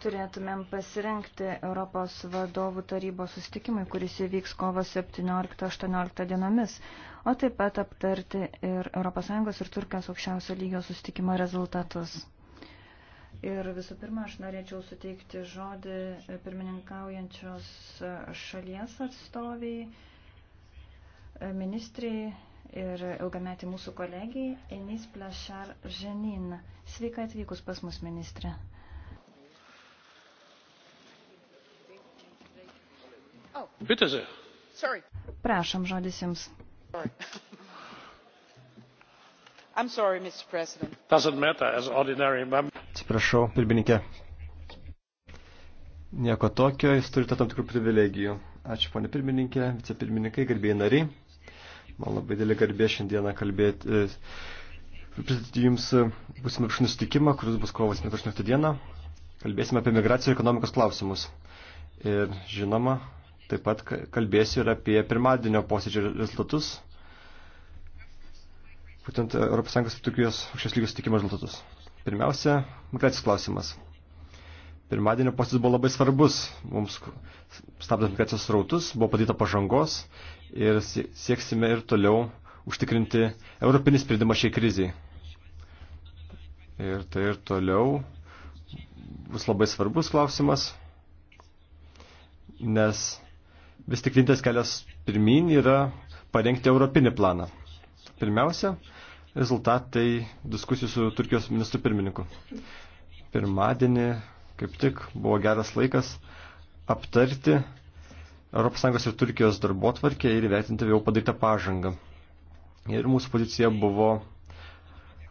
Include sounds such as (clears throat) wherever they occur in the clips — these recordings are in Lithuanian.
turėtumėm pasirinkti Europos vadovų tarybos sustikimui, kuris įvyks kovo 17-18 dienomis, o taip pat aptarti ir ES ir Turkijos aukščiausio lygio sustikimo rezultatus. Ir visų pirma, aš norėčiau suteikti žodį pirmininkaujančios šalies atstoviai, ministrijai ir ilgametį mūsų kolegijai Enis Plešar Ženin. Sveika atvykus pas mus, ministrė. Prašom, žodis Jums. Sorry, Atsiprašau, pirmininkė. Nieko tokio, jūs turite tam tikrų privilegijų. Ačiū, ponė pirmininkė, vicepirmininkai, garbėjai nariai. Man labai dėlė garbė šiandieną kalbėti, e, pristatyti jums e, būsimą viršinį sutikimą, kuris bus kovo 18 dieną. Kalbėsime apie migraciją ir ekonomikos klausimus. Ir žinoma, Taip pat kalbėsiu ir apie pirmadienio posėdžio rezultatus, būtent ES ir Turkijos aukščios lygos sutikimo rezultatus. Pirmiausia, migracijos klausimas. Pirmadienio posėdis buvo labai svarbus mums, stabdant migracijos srautus, buvo padaryta pažangos ir sieksime ir toliau užtikrinti europinį sprendimą šiai kriziai. Ir tai ir toliau bus labai svarbus klausimas, nes Vis tik vienintelis kelias pirmin yra parengti europinį planą. Pirmiausia, rezultatai diskusijų su Turkijos ministru pirmininku. Pirmadienį kaip tik buvo geras laikas aptarti ES ir Turkijos darbotvarkę ir įvertinti jau padarytą pažangą. Ir mūsų pozicija buvo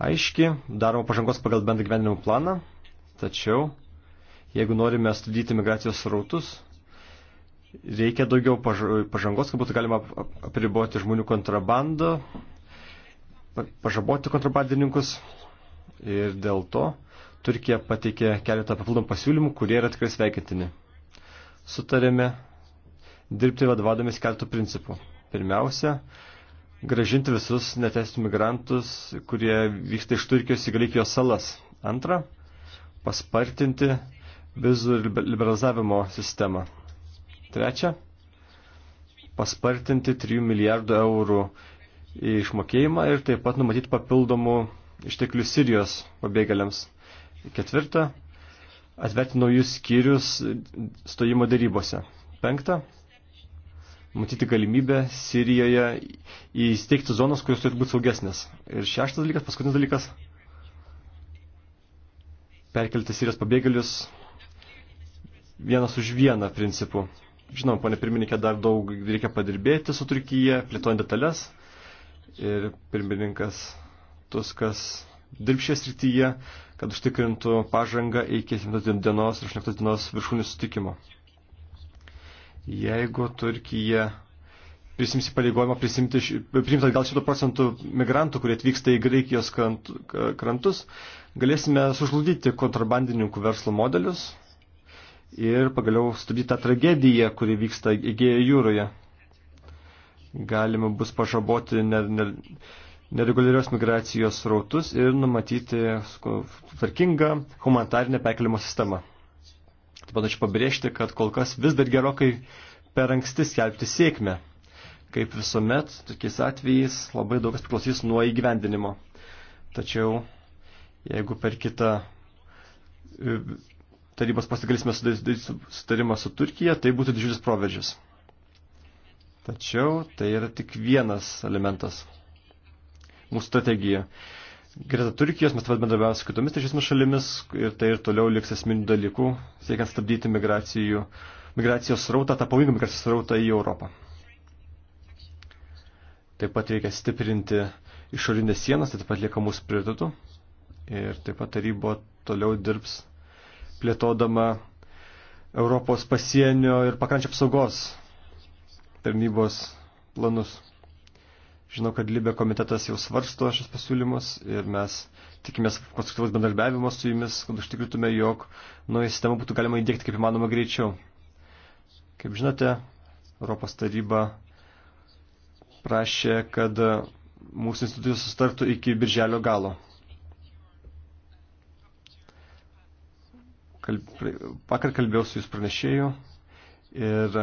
aiški, daroma pažangos pagal bendrą gyvenimo planą, tačiau jeigu norime studyti migracijos srautus, Reikia daugiau pažangos, kad būtų galima apriboti žmonių kontrabandą, pažaboti kontrabandininkus. Ir dėl to Turkija pateikė keletą papildomų pasiūlymų, kurie yra tikrai sveikintini. Sutarėme dirbti vadovadomis keletų principų. Pirmiausia, gražinti visus netestų migrantus, kurie vyksta iš Turkijos į Graikijos salas. Antra, paspartinti vizų liberalizavimo sistemą. Trečia, paspartinti 3 milijardų eurų išmokėjimą ir taip pat numatyti papildomų išteklių Sirijos pabėgėliams. Ketvirta, atverti naujus skyrius stojimo darybose. Penkta, matyti galimybę Sirijoje įsteigti zonas, kurios turėtų būti saugesnės. Ir šeštas dalykas, paskutinis dalykas, perkelti Sirijos pabėgėlius vienas už vieną principų. Žinoma, ponė pirmininkė, dar daug reikia padirbėti su Turkija, plėtojant detalės. Ir pirmininkas Tuskas dirb šią srityje, kad užtikrintų pažangą iki 7 dienos ir 18 dienos viršūnių sutikimo. Jeigu Turkija prisims įpareigojimą prisimti, priimti atgal 100 procentų migrantų, kurie atvyksta į Graikijos krantus, galėsime sužlugdyti kontrabandininkų verslo modelius ir pagaliau stabdyti tą tragediją, kuri vyksta Egėjo jūroje. Galima bus pažaboti nereguliarios migracijos srautus ir numatyti tvarkingą humanitarinę perkelimo sistemą. Taip pat aš pabrėžti, kad kol kas vis dar gerokai per anksti skelbti sėkmę. Kaip visuomet, tokiais atvejais labai daugas priklausys nuo įgyvendinimo. Tačiau, jeigu per kitą tarybos pasigalėsime sutarimą su Turkija, tai būtų didžiulis proveržis. Tačiau tai yra tik vienas elementas mūsų strategija. Greta Turkijos mes taip bendrabiavame su kitomis trečiosiomis šalimis ir tai ir toliau liks esminių dalykų, siekiant stabdyti migracijų, migracijos srautą, tą pavojingą migracijos srautą į Europą. Taip pat reikia stiprinti išorinės sienas, tai taip pat lieka mūsų prioritetų. Ir taip pat taryba toliau dirbs plėtodama Europos pasienio ir pakrančio apsaugos tarnybos planus. Žinau, kad Libė komitetas jau svarsto šis pasiūlymus ir mes tikimės konstruktyvus bendradarbiavimo su jumis, kad užtikrintume, jog naują sistemą būtų galima įdėkti kaip įmanoma greičiau. Kaip žinote, Europos taryba prašė, kad mūsų institucijos sustartų iki birželio galo. kalb... vakar kalbėjau su jūs pranešėju ir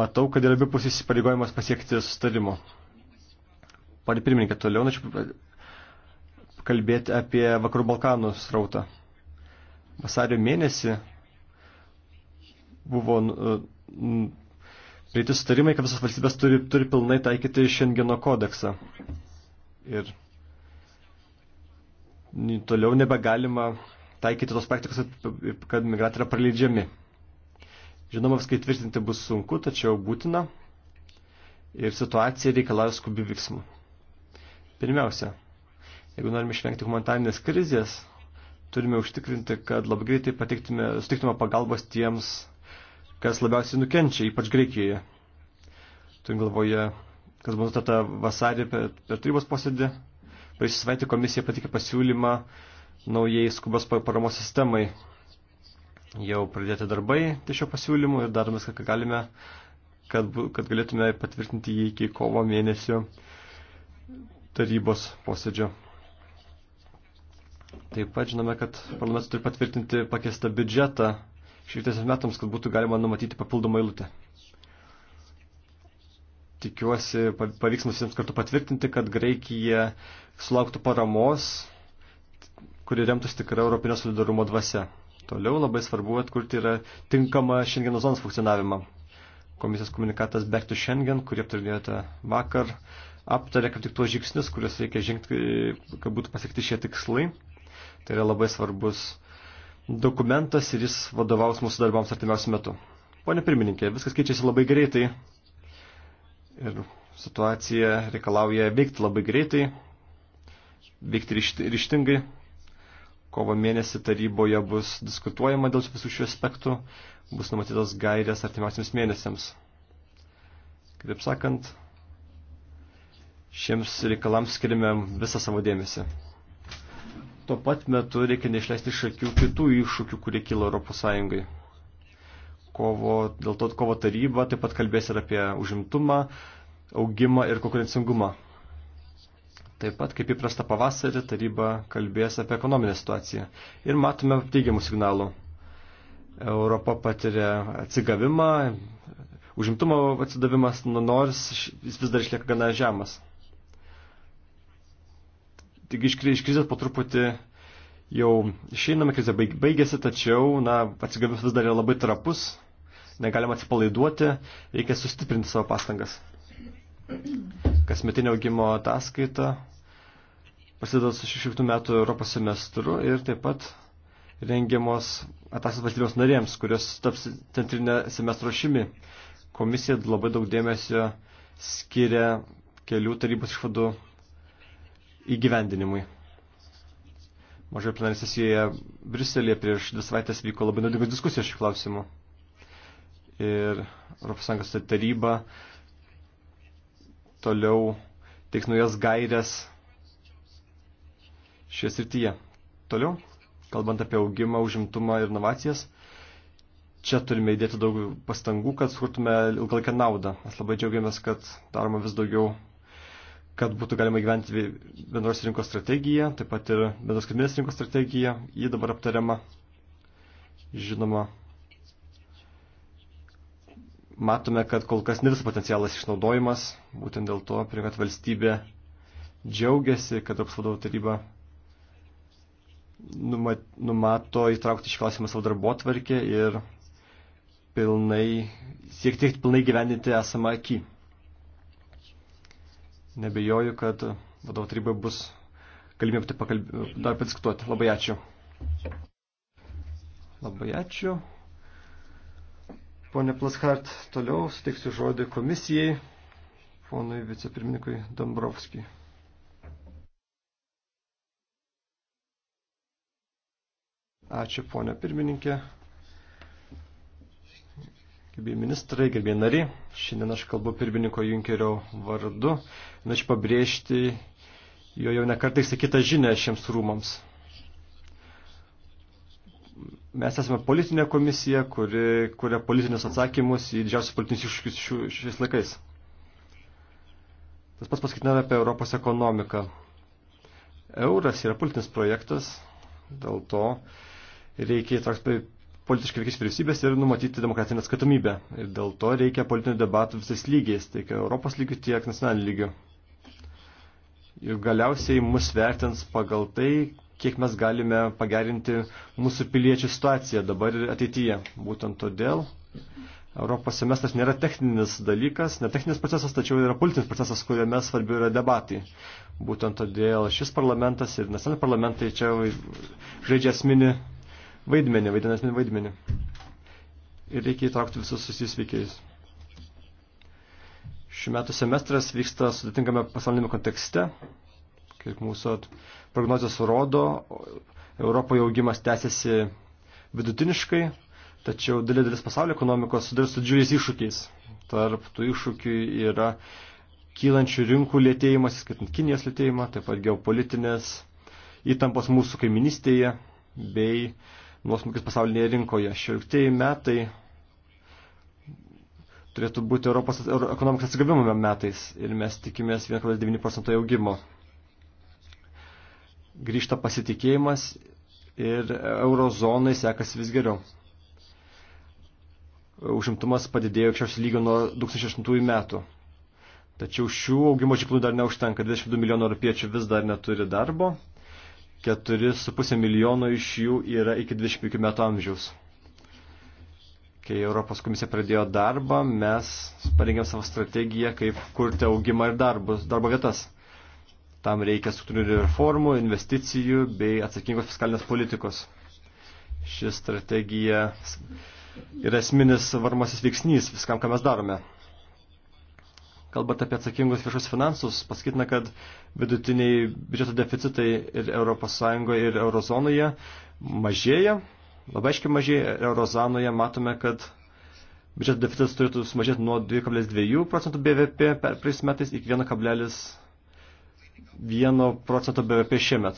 matau, kad yra abipusės įsipareigojimas pasiekti sustarimo. Pane pirmininkė, toliau norėčiau kalbėti apie Vakarų Balkanų srautą. Vasario mėnesį buvo prieiti sutarimai, kad visas valstybės turi, turi pilnai taikyti Šengeno kodeksą. Ir toliau nebegalima taikyti tos praktikos, kad migrantai yra praleidžiami. Žinoma, viską įtvirtinti bus sunku, tačiau būtina ir situacija reikalauja skubių veiksmų. Pirmiausia, jeigu norime išvengti humanitarinės krizės, turime užtikrinti, kad labai greitai patiktume, sutiktume pagalbos tiems, kas labiausiai nukenčia, ypač Graikijoje. Turim galvoje, kas buvo nutarta vasarį per, per tarybos posėdį, praėjusią savaitę komisija patikė pasiūlymą naujai skubos paramos sistemai. Jau pradėti darbai tiešio pasiūlymų ir darome viską, ką galime, kad, kad galėtume patvirtinti jį iki kovo mėnesio tarybos posėdžio. Taip pat žinome, kad parlamentas turi patvirtinti pakestą biudžetą šiltėsiams metams, kad būtų galima numatyti papildomą eilutę. Tikiuosi, pavyks mums visiems kartu patvirtinti, kad Graikija sulauktų paramos kuri remtųsi tikra Europinio solidarumo dvasia. Toliau labai svarbu atkurti yra tinkamą Schengeno zonos funkcionavimą. Komisijos komunikatas Back to Schengen, kurį aptarinėjote vakar, aptarė kaip tik tuos žingsnius, kuriuos reikia žengti, kad būtų pasiekti šie tikslai. Tai yra labai svarbus dokumentas ir jis vadovaus mūsų darbams artimiausiu metu. Pone pirmininkė, viskas keičiasi labai greitai ir situacija reikalauja veikti labai greitai, veikti ryštingai kovo mėnesį taryboje bus diskutuojama dėl visų šių aspektų, bus numatytos gairės artimiausiams mėnesiams. Kitaip sakant, šiems reikalams skirime visą savo dėmesį. Tuo pat metu reikia neišleisti iš akių kitų iššūkių, kurie kilo Europos Sąjungai. Kovo, dėl to kovo taryba taip pat kalbės ir apie užimtumą, augimą ir konkurencingumą. Taip pat, kaip įprasta pavasarį, taryba kalbės apie ekonominę situaciją. Ir matome teigiamų signalų. Europa patiria atsigavimą, užimtumo atsidavimas, nu, nors jis vis dar išlieka gana žemas. Tik iš, iš krizės po truputį jau išeiname, krizė baigėsi, tačiau na, atsigavimas vis dar yra labai trapus, negalima atsipalaiduoti, reikia sustiprinti savo pastangas kasmetinio augimo ataskaita prasideda su 16 metų Europos semestru ir taip pat rengiamos ataskaitos valstybėms narėms, kurios taps centrinė semestro šimi. Komisija labai daug dėmesio skiria kelių tarybos išvadų įgyvendinimui. Mažoje plenarinėje sesijoje Briuselėje prieš dvi savaitės vyko labai naudingos diskusijos šį klausimą. Ir ES taryba toliau teiks naujas gairias šioje srityje. Toliau, kalbant apie augimą, užimtumą ir inovacijas, čia turime įdėti daug pastangų, kad skurtume ilgalaikę naudą. Mes labai džiaugiamės, kad daroma vis daugiau, kad būtų galima gyventi bendros rinkos strategiją, taip pat ir bendros kaminės rinkos strategija, ji dabar aptariama. Žinoma, matome, kad kol kas ne visas potencialas išnaudojimas, būtent dėl to, kad valstybė džiaugiasi, kad apsvadovų taryba numato įtraukti šį klausimą savo darbo tvarkę ir pilnai, siekti tiek pilnai gyveninti esamą akį. Nebejoju, kad vadovo taryboje bus galimybė tai pakalb... dar padiskutuoti. Labai ačiū. Labai ačiū. Pone Plaskart, toliau suteiksiu žodį komisijai, ponui vicepirmininkui Dombrovskijui. Ačiū, ponė pirmininkė. Gerbėjai ministrai, gerbėjai nariai, šiandien aš kalbu pirmininko Junkerio vardu. Norėčiau pabrėžti jo jau nekartai sakytą žinę šiems rūmams. Mes esame politinė komisija, kuri kuria politinius atsakymus į didžiausius politinius iššūkius šiais laikais. Tas pats paskaitiname apie Europos ekonomiką. Euras yra politinis projektas, dėl to reikia įtraukti politiškai veikias vyriausybės ir numatyti demokratinę atskatomybę. Ir dėl to reikia politinių debatų visais lygiais, tiek Europos lygių, tiek nacionalinių lygių. Ir galiausiai mus vertins pagal tai, kiek mes galime pagerinti mūsų piliečių situaciją dabar ir ateityje. Būtent todėl Europos semestras nėra techninis dalykas, ne techninis procesas, tačiau yra politinis procesas, kuriame svarbiu yra debatai. Būtent todėl šis parlamentas ir nacionaliniai parlamentai čia žaidžia esminį vaidmenį, vaidinesnį vaidmenį. Ir reikia įtraukti visus susijus veikėjus. Šiuo metu semestras vyksta sudėtingame pasaulyme kontekste, kaip mūsų prognozijos rodo, Europoje augimas tęsiasi vidutiniškai, tačiau dalė dalis pasaulio ekonomikos sudarys su džiuliais iššūkiais. Tarp tų iššūkių yra kylančių rinkų lėtėjimas, skaitant Kinijos lėtėjimą, taip pat geopolitinės įtampos mūsų kaiminystėje bei nuosmukis pasaulinėje rinkoje. Šiojuktieji metai turėtų būti Europos ekonomikos atsigavimo metais ir mes tikimės 1,9 procento augimo. Grįžta pasitikėjimas ir eurozonai sekasi vis geriau. Užimtumas padidėjo aukščiausio lygio nuo 2008 metų. Tačiau šių augimo žiklų dar neužtenka. 22 milijonų europiečių vis dar neturi darbo. 4,5 milijono iš jų yra iki 25 metų amžiaus. Kai Europos komisija pradėjo darbą, mes parengėm savo strategiją, kaip kurti augimą ir darbus, darbo vietas. Tam reikia struktūrinių reformų, investicijų bei atsakingos fiskalinės politikos. Ši strategija yra esminis varmasis veiksnys viskam, ką mes darome kalbant apie atsakingus viešus finansus, pasakytina, kad vidutiniai biudžeto deficitai ir ES ir eurozonoje mažėja, labai aiškiai mažėja, eurozonoje matome, kad biudžeto deficitas turėtų sumažėti nuo 2,2 procentų BVP per prais metais iki 1,1 procento BVP šiemet.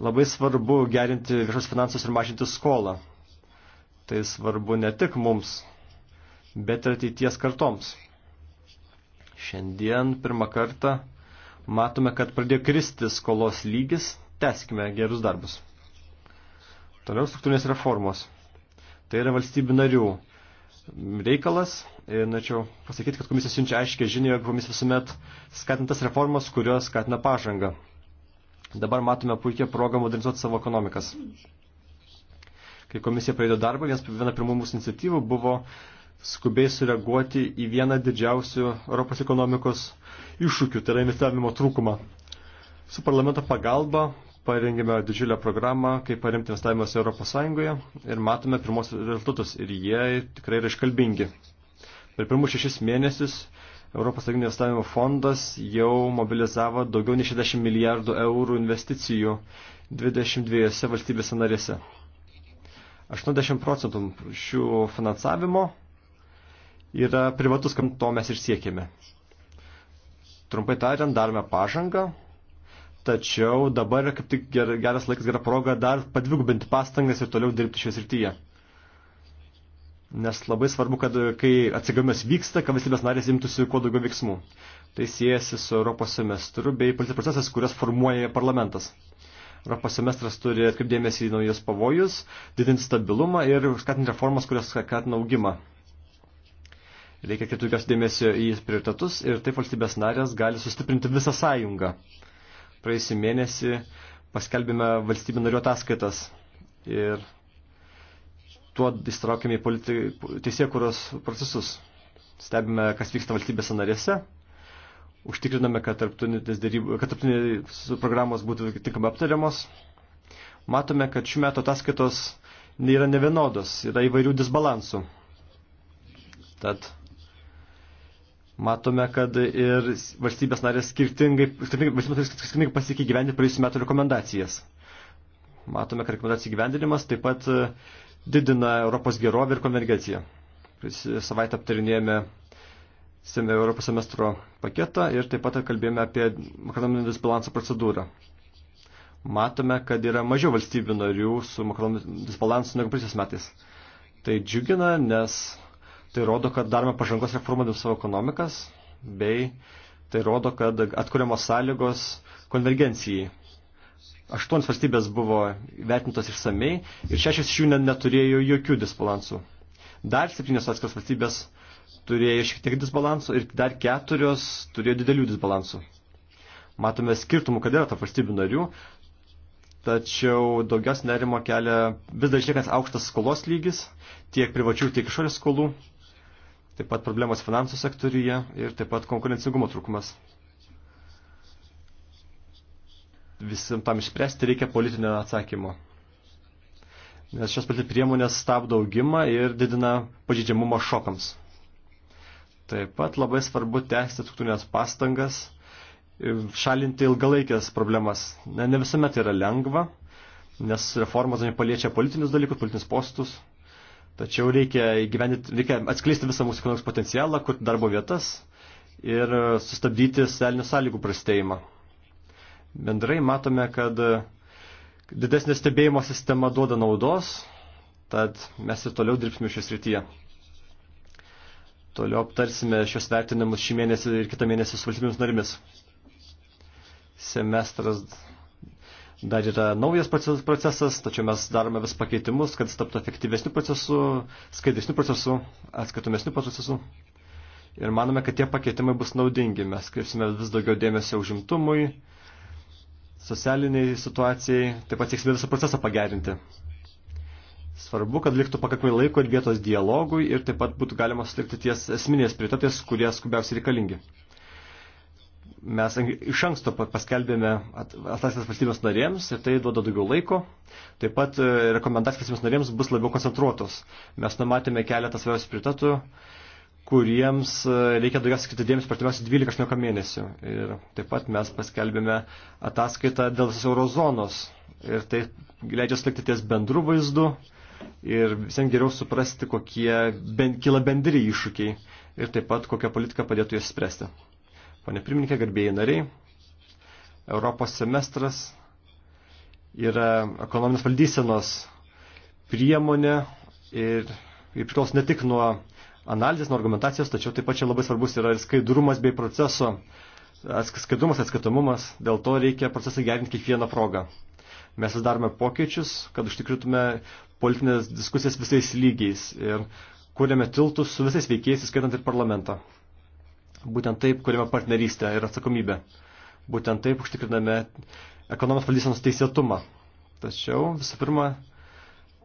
Labai svarbu gerinti viešus finansus ir mažinti skolą. Tai svarbu ne tik mums, bet ir ateities kartoms. Šiandien pirmą kartą matome, kad pradėjo kristi skolos lygis, teskime gerus darbus. Toliau struktūrinės reformos. Tai yra valstybių narių reikalas. Ir norėčiau pasakyti, kad komisija siunčia aiškiai žinią, jog komisija visuomet skatintas reformos, kurios skatina pažangą. Dabar matome puikią progą modernizuoti savo ekonomikas. Kai komisija pradėjo darbą, vienas, viena pirmų mūsų iniciatyvų buvo skubiai sureaguoti į vieną didžiausių Europos ekonomikos iššūkių, tai yra investavimo trūkumą. Su parlamento pagalba parengėme didžiulę programą, kaip paremti investavimas Europos Sąjungoje ir matome pirmos rezultatus ir jie tikrai yra iškalbingi. Per pirmus šešis mėnesius Europos Sąjungo investavimo fondas jau mobilizavo daugiau nei 60 milijardų eurų investicijų 22 valstybėse narėse. 80 procentų šių finansavimo yra privatus, kam to mes ir siekėme. Trumpai tariant, darome pažangą, tačiau dabar yra kaip tik geras laikas, gera proga dar padvigubinti pastangas ir toliau dirbti šioje srityje. Nes labai svarbu, kad kai atsigavimas vyksta, kad valstybės narės imtųsi kuo daugiau veiksmų. Tai siejasi su Europos semestru bei policijos procesas, kurias formuoja parlamentas. Europos semestras turi atkreipdėmėsi į naujus pavojus, didinti stabilumą ir skatinti reformas, kurios skatina augimą. Reikia kitokios dėmesio į prioritetus ir taip valstybės narės gali sustiprinti visą sąjungą. Praėjusį mėnesį paskelbėme valstybių narių ataskaitas ir tuo įstraukėme į politi... teisėkuros procesus. Stebime, kas vyksta valstybėse narėse, užtikriname, kad tarptautinės programos būtų tinkamai aptariamos. Matome, kad šių metų ataskaitos yra nevienodos, yra įvairių disbalansų. Tad Matome, kad ir valstybės narės skirtingai, valstybės narės skirtingai pasiekė gyventi praėjusiu metu rekomendacijas. Matome, kad rekomendacijų gyvendinimas taip pat e, didina Europos gerovę ir konvergenciją. Savaitę aptarinėjome Europos semestro paketą ir taip pat kalbėjome apie makronominį disbalansą procedūrą. Matome, kad yra mažiau valstybių narių su makronominiu disbalansu negu praėjusiais metais. Tai džiugina, nes Tai rodo, kad darome pažangos reformuodami savo ekonomikas, bei tai rodo, kad atkuriamos sąlygos konvergencijai. Aštuonis valstybės buvo vertintos išsamei ir šešios iš jų neturėjo jokių disbalansų. Dar septynios atskiros valstybės turėjo šiek tiek disbalansų ir dar keturios turėjo didelių disbalansų. Matome skirtumų, kad yra ta valstybių narių, tačiau daugiausia nerimo kelia vis dar išliekas aukštas skolos lygis, tiek privačių, tiek išorės skolų taip pat problemos finansų sektoriuje ir taip pat konkurencingumo trūkumas. Visim tam išspręsti reikia politinio atsakymo. Nes šios pati priemonės stabdo augimą ir didina pažydžiamumą šokams. Taip pat labai svarbu tęsti struktūrinės pastangas, šalinti ilgalaikės problemas. Ne, ne visuomet yra lengva, nes reformos paliečia politinius dalykus, politinius postus, Tačiau reikia, reikia atskleisti visą mūsų ekonomikos potencialą, kurti darbo vietas ir sustabdyti socialinių sąlygų prastėjimą. Bendrai matome, kad didesnė stebėjimo sistema duoda naudos, tad mes ir toliau dirbsime šios rytyje. Toliau aptarsime šios vertinimus šį mėnesį ir kitą mėnesį su valstybėms narimis. Semestras Dar yra naujas procesas, tačiau mes darome vis pakeitimus, kad jis taptų efektyvesnių procesų, skaidresnių procesų, atskaitomesnių procesų. Ir manome, kad tie pakeitimai bus naudingi. Mes skirsime vis daugiau dėmesio užimtumui, socialiniai situacijai, taip pat sieksime visą procesą pagerinti. Svarbu, kad liktų pakankamai laiko ir vietos dialogui ir taip pat būtų galima sutikti ties esminės prioritetės, kurie skubiausiai reikalingi mes iš anksto paskelbėme ataskaitas valstybės narėms ir tai duoda daugiau laiko. Taip pat e, rekomendacijos valstybės narėms bus labiau koncentruotos. Mes numatėme keletą svarbiausių prioritetų, kuriems e, reikia daugiau skirti dėmesio per pirmiausia 12-18 mėnesių. Ir taip pat mes paskelbėme ataskaitą dėl visos eurozonos. Ir tai leidžia slikti ties bendrų vaizdų ir visiems geriau suprasti, kokie ben, kila bendri iššūkiai ir taip pat kokią politiką padėtų jas spręsti. Pane pirmininkė, garbėjai nariai, Europos semestras yra ekonominės valdysenos priemonė ir, ir priklauso ne tik nuo analizės, nuo argumentacijos, tačiau taip pat čia labai svarbus yra ir skaidrumas bei proceso skaidrumas, atskatomumas, dėl to reikia procesą gerinti kiekvieną progą. Mes vis darome pokyčius, kad užtikrintume politinės diskusijas visais lygiais ir kūrėme tiltus su visais veikėjais, įskaitant ir parlamentą. Būtent taip kuriame partnerystę ir atsakomybę. Būtent taip užtikriname ekonomijos valdysenos teisėtumą. Tačiau, visų pirma,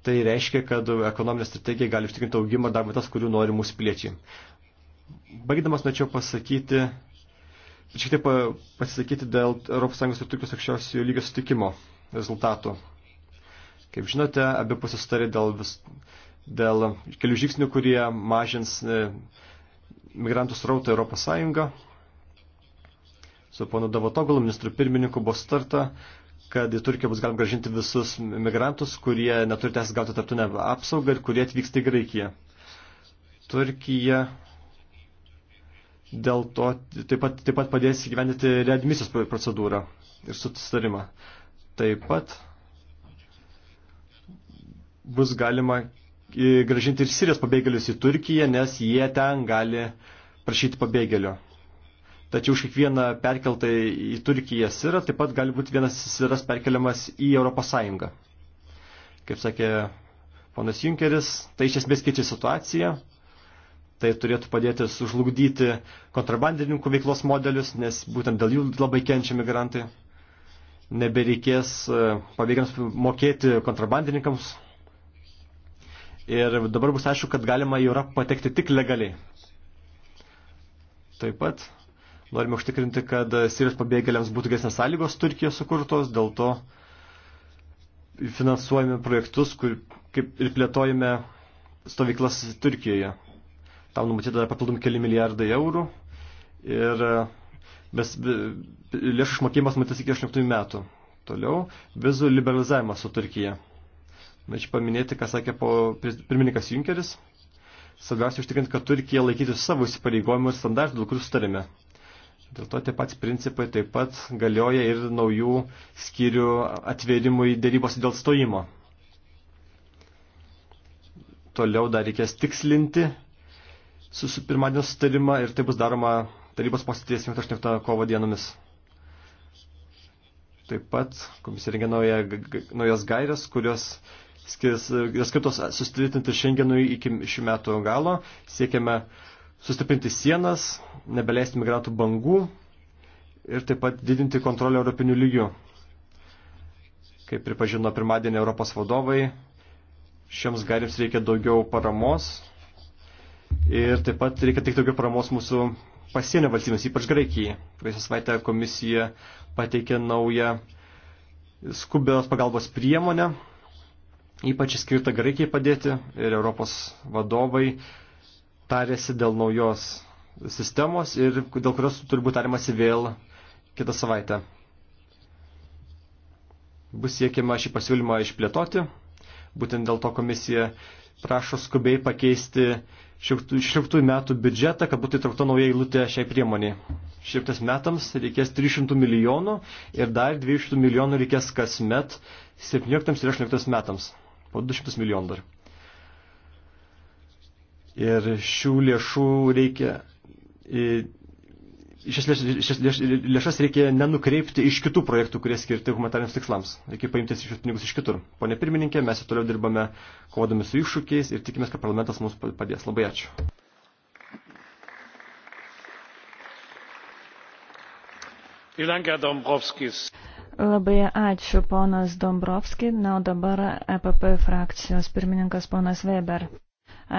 tai reiškia, kad ekonominė strategija gali užtikrinti augimą darbo vietas, kurių nori mūsų piliečiai. Baigdamas norėčiau pasakyti, šiek tiek pasisakyti dėl ES ir Turkijos aukščiausiojo lygio sutikimo rezultatų. Kaip žinote, abi pusės sutarė dėl, vis, dėl kelių žingsnių, kurie mažins e, migrantų srautą Europos Sąjungą. Su ponu Davotoglu, ministru pirmininku, buvo starta, kad į Turkiją bus galima gražinti visus migrantus, kurie neturi teisės gauti tarptautinę apsaugą ir kurie atvyksta į Graikiją. Turkija dėl to taip pat, taip pat padės įgyvendinti readmisijos procedūrą ir susitarimą. Taip pat bus galima gražinti ir Sirijos pabėgėlius į Turkiją, nes jie ten gali prašyti pabėgėlio. Tačiau už kiekvieną perkeltą į Turkiją sirą taip pat gali būti vienas siras perkeliamas į Europos Sąjungą. Kaip sakė ponas Junkeris, tai iš esmės keičia situaciją. Tai turėtų padėti sužlugdyti kontrabandininkų veiklos modelius, nes būtent dėl jų labai kenčia migrantai. Nebereikės e, pabėgams mokėti kontrabandininkams ir dabar bus aišku, kad galima į Europą patekti tik legaliai. Taip pat norime užtikrinti, kad Sirijos pabėgėliams būtų gesnės sąlygos Turkijos sukurtos, dėl to finansuojame projektus, kur, kaip ir plėtojame stovyklas Turkijoje. Tam numatyta papildomi keli milijardai eurų ir bes, e, lėšų išmokėjimas matys iki 18 metų. Toliau vizų liberalizavimas su Turkija. Norėčiau paminėti, ką sakė po pirmininkas Junkeris. Svarbiausia užtikrinti, kad Turkija laikytųsi savo įsipareigojimų ir standartų, dėl kurių sutarėme. Dėl to tie patys principai taip pat galioja ir naujų skyrių atvėrimui dėrybos dėl stojimo. Toliau dar reikės tikslinti su, su pirmadienio sutarimą ir tai bus daroma tarybos posėdės 18 kovo dienomis. Taip pat komisija rengia naujas gairias, kurios skirtos sustvirtinti šiandienui iki šių metų galo. Siekiame sustiprinti sienas, nebeleisti migrantų bangų ir taip pat didinti kontrolę europinių lygių. Kaip pripažino pirmadienį Europos vadovai, šiems garims reikia daugiau paramos ir taip pat reikia tik daugiau paramos mūsų pasienio valstybės, ypač Graikijai. Praėjusią savaitę komisija pateikė naują skubios pagalbos priemonę Ypač skirta Graikijai padėti ir Europos vadovai tarėsi dėl naujos sistemos ir dėl kurios turi būti tariamasi vėl kitą savaitę. Bus siekiama šį pasiūlymą išplėtoti, būtent dėl to komisija prašo skubiai pakeisti šimtųjų metų biudžetą, kad būtų įtraukta nauja eilutė šiai priemoniai. Šimtas metams reikės 300 milijonų ir dar 200 milijonų reikės kasmet 17 ir 18 metams po 200 milijonų dar. Ir šių lėšų reikia, šias lėšas, lėš, lėšas reikia nenukreipti iš kitų projektų, kurie skirti humanitariniams tikslams. Reikia paimti šios pinigus iš kitur. Pone pirmininkė, mes ir toliau dirbame kovodami su iššūkiais ir tikimės, kad parlamentas mums padės. Labai ačiū. Vielen Dank, Herr Dombrovskis. Labai ačiū ponas Dombrovski, na o dabar EPP frakcijos pirmininkas ponas Weber.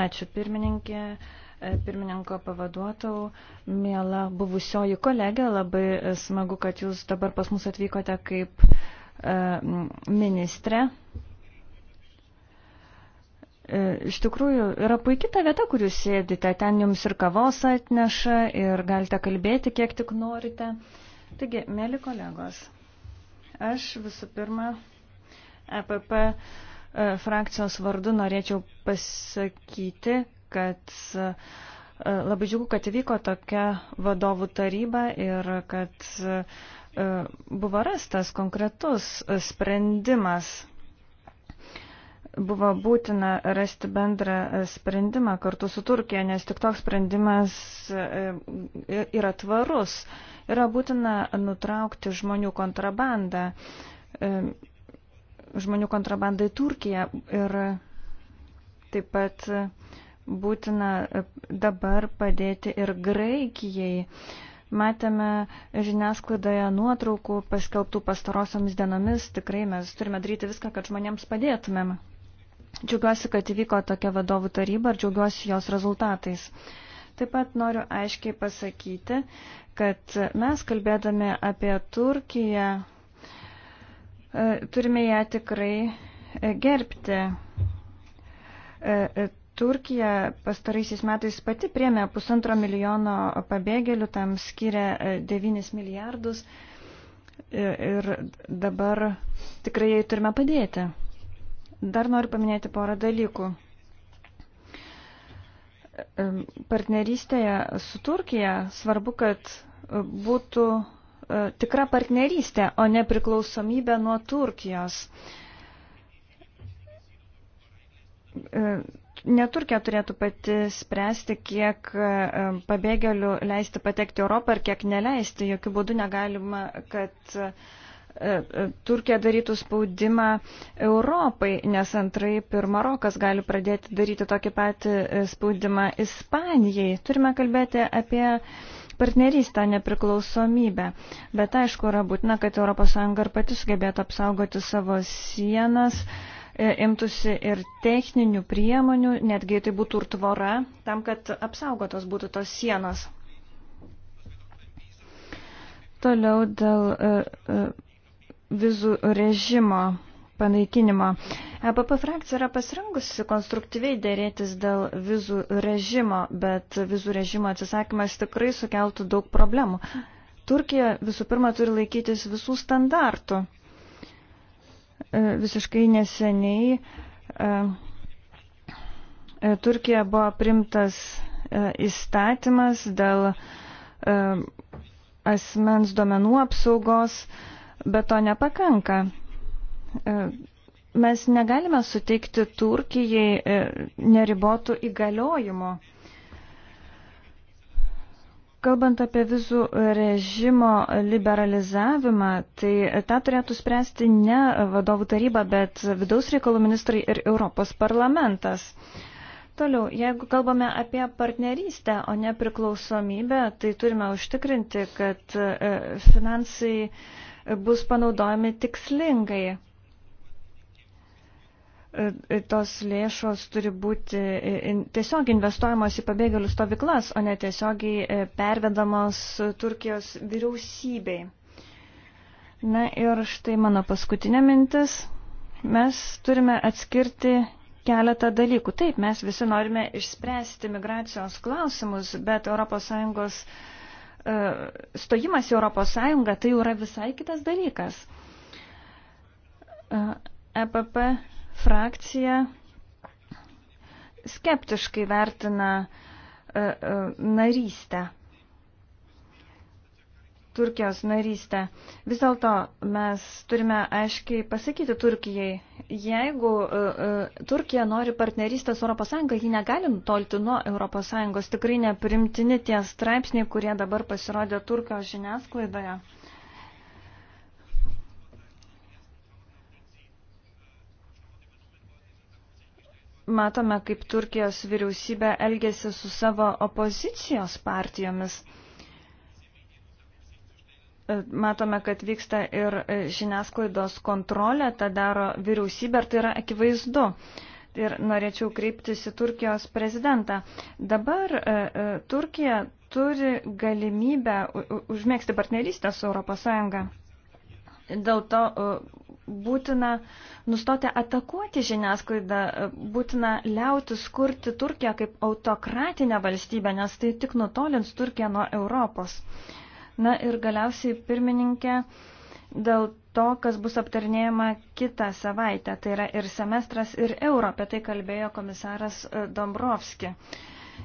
Ačiū pirmininkė, e, pirmininko pavaduotau, mėla buvusioji kolegė, labai smagu, kad jūs dabar pas mus atvykote kaip e, ministrė. E, iš tikrųjų, yra puikia ta vieta, kur jūs sėdite. Ten jums ir kavos atneša ir galite kalbėti, kiek tik norite. Taigi, mėly kolegos, Aš visų pirma EPP e, frakcijos vardu norėčiau pasakyti, kad e, labai džiugu, kad įvyko tokia vadovų taryba ir kad e, buvo rastas konkretus sprendimas buvo būtina rasti bendrą e, sprendimą kartu su Turkija, nes tik toks sprendimas e, yra tvarus. Yra būtina nutraukti žmonių kontrabandą, e, žmonių kontrabandą į Turkiją ir taip pat būtina dabar padėti ir Graikijai. Matėme žiniasklaidoje nuotraukų paskelbtų pastarosiams dienomis, tikrai mes turime daryti viską, kad žmonėms padėtumėm. Džiaugiuosi, kad įvyko tokia vadovų taryba ir džiaugiuosi jos rezultatais. Taip pat noriu aiškiai pasakyti, kad mes kalbėdami apie Turkiją e, turime ją tikrai e, gerbti. E, Turkija pastaraisiais metais pati priemė pusantro milijono pabėgėlių, tam skiria 9 milijardus ir dabar tikrai jai turime padėti. Dar noriu paminėti porą dalykų. Partnerystėje su Turkija svarbu, kad e, būtų e, tikra partnerystė, o ne priklausomybė nuo Turkijos. E, ne Turkija turėtų pati spręsti, kiek pabėgėlių leisti patekti Europą ir kiek neleisti. Jokių būdų negalima, kad uh, E, e, Turkija darytų spaudimą Europai, nes antraip ir Marokas gali pradėti daryti tokį patį e, spaudimą Ispanijai. Turime kalbėti apie partnerystę, nepriklausomybę. Bet aišku, yra būtina, kad ES ir pati sugebėtų apsaugoti savo sienas, imtųsi ir techninių priemonių, netgi tai būtų ir tvora, tam, kad apsaugotos būtų tos sienos. Toliau dėl vizų režimo panaikinimo. EPP frakcija yra pasirengusi konstruktyviai dėrėtis dėl vizų režimo, bet vizų režimo atsisakymas tikrai sukeltų daug problemų. Turkija visų pirma turi laikytis visų standartų. E, visiškai neseniai e, e, Turkija buvo primtas įstatymas dėl asmens duomenų apsaugos, bet to nepakanka. E, mes negalime suteikti Turkijai e, neribotų įgaliojimų. Kalbant apie vizų režimo liberalizavimą, tai tą turėtų spręsti ne vadovų taryba, bet vidaus reikalų ministrai ir Europos parlamentas. Toliau, jeigu kalbame apie partnerystę, o ne priklausomybę, tai turime užtikrinti, kad e, finansai bus panaudojami tikslingai. E, tos lėšos turi būti e, tiesiog investuojamos į pabėgėlių stovyklas, o ne tiesiogiai e, pervedamos Turkijos vyriausybei. Na ir štai mano paskutinė mintis. Mes turime atskirti keletą dalykų. Taip, mes visi norime išspręsti migracijos klausimus, bet ES E, stojimas į ES tai jau yra visai kitas dalykas. EPP e frakcija skeptiškai vertina e, narystę. Turkijos narystę. Vis dėlto mes turime aiškiai pasakyti Turkijai, Jeigu e, e, Turkija nori partnerystės ES, ji negali nutolti nuo ES. Tikrai neprimtini tie straipsniai, kurie dabar pasirodė Turkijos žiniasklaidoje. Matome, kaip Turkijos vyriausybė elgėsi su savo opozicijos partijomis. Matome, kad vyksta ir e, žiniasklaidos kontrolė, tą daro vyriausybė, ir tai yra akivaizdu. Ir norėčiau kreiptis į Turkijos prezidentą. Dabar e, e Turkija turi galimybę užmėgsti partnerystę su ES. Dėl to e, būtina nustoti atakuoti žiniasklaidą, būtina liauti skurti Turkiją kaip autokratinę valstybę, nes tai tik nutolins Turkiją nuo Europos. E, Na ir galiausiai pirmininkė dėl to, kas bus aptarnėjama kitą savaitę. Tai yra ir semestras, ir euro, apie tai kalbėjo komisaras e, Dombrovski.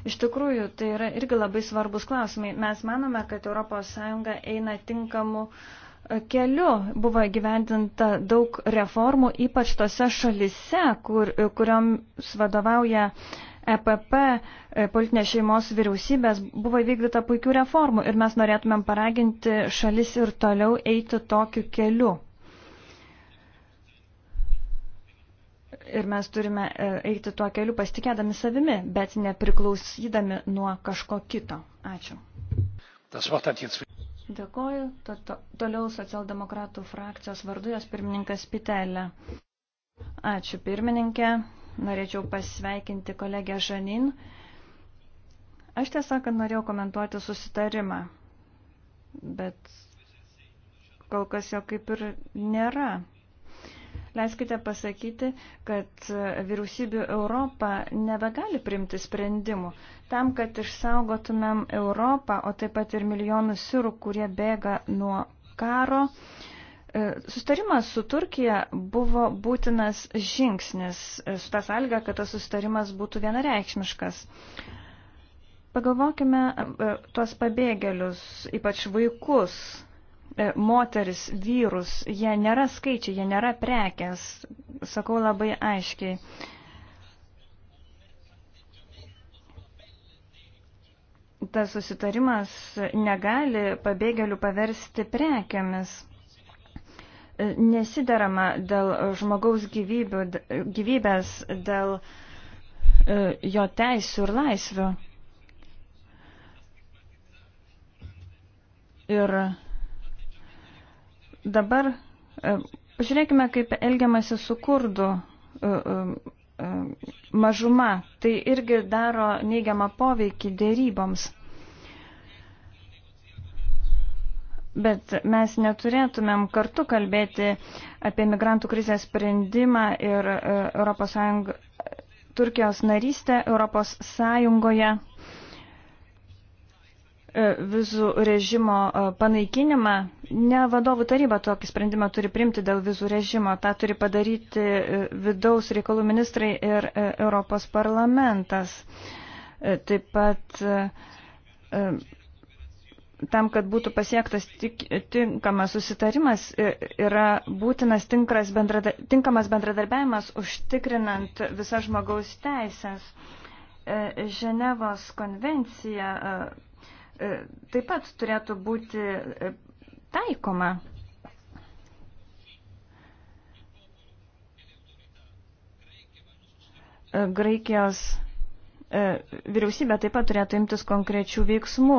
Iš tikrųjų, tai yra irgi labai svarbus klausimai. Mes manome, kad ES eina tinkamu e, keliu. Buvo gyvendinta daug reformų, ypač tose šalise, kur, e, kuriom vadovauja uh, EPP e, politinės šeimos vyriausybės buvo įvykdyta puikių reformų ir mes norėtumėm paraginti šalis ir toliau eiti tokiu keliu. Ir mes turime e, eiti tuo keliu pasitikėdami savimi, bet nepriklausydami nuo kažko kito. Ačiū. Dėkoju. To, to, toliau socialdemokratų frakcijos vardu jos pirmininkas Pitelė. Ačiū pirmininkė. Norėčiau pasveikinti kolegę Žanin. Aš tiesą, kad norėjau komentuoti susitarimą, bet kol kas jo kaip ir nėra. Leiskite pasakyti, kad vyriausybių Europą nebegali primti sprendimų. Tam, kad išsaugotumėm Europą, o taip pat ir milijonus sirų, kurie bėga nuo karo, uh, E, sustarimas su Turkija buvo būtinas žingsnis e, su tą sąlygą, kad tas sustarimas būtų vienareikšmiškas. Pagalvokime e, tuos pabėgėlius, ypač vaikus, moteris, vyrus. Jie nėra skaičiai, jie nėra prekės. Sakau labai aiškiai. Tas susitarimas negali pabėgėlių paversti prekiamis nesiderama dėl žmogaus gyvybių, gyvybės, dėl e, jo teisų ir laisvių. Ir dabar e, pažiūrėkime, kaip elgiamasi su kurdu e, mažuma. Tai irgi daro neigiamą poveikį dėryboms. Bet mes neturėtumėm kartu kalbėti apie migrantų krizės sprendimą ir ES, Turkijos narystę Europos Sąjungoje, e, vizų režimo e, panaikinimą. Ne vadovų taryba tokį sprendimą turi primti dėl vizų režimo, tą turi padaryti e, vidaus reikalų ministrai ir Europos parlamentas. Taip pat tam, kad būtų pasiektas tik, tinkamas susitarimas, yra būtinas bendradar, tinkamas bendradarbiavimas užtikrinant visas žmogaus teisės. E, Ženevos konvencija e, e, taip pat turėtų būti taikoma. Graikijos vyriausybė taip pat turėtų imtis konkrečių veiksmų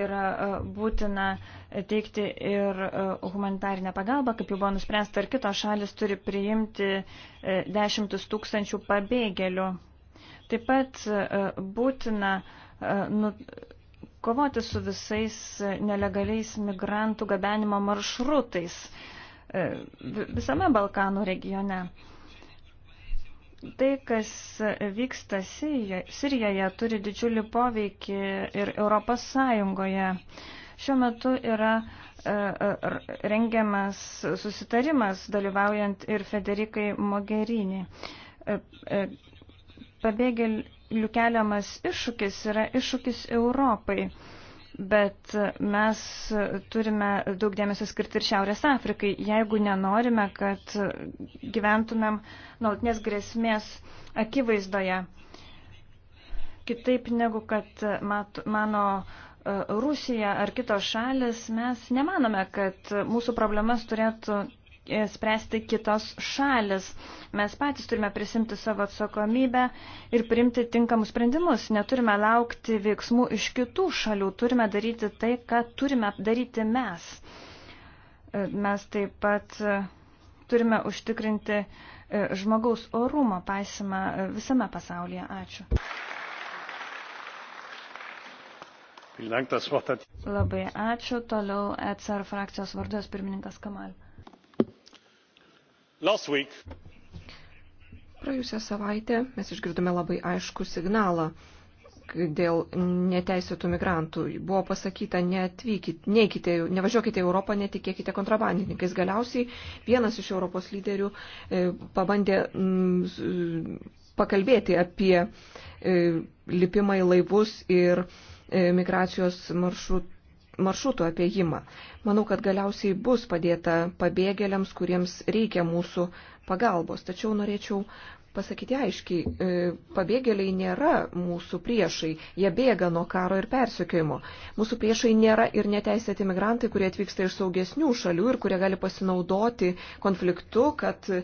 yra e, būtina teikti ir e, humanitarinę pagalbą, kaip jau buvo nuspręsta, ar kitos šalis turi priimti e, dešimtis tūkstančių pabėgėlių. Taip pat būtina nu, kovoti su visais nelegaliais migrantų gabenimo maršrutais visame Balkanų regione tai, kas vyksta Sirijoje, turi didžiulį poveikį ir Europos Sąjungoje. Šiuo metu yra e, e, rengiamas susitarimas, dalyvaujant ir Federikai Mogherini. E, pabėgėlių keliamas iššūkis yra iššūkis Europai bet mes turime daug dėmesio skirti ir Šiaurės Afrikai, jeigu nenorime, kad gyventumėm nuolatinės grėsmės akivaizdoje. Kitaip negu kad mat, mano e, Rusija ar kitos šalis, mes nemanome, kad mūsų problemas turėtų E, spręsti kitos šalis. Mes patys turime prisimti savo atsakomybę ir priimti tinkamus sprendimus. Neturime laukti veiksmų iš kitų šalių, turime daryti tai, ką turime daryti mes. E, mes taip pat e, turime užtikrinti žmogaus orumo paisimą visame pasaulyje. Ačiū. Labai ačiū. Toliau ECR frakcijos vardas pirmininkas Kamal. Praėjusią savaitę mes išgirdome labai aišku signalą dėl neteisėtų migrantų. Buvo pasakyta, neatvykit, neikite, nevažiuokite į Europą, netikėkite kontrabandininkais. Galiausiai vienas iš Europos lyderių e, pabandė mm, pakalbėti apie e, lipimą į laivus ir e, migracijos maršrut, maršrutų apiejimą. Manau, kad galiausiai bus padėta pabėgėliams, kuriems reikia mūsų pagalbos. Tačiau norėčiau pasakyti aiškiai, e, pabėgėliai nėra mūsų priešai, jie bėga nuo karo ir persikiojimo. Mūsų priešai nėra ir neteisėti migrantai, kurie atvyksta iš saugesnių šalių ir kurie gali pasinaudoti konfliktu, kad e,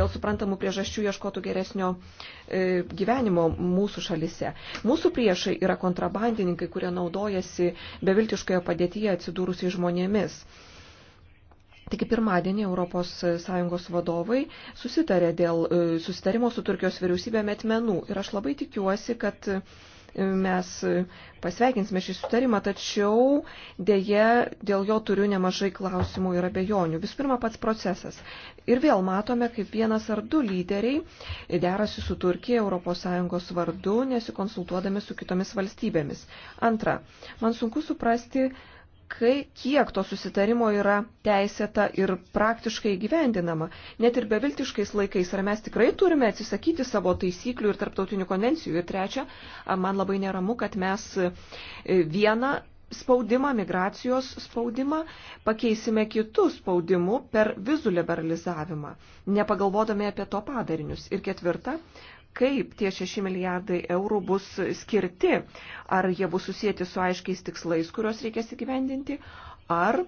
dėl suprantamų priežasčių ieškotų geresnio e, gyvenimo mūsų šalise. Mūsų priešai yra kontrabandininkai, kurie naudojasi beviltiškoje padėtyje atsidūrusiai žmonėmis. Tik pirmadienį ES vadovai susitarė dėl e, susitarimo su Turkijos vyriausybė metmenų. Ir aš labai tikiuosi, kad e, mes pasveikinsime šį sutarimą, tačiau dėje dėl jo turiu nemažai klausimų ir abejonių. Visų pirma, pats procesas. Ir vėl matome, kaip vienas ar du lyderiai derasi su Turkija ES vardu, nesikonsultuodami su kitomis valstybėmis. Antra, man sunku suprasti, kai, kiek to susitarimo yra teisėta ir praktiškai gyvendinama. Net ir beviltiškais laikais, ar mes tikrai turime atsisakyti savo taisyklių ir tarptautinių konvencijų. Ir trečia, man labai neramu, kad mes e, vieną spaudimą, migracijos spaudimą pakeisime kitų spaudimų per vizų liberalizavimą, nepagalvodami apie to padarinius. Ir ketvirta, kaip tie 6 milijardai eurų bus skirti, ar jie bus susijęti su aiškiais tikslais, kuriuos reikės įgyvendinti, ar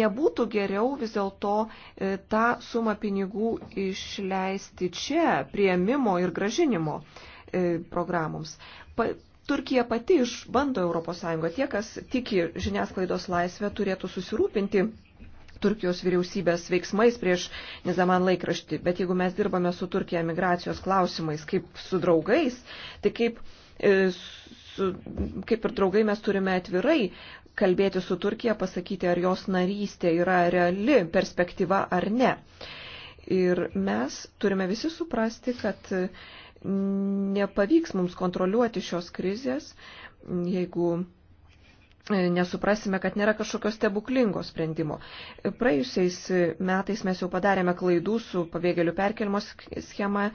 nebūtų geriau vis dėlto e, tą sumą pinigų išleisti čia, prieimimo ir gražinimo e, programoms. Pa, Turkija pati išbando ES. Tie, kas tiki žiniasklaidos laisvę, turėtų susirūpinti Turkijos vyriausybės veiksmais prieš Nizaman laikraštį, bet jeigu mes dirbame su Turkija migracijos klausimais kaip su draugais, tai kaip, e, su, kaip ir draugai mes turime atvirai kalbėti su Turkija, pasakyti, ar jos narystė yra reali perspektyva ar ne. Ir mes turime visi suprasti, kad nepavyks mums kontroliuoti šios krizės, jeigu nesuprasime, kad nėra kažkokio stebuklingo sprendimo. Praėjusiais metais mes jau padarėme klaidų su pabėgėlių perkelimo schema,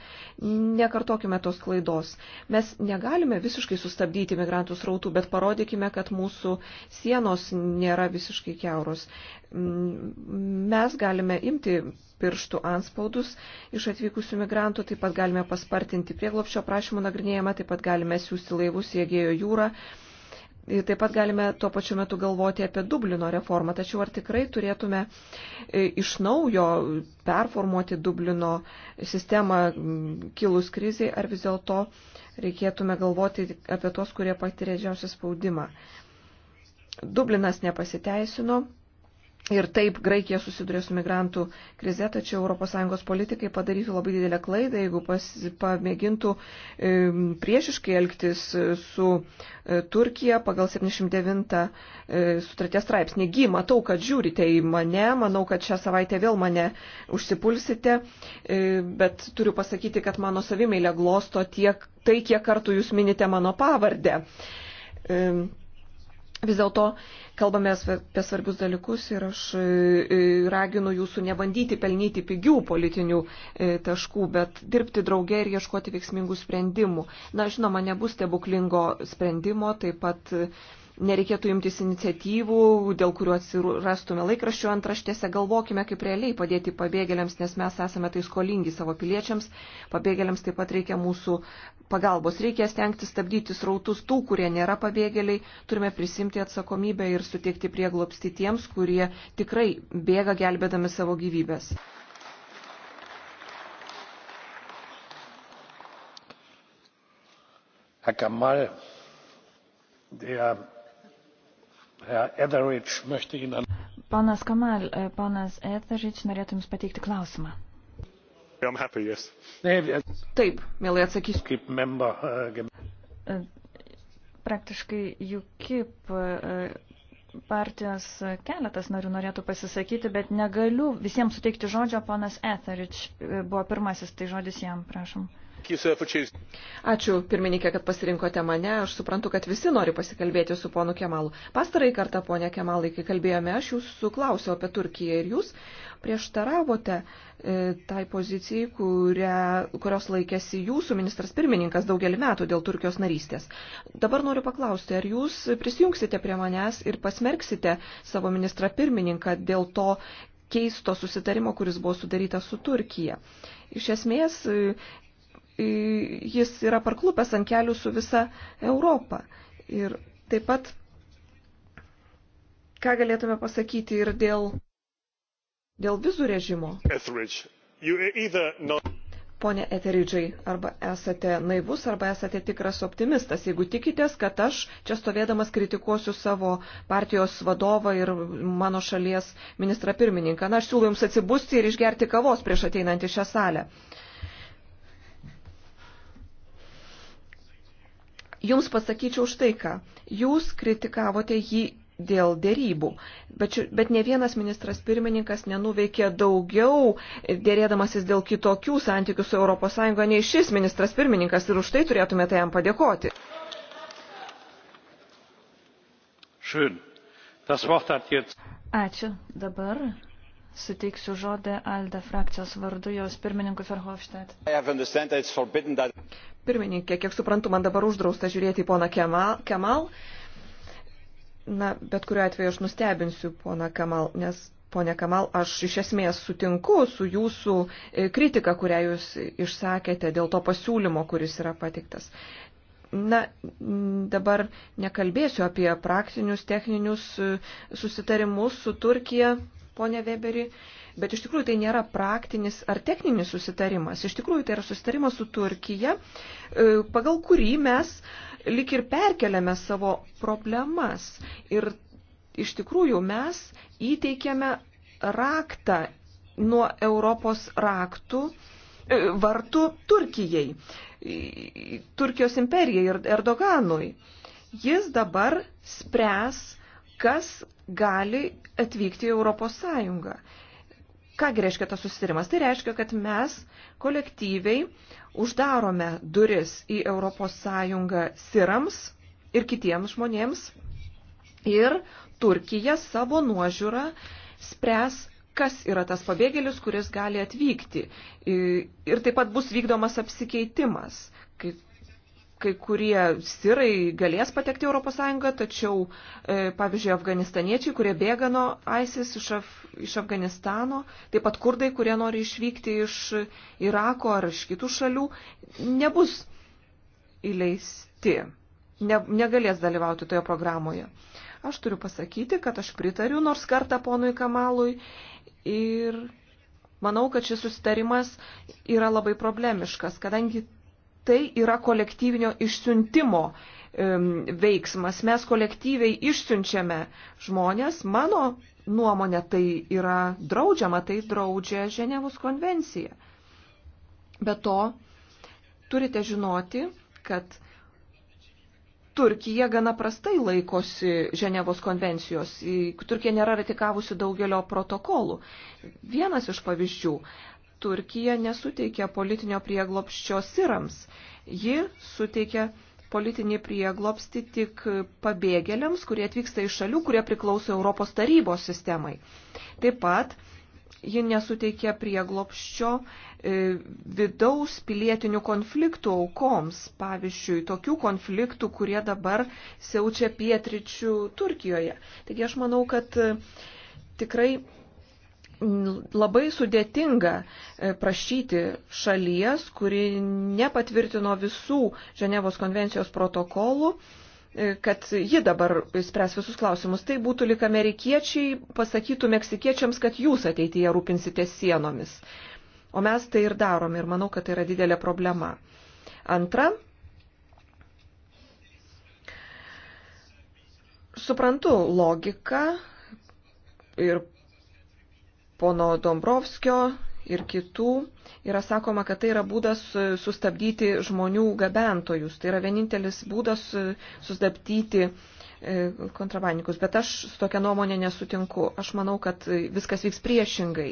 nekartokime tos klaidos. Mes negalime visiškai sustabdyti migrantų srautų, bet parodykime, kad mūsų sienos nėra visiškai keuros. Mes galime imti pirštų anspaudus iš atvykusių migrantų, taip pat galime paspartinti prieglopščio prašymų nagrinėjimą, taip pat galime siūsti laivus į Egėjo jūrą Taip pat galime tuo pačiu metu galvoti apie Dublino reformą, tačiau ar tikrai turėtume e, iš naujo performuoti Dublino sistemą kilus kriziai, ar vis dėlto reikėtume galvoti apie tos, kurie patiria didžiausią spaudimą. Dublinas nepasiteisino, Ir taip Graikija susiduria su migrantų krize, tačiau ES politikai padarytų labai didelę klaidą, jeigu pas, pamėgintų e, priešiškai elgtis su e, Turkija pagal 79 e, sutarties straipsnį. Gy, matau, kad žiūrite į mane, manau, kad šią savaitę vėl mane užsipulsite, e, bet turiu pasakyti, kad mano savimeilė glosto tiek, tai, kiek kartų jūs minite mano pavardę. E, Vis dėlto kalbame apie svarbius dalykus ir aš e, e, raginu jūsų nebandyti pelnyti pigių politinių e, taškų, bet dirbti drauge ir ieškoti veiksmingų sprendimų. Na, žinoma, nebus stebuklingo sprendimo, taip pat nereikėtų imtis iniciatyvų, dėl kurių atsirastume laikraščių antraštėse, galvokime, kaip realiai padėti pabėgėliams, nes mes esame tai skolingi savo piliečiams, pabėgėliams taip pat reikia mūsų pagalbos, reikia stengti stabdyti srautus tų, kurie nėra pabėgėliai, turime prisimti atsakomybę ir suteikti prieglopsti tiems, kurie tikrai bėga gelbėdami savo gyvybės. herr kamall der Ponas Kamal, e, ponas Etheridge norėtų Jums pateikti klausimą. Happy, yes. Taip, mielai atsakysiu. Äh, e, praktiškai UKIP e, partijos keletas narių norėtų pasisakyti, bet negaliu visiems suteikti žodžio, ponas Etheridge buvo pirmasis, tai žodis jam, prašom. Uh, Ačiū pirmininkė, kad pasirinkote mane. Aš suprantu, kad visi nori pasikalbėti su ponu Kemalu. Pastarai kartą, ponė Kemalai, kai kalbėjome, aš jūsų klausiau apie Turkiją ir jūs prieštaravote e, tai pozicijai, kuria, kurios laikėsi jūsų ministras pirmininkas daugelį metų dėl Turkijos narystės. Dabar noriu paklausti, ar jūs prisijungsite prie manęs ir pasmerksite savo ministrą pirmininką dėl to, keisto susitarimo, kuris buvo sudarytas su Turkija. Iš esmės, jis yra parklupęs ant kelių su visa Europa. Ir taip pat, ką galėtume pasakyti ir dėl, dėl vizų režimo. Pone Eteridžai, arba esate naivus, arba esate tikras optimistas, jeigu tikitės, kad aš čia stovėdamas kritikuosiu savo partijos vadovą ir mano šalies ministrą pirmininką. Na, aš siūlau jums atsibusti ir išgerti kavos prieš ateinant į šią salę. Uh, jums pasakyčiau štai ką. Jūs kritikavote jį dėl dėrybų. Bet, bet ne vienas ministras pirmininkas nenuveikė daugiau dėrėdamasis dėl kitokių santykių su ES nei šis ministras pirmininkas ir už tai turėtumėte jam padėkoti. Ačiū. Dabar Suteiksiu žodę Alde frakcijos vardu jos pirmininkui Ferhofstadt. Pirmininkė, kiek suprantu, man dabar uždrausta žiūrėti į poną Kemal. Kemal. Na, bet kuriuo atveju aš nustebinsiu poną Kemal, nes Pone Kamal, aš iš esmės sutinku su jūsų e, kritika, kurią jūs išsakėte dėl to pasiūlymo, kuris yra patiktas. Na, dabar nekalbėsiu apie praktinius, techninius e, susitarimus su Turkija, ponė Weberi, bet iš tikrųjų tai nėra praktinis ar techninis susitarimas. Iš tikrųjų tai yra susitarimas su Turkija, e, pagal kurį mes lik ir perkeliame savo problemas. Ir iš tikrųjų mes įteikėme raktą nuo Europos raktų, e, vartų Turkijai, Turkijos imperijai ir Erdoganui. Jis dabar spręs, kas gali atvykti į Europos Sąjungą. Ką reiškia tas susitarimas? Tai reiškia, kad mes kolektyviai uždarome duris į Europos Sąjungą sirams ir kitiems žmonėms ir Turkija savo nuožiūrą spręs, kas yra tas pabėgėlis, kuris gali atvykti. Ir taip pat bus vykdomas apsikeitimas, kaip kai kurie sirai galės patekti Europos Sąjungą, tačiau, e, pavyzdžiui, afganistaniečiai, kurie bėga nuo ISIS iš, Af iš Afganistano, taip pat kurdai, kurie nori išvykti iš Irako ar iš kitų šalių, nebus įleisti, ne, negalės dalyvauti toje programoje. Aš turiu pasakyti, kad aš pritariu nors kartą ponui Kamalui ir manau, kad šis susitarimas yra labai problemiškas, kadangi tai yra kolektyvinio išsiuntimo veiksmas. Mes kolektyviai išsiunčiame žmonės. Mano nuomonė tai yra draudžiama, tai draudžia Ženevos konvencija. Be to, turite žinoti, kad Turkija gana prastai laikosi Ženevos konvencijos. Turkija nėra ratikavusi daugelio protokolų. Vienas iš pavyzdžių Turkija nesuteikia politinio prieglopščio sirams. Ji suteikia politinį prieglopstį tik pabėgėliams, kurie atvyksta iš šalių, kurie priklauso Europos tarybos sistemai. Taip pat ji nesuteikė prieglopščio e, vidaus pilietinių konfliktų aukoms, pavyzdžiui, tokių konfliktų, kurie dabar siaučia pietričių Turkijoje. Taigi aš manau, kad e, tikrai labai sudėtinga e, prašyti šalies, kuri nepatvirtino visų Ženevos konvencijos protokolų, e, kad ji dabar spręs visus klausimus. Tai būtų lik amerikiečiai pasakytų meksikiečiams, kad jūs ateityje rūpinsitės sienomis. O mes tai ir darom ir manau, kad tai yra didelė problema. Antra, suprantu logiką ir pono Dombrovskio ir kitų yra sakoma, kad tai yra būdas e, sustabdyti žmonių gabentojus. Tai yra vienintelis būdas e, sustabdyti e, kontrabandininkus. Bet aš su tokia nuomonė nesutinku. Aš manau, kad viskas vyks priešingai.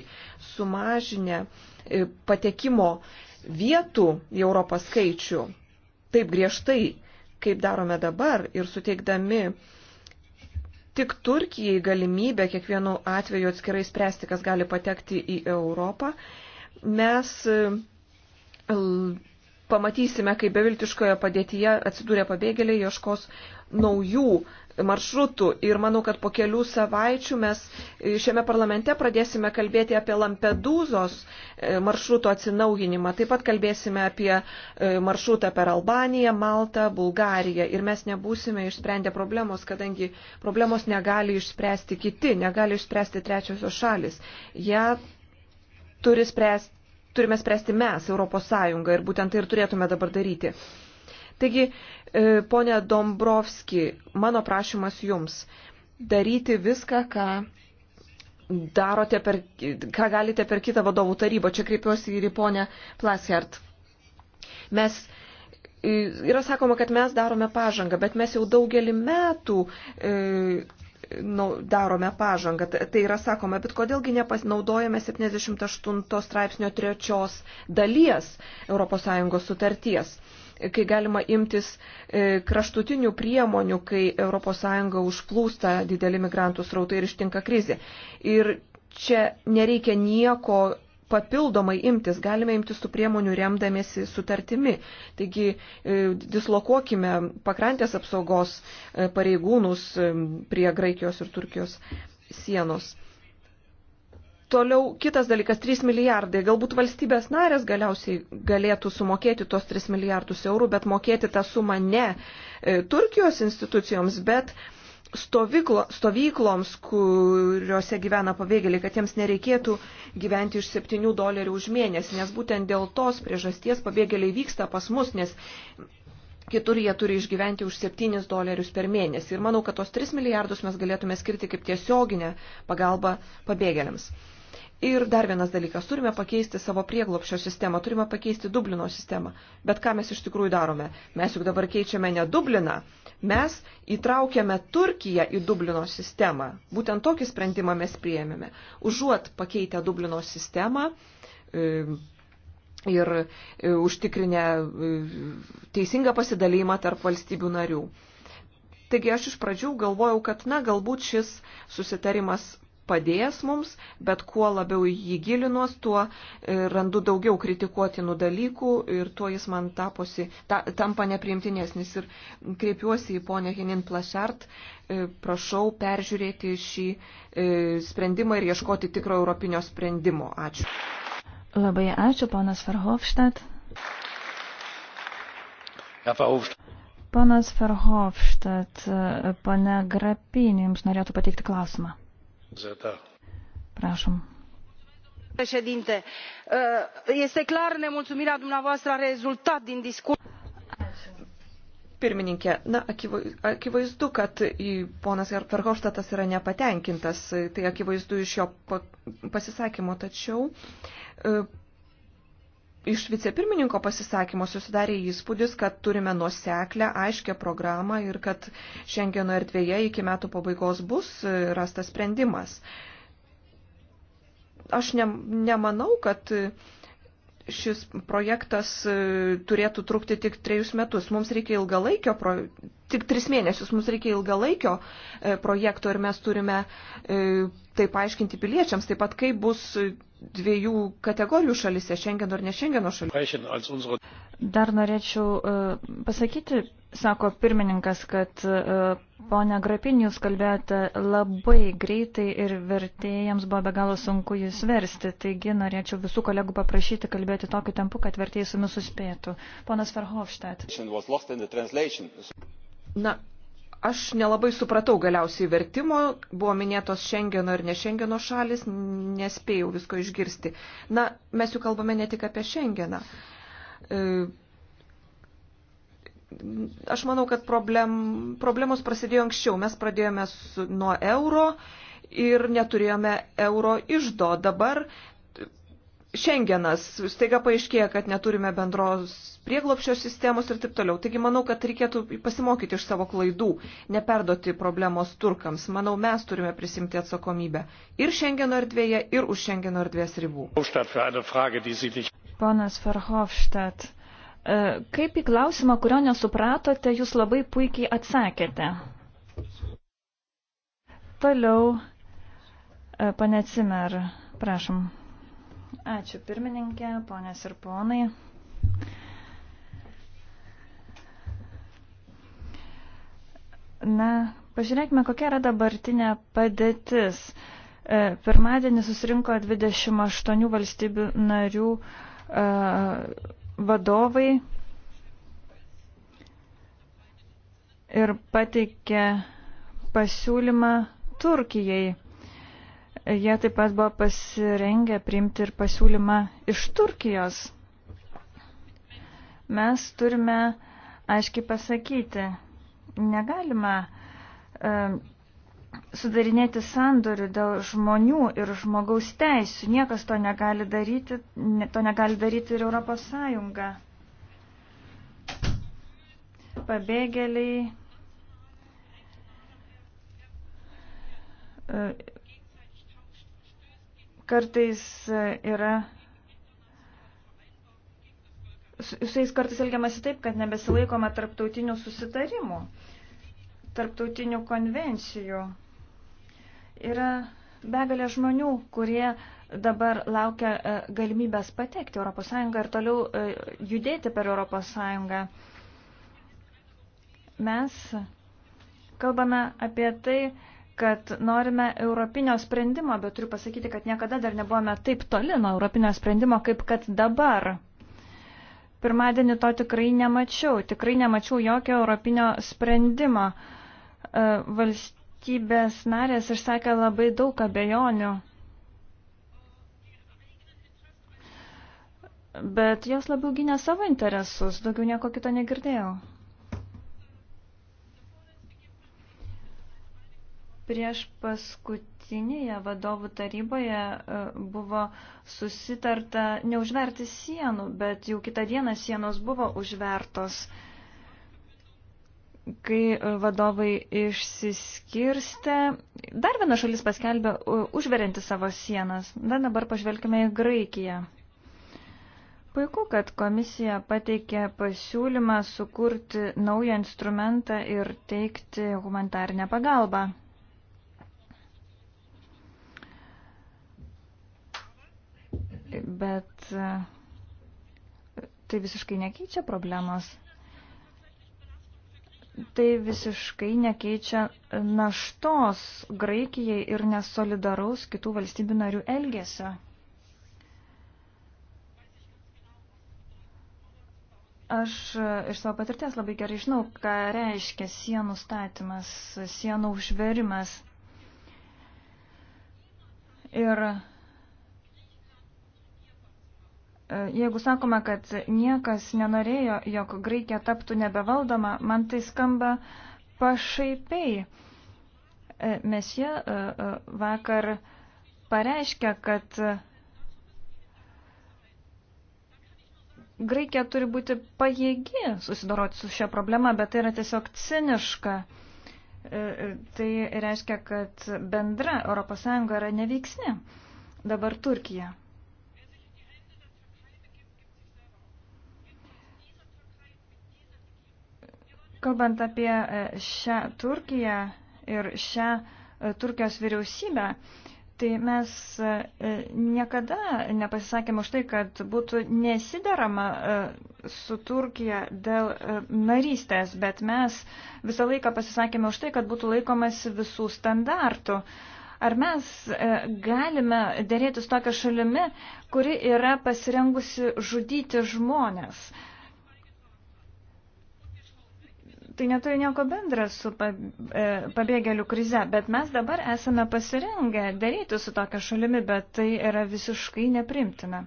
Sumažinę patekimo vietų į Europą skaičių taip griežtai, kaip darome dabar ir suteikdami tik Turkijai galimybę kiekvienu atveju atskirai spręsti, kas gali patekti į Europą, mes e, pamatysime, kaip beviltiškoje padėtyje atsidūrė pabėgėliai, ieškos naujų maršrutų. Ir manau, kad po kelių savaičių mes e, šiame parlamente pradėsime kalbėti apie Lampedūzos e, maršruto atsinaujinimą. Taip pat kalbėsime apie e, maršrutą per Albaniją, Maltą, Bulgariją. Ir mes nebūsime išsprendę problemos, kadangi problemos negali išspręsti kiti, negali išspręsti trečiosios šalis. Ja turi spręsti turime spręsti mes, Europos Sąjunga, ir būtent tai ir turėtume dabar daryti. Taigi, e, ponė Dombrovski, mano prašymas jums daryti viską, ką darote per, ką galite per kitą vadovų tarybą. Čia kreipiuosi ir į ponę Plaskert. Mes, e, yra sakoma, kad mes darome pažangą, bet mes jau daugelį metų e, nu, darome pažangą. Tai yra sakoma, bet kodėlgi nepasinaudojame 78 straipsnio trečios dalies ES sutarties kai galima imtis e, kraštutinių priemonių, kai ES užplūsta dideli migrantų srautai ir ištinka krizė. Ir čia nereikia nieko papildomai imtis, galime imtis tų priemonių remdamėsi sutartimi. Taigi e, dislokuokime pakrantės apsaugos e, pareigūnus prie Graikijos ir Turkijos sienos. Toliau kitas dalykas - 3 milijardai. Galbūt valstybės narės galiausiai galėtų sumokėti tos 3 milijardus eurų, bet mokėti tą sumą ne e, Turkijos institucijoms, bet stovyklo, stovykloms, kuriuose gyvena pabėgėliai, kad jiems nereikėtų gyventi iš 7 dolerių už mėnesį, nes būtent dėl tos priežasties pabėgėliai vyksta pas mus, nes kitur jie turi išgyventi už 7 dolerius per mėnesį. Ir manau, kad tos 3 milijardus mes galėtume skirti kaip tiesioginę pagalbą pabėgėliams. Ir dar vienas dalykas, turime pakeisti savo prieglopšio sistemą, turime pakeisti Dublino sistemą. Bet ką mes iš tikrųjų darome? Mes juk dabar keičiame ne Dubliną, mes įtraukiame Turkiją į Dublino sistemą. Būtent tokį sprendimą mes priėmėme. Užuot pakeitę Dublino sistemą e, ir e, užtikrinę e, teisingą pasidalymą tarp valstybių narių. Taigi aš iš pradžių galvojau, kad, na, galbūt šis susitarimas padės mums, bet kuo labiau jį gilinuos, tuo e, randu daugiau kritikuotinų dalykų ir tuo jis man taposi, ta, tampa nepriimtinesnis. Ir kreipiuosi į ponę Henin Plašart, e, prašau peržiūrėti šį e, sprendimą ir ieškoti tikro europinio sprendimo. Ačiū. Labai ačiū, ponas Verhofstadt. Ja, Verhofstadt. Ponas Verhofstadt, pane Grapinė, jums norėtų pateikti klausimą. Prašom. Președinte, eh, este clar nemulțumirea dumneavoastră a rezultat din discurs. Pirmininkė, na, akivaizdu, kad ponas Verhofstadtas yra nepatenkintas, tai akivaizdu iš jo pasisakymo, tačiau eh, iš vicepirmininko pasisakymo susidarė įspūdis, kad turime nuseklę, aiškę programą ir kad šiandieno erdvėje iki metų pabaigos bus e, rastas sprendimas. Aš ne, nemanau, kad e, šis projektas e, turėtų trukti tik trejus metus. Mums reikia ilgalaikio, pro... tik tris mėnesius, mums reikia ilgalaikio projekto ir mes turime tai paaiškinti piliečiams, taip pat kaip bus dviejų kategorijų šalise, Šengeno ir ne Šengeno šalise. Dar norėčiau e, pasakyti, sako pirmininkas, kad e, ponia Grapin, jūs kalbėjote labai greitai ir vertėjams buvo be galo sunku jūs versti, taigi norėčiau visų kolegų paprašyti kalbėti tokiu tempu, kad vertėjai su mumis suspėtų. Ponas Verhofstadt. Na, Aš nelabai supratau galiausiai vertimo, buvo minėtos Šengeno ir ne Šengeno šalis, nespėjau visko išgirsti. Na, mes jau kalbame ne tik apie Šengeną. E, aš manau, kad problem, problemos prasidėjo anksčiau. Mes pradėjome su, nuo euro ir neturėjome euro išdo. Dabar Šengenas, staiga paaiškėja, kad neturime bendros prieglopščio sistemos ir taip toliau. Taigi manau, kad reikėtų pasimokyti iš savo klaidų, neperduoti problemos turkams. Manau, mes turime prisimti atsakomybę ir Šengeno erdvėje, ir už Šengeno erdvės ribų. Ponas Verhofstadt, e, kaip į klausimą, kurio nesupratote, jūs labai puikiai atsakėte. Toliau, e, pane Cimer, prašom. Ačiū pirmininkė, ponės ir ponai. Na, pažiūrėkime, kokia yra dabartinė padėtis. E, pirmadienį susirinko 28 valstybių narių e, vadovai ir pateikė pasiūlymą Turkijai Jie taip pat buvo pasirengę priimti ir pasiūlymą iš Turkijos. Mes turime aiškiai pasakyti, negalima e, sudarinėti sandorių dėl žmonių ir žmogaus teisų. Niekas to negali daryti, to negali daryti ir Europos Sąjunga. Pabėgėliai. E, kartais e, yra. Su jais kartais elgiamasi taip, kad nebesilaikoma tarptautinių susitarimų, tarptautinių konvencijų. Yra begalė žmonių, kurie dabar laukia e, galimybės patekti ES ir toliau e, judėti per ES. Mes kalbame apie tai, kad norime europinio sprendimo, bet turiu pasakyti, kad niekada dar nebuvome taip toli nuo europinio sprendimo, kaip kad dabar. Pirmadienį to tikrai nemačiau, tikrai nemačiau jokio europinio sprendimo. E, valstybės narės išsakė labai daug abejonių. Bet jos labiau gynė savo interesus, daugiau nieko kito negirdėjau. Prieš paskutinėje vadovų taryboje e, buvo susitarta neužverti sienų, bet jau kitą dieną sienos buvo užvertos. Kai e, vadovai išsiskirstė, dar viena šalis paskelbė užverinti savo sienas. Na, dabar pažvelkime į Graikiją. Puiku, kad komisija pateikė pasiūlymą sukurti naują instrumentą ir teikti humanitarinę pagalbą. bet e, tai visiškai nekeičia problemos. Tai visiškai nekeičia naštos Graikijai ir nesolidaraus kitų valstybių narių elgesio. Aš e, iš savo patirties labai gerai žinau, ką reiškia sienų statymas, sienų užverimas. Ir E, jeigu sakoma, kad niekas nenorėjo, jog Graikija taptų nebevaldoma, man tai skamba pašaipiai. E, Mes jie e, vakar pareiškia, kad Graikija turi būti pajėgi susidoroti su šia problema, bet tai yra tiesiog ciniška. Tai reiškia, kad bendra ES yra neveiksni. Dabar Turkija. Kalbant apie e, šią Turkiją ir šią e, Turkijos vyriausybę, tai mes e, niekada nepasisakėme už tai, kad būtų nesiderama su Turkija dėl narystės, bet mes visą laiką pasisakėme už tai, kad būtų laikomasi visų standartų. Ar mes galime dėrėtis tokią šalimi, kuri yra pasirengusi žudyti žmonės? tai neturi nieko bendra su e, pabėgėlių krize, bet mes dabar esame pasirengę daryti su tokia šalimi, bet tai yra visiškai neprimtina.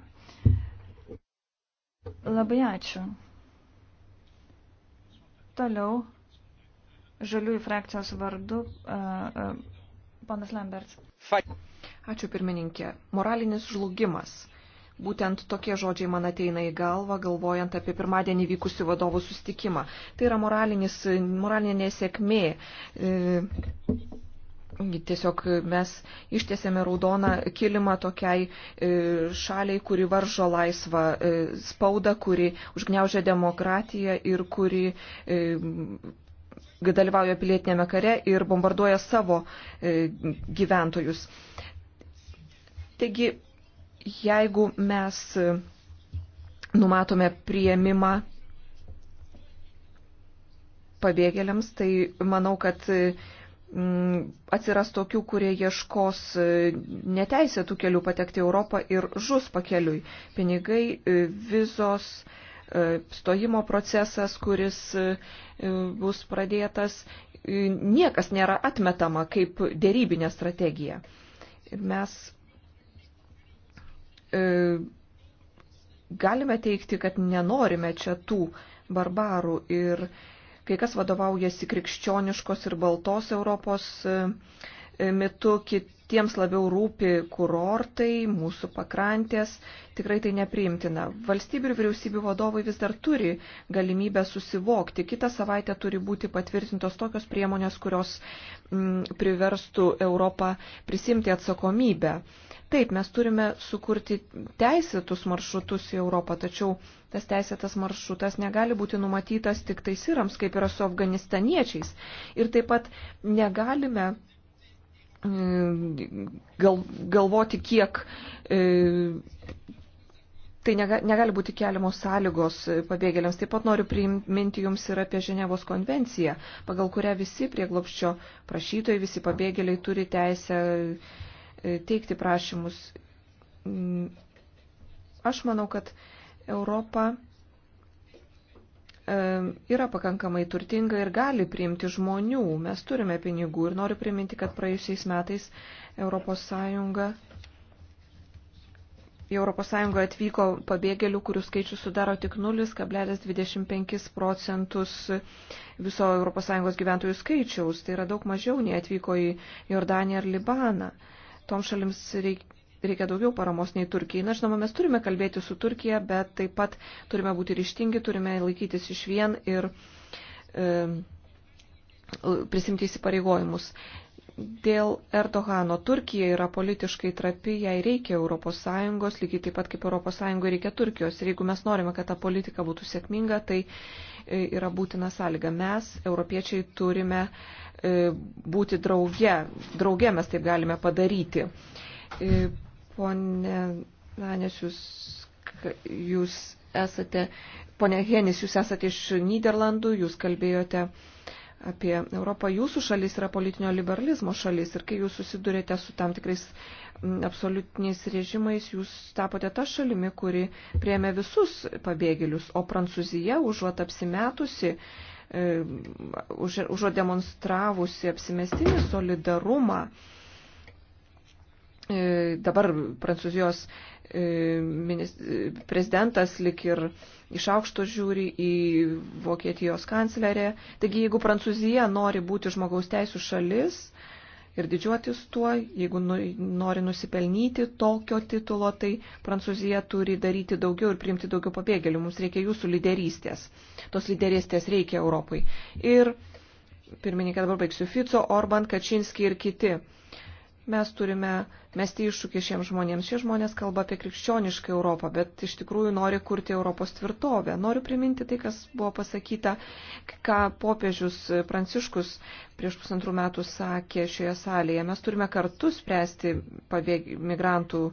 Labai ačiū. Toliau žaliųjų frakcijos vardu e, e, ponas Lamberts. Ačiū pirmininkė. Moralinis žlugimas Būtent tokie žodžiai man ateina į galvą, galvojant apie pirmadienį vykusių vadovų sustikimą. Tai yra moralinė nesėkmė. E, tiesiog mes ištiesėme raudoną kilimą tokiai e, šaliai, kuri varžo laisvą e, spaudą, kuri užgneužia demokratiją ir kuri dalyvauja pilietinėme kare ir bombarduoja savo gyventojus. Taigi Jeigu mes numatome prieimimą pabėgėliams, tai manau, kad mm, atsiras tokių, kurie ieškos mm, neteisėtų kelių patekti į Europą ir žus pakeliui. Pinigai, e, vizos, e, stojimo procesas, kuris e, bus pradėtas, niekas nėra atmetama kaip dėrybinė strategija. Ir mes E, galime teikti, kad nenorime čia tų barbarų ir kai kas vadovaujasi krikščioniškos ir baltos Europos e, mitu, kit, tiems labiau rūpi kurortai, mūsų pakrantės, tikrai tai nepriimtina. Valstybių ir vyriausybių vadovai vis dar turi galimybę susivokti. Kitą savaitę turi būti patvirtintos tokios priemonės, kurios m, mm, priverstų Europą prisimti atsakomybę. Taip, mes turime sukurti teisėtus maršrutus į Europą, tačiau tas teisėtas maršrutas negali būti numatytas tik tai sirams, kaip yra su afganistaniečiais. Ir taip pat negalime E, gal, galvoti, kiek e, tai negali būti keliamos sąlygos pabėgėliams. Taip pat noriu priminti jums ir apie Ženevos konvenciją, pagal kurią visi prieglopščio prašytojai, visi pabėgėliai turi teisę e, teikti prašymus. Mm, aš manau, kad Europa E, yra pakankamai turtinga ir gali priimti žmonių. Mes turime pinigų ir noriu priminti, kad praėjusiais metais Europos Sąjunga. Į Europos Sąjungą atvyko pabėgėlių, kurių skaičius sudaro tik 0,25 procentus viso Europos Sąjungos gyventojų skaičiaus. Tai yra daug mažiau nei atvyko į Jordaniją ar Libaną. Tom šalims reikia reikia daugiau paramos nei Turkijai. Na, žinoma, mes turime kalbėti su Turkija, bet taip pat turime būti ryštingi, turime laikytis iš vien ir e, prisimti įsipareigojimus. Dėl Erdogano Turkija yra politiškai trapi, jai reikia ES, lygiai taip pat kaip ES reikia Turkijos. Ir jeigu mes norime, kad ta politika būtų sėkminga, tai e, yra būtina sąlyga. Mes, europiečiai, turime e, būti drauge. Drauge mes taip galime padaryti e, Pone Lanės, jūs, jūs esate, pone Henis, jūs esate iš Niderlandų, jūs kalbėjote apie Europą. Jūsų šalis yra politinio liberalizmo šalis ir kai jūs susidurėte su tam tikrais absoliutiniais režimais, jūs tapote tą šalimi, kuri prieėmė visus pabėgėlius, o Prancūzija užuot apsimetusi, e, užuot demonstravusi apsimestinį solidarumą, E, dabar Prancūzijos e, prezidentas lik ir iš aukšto žiūri į Vokietijos kanclerę. Taigi, jeigu Prancūzija nori būti žmogaus teisų šalis ir didžiuotis tuo, jeigu nu, nori nusipelnyti tokio titulo, tai Prancūzija turi daryti daugiau ir priimti daugiau pabėgėlių. Mums reikia jūsų lyderystės. Tos lyderystės reikia Europai. Ir pirmininkai dabar baigsiu Fico, Orban, Kačinski ir kiti mes turime mesti iššūkį šiems žmonėms. Šie žmonės kalba apie krikščionišką Europą, bet iš tikrųjų nori kurti Europos tvirtovę. Noriu priminti tai, kas buvo pasakyta, ką popiežius Pranciškus prieš pusantrų metų sakė šioje salėje. Mes turime kartu spręsti pabėg... migrantų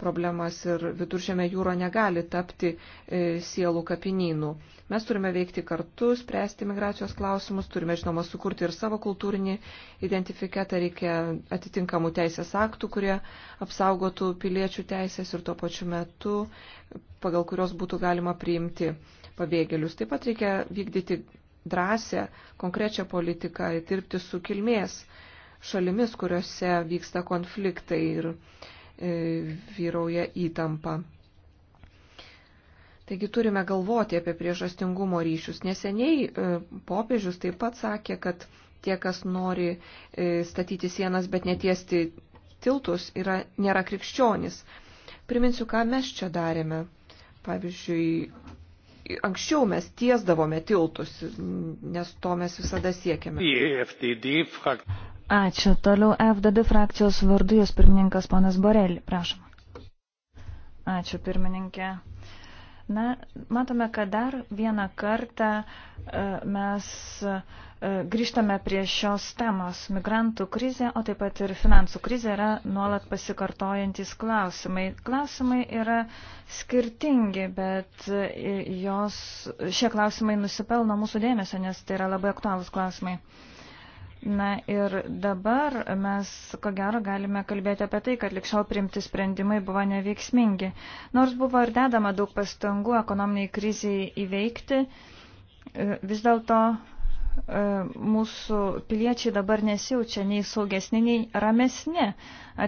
problemas ir viduržėme jūro negali tapti e, sielų kapinynų. Mes turime veikti kartu, spręsti migracijos klausimus, turime, žinoma, sukurti ir savo kultūrinį identifikatą, reikia atitinkamų teisės aktų, kurie apsaugotų piliečių teisės ir tuo pačiu metu, pagal kurios būtų galima priimti pabėgėlius. Taip pat reikia vykdyti drąsę, konkrečią politiką, dirbti su kilmės šalimis, kuriuose vyksta konfliktai ir E, vyrauja įtampa. Taigi turime galvoti apie priežastingumo ryšius. Neseniai e, popiežius taip pat sakė, kad tie, kas nori e, statyti sienas, bet netiesti tiltus, yra, nėra krikščionis. Priminsiu, ką mes čia darėme. Pavyzdžiui, anksčiau mes tiesdavome tiltus, nes to mes visada siekiame. Ačiū. Toliau FDD frakcijos vardu jos pirmininkas ponas Borelį. Prašom. Ačiū pirmininkė. Na, matome, kad dar vieną kartą e, mes e, grįžtame prie šios temos. Migrantų krizė, o taip pat ir finansų krizė yra nuolat pasikartojantis klausimai. Klausimai yra skirtingi, bet e, jos, šie klausimai nusipelno mūsų dėmesio, nes tai yra labai aktualūs klausimai. Na ir dabar mes, ko gero, galime kalbėti apie tai, kad likščiau primti sprendimai buvo neveiksmingi. Nors buvo ir dedama daug pastangų ekonominiai kriziai įveikti, e, vis dėlto e, mūsų piliečiai dabar nesijaučia nei saugesni, nei ramesni.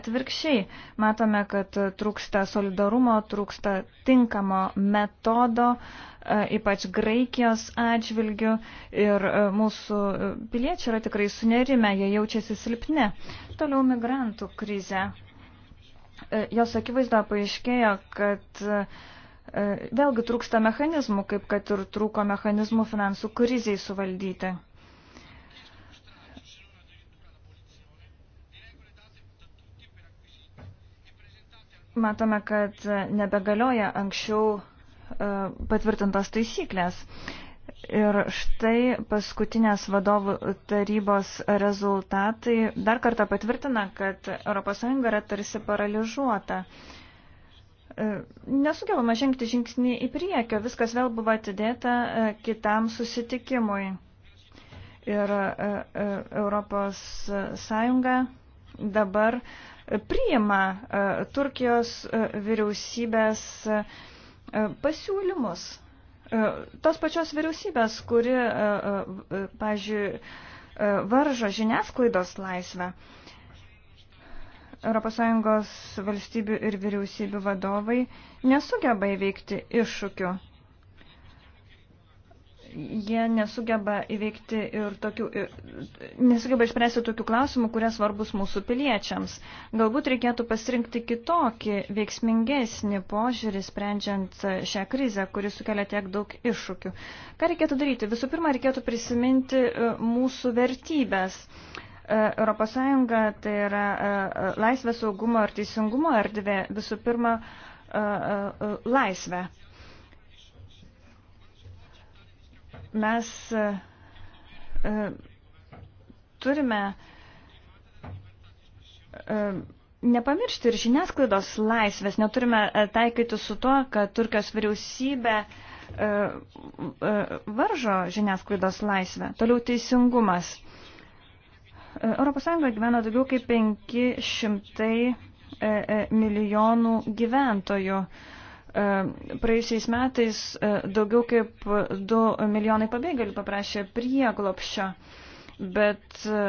Atvirkščiai, matome, kad trūksta solidarumo, trūksta tinkamo metodo, E, ypač Graikijos atžvilgių ir e, mūsų piliečiai yra tikrai sunerime, jie jaučiasi silpni. Toliau migrantų krize. E, jos akivaizdo paaiškėjo, kad vėlgi trūksta mechanizmų, kaip kad ir trūko mechanizmų finansų kriziai suvaldyti. Matome, kad nebegalioja anksčiau E, patvirtintos taisyklės. Ir štai paskutinės vadovų tarybos rezultatai dar kartą patvirtina, kad ES yra tarsi paralyžuota. E, nesugebama žengti žingsnį į priekį, viskas vėl buvo atidėta e, kitam susitikimui. Ir ES dabar priima Turkijos vyriausybės E, pasiūlymus. E, tos pačios vyriausybės, kuri, e, pažiūrėjau, varžo žiniasklaidos laisvę. ES valstybių ir vyriausybių vadovai nesugeba įveikti iššūkių jie nesugeba įveikti ir tokių, nesugeba išspręsti tokių klausimų, kurie svarbus mūsų piliečiams. Galbūt reikėtų pasirinkti kitokį, veiksmingesnį požiūrį, sprendžiant šią krizę, kuri sukelia tiek daug iššūkių. Ką reikėtų daryti? Visų pirma, reikėtų prisiminti e, mūsų vertybės. ES tai yra e, e, laisvė saugumo ir teisingumo erdvė, visų pirma, laisvė. Mes e, e, turime e, nepamiršti ir žiniasklaidos laisvės, neturime taikyti su tuo, kad Turkijos vyriausybė varžo žiniasklaidos laisvę. Toliau teisingumas. ES gyvena daugiau kaip 500 milijonų gyventojų. E, praėjusiais metais e, daugiau kaip 2 milijonai pabėgėlių paprašė prieglopščio, bet e,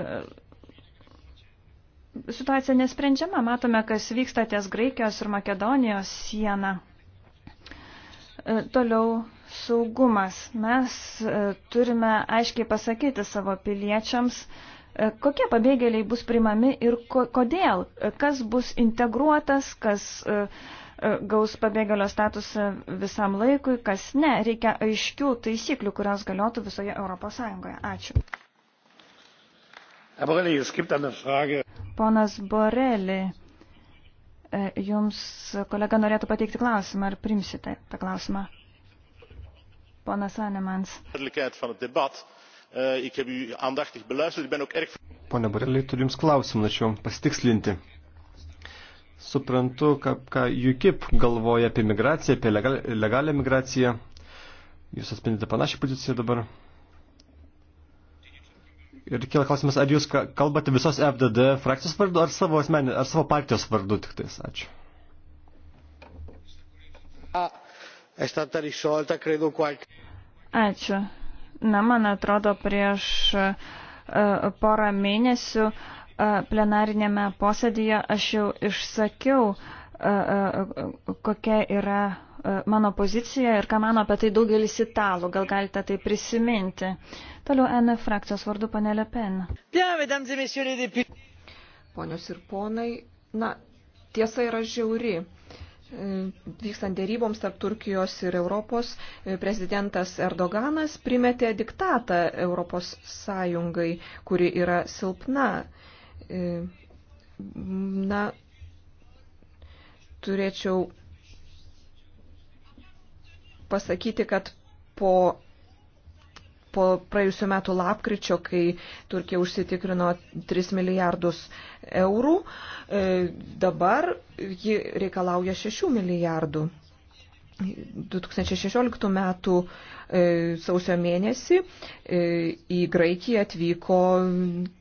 situacija nesprendžiama. Matome, kas vyksta ties Graikijos ir Makedonijos siena. Toliau saugumas. Mes turime aiškiai pasakyti savo piliečiams, kokie pabėgėliai bus primami ir ko, kodėl, kas bus integruotas, kas uh, E, gaus pabėgėlio statusą visam laikui, kas ne. Reikia aiškių taisyklių, kurios galiotų visoje Europos Sąjungoje. Ačiū. Ponas Borelį, e, jums kolega norėtų pateikti klausimą. Ar primsite tą klausimą? Ponas Anemans. E, Pone Borelį, turiu jums klausimą, norėčiau pasitikslinti suprantu, ką, ką UKIP galvoja apie migraciją, apie legal, legalią migraciją. Jūs atspindite panašią poziciją dabar. Ir kila klausimas, ar jūs kalbate visos FDD frakcijos vardu, ar savo, asmenį, ar savo partijos vardu tik tais. Ačiū. Ačiū. Na, man atrodo, prieš e, porą mėnesių uh, plenarinėme posėdėje aš jau išsakiau, kokia yra mano pozicija ir ką mano apie tai daugelis italų. Gal galite tai prisiminti. Toliau NF frakcijos vardu panelė Pen. Ponios ir ponai, na, tiesa yra žiauri. E, vykstant dėryboms tarp Turkijos ir Europos, e, prezidentas Erdoganas primetė diktatą Europos Sąjungai, kuri yra silpna. E, na, turėčiau pasakyti, kad po, po praėjusiu metu lapkričio, kai Turkija užsitikrino 3 milijardus eurų, e, dabar ji reikalauja 6 milijardų. 2016 metų e, sausio mėnesį e, į Graikiją atvyko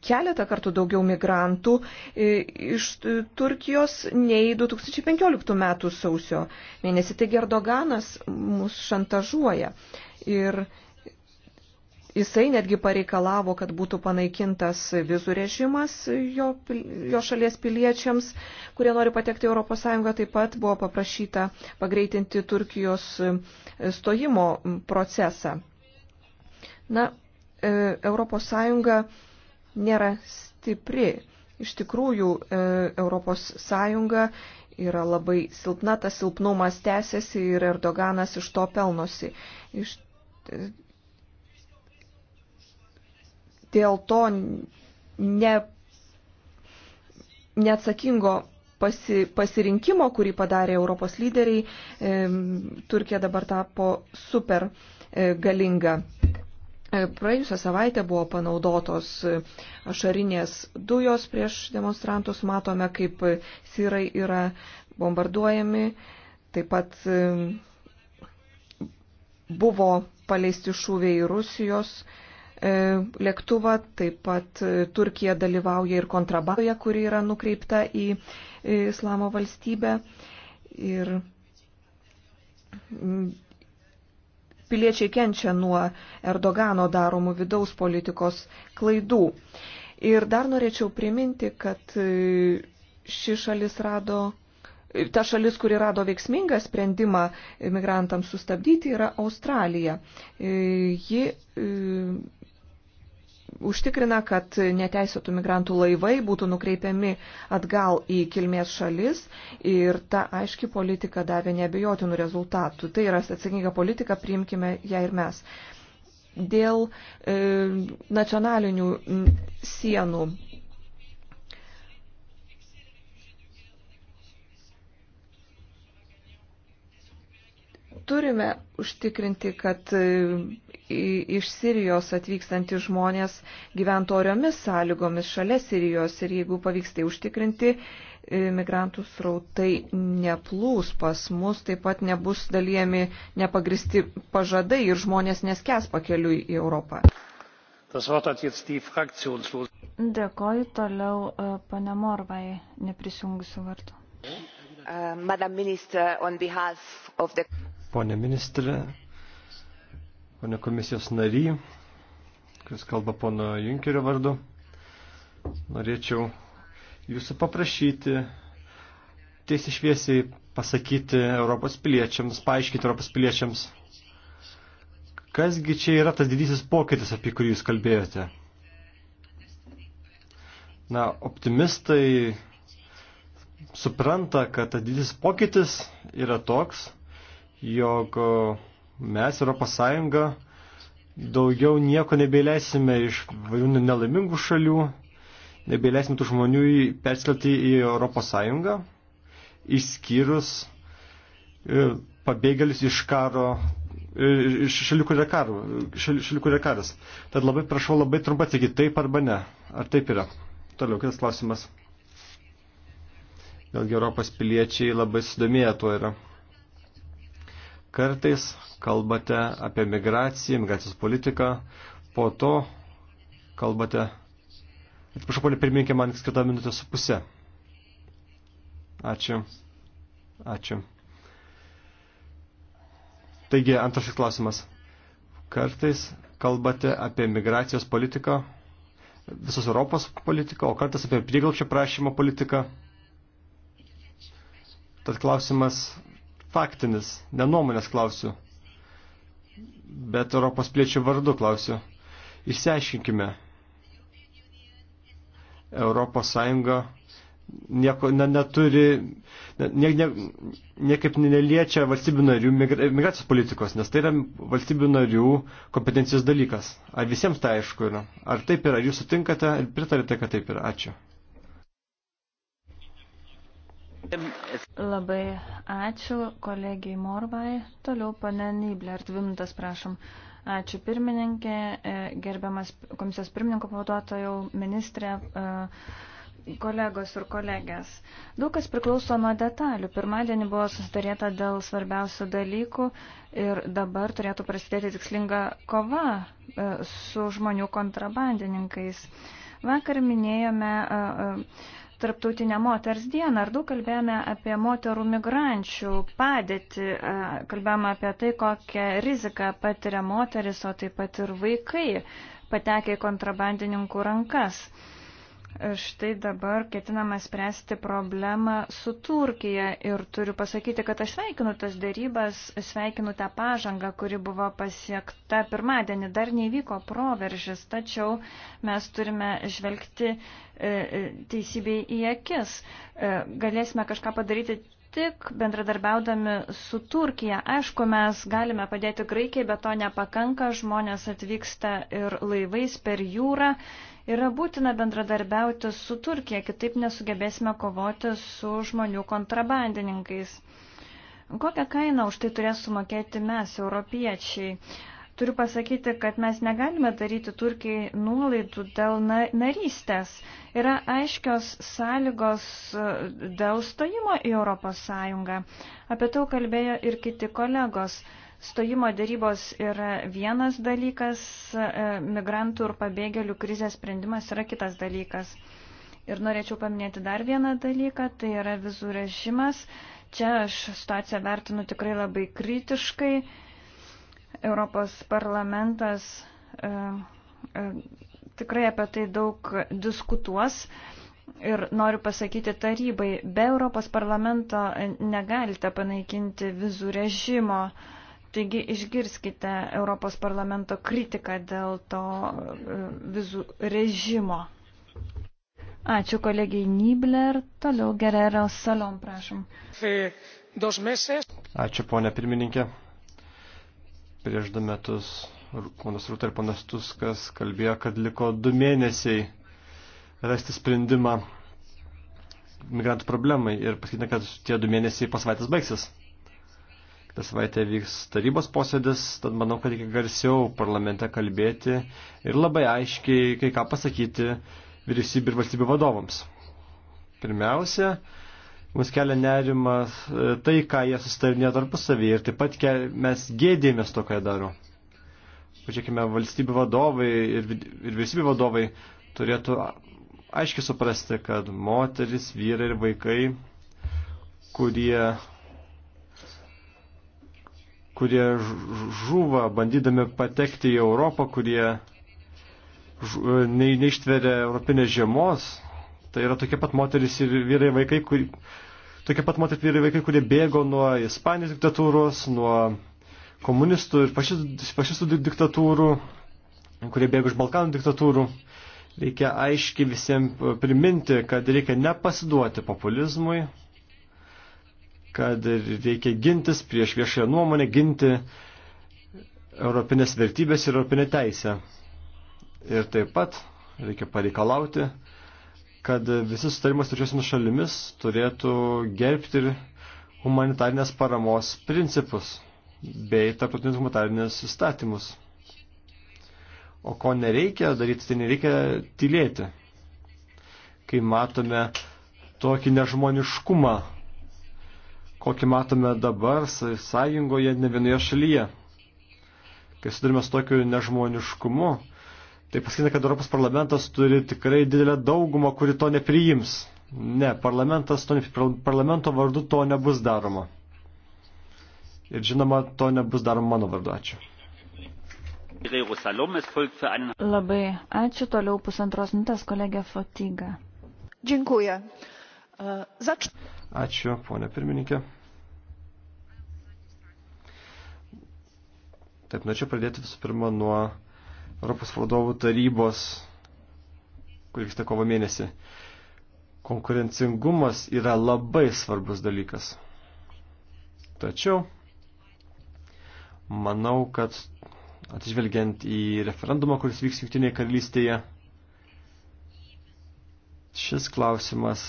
keletą kartų daugiau migrantų e, iš Turkijos nei 2015 metų sausio mėnesį. Taigi Erdoganas mus šantažuoja. Ir Jisai netgi pareikalavo, kad būtų panaikintas vizų režimas jo, jo šalies piliečiams, kurie nori patekti ES. Taip pat buvo paprašyta pagreitinti Turkijos e, stojimo procesą. Na, ES nėra stipri. Iš tikrųjų, ES yra labai silpna, tas silpnumas tęsiasi ir Erdoganas iš to pelnosi. Iš, e, dėl to ne, neatsakingo pasi, pasirinkimo, kurį padarė Europos lyderiai, e, Turkija dabar tapo super e, galinga. E, praėjusią savaitę buvo panaudotos e, ašarinės dujos prieš demonstrantus, matome, kaip sirai yra bombarduojami, taip pat e, buvo paleisti šūviai Rusijos, e, E, lėktuvą, taip pat e, Turkija dalyvauja ir kontrabandoje, kuri yra nukreipta į Islamo valstybę. Ir piliečiai kenčia nuo Erdogano daromų vidaus politikos klaidų. Ir dar norėčiau priminti, kad e, ši šalis rado. Ta šalis, kuri rado veiksmingą sprendimą migrantams sustabdyti, yra Australija. Ji užtikrina, kad neteisėtų migrantų laivai būtų nukreipiami atgal į kilmės šalis ir ta aiški politika davė nebejotinų rezultatų. Tai yra atsakinga politika, priimkime ją ir mes. Dėl e, nacionalinių sienų turime užtikrinti, kad e, iš Sirijos atvykstantys žmonės gyventų oriomis sąlygomis šalia Sirijos ir jeigu pavyks tai užtikrinti, e, migrantų srautai neplūs pas mus, taip pat nebus dalyjami nepagristi pažadai ir žmonės neskes pakeliui į Europą. Dėkoju toliau pane Morvai, neprisijungusiu vardu. Uh, Madam Minister, on behalf of the ponė ministrė, ponė komisijos nary, kuris kalba pono Junkerio vardu. Norėčiau jūsų paprašyti tiesiai šviesiai pasakyti Europos piliečiams, paaiškinti Europos piliečiams, kasgi čia yra tas didysis pokytis, apie kurį jūs kalbėjote. Na, optimistai supranta, kad tas didysis pokytis yra toks, jog e, mes, Europos Sąjunga, daugiau nieko nebeileisime iš vadinamų nelaimingų šalių, nebeileisime tų žmonių perskelti į Europos Sąjungą, išskyrus e, pabėgėlius iš karo, e, iš šalių, kur yra, karo, šalių, šalių, kur yra karas. Tad labai prašau labai trumpai atsakyti taip arba ne. Ar taip yra? Toliau, kitas klausimas. Vėlgi Europos piliečiai labai sudomėję tuo yra. Kartais kalbate apie migraciją, migracijos politiką, po to kalbate. Atsiprašau, ponė pirmininkė, man skirta minutė su pusė. Ačiū. Ačiū. Taigi, antras klausimas. Kartais kalbate apie migracijos politiką, visos Europos politiką, o kartais apie prieglapščio prašymo politiką. Tad klausimas, faktinis, nenuomonės klausiu, bet Europos pliečių vardu klausiu. Išsiaiškinkime. Europos Sąjunga nieko ne, neturi, ne, ne, niekaip neliečia valstybių narių migracijos politikos, nes tai yra valstybių narių kompetencijos dalykas. Ar visiems tai aišku yra? Ar taip yra? Ar jūs sutinkate ir pritarite, kad taip yra? Ačiū. Labai ačiū kolegijai Morvai. Toliau pane Nybler, dvimtas prašom. Ačiū pirmininkė, e, gerbiamas komisijos pirmininko pavaduotojau, ministrė. Uh, kolegos ir kolegės. Daug kas priklauso nuo detalių. Pirmadienį buvo susidarėta dėl svarbiausių dalykų ir dabar turėtų prasidėti tikslinga kova e, su žmonių kontrabandininkais. Vakar minėjome Tarptautinę moters dieną ar daug kalbėjome apie moterų migrančių padėtį, kalbėjome apie tai, kokią riziką patiria moteris, o taip pat ir vaikai patekia į kontrabandininkų rankas štai dabar ketinama spręsti problemą su Turkija ir turiu pasakyti, kad aš sveikinu tas darybas, sveikinu tą pažangą, kuri buvo pasiekta pirmadienį. Dar nevyko proveržis, tačiau mes turime žvelgti e, e, teisybei į akis. E, galėsime kažką padaryti tik bendradarbiaudami su Turkija. Aišku, mes galime padėti Graikijai, bet to nepakanka, žmonės atvyksta ir laivais per jūrą. Yra būtina bendradarbiauti su Turkija, kitaip nesugebėsime kovoti su žmonių kontrabandininkais. Kokią kainą už tai turės sumokėti mes, europiečiai? Turiu pasakyti, kad mes negalime daryti Turkijai nuolaidų dėl narystės. Yra aiškios sąlygos e, dėl stojimo į Europos Sąjungą. Apie tai kalbėjo ir kiti kolegos. Stojimo dėrybos yra vienas dalykas, e, migrantų ir pabėgėlių krizės sprendimas yra kitas dalykas. Ir norėčiau paminėti dar vieną dalyką, tai yra vizų režimas. Čia aš situaciją vertinu tikrai labai kritiškai Europos parlamentas e, e, tikrai apie tai daug diskutuos. Ir noriu pasakyti tarybai, be Europos parlamento negalite panaikinti vizų režimo. Taigi išgirskite Europos parlamento kritiką dėl to e, vizų režimo. Ačiū kolegijai Nibler. Toliau Gerero Salom, prašom. Ačiū, ponė pirmininkė prieš du metus ponas Rūta ir ponas Tuskas kalbėjo, kad liko du mėnesiai rasti sprendimą migrantų problemai ir pasakytina, kad tie du mėnesiai pasvaitės baigsis. Kita savaitė vyks tarybos posėdis, tad manau, kad reikia garsiau parlamente kalbėti ir labai aiškiai kai ką pasakyti vyriausybė ir valstybių vadovams. Pirmiausia, Mums kelia nerimas e, tai, ką jie sustarinė tarpusavyje ir taip pat mes gėdėmės to, ką jie daro. Pažiūrėkime, valstybių vadovai ir, ir vyriausybių vadovai turėtų aiškiai suprasti, kad moteris, vyrai ir vaikai, kurie, kurie žuva bandydami patekti į Europą, kurie e, neištveria europinės žiemos, tai yra tokie pat moteris ir vyrai vaikai, kur, Tokie pat moterų vyrai vaikai, kurie bėgo nuo Ispanijos diktatūros, nuo komunistų ir fašistų, fašistų diktatūrų, kurie bėgo iš Balkanų diktatūrų. Reikia aiškiai visiems priminti, kad reikia nepasiduoti populizmui, kad reikia gintis prieš viešąją nuomonę, ginti europinės vertybės ir europinę teisę. Ir taip pat reikia pareikalauti, kad visi sutarimas trečiosiomis šalimis turėtų gerbti ir humanitarnės paramos principus bei tarptautinius humanitarnės įstatymus. O ko nereikia daryti, tai nereikia tylėti. Kai matome tokį nežmoniškumą, kokį matome dabar sąjungoje ne vienoje šalyje. Kai sudarime su tokiu nežmoniškumu, Tai pasakyta, kad Europos parlamentas turi tikrai didelę daugumą, kuri to nepriims. Ne, parlamentas to, parlamento vardu to nebus daroma. Ir žinoma, to nebus daroma mano vardu. Ačiū. Labai ačiū. Toliau pusantros minutės kolegė Fotyga. Dziękuję. E, ačiū, ponė pirmininkė. Taip, norėčiau pradėti visų pirma nuo Europos vadovų tarybos, kur vyksta kovo mėnesį. Konkurencingumas yra labai svarbus dalykas. Tačiau, manau, kad atižvelgiant į referendumą, kuris vyks Junktinėje karalystėje, šis klausimas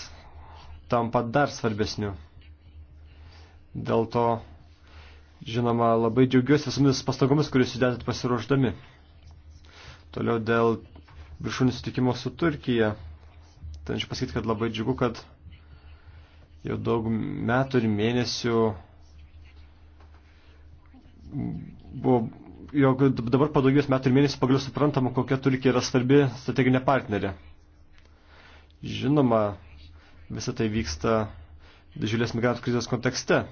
tampa dar svarbesniu. Dėl to, žinoma, labai džiaugiuosi visomis pastangomis, kuris įdėtat pasiruošdami. Toliau dėl viršūnių sutikimo su Turkija. Ten čia pasakyti, kad labai džiugu, kad jau daug metų ir mėnesių buvo, jog dabar po daugybės metų ir mėnesių pagaliau suprantama, kokia Turkija yra svarbi strateginė partnerė. Žinoma, visą tai vyksta didžiulės migrantų krizės kontekste.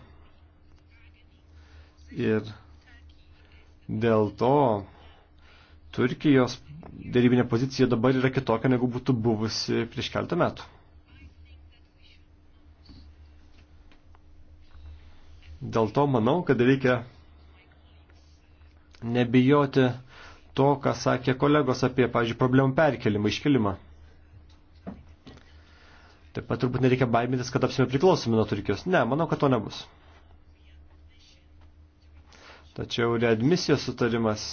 Ir dėl to Turkijos dėrybinė pozicija dabar yra kitokia, negu būtų buvusi prieš keltą metų. Dėl to manau, kad reikia nebijoti to, ką sakė kolegos apie, pavyzdžiui, problemų perkelimą, iškelimą. Taip pat turbūt nereikia baimintis, kad apsime priklausomi nuo Turkijos. Ne, manau, kad to nebus. Tačiau readmisijos sutarimas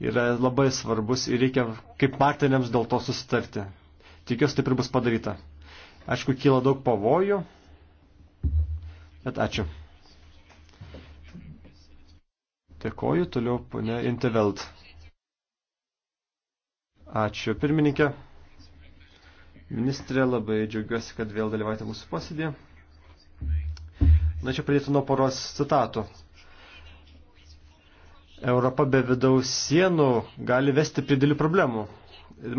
yra labai svarbus ir reikia kaip partneriams dėl to susitarti. Tikiuosi, taip ir bus padaryta. Aišku, kyla daug pavojų, bet ačiū. Dėkoju, toliau ponė Interveld. Ačiū, pirmininkė. Ministrė, labai džiaugiuosi, kad vėl dalyvaujate mūsų posėdėje. Na, čia pradėtų nuo poros citatų. Europa be vidaus sienų gali vesti prie dėlių problemų.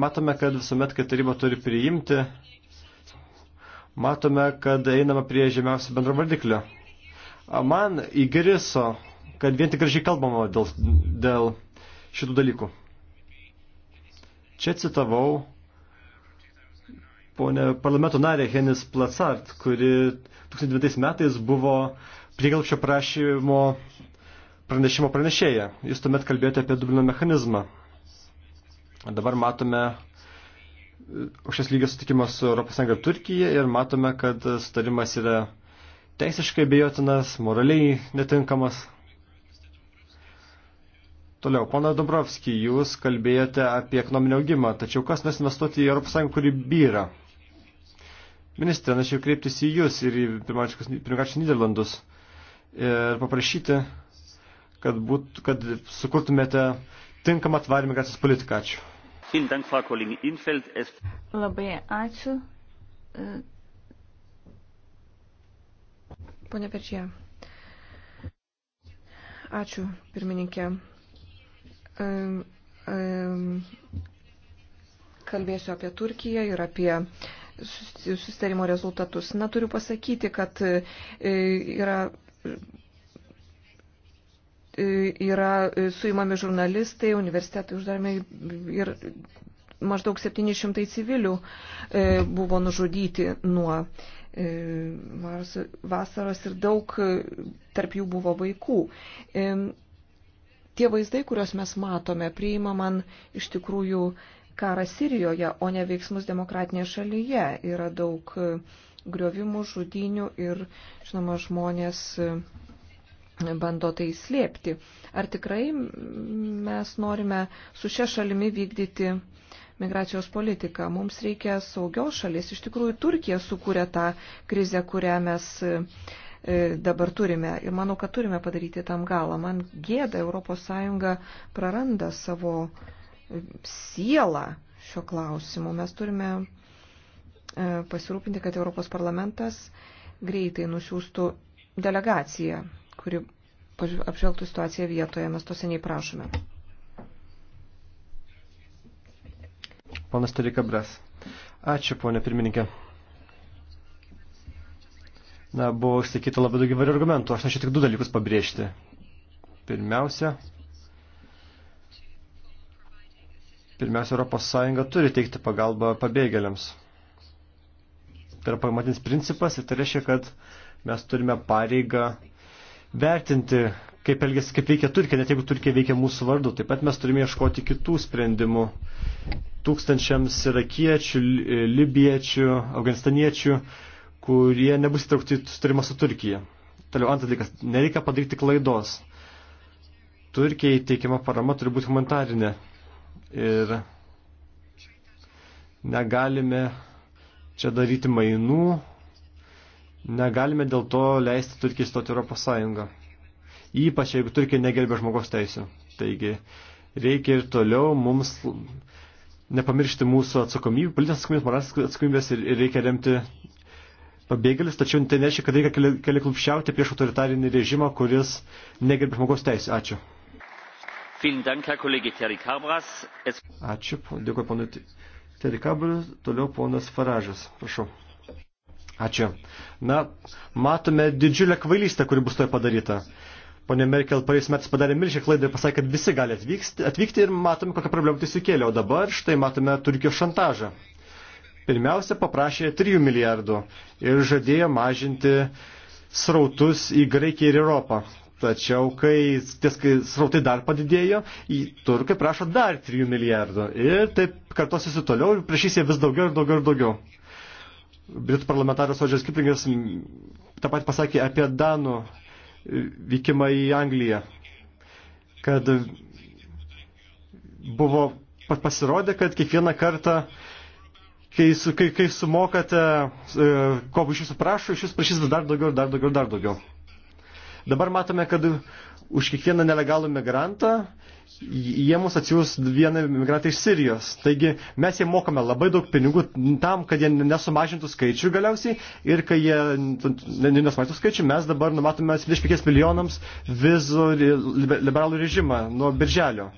Matome, kad visuomet, kai taryba turi priimti, matome, kad einama prie žemiausio bendro vardiklio. Man įgeriso, kad vien tik gražiai kalbama dėl, dėl šitų dalykų. Čia citavau ponę parlamento narę Henis Placart, kuri 2009 metais buvo priegalpščio prašymo pranešimo pranešėją. Jūs tuomet kalbėjote apie Dublino mechanizmą. Dabar matome e, aukštas lygio sutikimą su ES ir Turkija ir matome, kad sutarimas yra teisiškai bejotinas, moraliai netinkamas. Toliau, pana Dobrovski, jūs kalbėjote apie ekonominį augimą, tačiau kas nes investuoti į ES, kuri byra? Ministrė, norėčiau kreiptis į jūs ir į pirmiausia Niderlandus ir paprašyti kad, būt, kad sukurtumėte tinkamą tvarį migracijos politiką. Ačiū. Labai ačiū. E, Pone Peržė. Ačiū, pirmininkė. E, e, Kalbėsiu apie Turkiją ir apie susitarimo rezultatus. Na, turiu pasakyti, kad yra yra suimami žurnalistai, universitetai uždarmi ir maždaug 700 civilių e, buvo nužudyti nuo e, vasaros ir daug e, tarp jų buvo vaikų. Tie vaizdai, kuriuos mes matome, priima man iš tikrųjų karą Sirijoje, o ne veiksmus demokratinėje šalyje. Yra daug griovimų, žudinių ir, žinoma, žmonės bando tai slėpti. Ar tikrai mes norime su šia šalimi vykdyti migracijos politiką? Mums reikia saugios šalis. Iš tikrųjų, Turkija sukūrė tą krizę, kurią mes e, dabar turime. Ir manau, kad turime padaryti tam galą. Man gėda, ES praranda savo e, sielą šio klausimu. Mes turime e, pasirūpinti, kad Europos parlamentas greitai nusiųstų delegaciją kuri apžvelgtų situaciją vietoje. Mes to seniai prašome. Ponas Terika Bras. Ačiū, ponė pirmininkė. Na, buvo išsakyta labai daug įvairių argumentų. Aš norėčiau tik du dalykus pabrėžti. Pirmiausia, pirmiausia, Europos Sąjunga turi teikti pagalbą pabėgėliams. Tai yra pamatinis principas ir tai reiškia, kad mes turime pareigą vertinti, kaip, elgės, kaip veikia Turkija, net jeigu Turkija veikia mūsų vardu. Taip pat mes turime ieškoti kitų sprendimų tūkstančiams irakiečių, libiečių, afganistaniečių, kurie nebus įtraukti sutarimą su Turkija. Toliau antras dalykas, nereikia padaryti klaidos. Turkijai teikiama parama turi būti humanitarinė. Ir negalime čia daryti mainų Negalime dėl to leisti Turkijai stoti Europos Sąjungą. Ypač jeigu Turkija negerbė žmogaus teisų. Taigi reikia ir toliau mums nepamiršti mūsų atsakomybės, politinės atsakomybės, moralinės atsakomybės ir, ir reikia remti pabėgėlius, tačiau tai nereiškia, kad reikia keli, keli klupščiauti prieš autoritarinį režimą, kuris negerbė žmogaus teisų. Ačiū. Ačiū, dėkuoju ponui Terikabras, toliau ponas Faražas, prašau. Ačiū. Na, matome didžiulę kvailystę, kuri bus toje padaryta. Pone Merkel praeis metais padarė milžį klaidą ir pasakė, kad visi gali atvykti, atvykti ir matome, kokią problemą tai sukėlė. O dabar štai matome Turkijos šantažą. Pirmiausia, paprašė 3 milijardų ir žadėjo mažinti srautus į Graikiją ir Europą. Tačiau, kai ties kai srautai dar padidėjo, turkai prašo dar 3 milijardų. Ir taip kartosiu toliau ir prašys jie vis daugiau ir daugiau ir daugiau. Britų parlamentaras Rodžeris Kiplingas tą pat pasakė apie Danų e, vykimą į Angliją, kad buvo pasirodė, kad kiekvieną kartą, kai, su, kai, kai sumokate, e, ko iš jūsų prašo, iš jūsų prašys dar daugiau, dar daugiau, dar daugiau. Dabar matome, kad už kiekvieną nelegalų migrantą jie mus atsiūs vieną migrantą iš Sirijos. Taigi mes jie mokame labai daug pinigų tam, kad jie nesumažintų skaičių galiausiai ir kai jie nesumažintų skaičių, mes dabar numatome 25 milijonams vizų liberalų režimą nuo birželio.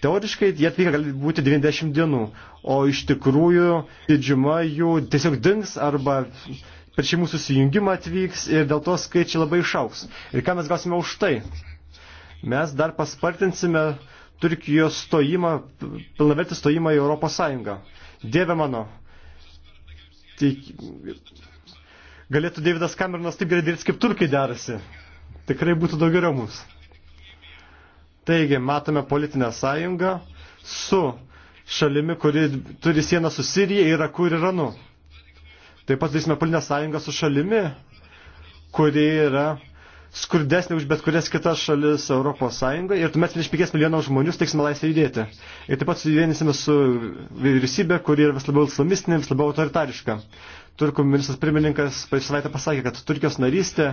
Teoriškai jie atvykę gali būti 90 dienų, o iš tikrųjų didžiuma jų tiesiog dings arba per šeimų susijungimą atvyks ir dėl to skaičiai labai išauks. Ir ką mes gausime už tai? mes dar paspartinsime Turkijos stojimą, pilnavertį stojimą į Europos Sąjungą. Dieve mano, tik, galėtų Davidas Cameronas taip gerai dirbti, kaip turkai derasi. Tikrai būtų daug geriau mums. Taigi, matome politinę sąjungą su šalimi, kuri turi sieną su Sirija, Iraku ir Iranu. Taip pat turėsime politinę sąjungą su šalimi, kuri yra skurdesnė už bet kurias kitas šalis Europos Sąjungoje ir tuomet 25 milijonų žmonių steiksime laisvę judėti. Ir taip pat suvienysime su vyriausybė, kuri yra vis labiau islamistinė, vis labiau autoritariška. Turkų ministras pirmininkas prieš savaitę pasakė, kad Turkijos narystė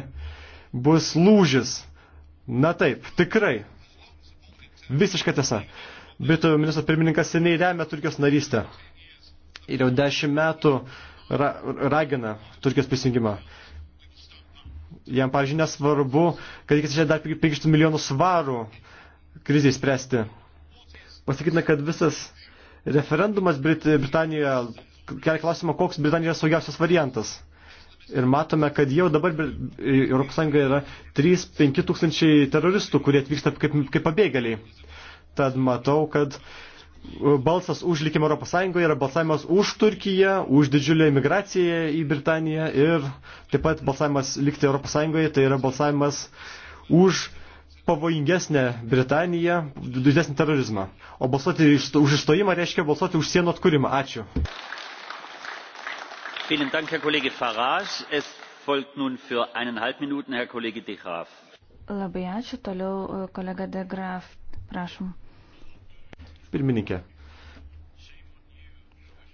bus lūžis. Na taip, tikrai. Visiška tiesa. Britų ministras pirmininkas seniai remia Turkijos narystę. Ir jau dešimt metų ra ragina Turkijos prisijungimą. Jam, pavyzdžiui, nesvarbu, kad reikės išėti dar 500 milijonų svarų krizai spręsti. Pasakytina, kad visas referendumas Brit Britanijoje kelia klausimą, koks Britanija yra saugiausias variantas. Ir matome, kad jau dabar ES yra 3-5 tūkstančiai teroristų, kurie atvyksta kaip, kaip pabėgėliai. Tad matau, kad balsas už likimą Europos Sąjungoje yra balsavimas už Turkiją, už didžiulę imigraciją į Britaniją ir taip pat balsavimas likti Europos Sąjungoje, tai yra balsavimas už pavojingesnę Britaniją, didesnį terorizmą. O balsuoti už išstojimą reiškia balsuoti už sienų atkūrimą. Ačiū. Vielen Dank, Herr Kollege Farage. Es folgt nun für eineinhalb Minuten Herr Kollege de Graaf. Labai ačiū. Toliau e, kolega de Graaf. Prašom. Pirmininkė.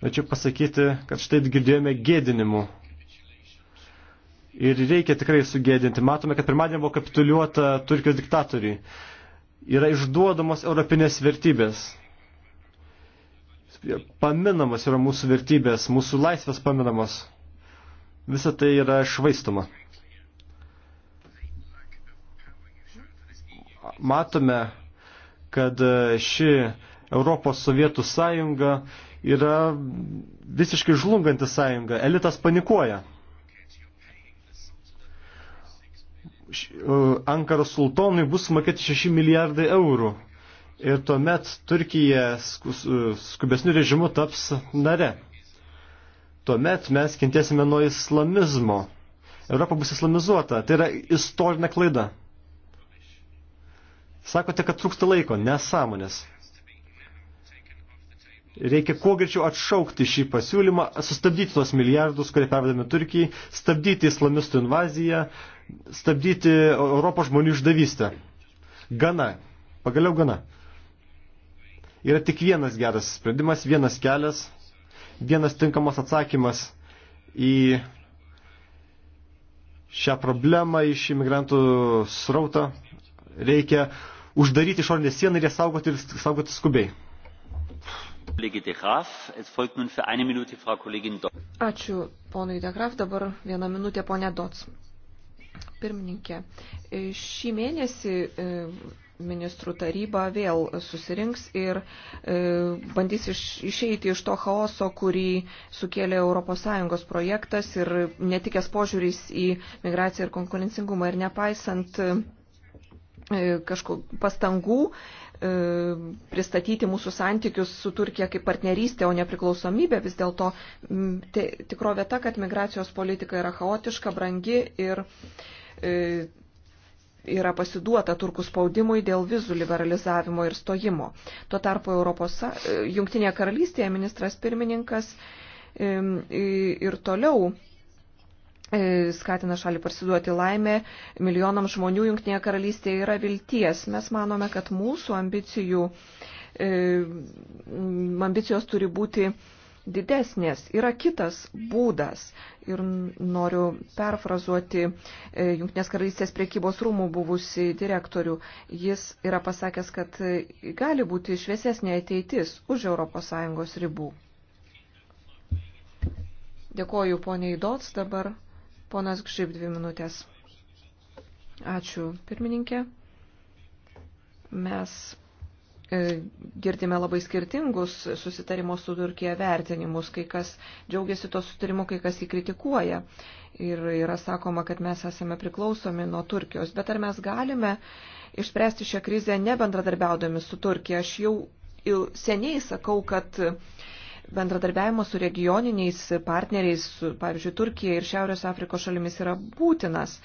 Norėčiau pasakyti, kad štai girdėjome gėdinimų. Ir reikia tikrai sugėdinti. Matome, kad pirmadienį buvo kapituliuota Turkijos diktatoriai. Yra išduodamos europinės vertybės. Paminamas yra mūsų vertybės, mūsų laisvės paminamas. Visa tai yra švaistoma. Matome, kad ši Europos Sovietų sąjunga yra visiškai žlunganti sąjunga. Elitas panikuoja. E, Ankaros sultonui bus sumokėti 6 milijardai eurų. Ir tuomet Turkija skubesnių režimų taps nare. Tuomet mes kentėsime nuo islamizmo. Europa bus islamizuota. Tai yra istorinė klaida. Sakote, kad trūksta laiko, nesąmonės. Reikia kuo greičiau atšaukti šį pasiūlymą, sustabdyti tos milijardus, kurie pervedami Turkijai, stabdyti islamistų invaziją, stabdyti Europos žmonių išdavystę. Gana. Pagaliau gana. Yra tik vienas geras sprendimas, vienas kelias, vienas tinkamas atsakymas į šią problemą, iš imigrantų srautą. Reikia uždaryti išorinę sieną ir ją saugoti ir saugoti skubiai. Ačiū ponui Degraf, dabar vieną minutę ponė Dots. Pirmininkė, e, šį mėnesį e, ministrų taryba vėl susirinks ir e, bandys iš, išeiti iš to chaoso, kurį sukėlė ES projektas ir netikės požiūris į migraciją ir konkurencingumą. Ir nepaisant e, kažkokių pastangų, E, pristatyti mūsų santykius su Turkija kaip partnerystė, o nepriklausomybė, vis dėlto tikrovė ta, kad migracijos politika yra chaotiška, brangi ir e, yra pasiduota turkų spaudimui dėl vizų liberalizavimo ir stojimo. Tuo tarpu Europos, e, Jungtinėje karalystėje ministras pirmininkas ir toliau E, skatina šalį parsiduoti laimę, milijonam žmonių Junktinėje karalystėje yra vilties. Mes manome, kad mūsų ambicijų, e, ambicijos turi būti didesnės. Yra kitas būdas. Ir noriu perfrazuoti e, Junktinės karalystės priekybos rūmų buvusi direktorių. Jis yra pasakęs, kad gali būti šviesesnė ateitis už ES ribų. Dėkoju poniai Dots dabar Ponas Gžyb, dvi minutės. Ačiū, pirmininkė. Mes e, girdime labai skirtingus susitarimo su Turkija vertinimus, kai kas džiaugiasi to sutarimu, kai kas jį kritikuoja. Ir yra sakoma, kad mes esame priklausomi nuo Turkijos. Bet ar mes galime išspręsti šią krizę nebendradarbiaudami su Turkija? Aš jau seniai sakau, kad bendradarbiavimo su regioniniais partneriais, su, pavyzdžiui, Turkija ir Šiaurės Afrikos šalimis yra būtinas.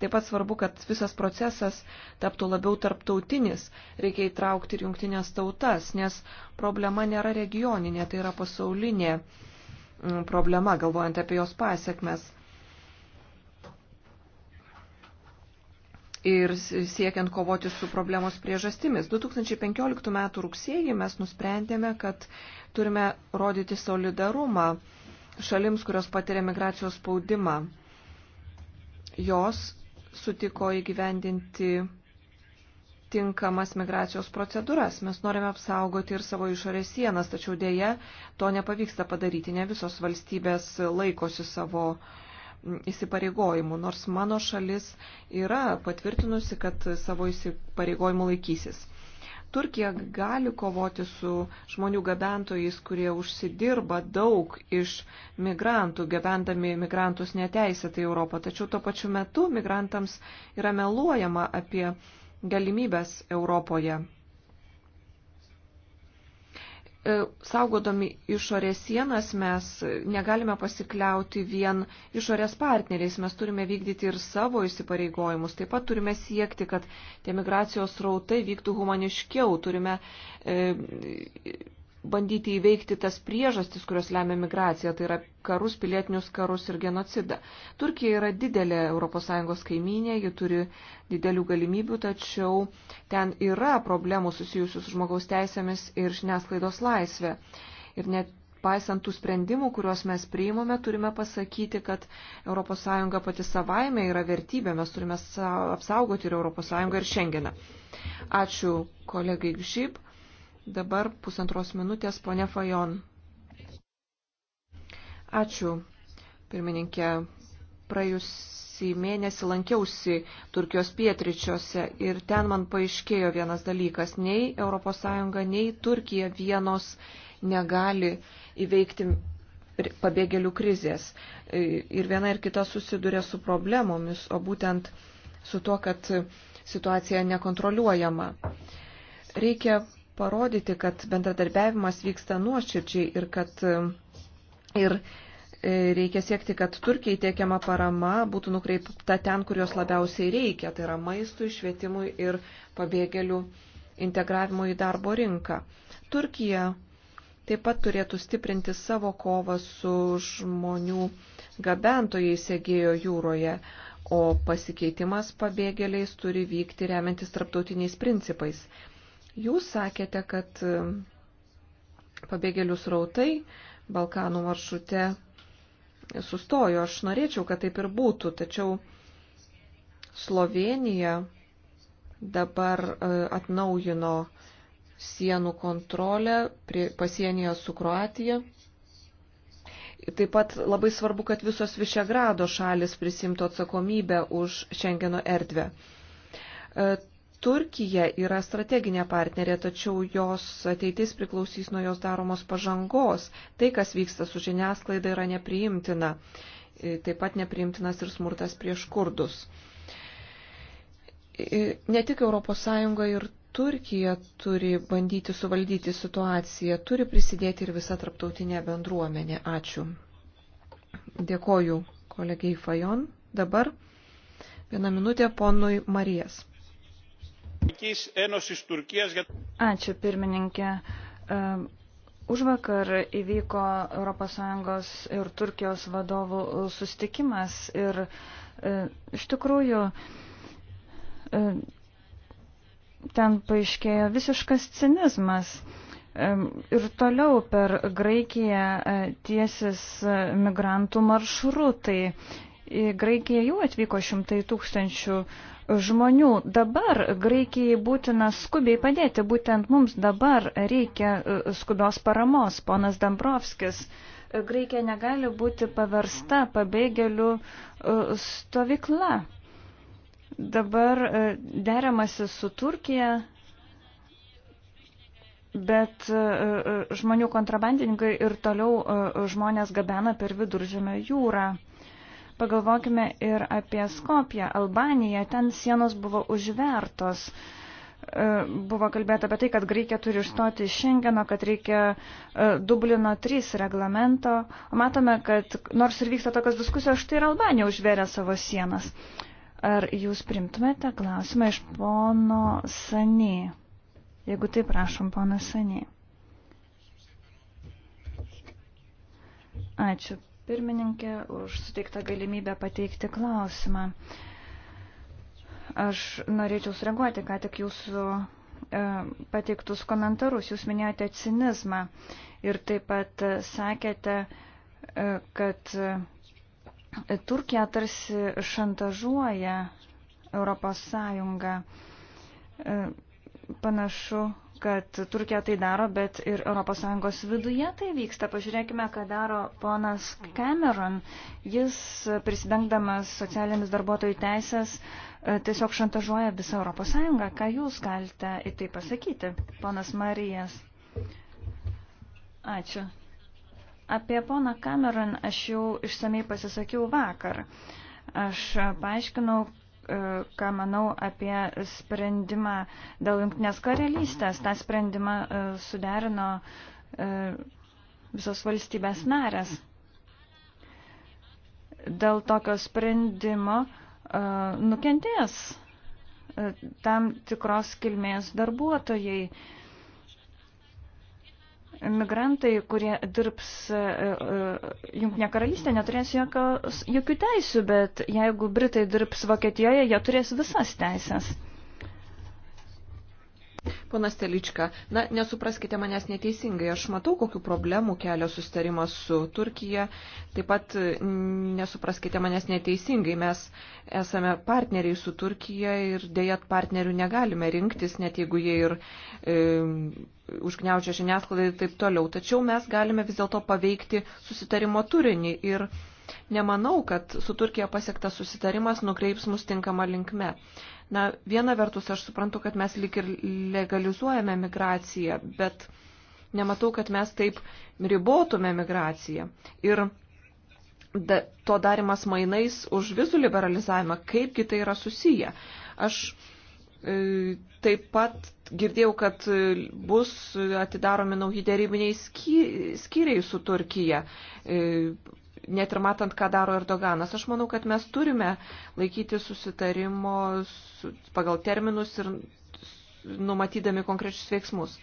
Taip pat svarbu, kad visas procesas taptų labiau tarptautinis, reikia įtraukti ir jungtinės tautas, nes problema nėra regioninė, tai yra pasaulinė mm, problema, galvojant apie jos pasiekmes. Ir siekiant kovoti su problemos priežastimis. 2015 m. rugsėjį mes nusprendėme, kad Turime rodyti solidarumą šalims, kurios patiria migracijos spaudimą. Jos sutiko įgyvendinti tinkamas migracijos procedūras. Mes norime apsaugoti ir savo išorės sienas, tačiau dėje to nepavyksta padaryti. Ne visos valstybės laikosi savo įsipareigojimų, nors mano šalis yra patvirtinusi, kad savo įsipareigojimų laikysis. Turkija gali kovoti su žmonių gabentojais, kurie užsidirba daug iš migrantų, gabendami migrantus neteisėtai Europą. Tačiau tuo pačiu metu migrantams yra meluojama apie galimybės Europoje. E, saugodami išorės sienas mes negalime pasikliauti vien išorės partneriais, mes turime vykdyti ir savo įsipareigojimus, taip pat turime siekti, kad tie migracijos rautai vyktų humaniškiau, turime e, bandyti įveikti tas priežastis, kurios lemia migraciją, tai yra karus, pilietinius karus ir genocidą. Turkija yra didelė ES kaiminė, ji turi didelių galimybių, tačiau ten yra problemų susijusių su žmogaus teisėmis ir žiniasklaidos laisvė. Ir net paisant tų sprendimų, kuriuos mes priimame, turime pasakyti, kad ES pati savaime yra vertybė, mes turime apsaugoti ir ES ir Šengeną. Ačiū kolegai Gšyp. Dabar pusantros minutės ponė Fajon. Ačiū, pirmininkė. Praėjusį mėnesį lankiausi Turkijos pietričiuose ir ten man paaiškėjo vienas dalykas. Nei ES, nei Turkija vienos negali įveikti pabėgėlių krizės. Ir viena ir kita susiduria su problemomis, o būtent su tuo, kad situacija nekontroliuojama. Reikia parodyti, kad bendradarbiavimas vyksta nuoširdžiai ir kad e, ir e, reikia siekti, kad Turkijai tiekiama parama būtų nukreipta ten, kur jos labiausiai reikia, tai yra maistui, švietimui ir pabėgėlių integravimui į darbo rinką. Turkija taip pat turėtų stiprinti savo kovą su žmonių gabentojais Egėjo jūroje, o pasikeitimas pabėgėliais turi vykti remiantis tarptautiniais principais. Jūs sakėte, kad e, pabėgėlių srautai Balkanų maršrute sustojo. Aš norėčiau, kad taip ir būtų, tačiau Slovenija dabar e, atnaujino sienų kontrolę prie, pasienyje su Kroatija. Taip pat labai svarbu, kad visos Višegrado šalis prisimtų atsakomybę už Šengeno erdvę. E, Turkija yra strateginė partnerė, tačiau jos ateitis priklausys nuo jos daromos pažangos. Tai, kas vyksta su žiniasklaida, yra nepriimtina. E, taip pat nepriimtinas ir smurtas prieš kurdus. E, ne tik ES ir Turkija turi bandyti suvaldyti situaciją, turi prisidėti ir visa tarptautinė bendruomenė. Ačiū. Dėkoju kolegiai Fajon. Dabar viena minutė ponui Marijas. Ačiū pirmininkė. Už vakar įvyko ES ir Turkijos vadovų sustikimas ir e, iš tikrųjų e, ten paaiškėjo visiškas cinizmas. Ir toliau per Graikiją e, tiesis migrantų maršrutai. Į Graikiją jau atvyko šimtai tūkstančių migrantų žmonių. Dabar Graikijai būtina skubiai padėti, būtent mums dabar reikia e, skubios paramos, ponas Dambrovskis. E, Graikija negali būti paversta pabėgėlių e, stovykla. Dabar deramasi su Turkija, bet žmonių kontrabandininkai ir toliau žmonės gabena per viduržėmę jūrą. Pagalvokime ir apie Skopiją, Albaniją, ten sienos buvo užvertos. E, buvo kalbėta apie tai, kad Graikija turi išstoti iš Šengeno, kad reikia e, Dublino 3 reglamento. O matome, kad nors ir vyksta tokios diskusijos, štai ir Albanija užverė savo sienas. Ar jūs primtumėte klausimą iš pono Sanį? Jeigu taip, prašom, pono Sanį. Ačiū, pirmininkė, už suteiktą galimybę pateikti klausimą. Aš norėčiau sureaguoti, ką tik jūsų e, pateiktus komentarus. Jūs minėjote cinizmą ir taip pat sakėte, e, kad e, Turkija tarsi šantažuoja Europos Sąjungą. E, panašu, kad Turkija tai daro, bet ir ES viduje tai vyksta. Pažiūrėkime, ką daro ponas Cameron. Jis prisidengdamas socialinis darbuotojų teisės e, tiesiog šantažuoja visą ES. Ką jūs galite į tai pasakyti, ponas Marijas? Ačiū. Apie poną Cameron aš jau išsamei pasisakiau vakar. Aš paaiškinau, E, ką manau apie sprendimą dėl jungtinės karalystės. Ta sprendimą e, suderino e, visos valstybės narės. Dėl tokio sprendimo nukentės tam tikros kilmės darbuotojai migrantai, kurie dirbs e, e, Junktinė karalystė, neturės jokios, jokių teisių, bet jeigu Britai dirbs Vokietijoje, jie turės visas teisės. Ponas Telička, na, nesupraskite manęs neteisingai, aš matau, kokiu problemu kelia sustarimas su Turkija. Taip pat mm, nesupraskite manęs neteisingai, mes esame partneriai su Turkija ir dėjat partnerių negalime rinktis, net jeigu jie ir e, užgniaučia žiniasklaidą ir taip toliau. Tačiau mes galime vis dėlto paveikti susitarimo turinį ir nemanau, kad su Turkija pasiektas susitarimas nukreips mus tinkamą linkme. Na, viena vertus aš suprantu, kad mes lik ir legalizuojame migraciją, bet nematau, kad mes taip ribotume migraciją. Ir da, to darimas mainais už vizų liberalizavimą, kaipgi tai yra susiję. Aš e, taip pat girdėjau, kad e, bus atidaromi nauji dėrybiniai skyriai su Turkija. E, net ir matant, ką daro Erdoganas. Aš manau, kad mes turime laikyti susitarimo pagal terminus ir numatydami konkrečius veiksmus.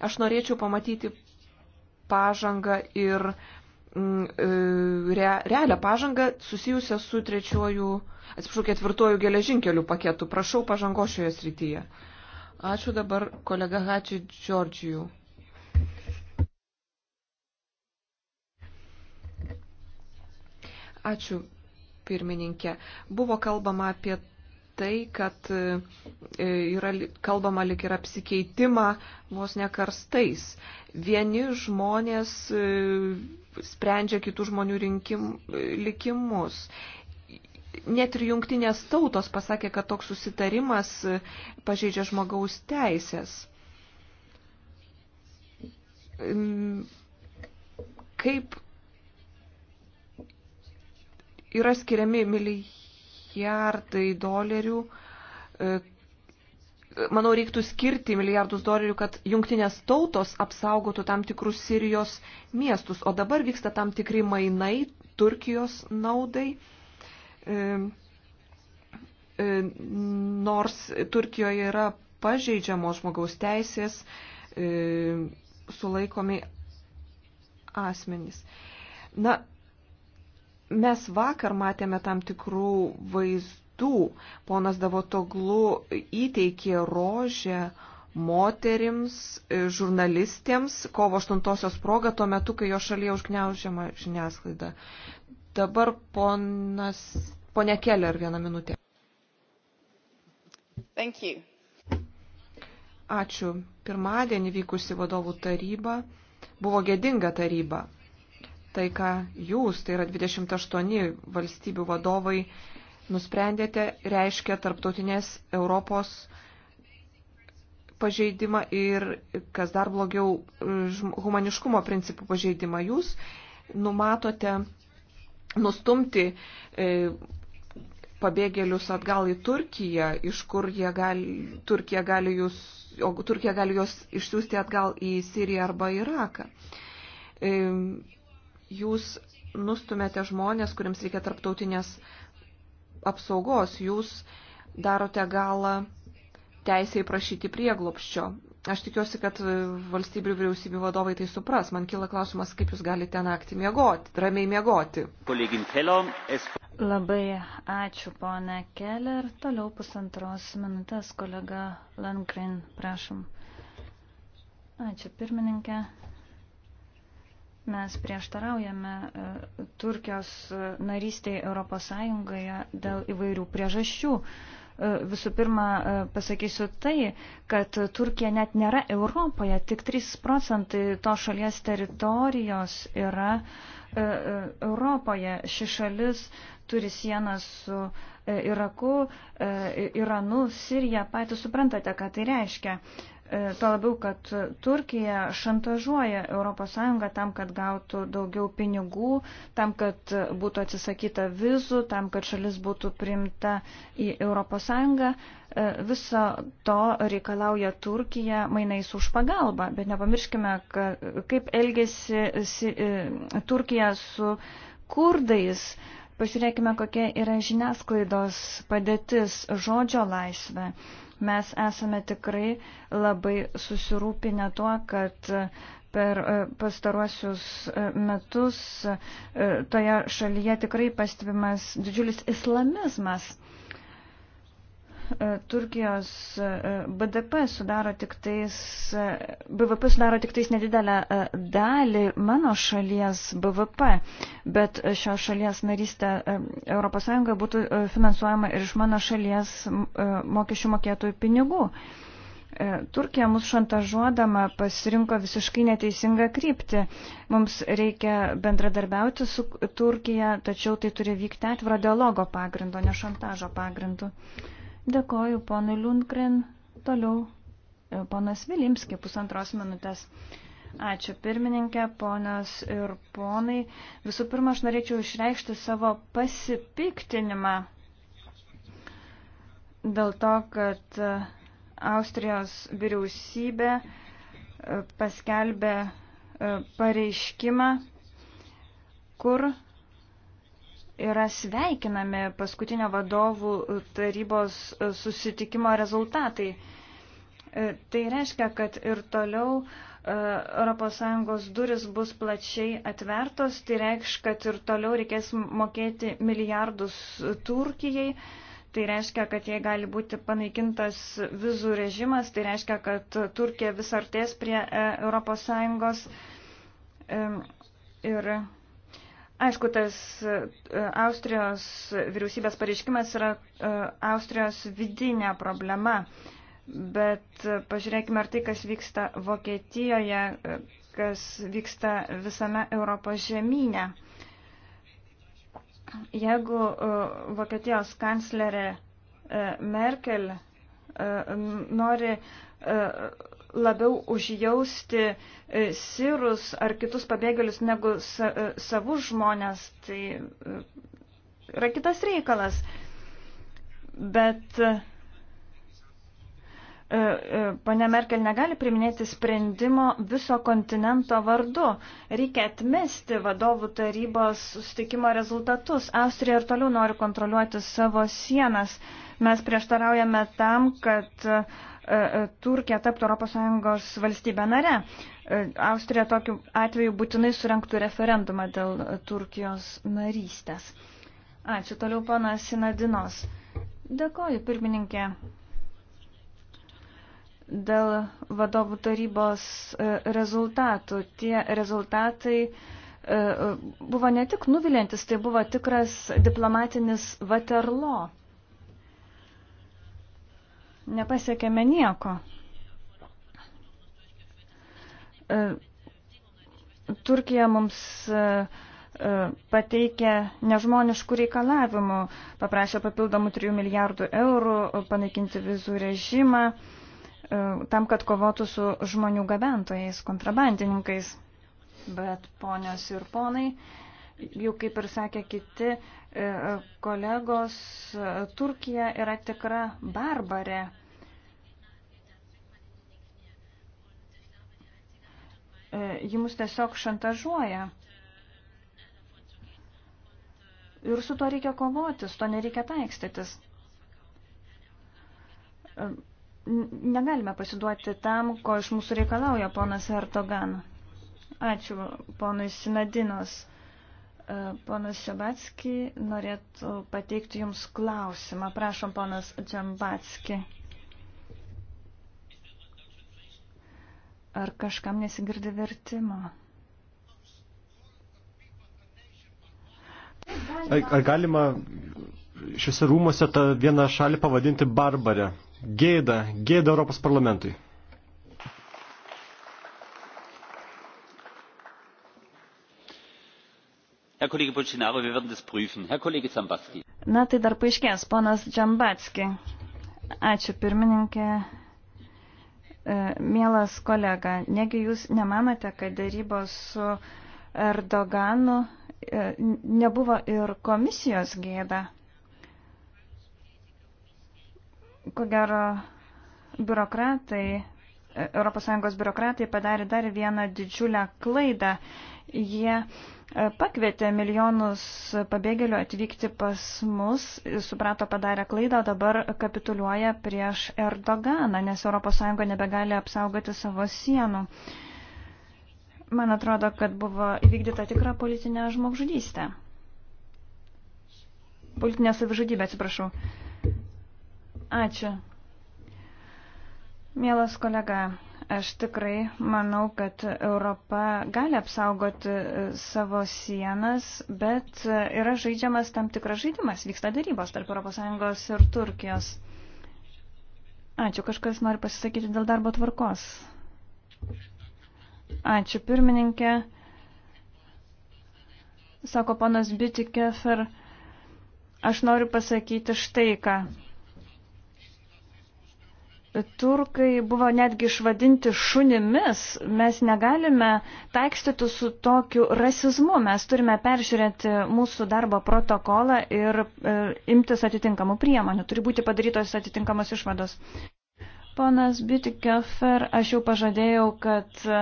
Aš norėčiau pamatyti pažangą ir mm, e, re, realią pažangą susijusią su trečiuoju, atsiprašau, ketvirtuoju geležinkeliu paketu. Prašau pažango šioje srityje. Ačiū dabar kolega Hačiui Džordžijų. Ačiū, pirmininkė. Buvo kalbama apie tai, kad e, yra kalbama lik ir apsikeitimą vos nekarstais. Vieni žmonės e, sprendžia kitų žmonių rinkim, e, likimus. Net ir jungtinės tautos pasakė, kad toks susitarimas pažeidžia žmogaus teisės. Kaip yra skiriami milijardai dolerių. E, manau, reiktų skirti milijardus dolerių, kad jungtinės tautos apsaugotų tam tikrus Sirijos miestus. O dabar vyksta tam tikri mainai Turkijos naudai. E, e, nors Turkijoje yra pažeidžiamos žmogaus teisės, sulaikomi asmenys. Na, Mes vakar matėme tam tikrų vaizdų. Ponas Davotoglu įteikė rožę moterims, e, žurnalistėms kovo 8-osios proga tuo metu, kai jo šalyje užgneužiama žiniasklaida. Dabar ponas, ponia Keller vieną minutę. Ačiū. Pirmadienį vykusi vadovų taryba buvo gėdinga taryba tai, ką jūs, tai yra 28 valstybių vadovai, nusprendėte, reiškia tarptautinės Europos pažeidimą ir, kas dar blogiau, humaniškumo principų pažeidimą. Jūs numatote nustumti e, pabėgėlius atgal į Turkiją, iš kur jie gali, Turkija gali jūs, o Turkija gali juos išsiųsti atgal į Siriją arba Iraką. E, jūs nustumėte žmonės, kuriems reikia tarptautinės apsaugos, jūs darote galą teisėjai prašyti prieglopščio. Aš tikiuosi, kad valstybių vyriausybių vadovai tai supras. Man kyla klausimas, kaip jūs galite naktį miegoti, ramiai miegoti. Labai ačiū, ponė Keller. Toliau pusantros minutės kolega Langrin, prašom. Ačiū, pirmininkė. Mes prieštaraujame e, Turkijos narystiai ES dėl įvairių priežasčių. E, visų pirma, e, pasakysiu tai, kad Turkija net nėra Europoje, tik 3 procentai to šalies teritorijos yra Europoje. Ši šalis turi sieną su Iraku, Iranu, Sirija, patys suprantate, ką tai reiškia. E, tuo labiau, kad Turkija šantažuoja ES tam, kad gautų daugiau pinigų, tam, kad būtų atsisakyta vizų, tam, kad šalis būtų primta į ES. E, viso to reikalauja Turkija mainais už pagalbą, bet nepamirškime, kaip elgesi e, Turkija su kurdais. Pažiūrėkime, kokia yra žiniasklaidos padėtis žodžio laisvė. Mes esame tikrai labai susirūpinę tuo, kad per e, pastaruosius e, metus e, toje šalyje tikrai pastebimas didžiulis islamizmas. E, Turkijos e, BDP sudaro tik tais, e, BVP sudaro tik tais nedidelę dalį mano šalies BVP, bet šios šalies narystė ES būtų finansuojama ir iš mano šalies mokesčių mokėtojų pinigų. Turkija mus šantažuodama pasirinko visiškai neteisingą kryptį. Mums reikia bendradarbiauti su Turkija, tačiau tai turi vykti atviro dialogo pagrindo, ne šantažo pagrindu. Dėkoju ponui Lundgren. Toliau e, ponas Vilimski, pusantros minutės. Ačiū pirmininkė, ponios ir ponai. Visų pirma, aš norėčiau išreikšti savo pasipiktinimą dėl to, kad e, Austrijos vyriausybė e, paskelbė pareiškimą, kur yra sveikinami paskutinio vadovų tarybos e, susitikimo rezultatai. E, tai reiškia, kad ir toliau ES duris bus plačiai atvertos, tai reikš, kad ir toliau reikės mokėti milijardus Turkijai, tai reiškia, kad jai gali būti panaikintas vizų režimas, tai reiškia, kad Turkija vis artės prie ES. Ir Aišku, tas e, Austrijos vyriausybės pareiškimas yra e, Austrijos vidinė problema, bet e, pažiūrėkime ar tai, kas vyksta Vokietijoje, kas vyksta visame Europos žemynė. Jeigu Vokietijos kanclerė Merkel nori labiau užjausti e, sirus ar kitus pabėgėlius negu sa, e, savus žmonės, tai e, yra kitas reikalas. Bet ponia Merkel negali priminėti sprendimo viso kontinento vardu. Reikia atmesti vadovų tarybos sustikimo rezultatus. Austrija ir toliau nori kontroliuoti savo sienas. Mes prieštaraujame tam, kad uh, E, e, Turkija taptų ES valstybę narę. E, Austrija tokiu atveju būtinai surenktų referendumą dėl Turkijos narystės. Ačiū toliau pana Sinadinos. Dėkoju, pirmininkė. Dėl vadovų tarybos rezultatų. Tie rezultatai buvo ne tik nuvilintis, tai buvo tikras diplomatinis Vaterlo nepasiekėme nieko. E, Turkija mums e, e, pateikė nežmoniškų reikalavimų, paprašė papildomų 3 milijardų eurų, panaikinti vizų režimą, tam, kad kovotų su žmonių gabentojais, kontrabandininkais. Bet ponios ir ponai, jau kaip ir sakė kiti, E, kolegos, Turkija yra tikra barbarė. E, ji mus tiesiog šantažuoja. Ir su to reikia kovoti, su to nereikia taikstytis. E, negalime pasiduoti tam, ko iš mūsų reikalauja ponas Erdogan. Ačiū ponui Sinadinos. E, ponas Šebatski norėtų pateikti Jums klausimą. Prašom, ponas Džambatski. Ar kažkam nesigirdi vertimo? Ar, ar galima šiuose rūmose tą vieną šalį pavadinti barbarę? Gėda, gėda Europos parlamentui. Na tai dar paaiškės, ponas Džambatski. Ačiū pirmininkė. E, mielas kolega, negi jūs nemanote, kad darybos su Erdoganu e, nebuvo ir komisijos gėda? Ko gero, biurokratai ES biurokratai padarė dar vieną didžiulę klaidą. Jie e, pakvietė milijonus pabėgėlių atvykti pas mus, suprato padarę klaidą, dabar kapituliuoja prieš Erdoganą, nes ES nebegali apsaugoti savo sienų. Man atrodo, kad buvo įvykdyta tikra politinė žmogžudystė. Politinė savižudybė, atsiprašau. Ačiū. Mielas kolega, aš tikrai manau, kad Europa gali apsaugoti e, savo sienas, bet e, yra žaidžiamas tam tikras žaidimas, vyksta darybos tarp ES ir Turkijos. Ačiū, kažkas nori pasisakyti dėl darbo tvarkos. Ačiū, pirmininkė. Sako panas Bitikefer, aš noriu pasakyti štai ką. Turkai buvo netgi išvadinti šunimis. Mes negalime taikstyti su tokiu rasizmu. Mes turime peržiūrėti mūsų darbo protokolą ir e, imtis atitinkamų priemonių. Turi būti padarytos atitinkamos išvados. Ponas Bitikefer, aš jau pažadėjau, kad e,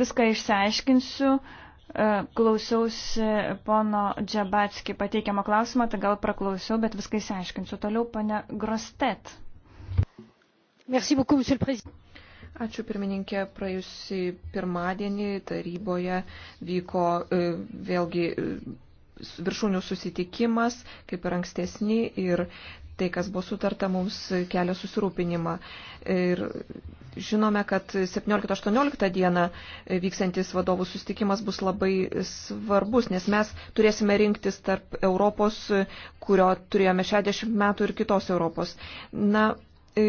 viską išsiaiškinsiu. E, klausiausi pono Džabatski pateikiamą klausimą, tai gal praklausiau, bet viską išsiaiškinsiu. Toliau, pane Grostet. Ačiū pirmininkė, praėjusį pirmadienį taryboje vyko e, vėlgi e, viršūnių susitikimas, kaip ir ankstesni, ir tai, kas buvo sutarta, mums kelia susirūpinimą. Ir žinome, kad 17-18 dieną vyksantis vadovų susitikimas bus labai svarbus, nes mes turėsime rinktis tarp Europos, kurio turėjome 60 metų, ir kitos Europos. Na, E,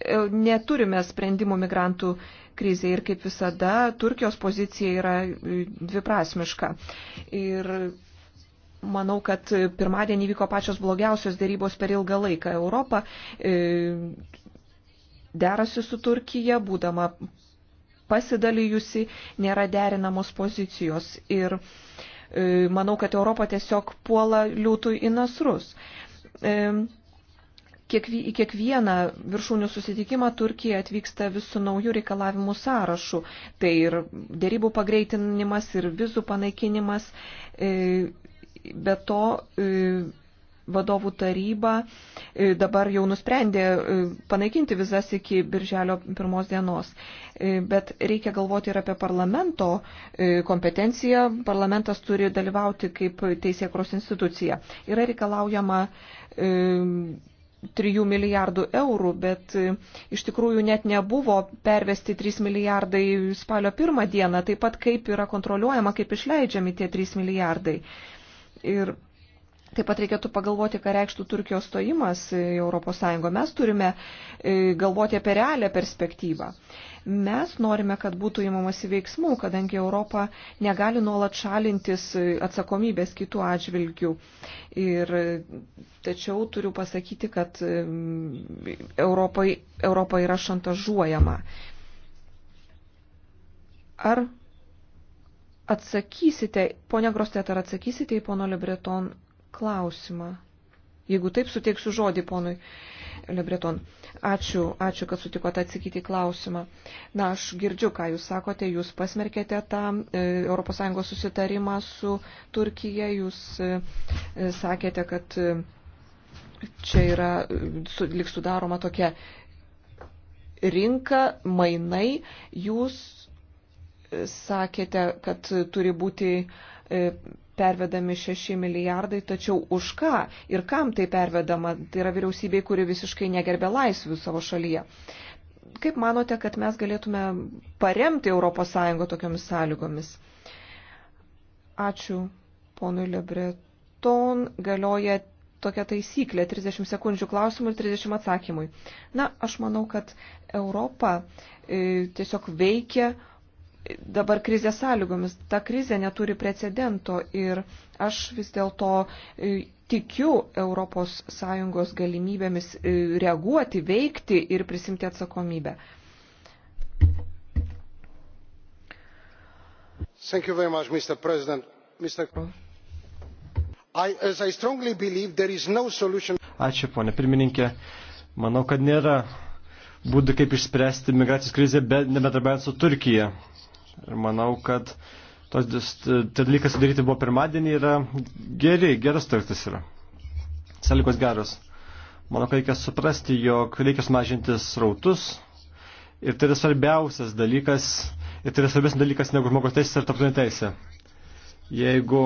e, neturime sprendimų migrantų krizė ir kaip visada Turkijos pozicija yra e, dviprasmiška. Ir manau, kad pirmadienį vyko pačios blogiausios dėrybos per ilgą laiką. Europą derasi su Turkija, būdama pasidalijusi, nėra derinamos pozicijos. Ir manau, kad Europa tiesiog puola liūtų į nasrus kiekvie, į kiekvieną viršūnių susitikimą Turkija atvyksta vis su naujų reikalavimų sąrašu. Tai ir dėrybų pagreitinimas, ir vizų panaikinimas. E, be to e, vadovų taryba e, dabar jau nusprendė panaikinti vizas iki birželio pirmos dienos. Bet reikia galvoti ir apie parlamento kompetenciją. Parlamentas turi dalyvauti kaip teisėkros institucija. Yra reikalaujama 3 milijardų eurų, bet e, iš tikrųjų net nebuvo pervesti 3 milijardai spalio pirmą dieną, taip pat kaip yra kontroliuojama, kaip išleidžiami tie 3 milijardai. Ir Taip pat reikėtų pagalvoti, ką reikštų Turkijos stojimas į ES. Mes turime e, galvoti apie realią perspektyvą. Mes norime, kad būtų įmamasi veiksmų, kadangi Europa negali nuolat šalintis e, atsakomybės kitų atžvilgių. Ir e, tačiau turiu pasakyti, kad Europai, Europa yra šantažuojama. Ar atsakysite, ponia Grostet, ar atsakysite į pono Lebreton klausimą. Jeigu taip, suteiksiu žodį ponui Lebreton. Ačiū, ačiū, kad sutikote atsakyti klausimą. Na, aš girdžiu, ką jūs sakote, jūs pasmerkėte tą ES susitarimą su Turkija, jūs e, e, sakėte, kad e, čia yra su, lik sudaroma tokia rinka, mainai, jūs sakėte, kad turi būti pervedami 6 milijardai, tačiau už ką ir kam tai pervedama, tai yra vyriausybei, kuri visiškai negerbė laisvių savo šalyje. Kaip manote, kad mes galėtume paremti ES tokiomis sąlygomis? Ačiū, ponui Lebreton. Galioja tokia taisyklė - 30 sekundžių klausimui ir 30 atsakymui. Na, aš manau, kad Europa e, tiesiog veikia dabar krizės sąlygomis. Ta krizė neturi precedento ir aš vis dėlto e, tikiu ES galimybėmis e, reaguoti, veikti ir prisimti atsakomybę. Much, Mr. President. Mr. I, as I strongly believe there is no solution. Ačiū, ponė pirmininkė. Manau, kad nėra būdų, kaip išspręsti migracijos krizę, bet nebedarbiant su Turkija. Ir manau, kad tos dalykas daryti buvo pirmadienį yra geri, geras tartis yra. Sąlygos geros. Manau, kad reikia suprasti, jog reikia sumažinti srautus. Ir tai yra svarbiausias dalykas, ir tai yra svarbesnis dalykas negu žmogaus teisės ar tarptautinė teisė. Jeigu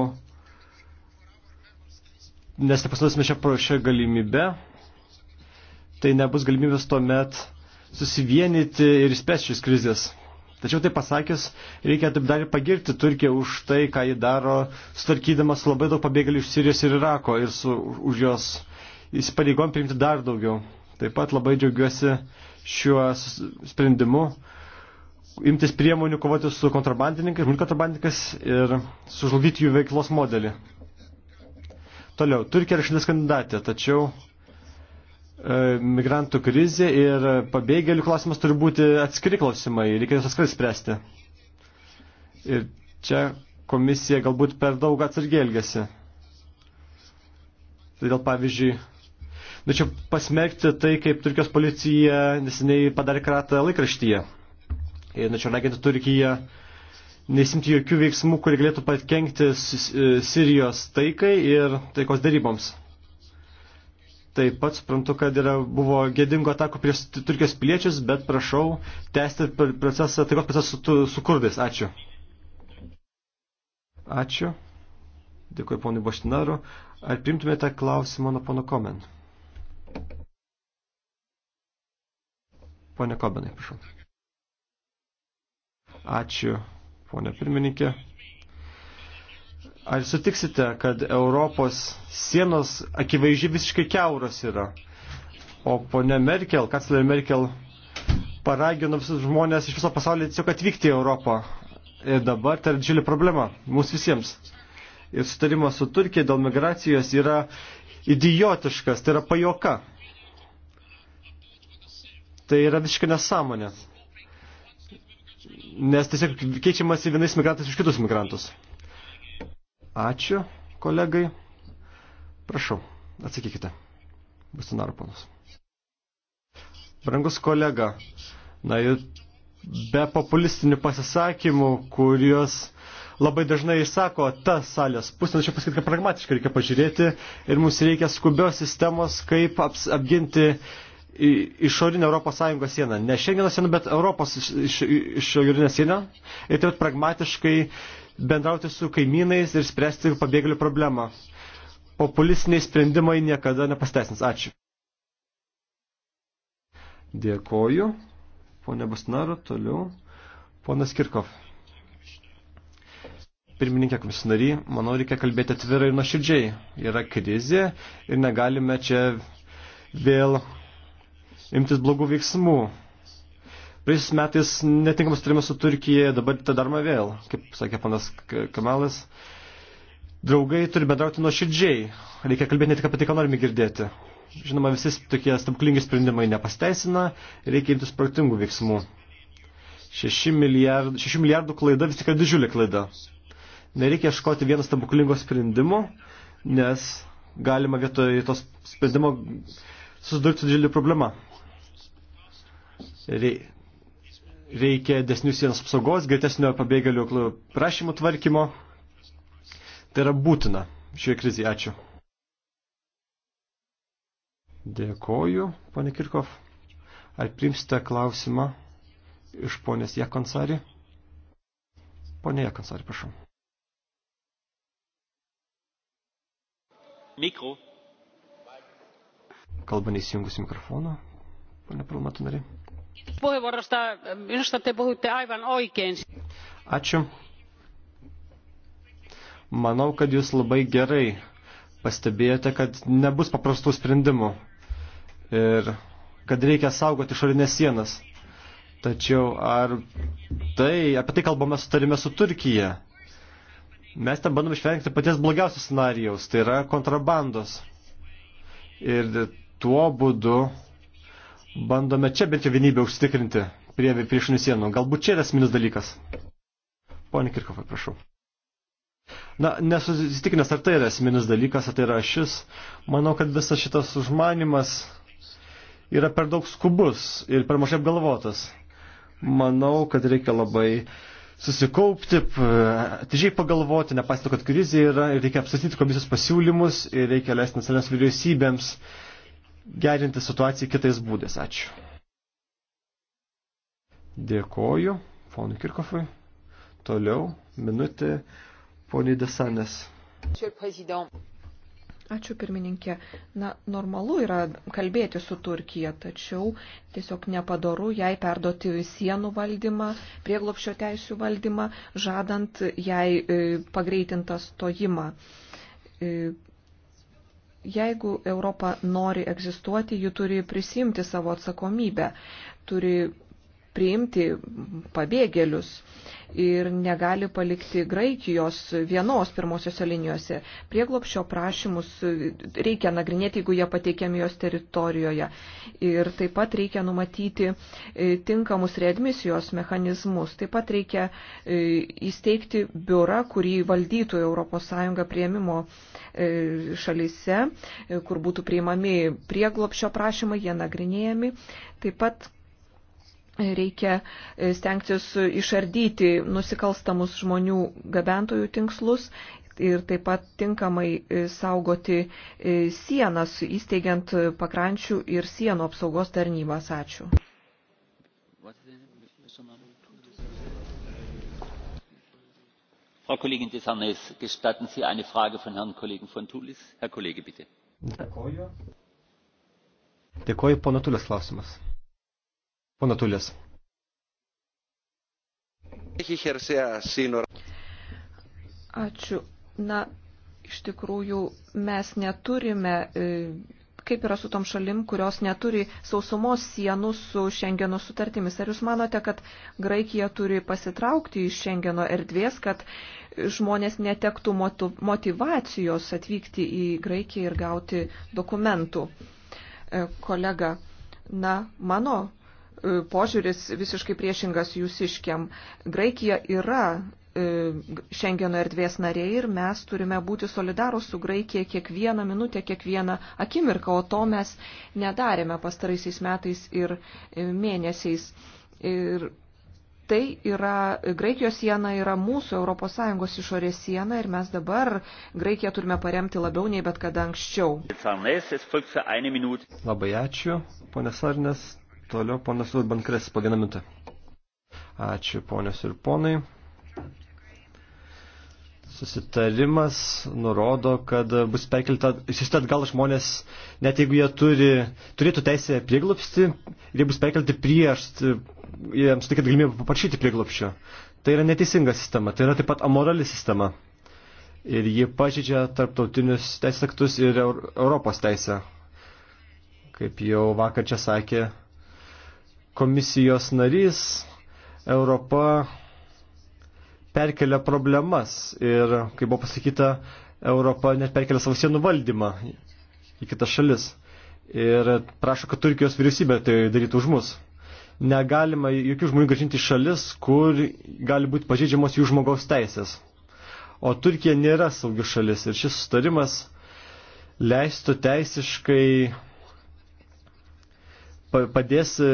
nes nepasinaudosime šią, šią galimybę, tai nebus galimybės tuomet susivienyti ir išspręsti šis krizės. Tačiau tai pasakius, reikia taip dar ir pagirti Turkiją už tai, ką ji daro, sutarkydamas labai daug pabėgėlių iš Sirijos ir Irako ir su, už jos įsipareigom priimti dar daugiau. Taip pat labai džiaugiuosi šiuo sprendimu imtis priemonių kovoti su kontrabandininkais, žmonių kontrabandininkais ir sužlugdyti jų veiklos modelį. Toliau, Turkija yra šalis kandidatė, tačiau E, migrantų krizė ir pabėgėlių klausimas turi būti atskiri klausimai, reikia juos atskirai spręsti. Ir čia komisija galbūt per daug atsargiai elgesi. Todėl tai pavyzdžiui, norėčiau nu pasmerkti tai, kaip Turkijos policija neseniai padarė kratą laikraštyje. Ir norėčiau nu raginti Turkiją nesimti jokių veiksmų, kurie galėtų patkenkti e, Sirijos taikai ir taikos daryboms. Taip pat suprantu, kad yra, buvo gėdingo atako prieš Turkijos piliečius, bet prašau tęsti procesą, taikos procesą su, su kurdais. Ačiū. Ačiū. Dėkuoju ponui Boštinaru. Ar primtumėte klausimą nuo pono Komen? Pone Kobenai, prašau. Ačiū, ponė pirmininkė. Ar sutiksite, kad Europos sienos akivaizdžiai visiškai keuros yra? O ponia Merkel, kanclerė Merkel, paragino visus žmonės iš viso pasaulio tiesiog atvykti į Europą. Ir dabar tai yra didžiulė problema mums visiems. Ir sutarimas su Turkija dėl migracijos yra idiotiškas, tai yra pajoka. Tai yra visiškai nesąmonė. Nes tiesiog keičiamasi vienais migrantais už kitus migrantus. Ačiū, kolegai. Prašau, atsakykite. Bustinaro ponas. Brangus kolega, na ir be populistinių pasisakymų, kuriuos labai dažnai išsako ta salės pusė, tačiau pasakyti, kad pragmatiškai reikia pažiūrėti ir mums reikia skubios sistemos, kaip aps, apginti išorinę Europos Sąjungos sieną. Ne Šengeno sieną, bet Europos išorinę iš, iš sieną. Ir taip pragmatiškai bendrauti su kaimynais ir spręsti pabėgėlių problemą. Populistiniai sprendimai niekada nepasteisins. Ačiū. Dėkoju. Pone Basnaro, toliau. Ponas Kirkov. Pirmininkė komisinary, manau, reikia kalbėti atvirai ir nuoširdžiai. Yra krizė ir negalime čia vėl imtis blogų veiksmų. Praėjusiais metais netinkamas turimas su Turkija, dabar tą darome vėl, kaip sakė panas Kamalas. Draugai turi bendrauti nuo širdžiai, reikia kalbėti ne tik apie tai, ką norime girdėti. Žinoma, visi tokie stebuklingi sprendimai nepasteisina, reikia imtis praktingų veiksmų. 6 milijardų, 6 milijardų klaida vis tik yra didžiulė klaida. Nereikia ieškoti vieno stebuklingo sprendimo, nes galima vietoj tos sprendimo susidurti su didžiulė problema. Reikia reikia desnių sienos apsaugos, greitesnio pabėgėlių prašymų tvarkymo. Tai yra būtina šioje krizėje. Ačiū. Dėkoju, ponė Kirkov. Ar primsite klausimą iš ponės Jekonsari? Ponė Jekonsari, prašau. Mikro. Kalba neįsijungus mikrofoną, ponė Pralmatų nariai puheenvuorosta. Minusta te puhutte aivan oikein. Ačiū. Manau, kad jūs labai gerai pastebėjote, kad nebus paprastų sprendimų ir kad reikia saugoti išorinės sienas. Tačiau ar tai, apie tai kalbame sutarime su Turkija? Mes ten bandom išvengti paties blogiausios scenarijaus, tai yra kontrabandos. Ir tuo būdu bandome čia bent jau vienybę užsitikrinti prie priešinių sienų. Galbūt čia yra esminis dalykas. Pone Kirkovai, prašau. Na, nesusitikinęs, ar tai yra esminis dalykas, ar tai yra šis. Manau, kad visas šitas užmanimas yra per daug skubus ir per mažai apgalvotas. Manau, kad reikia labai susikaupti, atidžiai pagalvoti, nepaisant, kad krizė yra, reikia apsatyti komisijos pasiūlymus ir reikia leisti nacionalinės vyriausybėms uh, gerinti situaciją kitais būdais. Ačiū. Dėkoju ponui Kirkofui. Toliau minutė poniai Desanės. Ačiū pirmininkė. Na, normalu yra kalbėti su Turkija, tačiau tiesiog nepadoru jai perduoti sienų valdymą, prieglopšio teisų valdymą, žadant jai e, pagreitintą stojimą e, jeigu Europa nori egzistuoti, ji turi prisimti savo atsakomybę, turi priimti pabėgėlius ir negali palikti Graikijos vienos pirmosiose linijose. Prieglopšio prašymus reikia nagrinėti, jeigu jie pateikiami jos teritorijoje. Ir taip pat reikia numatyti e, tinkamus readmisijos mechanizmus. Taip pat reikia e, įsteigti biurą, kurį valdytų ES prieimimo e, šalyse, kur būtų priimami prieglopšio prašymai, jie nagrinėjami. Taip pat reikia e, stengtis išardyti nusikalstamus žmonių gabentojų tinkslus ir taip pat tinkamai e, saugoti e, sienas, įsteigiant pakrančių ir sienų apsaugos tarnybas. Ačiū. Frau Kollegin Desanes, gestatten Sie eine Frage von Herrn Kollegen von Tulis? Herr Kollege, bitte. Dėkoju. Dėkoju, pono Tulis klausimas. Pana Tulės. Ačiū. Na, iš tikrųjų, mes neturime. E, kaip yra su tom šalim, kurios neturi sausumos sienų su Šengeno sutartimis? Ar jūs manote, kad Graikija turi pasitraukti iš Šengeno erdvės, kad žmonės netektų motivacijos atvykti į Graikiją ir gauti dokumentų? E, kolega, na, mano E, požiūris visiškai priešingas jūsiškiam. Graikija yra e, Šengeno erdvės nariai ir mes turime būti solidarūs su Graikija kiekvieną minutę, kiekvieną akimirką, o to mes nedarėme pastaraisiais metais ir e, mėnesiais. Ir tai yra, Graikijos siena yra mūsų ES išorės siena ir mes dabar Graikiją turime paremti labiau nei bet kada anksčiau. Labai ačiū, ponė Sarnės, Toliau ponas Urban Krespo, vieną minutę. Ačiū ponios ir ponai. Susitarimas nurodo, kad bus perkelta, išsiųsti atgal žmonės, net jeigu jie turi, turėtų teisę prieglopsti, ir jie bus perkelti prieš, jiems sutikėt galimybę paprašyti prieglopščio. Tai yra neteisinga sistema, tai yra taip pat amorali sistema. Ir ji pažydžia tarptautinius teisės aktus ir Europos teisę. Kaip jau vakar čia sakė komisijos narys, Europa perkelia problemas ir, kaip buvo pasakyta, Europa net perkelia savo sienų valdymą į kitas šalis. Ir prašo, kad Turkijos vyriausybė tai darytų už mus. Negalima jokių žmonių gražinti į šalis, kur gali būti pažeidžiamos jų žmogaus teisės. O Turkija nėra saugi šalis ir šis sustarimas leistų teisiškai padės, e,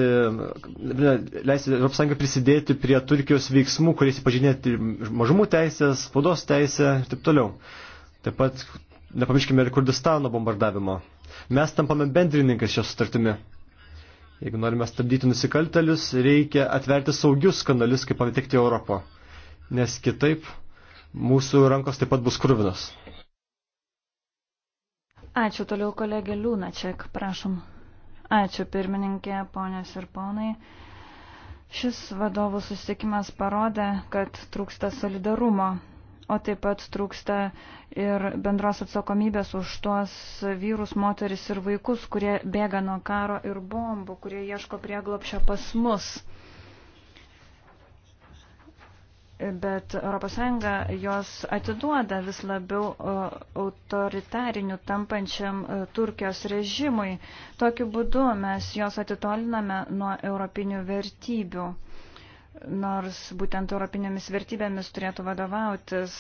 leis ES prisidėti prie Turkijos veiksmų, kuriais pažinėti mažumų teisės, spaudos teisę ir taip toliau. Taip pat nepamirškime ir Kurdistano bombardavimo. Mes tampame bendrininkas šios sutartimi. Jeigu norime stabdyti nusikaltelius, reikia atverti saugius kanalius, kaip patekti į Europą. Nes kitaip mūsų rankos taip pat bus kruvinos. Ačiū toliau kolegė Liūnačiak, prašom. Ačiū pirmininkė, ponės ir ponai. Šis vadovų susitikimas parodė, kad trūksta solidarumo, o taip pat trūksta ir bendros atsakomybės už tuos vyrus, moteris ir vaikus, kurie bėga nuo karo ir bombų, kurie ieško prieglopšio pas mus bet ES jos atiduoda vis labiau e, autoritariniu tampančiam e, Turkijos režimui. Tokiu būdu mes jos atitoliname nuo europinių vertybių, nors būtent europinėmis vertybėmis turėtų vadovautis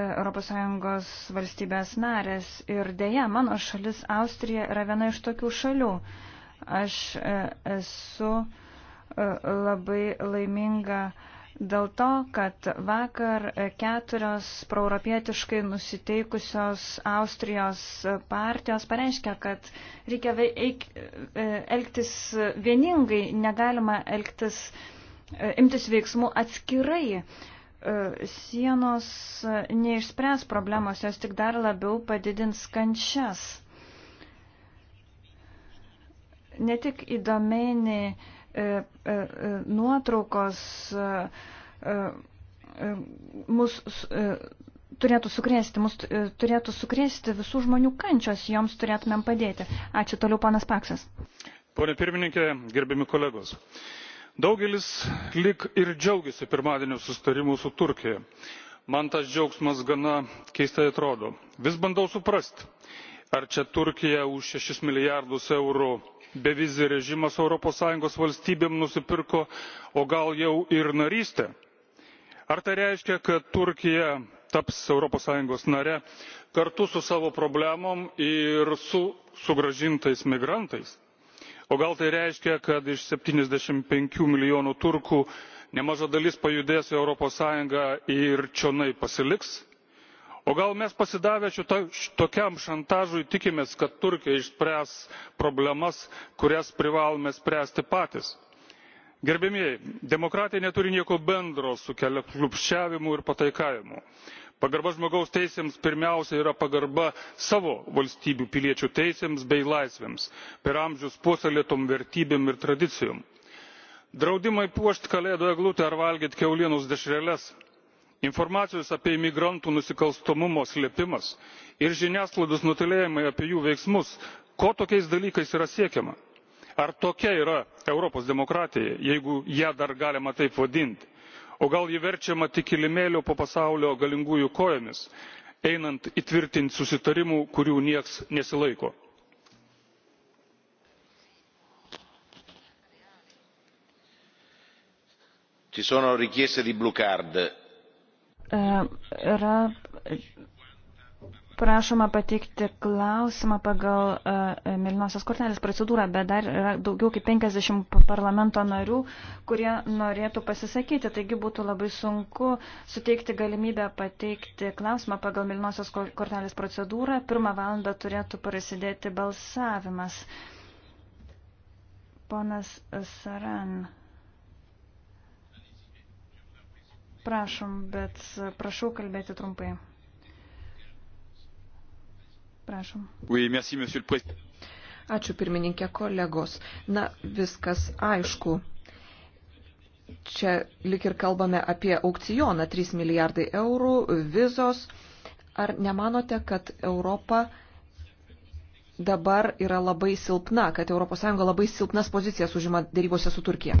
ES valstybės narės. Ir dėja, mano šalis Austrija yra viena iš tokių šalių. Aš e, esu labai laiminga dėl to, kad vakar keturios proeuropietiškai nusiteikusios Austrijos partijos pareiškia, kad reikia veik, e, elgtis vieningai, negalima elgtis, e, imtis veiksmų atskirai. E, sienos neišspręs problemos, jos tik dar labiau padidins kančias. Ne tik įdomeni E, e, e, nuotraukos mus turėtų sukrėsti, mus turėtų sukrėsti visų žmonių kančios, joms turėtumėm padėti. Ačiū toliau, panas Paksas. Pone pirmininkė, gerbiami kolegos. Daugelis lik ir džiaugiasi pirmadienio sustarimu su Turkija. Man tas džiaugsmas gana keistai atrodo. Vis bandau suprasti, ar čia Turkija už 6 milijardus eurų bevizį režimą su europos sąjungos valstybėmis nusipirko o gal jau ir narystę. ar tai reiškia kad turkija taps europos sąjungos nare kartu su savo problemomis ir su sugrąžintais migrantais? o gal tai reiškia kad iš septyniasdešimt penki milijonų turkų nemaža dalis pajudės į europos sąjungą ir čionai pasiliks? o gal mes pasidavę tokiam šantažui tikimės kad turkija išspręs problemas kurias privalome spręsti patys? gerbiamieji demokratija neturi nieko bendro su keliaklupsčiavimu ir pataikavimu. pagarba žmogaus teisėms pirmiausia yra pagarba savo valstybių piliečių teisėms bei laisvėms per amžius puoselėtom vertybėm ir tradicijom. draudimai puošti kalėdų eglutę ar valgyti kiaulienos dešreles informacijos apie imigrantų nusikalstamumo slėpimas ir žiniasklaidos nutylėjimai apie jų veiksmus ko tokiais dalykais yra siekiama? ar tokia yra europos demokratija jeigu ją dar galima taip vadinti? o gal ji verčiama tik kilimėliu po pasaulio galingųjų kojomis einant įtvirtinti susitarimų kurių nieks nesilaiko? ci sono richieste di blue card. E, yra prašoma pateikti klausimą pagal e, e, Milinosios kortelės procedūrą, bet dar yra daugiau kaip 50 parlamento narių, kurie norėtų pasisakyti, taigi būtų labai sunku suteikti galimybę pateikti klausimą pagal Milinosios kortelės procedūrą. Pirmą valandą turėtų prasidėti balsavimas. Ponas Saran. Prašom, bet prašau kalbėti trumpai. Prašom. Oui, merci, Ačiū pirmininkė kolegos. Na, viskas aišku. Čia lik ir kalbame apie aukcioną 3 milijardai eurų, vizos. Ar nemanote, kad Europa dabar yra labai silpna, kad ES labai silpnas pozicijas užima dėrybose su Turkija?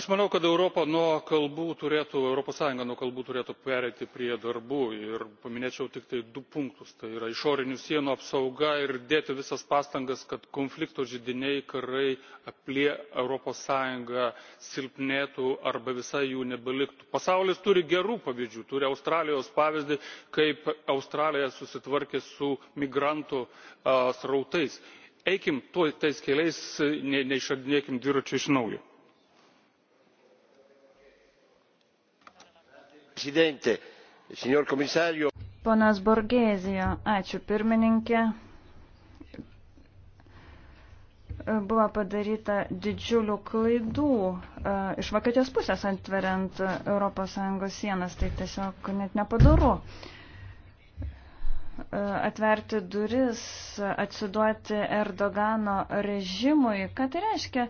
aš manau kad europa nuo kalbų turėtų europos sąjunga nuo kalbų turėtų pereiti prie darbų ir paminėčiau tiktai du punktus tai yra išorinių sienų apsauga ir dėti visas pastangas kad konflikto židiniai karai apie europos sąjungą silpnėtų arba visai jų nebeliktų. pasaulis turi gerų pavyzdžių turi australijos pavyzdį kaip australija susitvarkė su migrantų srautais. eikime tais keliais neišradinėkime dviračio iš naujo. Presidente, signor komisario. Ponas Borgėzijo, ačiū pirmininkė. Buvo padaryta didžiulių klaidų e, iš Vokietijos pusės antveriant ES sienas, tai tiesiog net nepadaru e, atverti duris, atsiduoti Erdogano režimui. Ką tai reiškia?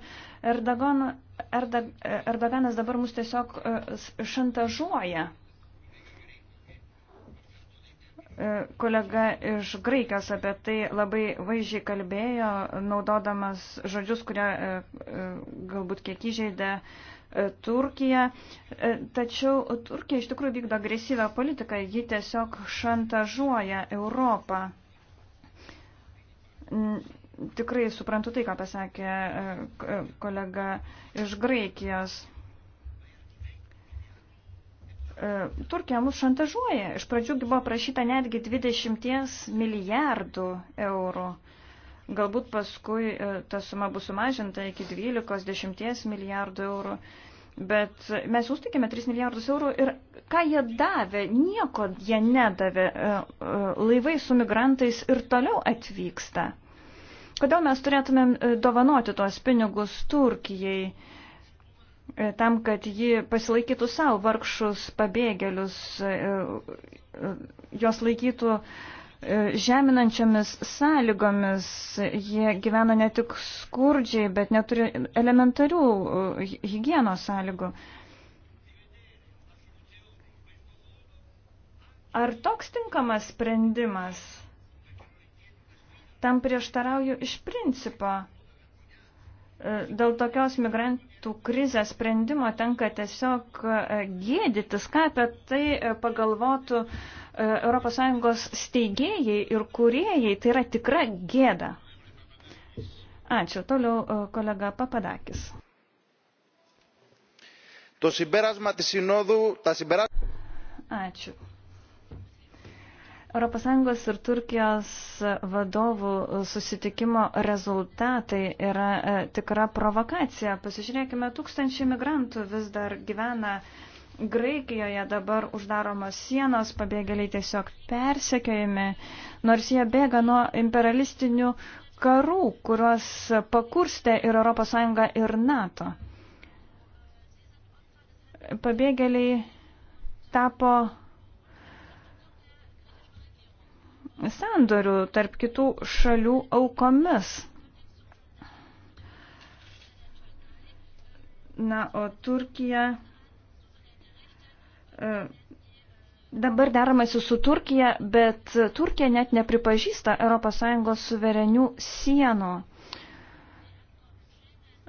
Erdogan, Erda, Erdoganas dabar mus tiesiog e, šantažuoja. E, kolega iš Graikijos apie tai labai vaizdžiai kalbėjo, naudodamas žodžius, kurie e, e, galbūt kiek įžeidė Turkiją. Tačiau Turkija iš tikrųjų vykdo agresyvę politiką, ji tiesiog šantažuoja Europą. Tikrai suprantu tai, ką pasakė kolega iš Graikijos. E, Turkija mus šantažuoja. Iš pradžių buvo prašyta netgi 20 milijardų eurų. Galbūt paskui e, ta suma bus sumažinta iki 12-10 milijardų eurų. Bet mes sustikėme 3 milijardus eurų ir ką jie davė, nieko jie nedavė. E, laivai su migrantais ir toliau atvyksta. Kodėl mes turėtumėm dovanoti tuos pinigus Turkijai? E, tam, kad ji pasilaikytų savo vargšus pabėgėlius, e, e, jos laikytų žeminančiomis sąlygomis. Jie gyvena ne tik skurdžiai, bet neturi elementarių hygienos sąlygų. Ar toks tinkamas sprendimas? Tam prieštarauju iš principo. Dėl tokios migrant, tų krizės sprendimo tenka tiesiog e, gėdytis, ką apie tai e, pagalvotų ES steigėjai ir kuriejai. Tai yra tikra gėda. Ačiū. Toliau e, kolega Papadakis. Ačiū. ES ir Turkijos vadovų susitikimo rezultatai yra e, tikra provokacija. Pasižiūrėkime, tūkstančiai migrantų vis dar gyvena Graikijoje, dabar uždaromos sienos, pabėgėliai tiesiog persekiojami, nors jie bėga nuo imperialistinių karų, kuriuos pakurstė ir ES ir NATO. Pabėgėliai tapo sandorių tarp kitų šalių aukomis. Na, o Turkija. E, dabar deramasi su Turkija, bet Turkija net nepripažįsta ES suverenių sienų.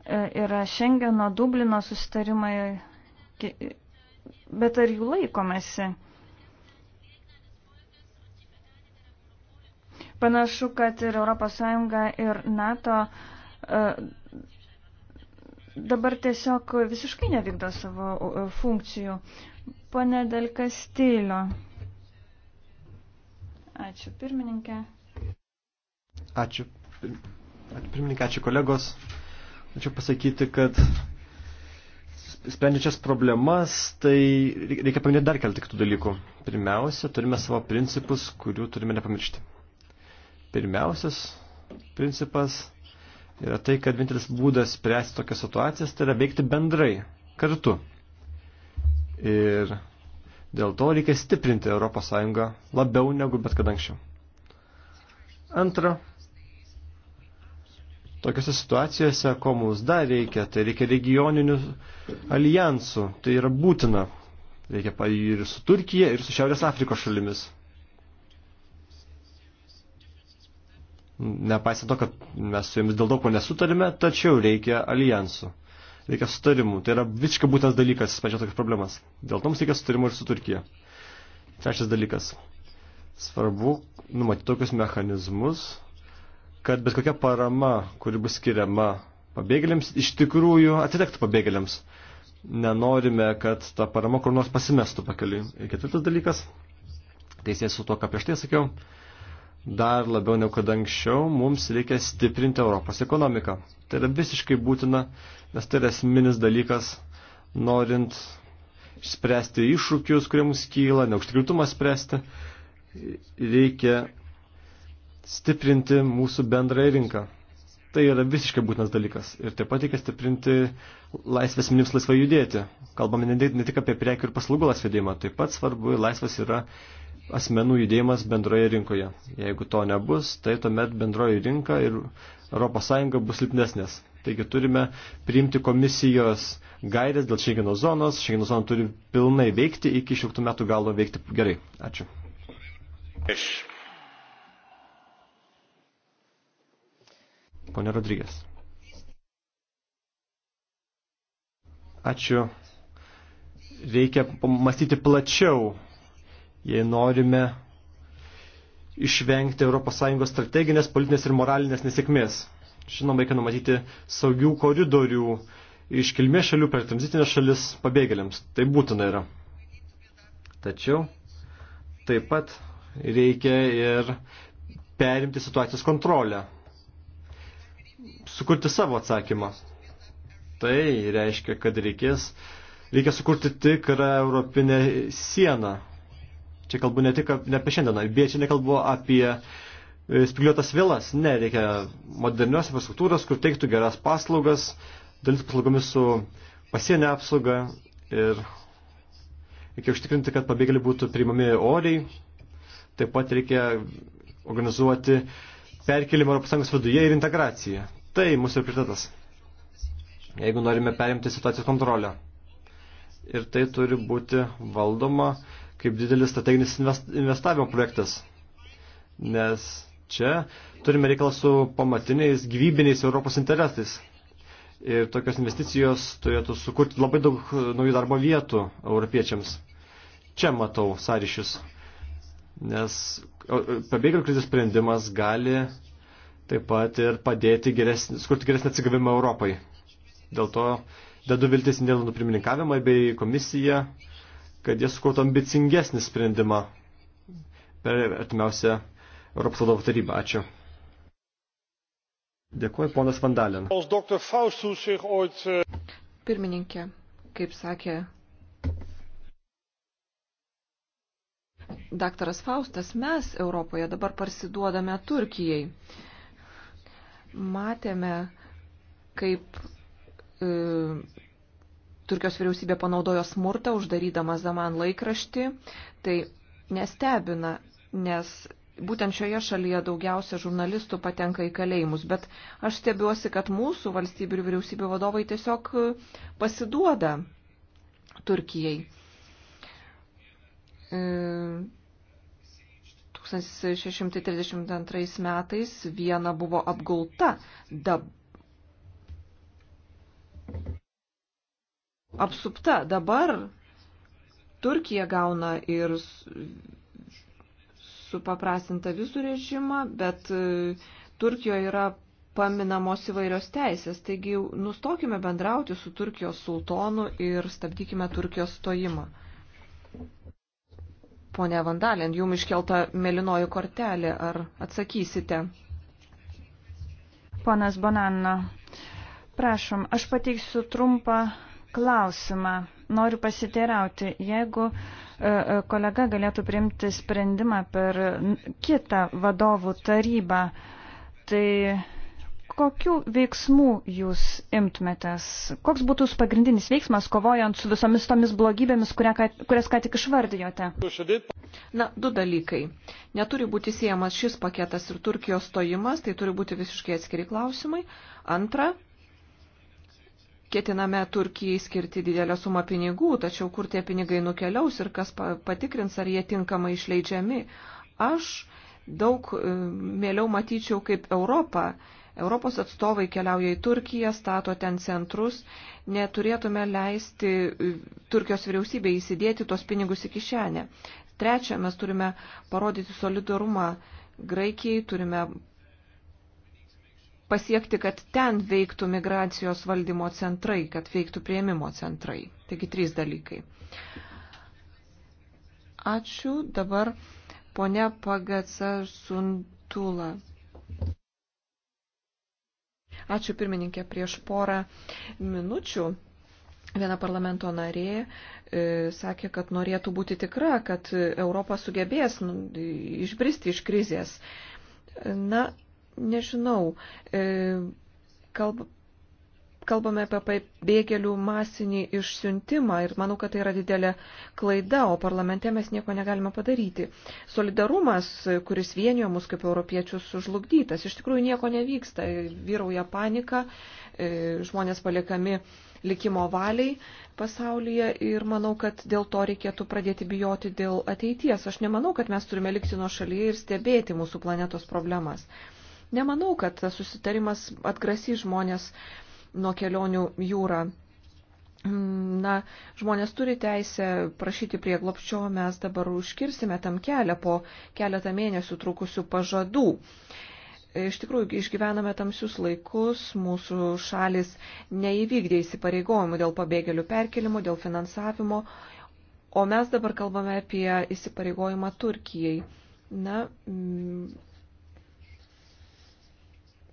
E, yra Šengeno, Dublino susitarimai, bet ar jų laikomasi? Panašu, kad ir ES ir NATO e, dabar tiesiog visiškai nevykdo savo funkcijų. Pone Del Castillo. Ačiū pirmininkė. Ačiū. Ačiū pirmininkė, ačiū kolegos. Ačiū pasakyti, kad sprendžiančias problemas, tai reikia paminėti dar keletą kitų dalykų. Pirmiausia, turime savo principus, kurių turime nepamiršti. Pirmiausias principas yra tai, kad vienintelis būdas spręsti tokias situacijas, tai yra veikti bendrai, kartu. Ir dėl to reikia stiprinti ES labiau negu bet kada anksčiau. Antra, tokiuose situacijose, ko mums dar reikia, tai reikia regioninių alijansų, tai yra būtina. Reikia ir su Turkija, ir su Šiaurės Afrikos šalimis. Nepaisant to, kad mes su jomis dėl daug ko nesutarime, tačiau reikia alijansų. Reikia sutarimų. Tai yra visiškai būtent dalykas, sprendžia tokias problemas. Dėl to mums reikia sutarimų ir su Turkija. Trečias dalykas. Svarbu numatyti tokius mechanizmus, kad bet kokia parama, kuri bus skiriama pabėgėliams, iš tikrųjų atitektų pabėgėliams. Nenorime, kad ta parama kur nors pasimestų pakeliui. Ketvirtas dalykas teisės su to, ką prieš tai sakiau, dar labiau negu kad anksčiau mums reikia stiprinti Europos ekonomiką. Tai yra visiškai būtina, nes tai yra esminis dalykas, norint spręsti iššūkius, kurie mums kyla, neužtikrintumą spręsti, reikia stiprinti mūsų bendrąją rinką. Tai yra visiškai būtinas dalykas. Ir taip pat reikia stiprinti laisvės minims laisvai judėti. Kalbame ne tik apie prekių ir paslaugų laisvėdėjimą, taip pat svarbu laisvas yra asmenų judėjimas bendroje rinkoje. Jeigu to nebus, tai tuomet bendroji rinka ir ES bus silpnesnės. Taigi turime priimti komisijos gairės dėl Šengeno zonos. Šengeno zona turi pilnai veikti iki šiuktų metų galo veikti gerai. Ačiū. Pone Rodrygės. Ačiū. Reikia mąstyti plačiau jei norime išvengti ES strateginės, politinės ir moralinės nesėkmės. Žinoma, reikia numatyti saugių koridorių iš kilmės šalių per tranzitinės šalis pabėgėliams. Tai būtina yra. Tačiau taip pat reikia ir perimti situacijos kontrolę. Sukurti savo atsakymą. Tai reiškia, kad reikės, reikia sukurti tikrą europinę sieną, Čia kalbu ne tik ne apie šiandieną, bet čia nekalbu apie e, spigliuotas vilas. Ne, reikia modernios infrastruktūros, kur teiktų geras paslaugas, dalis paslaugomis su pasienio apsauga ir reikia užtikrinti, kad pabėgėliai būtų priimami oriai. Taip pat reikia organizuoti perkelimą Europos Sąjungos viduje ir integraciją. Tai mūsų prioritetas, jeigu norime perimti situacijos kontrolę. Ir tai turi būti valdoma kaip didelis strateginis investavimo projektas, nes čia turime reikalą su pamatiniais gyvybiniais Europos interesais. Ir tokios investicijos turėtų sukurti labai daug e, naujų darbo vietų europiečiams. Čia matau sąryšius, nes e, pabėgėlių krizės sprendimas gali taip pat ir padėti geresnį, skurti geresnį atsigavimą Europai. Dėl to dedu viltis Nėlandų pirmininkavimą bei komisiją kad jie sukurtų ambicingesnį sprendimą per artimiausią Europos vadovų tarybą. Ačiū. Dėkuoju, ponas Vandalin. Eh, Pirmininkė, kaip sakė daktaras Faustas, mes Europoje dabar parsiduodame Turkijai. Matėme, kaip e, Turkijos vyriausybė panaudojo smurtą, uždarydama Zaman laikraštį, tai nestebina, nes būtent šioje šalyje daugiausia žurnalistų patenka į kalėjimus, bet aš stebiuosi, kad mūsų valstybių ir vyriausybių vadovai tiesiog pasiduoda Turkijai. 1632 e, metais viena buvo apgulta, dab apsupta. Dabar Turkija gauna ir supaprastintą visų režimą, bet e, Turkijoje yra paminamos įvairios teisės. Taigi nustokime bendrauti su Turkijos sultonu ir stabdykime Turkijos stojimą. Pone Vandalin, jums iškelta melinoji kortelė, ar atsakysite? Ponas Bonanna, prašom, aš pateiksiu trumpą klausimą. Noriu pasiteirauti, jeigu e, e, kolega galėtų priimti sprendimą per kitą vadovų tarybą, tai kokių veiksmų jūs imtumėtės? Koks būtų jūsų pagrindinis veiksmas, kovojant su visomis tomis blogybėmis, kuria, kurias ką tik išvardijote? Na, du dalykai. Neturi būti siejamas šis paketas ir Turkijos stojimas, tai turi būti visiškai atskiri klausimai. Antra, ketiname Turkijai skirti didelę sumą pinigų, tačiau kur tie pinigai nukeliaus ir kas patikrins, ar jie tinkamai išleidžiami. Aš daug e, mėliau matyčiau, kaip Europą Europos atstovai keliauja į Turkiją, stato ten centrus, neturėtume leisti e, Turkijos vyriausybei įsidėti tos pinigus į kišenę. Trečia, mes turime parodyti solidarumą Graikijai, turime pasiekti, kad ten veiktų migracijos valdymo centrai, kad veiktų prieimimo centrai. Taigi trys dalykai. Ačiū. Dabar ponia Pagaca Suntula. Ačiū pirmininkė. Prieš porą minučių viena parlamento narė e, sakė, kad norėtų būti tikra, kad Europa sugebės nu, išbristi iš krizės. Na, nežinau, e, kalb, kalbame apie pabėgėlių masinį išsiuntimą ir manau, kad tai yra didelė klaida, o parlamente mes nieko negalime padaryti. Solidarumas, kuris vienijo mus kaip europiečius, sužlugdytas. Iš tikrųjų nieko nevyksta. Vyrauja panika, e, žmonės paliekami likimo valiai pasaulyje ir manau, kad dėl to reikėtų pradėti bijoti dėl ateities. Aš nemanau, kad mes turime likti nuo šalyje ir stebėti mūsų planetos problemas. Nemanau, kad tas susitarimas atgrasys žmonės nuo kelionių jūrą. Na, žmonės turi teisę prašyti prieglopščio, mes dabar užkirsime tam kelią po keletą mėnesių trukusių pažadų. Iš tikrųjų, išgyvename tamsius laikus, mūsų šalis neįvykdė įsipareigojimų dėl pabėgėlių perkelimų, dėl finansavimo, o mes dabar kalbame apie įsipareigojimą Turkijai. Na,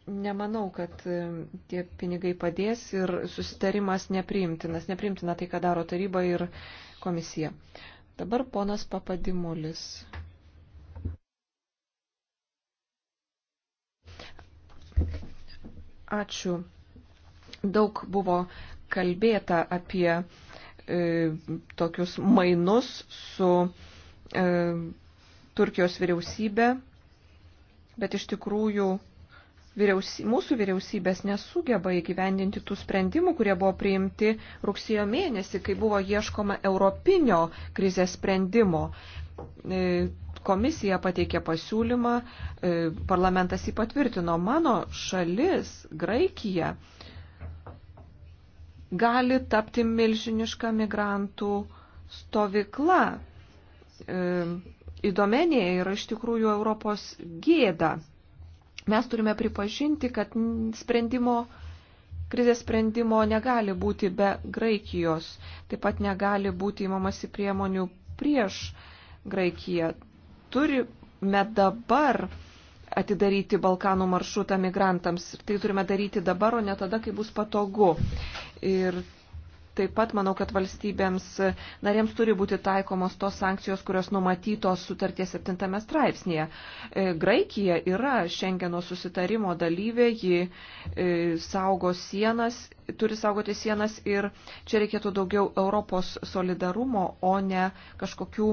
Nemanau, kad e, tie pinigai padės ir susitarimas nepriimtinas. Nepriimtina tai, ką daro taryba ir komisija. Dabar ponas Papadimulis. Ačiū. Daug buvo kalbėta apie e, tokius mainus su e, Turkijos vyriausybė, bet iš tikrųjų vyriausy, mūsų vyriausybės nesugeba įgyvendinti tų sprendimų, kurie buvo priimti rugsėjo mėnesį, kai buvo ieškoma europinio krizės sprendimo. E, komisija pateikė pasiūlymą, e, parlamentas jį patvirtino. Mano šalis, Graikija, gali tapti milžiniška migrantų stovykla. E, Įdomenėje yra iš tikrųjų Europos gėda. Mes turime pripažinti, kad sprendimo, krizės sprendimo negali būti be Graikijos, taip pat negali būti įmamasi priemonių prieš Graikiją. Turime dabar atidaryti Balkanų maršrutą migrantams. Tai turime daryti dabar, o ne tada, kai bus patogu. Ir Taip pat manau, kad valstybėms narėms turi būti taikomos tos sankcijos, kurios numatytos sutarties 7 straipsnėje. E, Graikija yra Šengeno susitarimo dalyvė, ji e, saugo sienas, turi saugoti sienas ir čia reikėtų daugiau Europos solidarumo, o ne kažkokių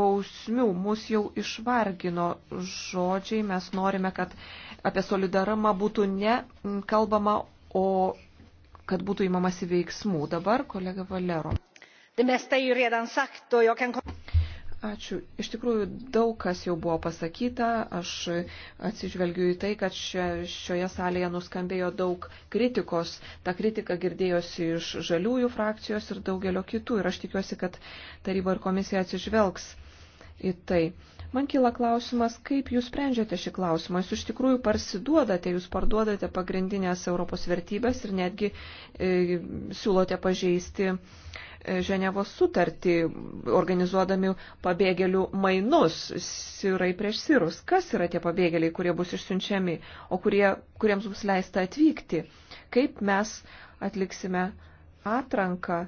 bausmių. Mus jau išvargino žodžiai, mes norime, kad apie solidarumą būtų ne kalbama, o kad būtų įmamasi veiksmų. Dabar kolega Valero. Er Ačiū. Iš tikrųjų, daug kas jau buvo pasakyta. Aš atsižvelgiu į tai, kad šioje salėje nuskambėjo daug kritikos. Ta kritika girdėjosi iš žaliųjų frakcijos ir daugelio kitų. Ir aš tikiuosi, kad taryba ir komisija atsižvelgs į tai. Man kyla klausimas, kaip jūs sprendžiate šį klausimą. Jūs iš tikrųjų parsiduodate, jūs parduodate pagrindinės Europos vertybės ir netgi e, siūlote pažeisti e, Ženevos sutartį, organizuodami pabėgėlių mainus sirai prieš sirus. Kas yra tie pabėgėliai, kurie bus išsiunčiami, o kurie, kuriems bus leista atvykti? Kaip mes atliksime atranką?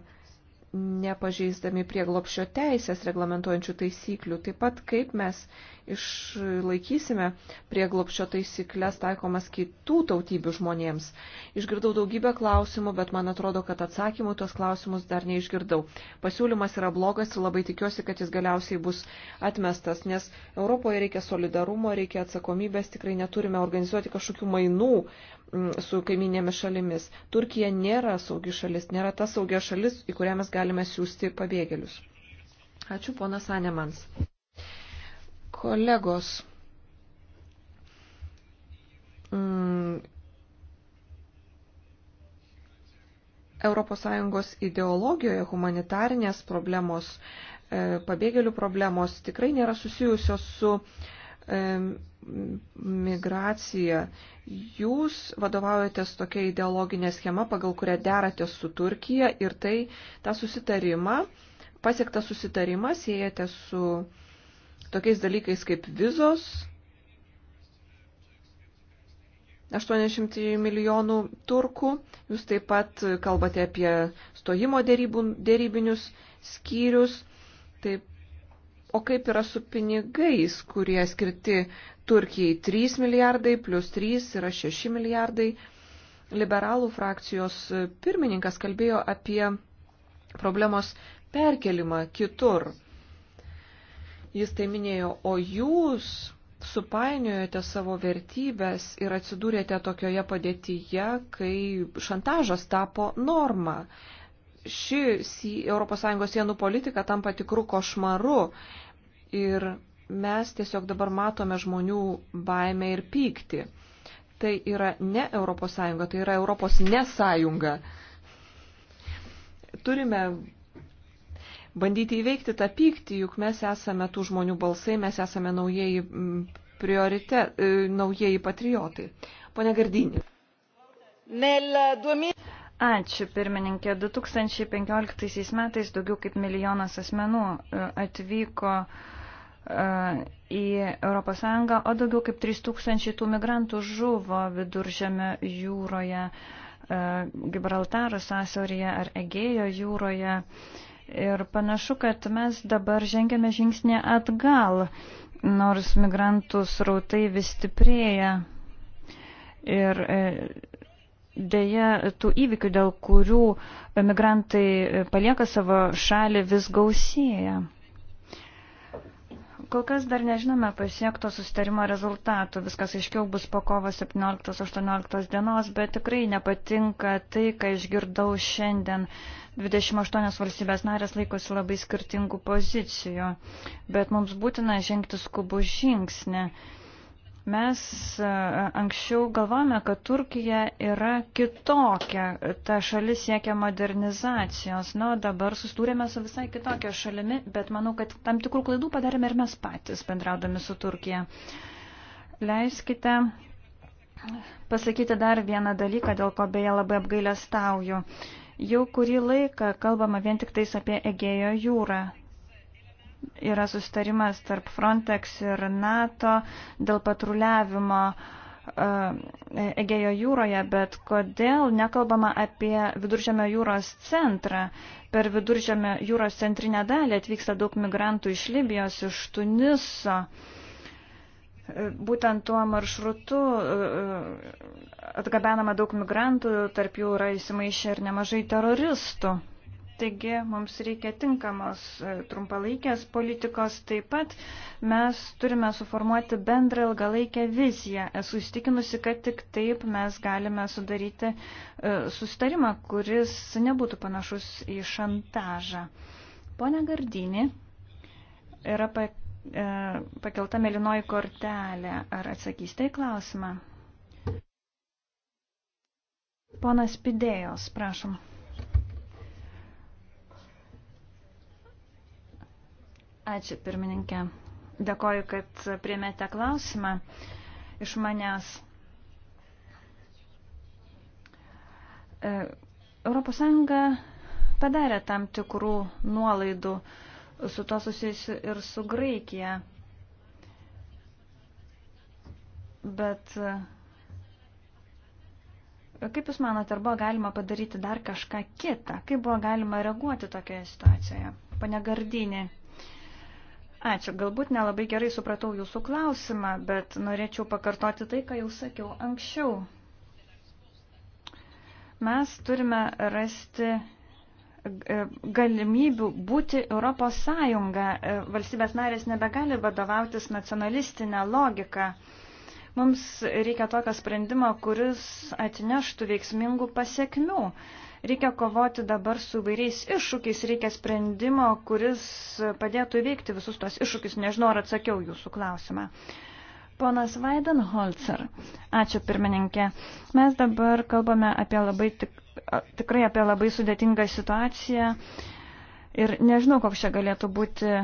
nepažeisdami prieglopšio teisės reglamentuojančių taisyklių, taip pat kaip mes išlaikysime prieglopšio taisyklės taikomas kitų tautybių žmonėms. Išgirdau daugybę klausimų, bet man atrodo, kad atsakymų tuos klausimus dar neišgirdau. Pasiūlymas yra blogas ir labai tikiuosi, kad jis galiausiai bus atmestas, nes Europoje reikia solidarumo, reikia atsakomybės, tikrai neturime organizuoti kažkokių mainų su kaiminėmis šalimis. Turkija nėra saugi šalis, nėra ta saugia šalis, į kurią mes galime siūsti pabėgėlius. Ačiū, ponas Anemans. Kolegos. Mm, ES ideologijoje humanitarinės problemos, e, pabėgėlių problemos tikrai nėra susijusios su uh, migracija. Jūs vadovaujatės tokia ideologinė schema, pagal kurią deratės su Turkija ir tai tą susitarimą, pasiektą susitarimą siejate su tokiais dalykais kaip vizos. 80 milijonų turkų. Jūs taip pat kalbate apie stojimo dėrybų, dėrybinius skyrius. Taip O kaip yra su pinigais, kurie skirti Turkijai 3 milijardai, plus 3 yra 6 milijardai? Liberalų frakcijos pirmininkas kalbėjo apie problemos perkelimą kitur. Jis tai minėjo, o jūs supainiojote savo vertybės ir atsidūrėte tokioje padėtyje, kai šantažas tapo norma ši ES sienų politika tampa tikrų košmaru ir mes tiesiog dabar matome žmonių baimę ir pyktį. Tai yra ne ES, tai yra Europos nesąjunga. Turime bandyti įveikti tą pyktį, juk mes esame tų žmonių balsai, mes esame naujieji, priorite, e, naujieji patriotai. Pone Gardinį. Nel 2000... Ačiū, pirmininkė. 2015 metais daugiau kaip milijonas asmenų e, atvyko e, į ES, o daugiau kaip 3000 tų migrantų žuvo viduržėme jūroje, e, Gibraltaro sąsiaurėje ar Egėjo jūroje. Ir panašu, kad mes dabar žengėme žingsnį atgal, nors migrantų srautai vis stiprėja. Ir Deja, tų įvykių, dėl kurių migrantai palieka savo šalį, vis gausėja. Kol kas dar nežinome pasiekto sustarimo rezultatų. Viskas aiškiau bus po kovo 17-18 dienos, bet tikrai nepatinka tai, ką išgirdau šiandien. 28 valstybės narės laikosi labai skirtingų pozicijų, bet mums būtina žengti skubų žingsnį. Mes e, anksčiau galvojame, kad Turkija yra kitokia, ta šalis siekia modernizacijos, nu dabar sustūrėme su visai kitokia šalimi, bet manau, kad tam tikrų klaidų padarėme ir mes patys bendraudami su Turkija. Leiskite pasakyti dar vieną dalyką, dėl ko beje labai apgailę stauju. Jau kurį laiką kalbama vien tik tais apie Egėjo jūrą, yra sustarimas tarp Frontex ir NATO dėl patruliavimo e, Egejo jūroje, bet kodėl nekalbama apie Viduržėmio jūros centrą? Per Viduržėmio jūros centrinę dalį atvyksta daug migrantų iš Libijos, iš Tuniso. E, būtent tuo maršrutu e, atgabenama daug migrantų, tarp jų yra įsimaišę ir nemažai teroristų. Taigi mums reikia tinkamos e, trumpalaikės politikos. Taip pat mes turime suformuoti bendrą ilgalaikę viziją. Esu įstikinusi, kad tik taip mes galime sudaryti e, sustarimą, kuris nebūtų panašus į šantažą. Pone Gardinį yra e, pakelta melinoji kortelė. Ar atsakysite į klausimą? Ponas Pidėjos, prašom. Ačiū, pirmininkė. Dėkoju, kad priemėte klausimą iš manęs. ES padarė tam tikrų nuolaidų su to susijusiu ir su Graikija. Bet e, kaip Jūs manote, ar buvo galima padaryti dar kažką kitą? Kaip buvo galima reaguoti tokioje situacijoje? Pane Gardinė. Ačiū. Galbūt nelabai gerai supratau jūsų klausimą, bet norėčiau pakartoti tai, ką jau sakiau anksčiau. Mes turime rasti e, galimybių būti Europos Sąjunga. E, valstybės narės nebegali vadovautis nacionalistinę logiką. Mums reikia tokio sprendimo, kuris atneštų veiksmingų pasiekmių. Reikia kovoti dabar su vairiais iššūkiais, reikia sprendimo, kuris padėtų įveikti visus tos iššūkius. Nežinau, ar atsakiau jūsų klausimą. Ponas Vaidenholzer, ačiū pirmininkė. Mes dabar kalbame apie labai tik, tikrai apie labai sudėtingą situaciją ir nežinau, koks čia galėtų būti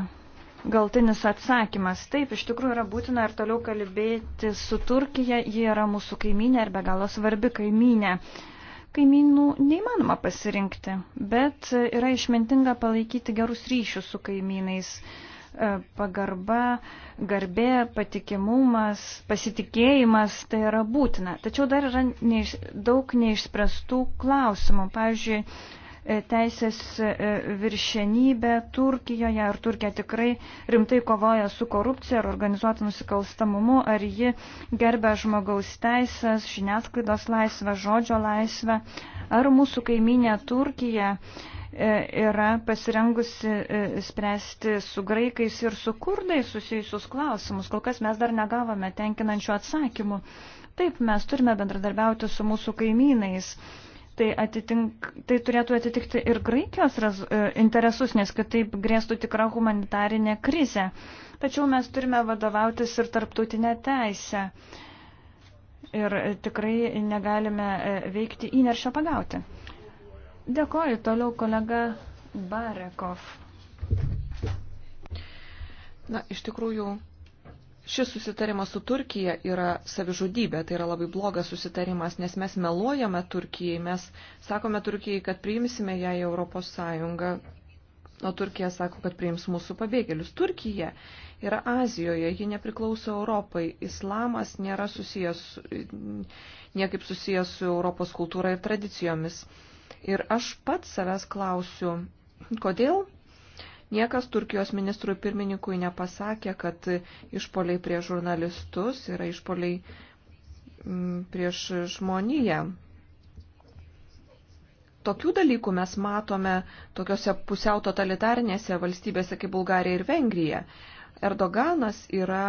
galtinis atsakymas. Taip, iš tikrųjų yra būtina ir toliau kalbėti su Turkija, ji yra mūsų kaiminė ir be galo svarbi kaiminė. Uh, Kaimynų neįmanoma pasirinkti, bet yra išmintinga palaikyti gerus ryšius su kaimynais. E, pagarba, garbė, patikimumas, pasitikėjimas tai yra būtina. Tačiau dar yra neiš, daug neišspręstų klausimų. Pavyzdžiui, E, teisės e, viršenybę Turkijoje, ar Turkija tikrai rimtai kovoja su korupcija ar organizuotų nusikalstamumu, ar ji gerbia žmogaus teisės, žiniasklaidos laisvę, žodžio laisvę, ar mūsų kaiminė Turkija e, yra pasirengusi spręsti su graikais ir su kurdais susijusius klausimus. Kol kas mes dar negavome tenkinančių atsakymų. Taip, mes turime bendradarbiauti su mūsų kaimynais tai, atitink, tai turėtų atitikti ir Graikijos raz, e, interesus, nes kitaip grėstų tikra humanitarinė krizė. Tačiau mes turime vadovautis ir tarptautinę teisę. Ir e, tikrai negalime e, veikti įneršio pagauti. Dėkoju toliau kolega Barekov. Na, iš tikrųjų, Šis susitarimas su Turkija yra savižudybė, tai yra labai blogas susitarimas, nes mes meluojame Turkijai, mes sakome Turkijai, kad priimsime ją į Europos Sąjungą, o Turkija sako, kad priims mūsų pabėgėlius. Turkija yra Azijoje, ji nepriklauso Europai, islamas nėra susijęs, niekaip susijęs su Europos kultūra ir tradicijomis. Ir aš pats savęs klausiu, kodėl Niekas Turkijos ministrui pirmininkui nepasakė, kad išpoliai prieš žurnalistus yra išpoliai mm, prieš žmoniją. Tokių dalykų mes matome tokiuose pusiau totalitarnėse valstybėse kaip Bulgarija ir Vengrija. Erdoganas yra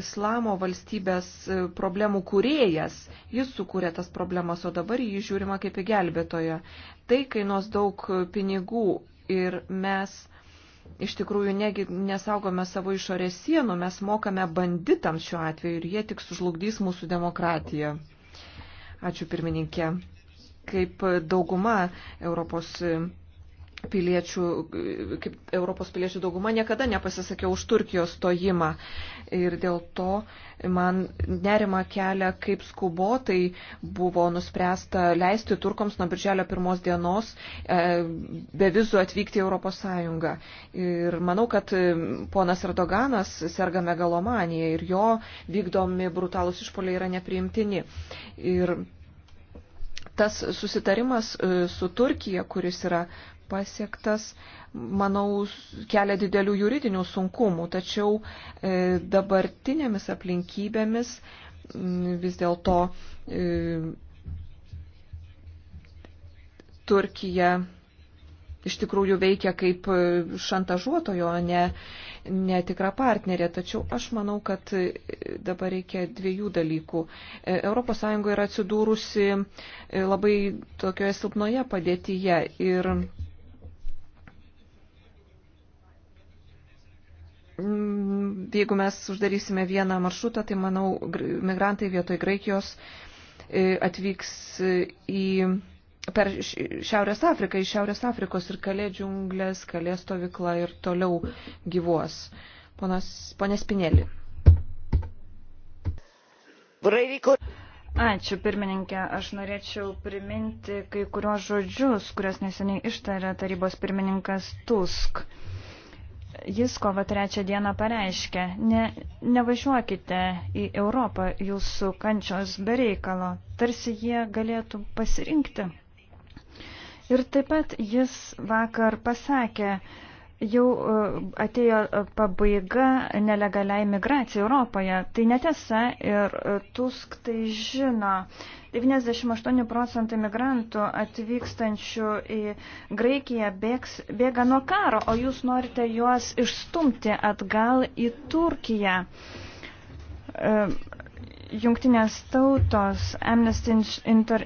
islamo valstybės e, problemų kūrėjas. Jis sukūrė tas problemas, o dabar jį žiūrima kaip į gelbėtoją. Tai kainuos daug pinigų ir mes iš tikrųjų negi nesaugome savo išorės sienų, mes mokame banditams šiuo atveju ir jie tik sužlugdys mūsų demokratiją. Ačiū pirmininkė. Kaip dauguma Europos piliečių, kaip Europos piliečių dauguma, niekada nepasisakiau už Turkijos stojimą. Ir dėl to man nerima kelia, kaip skubotai buvo nuspręsta leisti turkoms nuo birželio pirmos dienos e, be vizų atvykti į Europos Sąjungą. Ir manau, kad ponas Erdoganas serga megalomaniją ir jo vykdomi brutalus išpoliai yra nepriimtini. Ir tas susitarimas e, su Turkija, kuris yra pasiektas, manau, kelia didelių juridinių sunkumų, tačiau e, dabartinėmis aplinkybėmis vis dėlto e, Turkija iš tikrųjų veikia kaip e, šantažuotojo, ne, ne tikra partnerė. Tačiau aš manau, kad dabar reikia dviejų dalykų. ES yra atsidūrusi labai tokioje silpnoje padėtyje ir jeigu mes uždarysime vieną maršrutą, tai manau, migrantai vietoj Graikijos e, atvyks į per Šiaurės Afriką, iš Šiaurės Afrikos ir kalė džiunglės, kalė stovykla ir toliau gyvuos. Ponas, ponės Pinėlį. Ačiū, pirmininkė. Aš norėčiau priminti kai kurios žodžius, kurias neseniai ištarė tarybos pirmininkas Tusk. Jis kovo trečią dieną pareiškė, ne, nevažiuokite į Europą jūsų kančios bereikalo, tarsi jie galėtų pasirinkti. Ir taip pat jis vakar pasakė, uh, jau e, atėjo e, pabaiga nelegaliai migracijai Europoje. Tai netiesa ir e, Tusk tai žino. 98 procentai migrantų atvykstančių į Graikiją bėgs, bėga nuo karo, o jūs norite juos išstumti atgal į Turkiją. Jungtinės tautos, Amnesty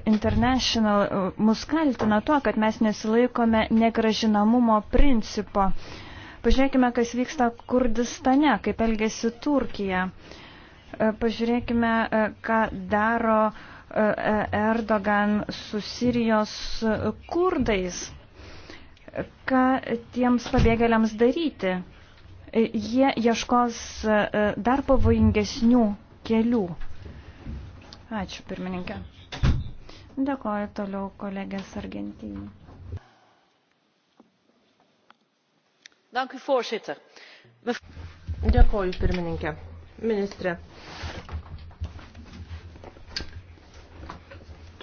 International e, mus kaltina tuo, kad mes nesilaikome negražinamumo principo. Pažiūrėkime, kas vyksta Kurdistane, kaip elgesi Turkija. E, pažiūrėkime, e, ką daro Erdogan su Sirijos kurdais. Ką tiems pabėgėliams daryti? Jie ieškos dar pavojingesnių kelių. Ačiū, pirmininkė. Dėkoju toliau kolegės Argentinį. Dėkoju, pirmininkė. Ministrė.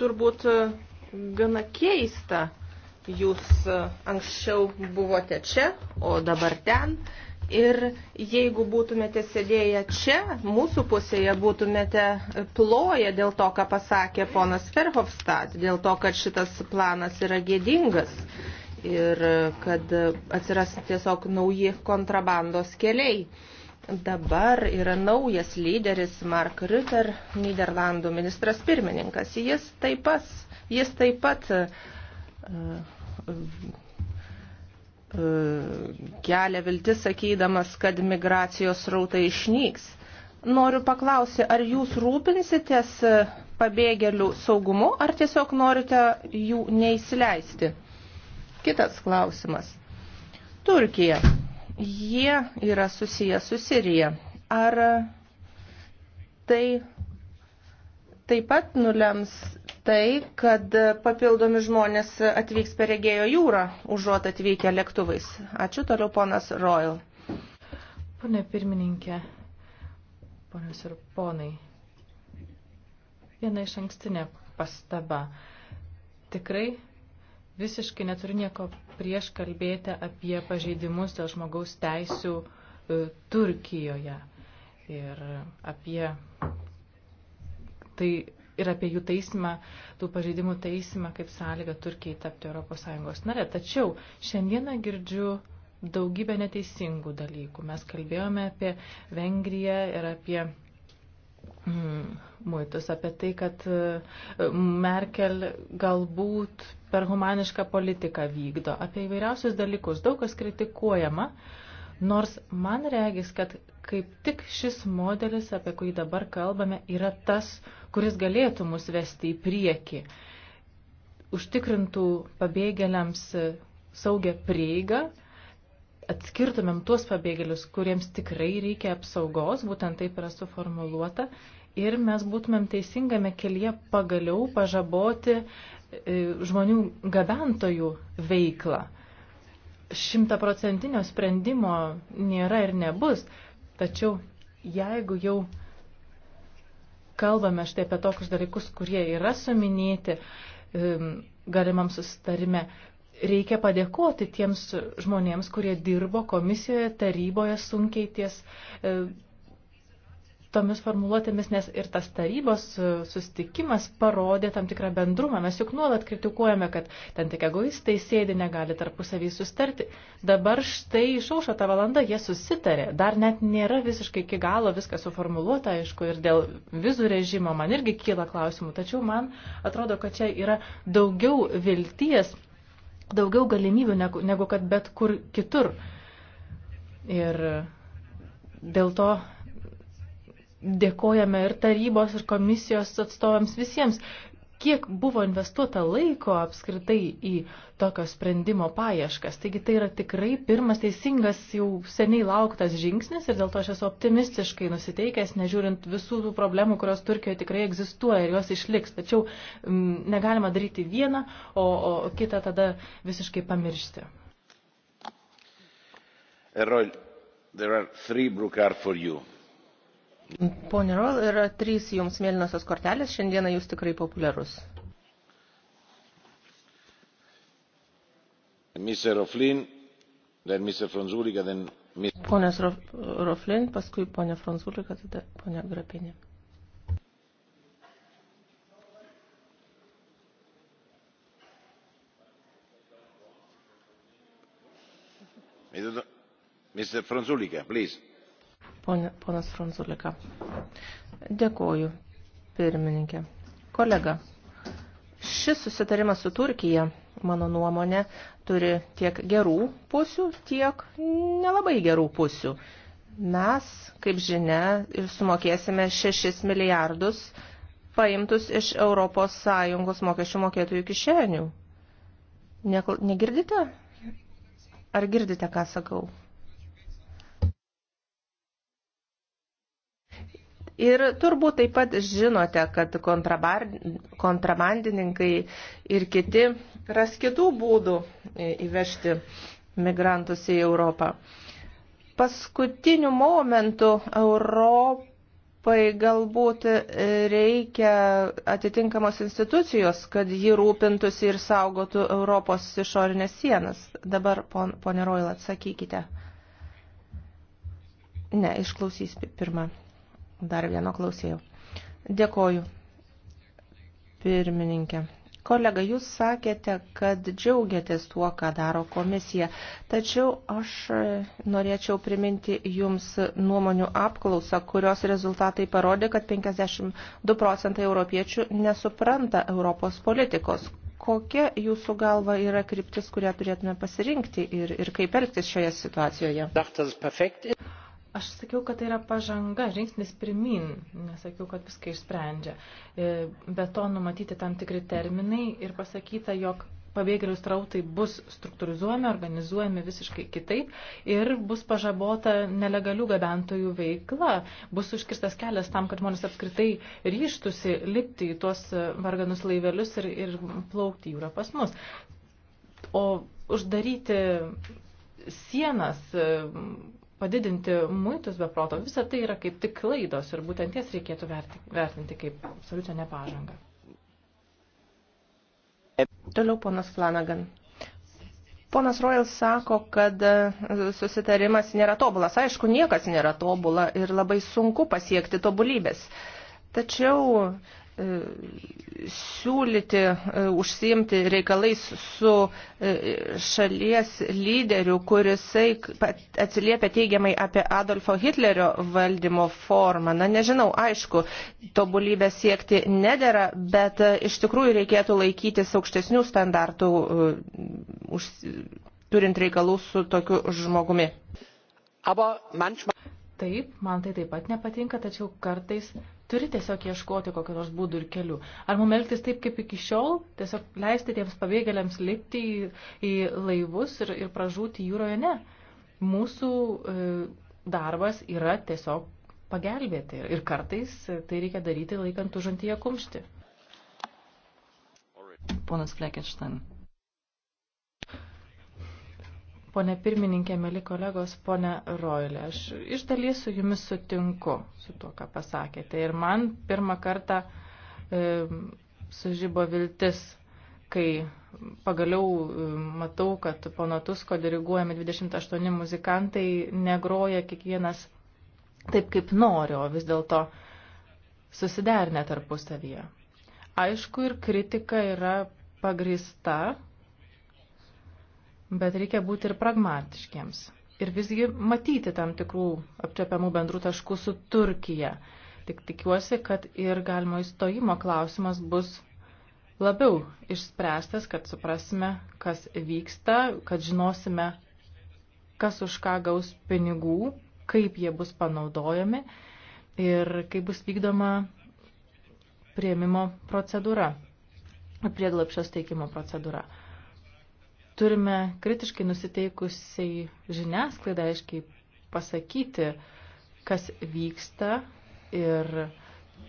Turbūt e, gana keista, jūs e, anksčiau buvote čia, o dabar ten Ir jeigu būtumėte sėdėję čia, mūsų pusėje būtumėte ploję dėl to, ką pasakė ponas Ferhofstad, dėl to, kad šitas planas yra gėdingas ir kad atsiras tiesiog nauji kontrabandos keliai. Dabar yra naujas lyderis Mark Rutter, Niderlandų ministras pirmininkas. Jis taip pat, jis taip pat uh, E, kelia viltis sakydamas, kad migracijos rautai išnyks. Noriu paklausti, ar jūs rūpinsitės pabėgėlių saugumu, ar tiesiog norite jų neįsileisti? Kitas klausimas. Turkija. Jie yra susiję su Sirija. Ar tai taip pat nulems tai, kad papildomi žmonės atvyks per Egėjo jūrą, užuot atvykę lėktuvais. Ačiū toliau ponas Royal. Pane pirmininkė, ponios ir ponai, viena iš ankstinė pastaba. Tikrai visiškai neturiu nieko prieš kalbėti apie pažeidimus dėl žmogaus teisių e, Turkijoje ir apie tai ir apie jų taisymą, tų pažeidimų taisymą kaip sąlyga Turkijai tapti ES nare. Tačiau šiandieną girdžiu daugybę neteisingų dalykų. Mes kalbėjome apie Vengriją ir apie mm, muitus, apie tai, kad mm, Merkel galbūt per humanišką politiką vykdo, apie įvairiausius dalykus. Daug kas kritikuojama. Nors man regis, kad kaip tik šis modelis, apie kurį dabar kalbame, yra tas, kuris galėtų mus vesti į priekį, užtikrintų pabėgėliams e, saugę prieigą, atskirtumėm tuos pabėgėlius, kuriems tikrai reikia apsaugos, būtent taip yra suformuluota, ir mes būtumėm teisingame kelyje pagaliau pažaboti e, žmonių gabentojų veiklą šimtaprocentinio sprendimo nėra ir nebus, Tačiau jeigu jau kalbame štai apie tokius dalykus, kurie yra suminėti galimam susitarime, reikia padėkoti tiems žmonėms, kurie dirbo komisijoje, taryboje sunkiai ties tomis formuluotėmis, nes ir tas tarybos e, sustikimas parodė tam tikrą bendrumą. Mes juk nuolat kritikuojame, kad ten tik egoistai sėdi, negali tarpusavį sustarti. Dabar štai išaušo tą valandą, jie susitarė. Dar net nėra visiškai iki galo viskas suformuluota, aišku, ir dėl vizų režimo man irgi kyla klausimų. Tačiau man atrodo, kad čia yra daugiau vilties, daugiau galimybių negu, negu kad bet kur kitur. Ir dėl to dėkojame ir tarybos, ir komisijos atstovams visiems. Kiek buvo investuota laiko apskritai į tokio sprendimo paieškas. Taigi tai yra tikrai pirmas teisingas, jau seniai lauktas žingsnis ir dėl to aš esu optimistiškai nusiteikęs, nežiūrint visų tų problemų, kurios Turkijoje tikrai egzistuoja ir jos išliks. Tačiau m, mm, negalima daryti vieną, o, o kitą tada visiškai pamiršti. Errol, there are three blue cards for you. Pone Rol, yra trys jums mėlynosios kortelės, šiandieną jūs tikrai populiarus. Mr. Roflin, then Mr. Franzulika, then Mr. Ponas Roflin, paskui ponė Franzulika, tada ponė Grapinė. Mr. Franzulika, please. Pone, ponas Franzulika. Dėkoju, pirmininkė. Kolega, šis susitarimas su Turkija, mano nuomonė, turi tiek gerų pusių, tiek nelabai gerų pusių. Mes, kaip žinia, ir sumokėsime 6 milijardus paimtus iš ES mokesčių mokėtojų kišenių. Negirdite? Ar girdite, ką sakau? Ir turbūt taip pat žinote, kad kontrabandininkai ir kiti ras kitų būdų e, įvežti migrantus į Europą. Paskutiniu momentu Europai galbūt e, reikia atitinkamos institucijos, kad ji rūpintųsi ir saugotų Europos išorinės sienas. Dabar, pon, ponė Roil, atsakykite. Ne, išklausys pirmą. Dar vieno klausėjau. Dėkoju, pirmininkė. Kolega, jūs sakėte, kad džiaugiatės tuo, ką daro komisija, tačiau aš norėčiau priminti jums nuomonių apklausą, kurios rezultatai parodė, kad 52 procentai europiečių nesupranta Europos politikos. Kokia jūsų galva yra kryptis, kurią turėtume pasirinkti ir, ir kaip elgtis šioje situacijoje? Aš sakiau, kad tai yra pažanga, žingsnis pirmin, nesakiau, kad viską išsprendžia. E, be to numatyti tam tikri terminai ir pasakyta, jog pabėgėlių strautai bus struktūrizuojami, organizuojami visiškai kitaip ir bus pažabota nelegalių gabentojų veikla, bus užkirstas kelias tam, kad žmonės apskritai ryštusi lipti į tuos varganus laivelius ir, ir plaukti jūrą pas mus. O uždaryti sienas padidinti muitus be proto, visa tai yra kaip tik klaidos ir būtent jas reikėtų vertinti kaip absoliučią nepažangą. Toliau ponas Flanagan. Ponas Royal sako, kad e, susitarimas nėra tobulas. Aišku, niekas nėra tobula ir labai sunku pasiekti tobulybės. Tačiau E, siūlyti e, užsiimti reikalais su e, šalies lyderiu, kurisai atsiliepia teigiamai apie Adolfo Hitlerio valdymo formą. Na, nežinau, aišku, tobulybę siekti nedėra, bet iš tikrųjų reikėtų laikytis aukštesnių standartų, už, turint reikalų su tokiu žmogumi. Taip, man tai taip pat nepatinka, tačiau kartais turi tiesiog ieškoti kokio nors būdų ir kelių. Ar mum elgtis taip kaip iki šiol, tiesiog leisti tiems pabėgėliams lipti į, į laivus ir, ir pražūti jūroje? Ne. Mūsų e, darbas yra tiesiog pagelbėti ir kartais e, tai reikia daryti laikant užantyje kumštį. Ponas Fleckenstein. Pone pirmininkė, mėly kolegos, pone Roilė, aš iš dalies su jumis sutinku su tuo, ką pasakėte. Ir man pirmą kartą e, sužybo viltis, kai pagaliau e, matau, kad pono Tusko diriguojami 28 muzikantai negroja kiekvienas taip, kaip nori, o vis dėlto susidernę tarpusavyje. Aišku, ir kritika yra pagrista bet reikia būti ir pragmatiškiems. Ir visgi matyti tam tikrų apčiopiamų bendrų taškų su Turkija. Tik tikiuosi, kad ir galimo įstojimo klausimas bus labiau išspręstas, kad suprasime, kas vyksta, kad žinosime, kas už ką gaus pinigų, kaip jie bus panaudojami ir kaip bus vykdoma prieimimo procedūra, prieglapšio steikimo procedūra. Turime kritiškai nusiteikusiai žiniasklaidai aiškiai pasakyti, kas vyksta ir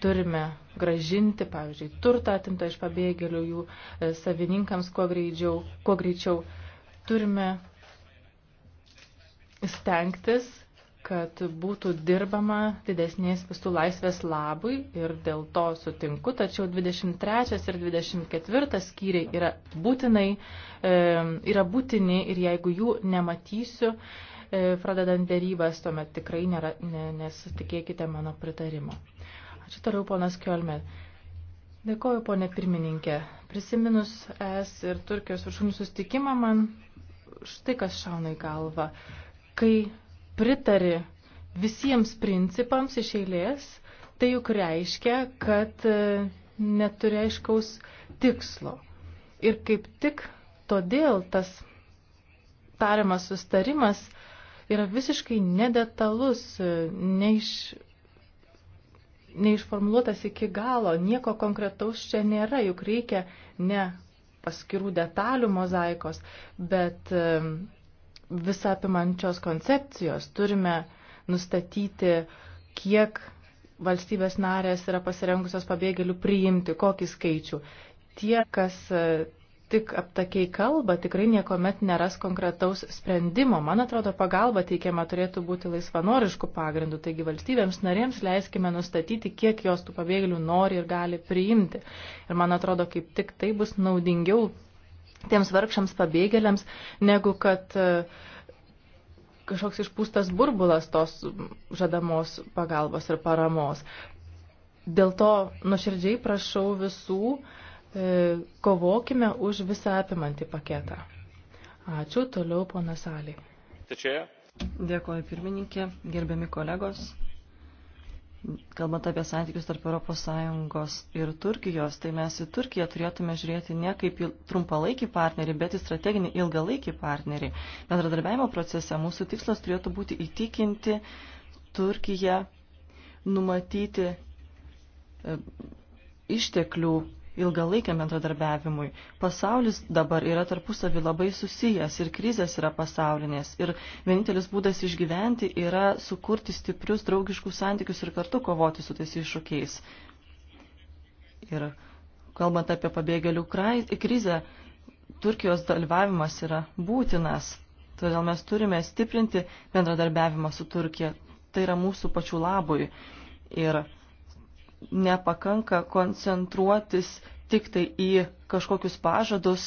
turime gražinti, pavyzdžiui, turtą atimtą iš pabėgėlių jų e, savininkams kuo, greičiau, kuo greičiau. Turime stengtis kad būtų dirbama didesnės visų laisvės labui ir dėl to sutinku, tačiau 23 ir 24 skyriai yra būtinai, e, yra būtini ir jeigu jų nematysiu, e, pradedant dėrybas, tuomet tikrai nėra, ne, nesutikėkite mano pritarimo. Ačiū toliau, ponas Kiolmet. Dėkoju, ponė pirmininkė. Prisiminus es ir Turkijos viršūnų sustikimą, man štai kas šauna į galvą. Kai pritari visiems principams iš eilės, tai juk reiškia, kad e, neturi aiškaus tikslo. Ir kaip tik todėl tas tariamas sustarimas yra visiškai nedetalus, e, neiš, neišformuluotas iki galo, nieko konkretaus čia nėra, juk reikia ne paskirų detalių mozaikos, bet e, visapimančios koncepcijos turime nustatyti, kiek valstybės narės yra pasirengusios pabėgėlių priimti, kokį skaičių. Tie, kas e, tik aptakiai kalba, tikrai niekuomet neras konkretaus sprendimo. Man atrodo, pagalba teikiama turėtų būti laisvanoriškų pagrindų, taigi valstybėms narėms leiskime nustatyti, kiek jos tų pabėgėlių nori ir gali priimti. Ir man atrodo, kaip tik tai bus naudingiau tiems vargšams pabėgėliams, negu kad e, kažkoks išpūstas burbulas tos žadamos pagalbos ir paramos. Dėl to nuoširdžiai prašau visų, e, kovokime už visą apimantį paketą. Ačiū, toliau ponas Salė. Dėkuoju pirmininkė, gerbiami kolegos kalbant apie santykius tarp ES ir Turkijos, tai mes į Turkiją turėtume žiūrėti ne kaip į trumpalaikį partnerį, bet į strateginį ilgalaikį partnerį. Bendradarbiavimo procese mūsų tikslas turėtų būti įtikinti Turkiją numatyti e, išteklių ilgalaikiam bendradarbiavimui. Pasaulis dabar yra tarpusavį labai susijęs ir krizės yra pasaulinės. Ir vienintelis būdas išgyventi yra sukurti stiprius draugiškus santykius ir kartu kovoti su tais iššūkiais. Ir kalbant apie pabėgėlių krizę, Turkijos dalyvavimas yra būtinas. Todėl mes turime stiprinti bendradarbiavimą su Turkija. Tai yra mūsų pačių labui. Ir nepakanka koncentruotis tik tai į kažkokius pažadus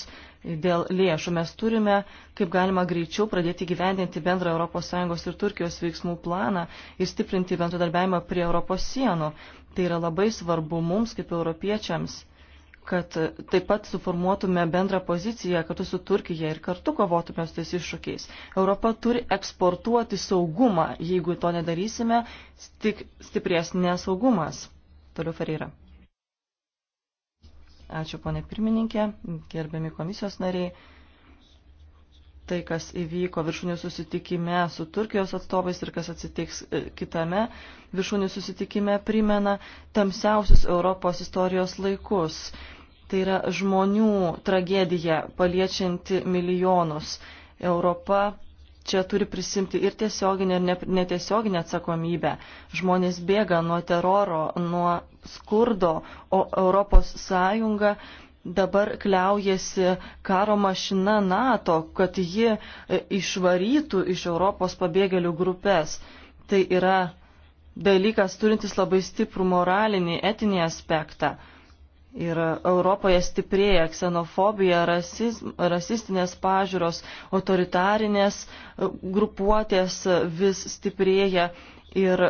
dėl lėšų. Mes turime, kaip galima greičiau, pradėti gyvendinti bendrą ES ir Turkijos veiksmų planą ir stiprinti bendradarbiavimą prie Europos sienų. Tai yra labai svarbu mums, kaip europiečiams, kad taip pat suformuotume bendrą poziciją kartu su Turkija ir kartu kovotume su tais iššūkiais. Europa turi eksportuoti saugumą, jeigu to nedarysime, tik stiprės nesaugumas. Toliau Ferreira. Ačiū, ponė pirmininkė, gerbiami komisijos nariai. Tai, kas įvyko viršūnių susitikime su Turkijos atstovais ir kas atsitiks e, kitame viršūnių susitikime, primena tamsiausius Europos istorijos laikus. Tai yra žmonių tragedija paliečianti milijonus. Europa čia turi prisimti ir tiesioginę, ir netiesioginę atsakomybę. Žmonės bėga nuo teroro, nuo skurdo, o ES dabar kliaujasi karo mašina NATO, kad ji e, išvarytų iš Europos pabėgėlių grupės. Tai yra dalykas turintis labai stiprų moralinį, etinį aspektą. Ir Europoje stiprėja ksenofobija, rasizm, rasistinės pažiūros, autoritarinės e, grupuotės vis stiprėja ir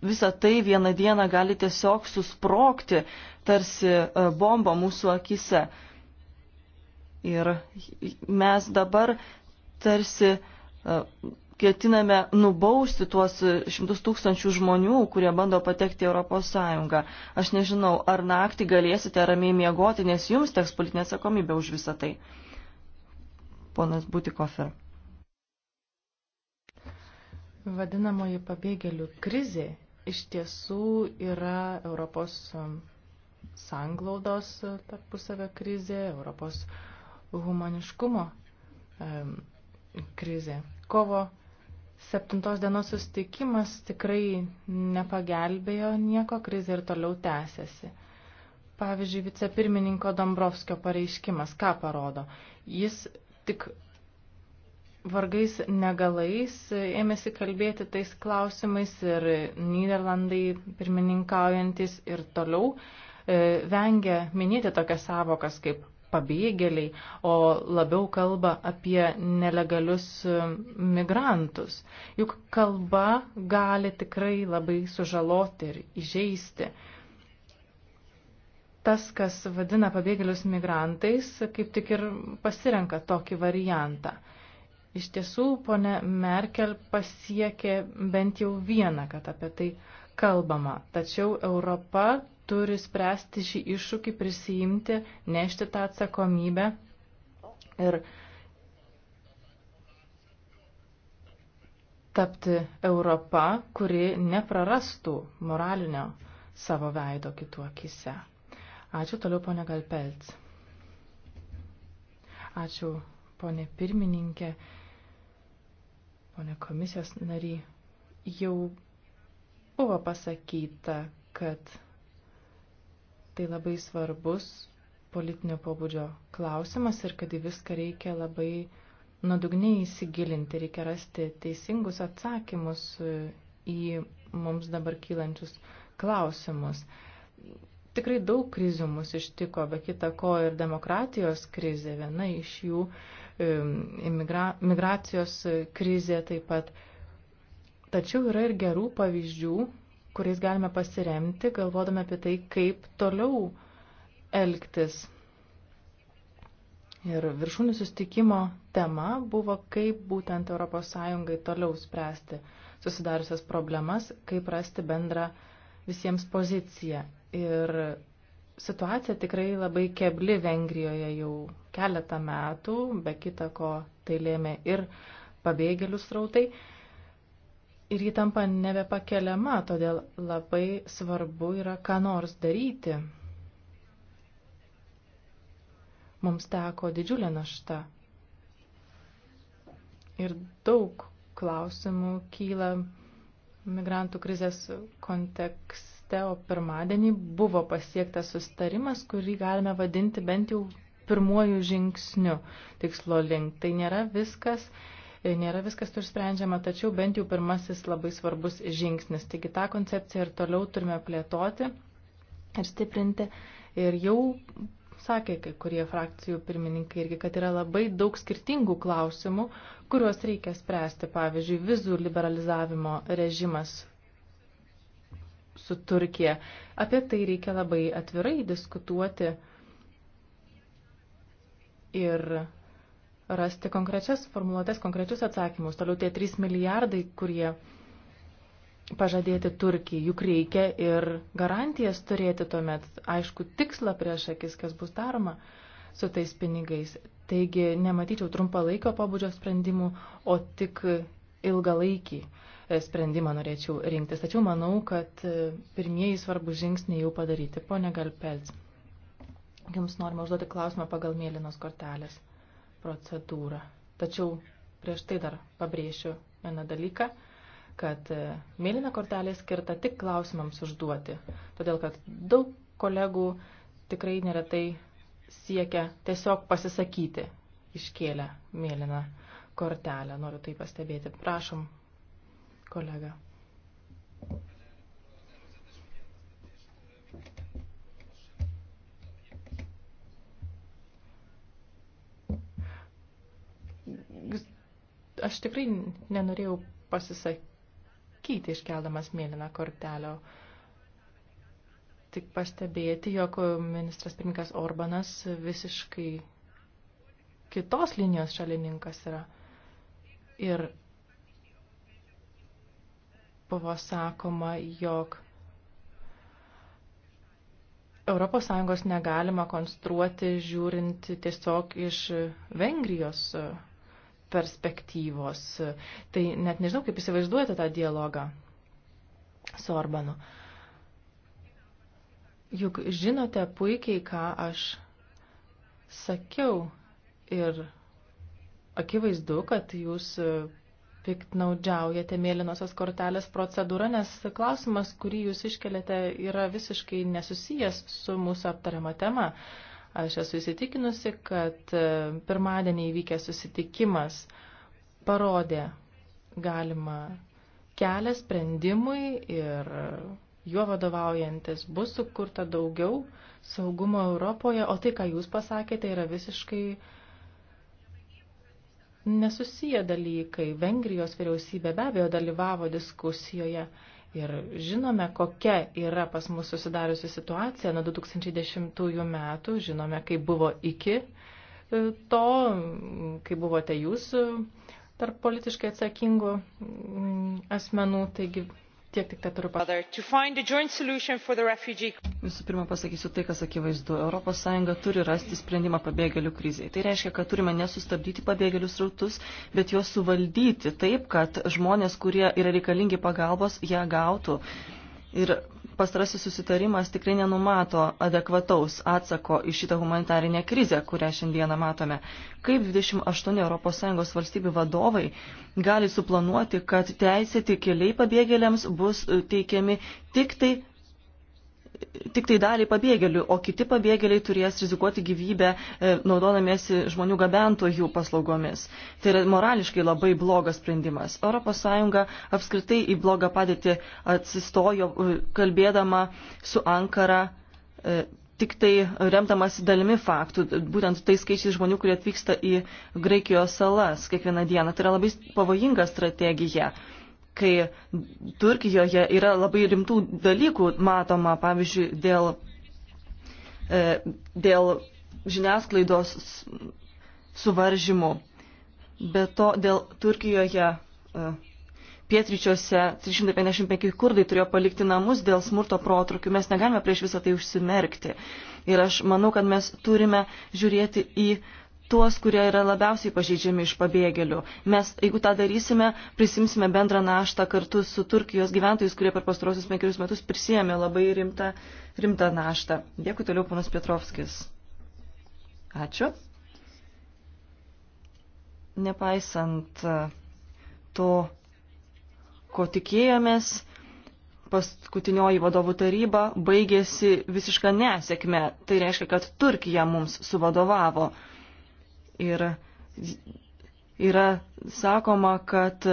visa tai vieną dieną gali tiesiog susprogti tarsi e, bomba mūsų akise. Ir mes dabar tarsi e, ketiname nubausti tuos šimtus tūkstančių žmonių, kurie bando patekti Europos Sąjungą. Aš nežinau, ar naktį galėsite ramiai miegoti, nes jums teks politinė atsakomybė už visą tai. Ponas Butikofer. Vadinamoji pabėgėlių krizė iš tiesų yra Europos um, sanglaudos tarpusavio krizė, Europos humaniškumo um, krizė. Kovo Septintos dienos sustikimas tikrai nepagelbėjo nieko, krizė ir toliau tęsiasi. Pavyzdžiui, vicepirmininko Dombrovskio pareiškimas, ką parodo? Jis tik vargais negalais ėmėsi kalbėti tais klausimais ir Niderlandai pirmininkaujantis ir toliau e, vengia minėti tokias savokas kaip pabėgėliai, o labiau kalba apie nelegalius e, migrantus. Juk kalba gali tikrai labai sužaloti ir įžeisti. Tas, kas vadina pabėgėlius migrantais, kaip tik ir pasirenka tokį variantą. Iš tiesų, ponė Merkel pasiekė bent jau vieną, kad apie tai kalbama. Tačiau Europa turi spręsti šį iššūkį, prisijimti, nešti tą atsakomybę. Ir tapti Europą, kuri neprarastų moralinio savo veido kitų akise. Ačiū toliau, ponė Galpelts. Ačiū, ponė pirmininkė, ponė komisijos nary. Jau buvo pasakyta, kad tai labai svarbus politinio pobūdžio klausimas ir kad į viską reikia labai nuodugniai įsigilinti, reikia rasti teisingus atsakymus į mums dabar kylančius klausimus. Tikrai daug krizių mus ištiko, be kita ko ir demokratijos krizė, viena iš jų imigra, migracijos krizė taip pat. Tačiau yra ir gerų pavyzdžių, kuriais galime pasiremti, galvodami apie tai, kaip toliau elgtis. Ir viršūnių sustikimo tema buvo, kaip būtent ES toliau spręsti susidariusias problemas, kaip rasti bendrą visiems poziciją. Ir situacija tikrai labai kebli Vengrijoje jau keletą metų, be kita ko tai lėmė ir pabėgėlių srautai ir ji tampa nebepakeliama, todėl labai svarbu yra ką nors daryti. Mums teko didžiulė našta. Ir daug klausimų kyla migrantų krizės kontekste, o pirmadienį buvo pasiektas sustarimas, kurį galime vadinti bent jau pirmuoju žingsniu tikslo link. Tai nėra viskas, Nėra viskas išsprendžiama, tačiau bent jau pirmasis labai svarbus žingsnis. Taigi tą koncepciją ir toliau turime plėtoti ir stiprinti. Ir jau sakė kai kurie frakcijų pirmininkai irgi, kad yra labai daug skirtingų klausimų, kuriuos reikia spręsti. Pavyzdžiui, vizų liberalizavimo režimas su Turkija. Apie tai reikia labai atvirai diskutuoti. Ir rasti konkrečias formuluotės, konkrečius atsakymus. Toliau tie 3 milijardai, kurie pažadėti Turkijai, juk reikia ir garantijas turėti tuomet, aišku, tikslą prieš akis, kas bus daroma su tais pinigais. Taigi nematyčiau trumpalaikio pobūdžio sprendimų, o tik ilgalaikį e, sprendimą norėčiau rinktis. Tačiau manau, kad e, pirmieji svarbus žingsniai jau padaryti. Pone Galpelts, jums norime užduoti klausimą pagal mėlynos kortelės procedūrą. Tačiau prieš tai dar pabrėšiu vieną dalyką, kad e, mėlyna kortelė skirta tik klausimams užduoti, todėl kad daug kolegų tikrai neretai siekia tiesiog pasisakyti iškėlę mėlyną kortelę. Noriu tai pastebėti. Prašom, kolega. aš tikrai nenorėjau pasisakyti iškeldamas mėlyną kortelę. Tik pastebėti, jog ministras pirmininkas Orbanas visiškai kitos linijos šalininkas yra. Ir buvo sakoma, jog ES negalima konstruoti žiūrint tiesiog iš Vengrijos perspektyvos. Tai net nežinau, kaip įsivaizduojate tą dialogą su Orbanu. Juk žinote puikiai, ką aš sakiau ir akivaizdu, kad jūs piktnaudžiaujate mėlynosios kortelės procedūrą, nes klausimas, kurį jūs iškeliate, yra visiškai nesusijęs su mūsų aptariama tema. Uh, Aš esu įsitikinusi, kad e, pirmadienį įvykęs susitikimas parodė galima kelią sprendimui ir juo vadovaujantis bus sukurta daugiau saugumo Europoje, o tai, ką jūs pasakėte, yra visiškai nesusiję dalykai. Vengrijos vyriausybė be abejo dalyvavo diskusijoje Ir žinome, kokia yra pas mus susidariusi situacija nuo 2010 metų, žinome, kaip buvo iki e, to, kaip buvote jūs e, tarp politiškai atsakingų mm, asmenų, taigi Tiek tik tai turiu pasakyti. Visų pirma pasakysiu tai, kas akivaizdu. ES turi rasti sprendimą pabėgėlių kriziai. Tai reiškia, kad turime nesustabdyti pabėgėlių srautus, bet juos suvaldyti taip, kad žmonės, kurie yra reikalingi pagalbos, ją gautų. Ir pastarasis susitarimas tikrai nenumato adekvataus atsako į šitą humanitarinę krizę, kurią šiandieną matome. Kaip 28 ES valstybių vadovai gali suplanuoti, kad teisėti keliai pabėgėliams bus teikiami tik tai tik tai daliai pabėgėlių, o kiti pabėgėliai turės rizikuoti gyvybę e, naudodamiesi žmonių gabentojų paslaugomis. Tai yra morališkai labai blogas sprendimas. ES apskritai į blogą padėtį atsistojo e, kalbėdama su Ankara e, tik tai remdamas dalimi faktų, būtent tai skaičiais žmonių, kurie atvyksta į Graikijos salas kiekvieną dieną. Tai yra labai pavojinga strategija kai Turkijoje yra labai rimtų dalykų matoma, pavyzdžiui, dėl, e, dėl žiniasklaidos suvaržymų. Be to, dėl Turkijoje e, pietryčiuose 355 kurdai turėjo palikti namus dėl smurto protrukių. Mes negalime prieš visą tai užsimerkti. Ir aš manau, kad mes turime žiūrėti į uh, tuos, kurie yra labiausiai pažeidžiami iš pabėgėlių. Mes, jeigu tą darysime, prisimsime bendrą naštą kartu su Turkijos gyventojais, kurie per pastarosius penkerius metus prisėmė labai rimtą, rimtą naštą. Dėkui toliau, panas Pietrovskis. Ačiū. Nepaisant e, to, ko tikėjomės, paskutinioji vadovų taryba baigėsi visišką nesėkmę. Tai reiškia, kad Turkija mums suvadovavo. Ir yra sakoma, kad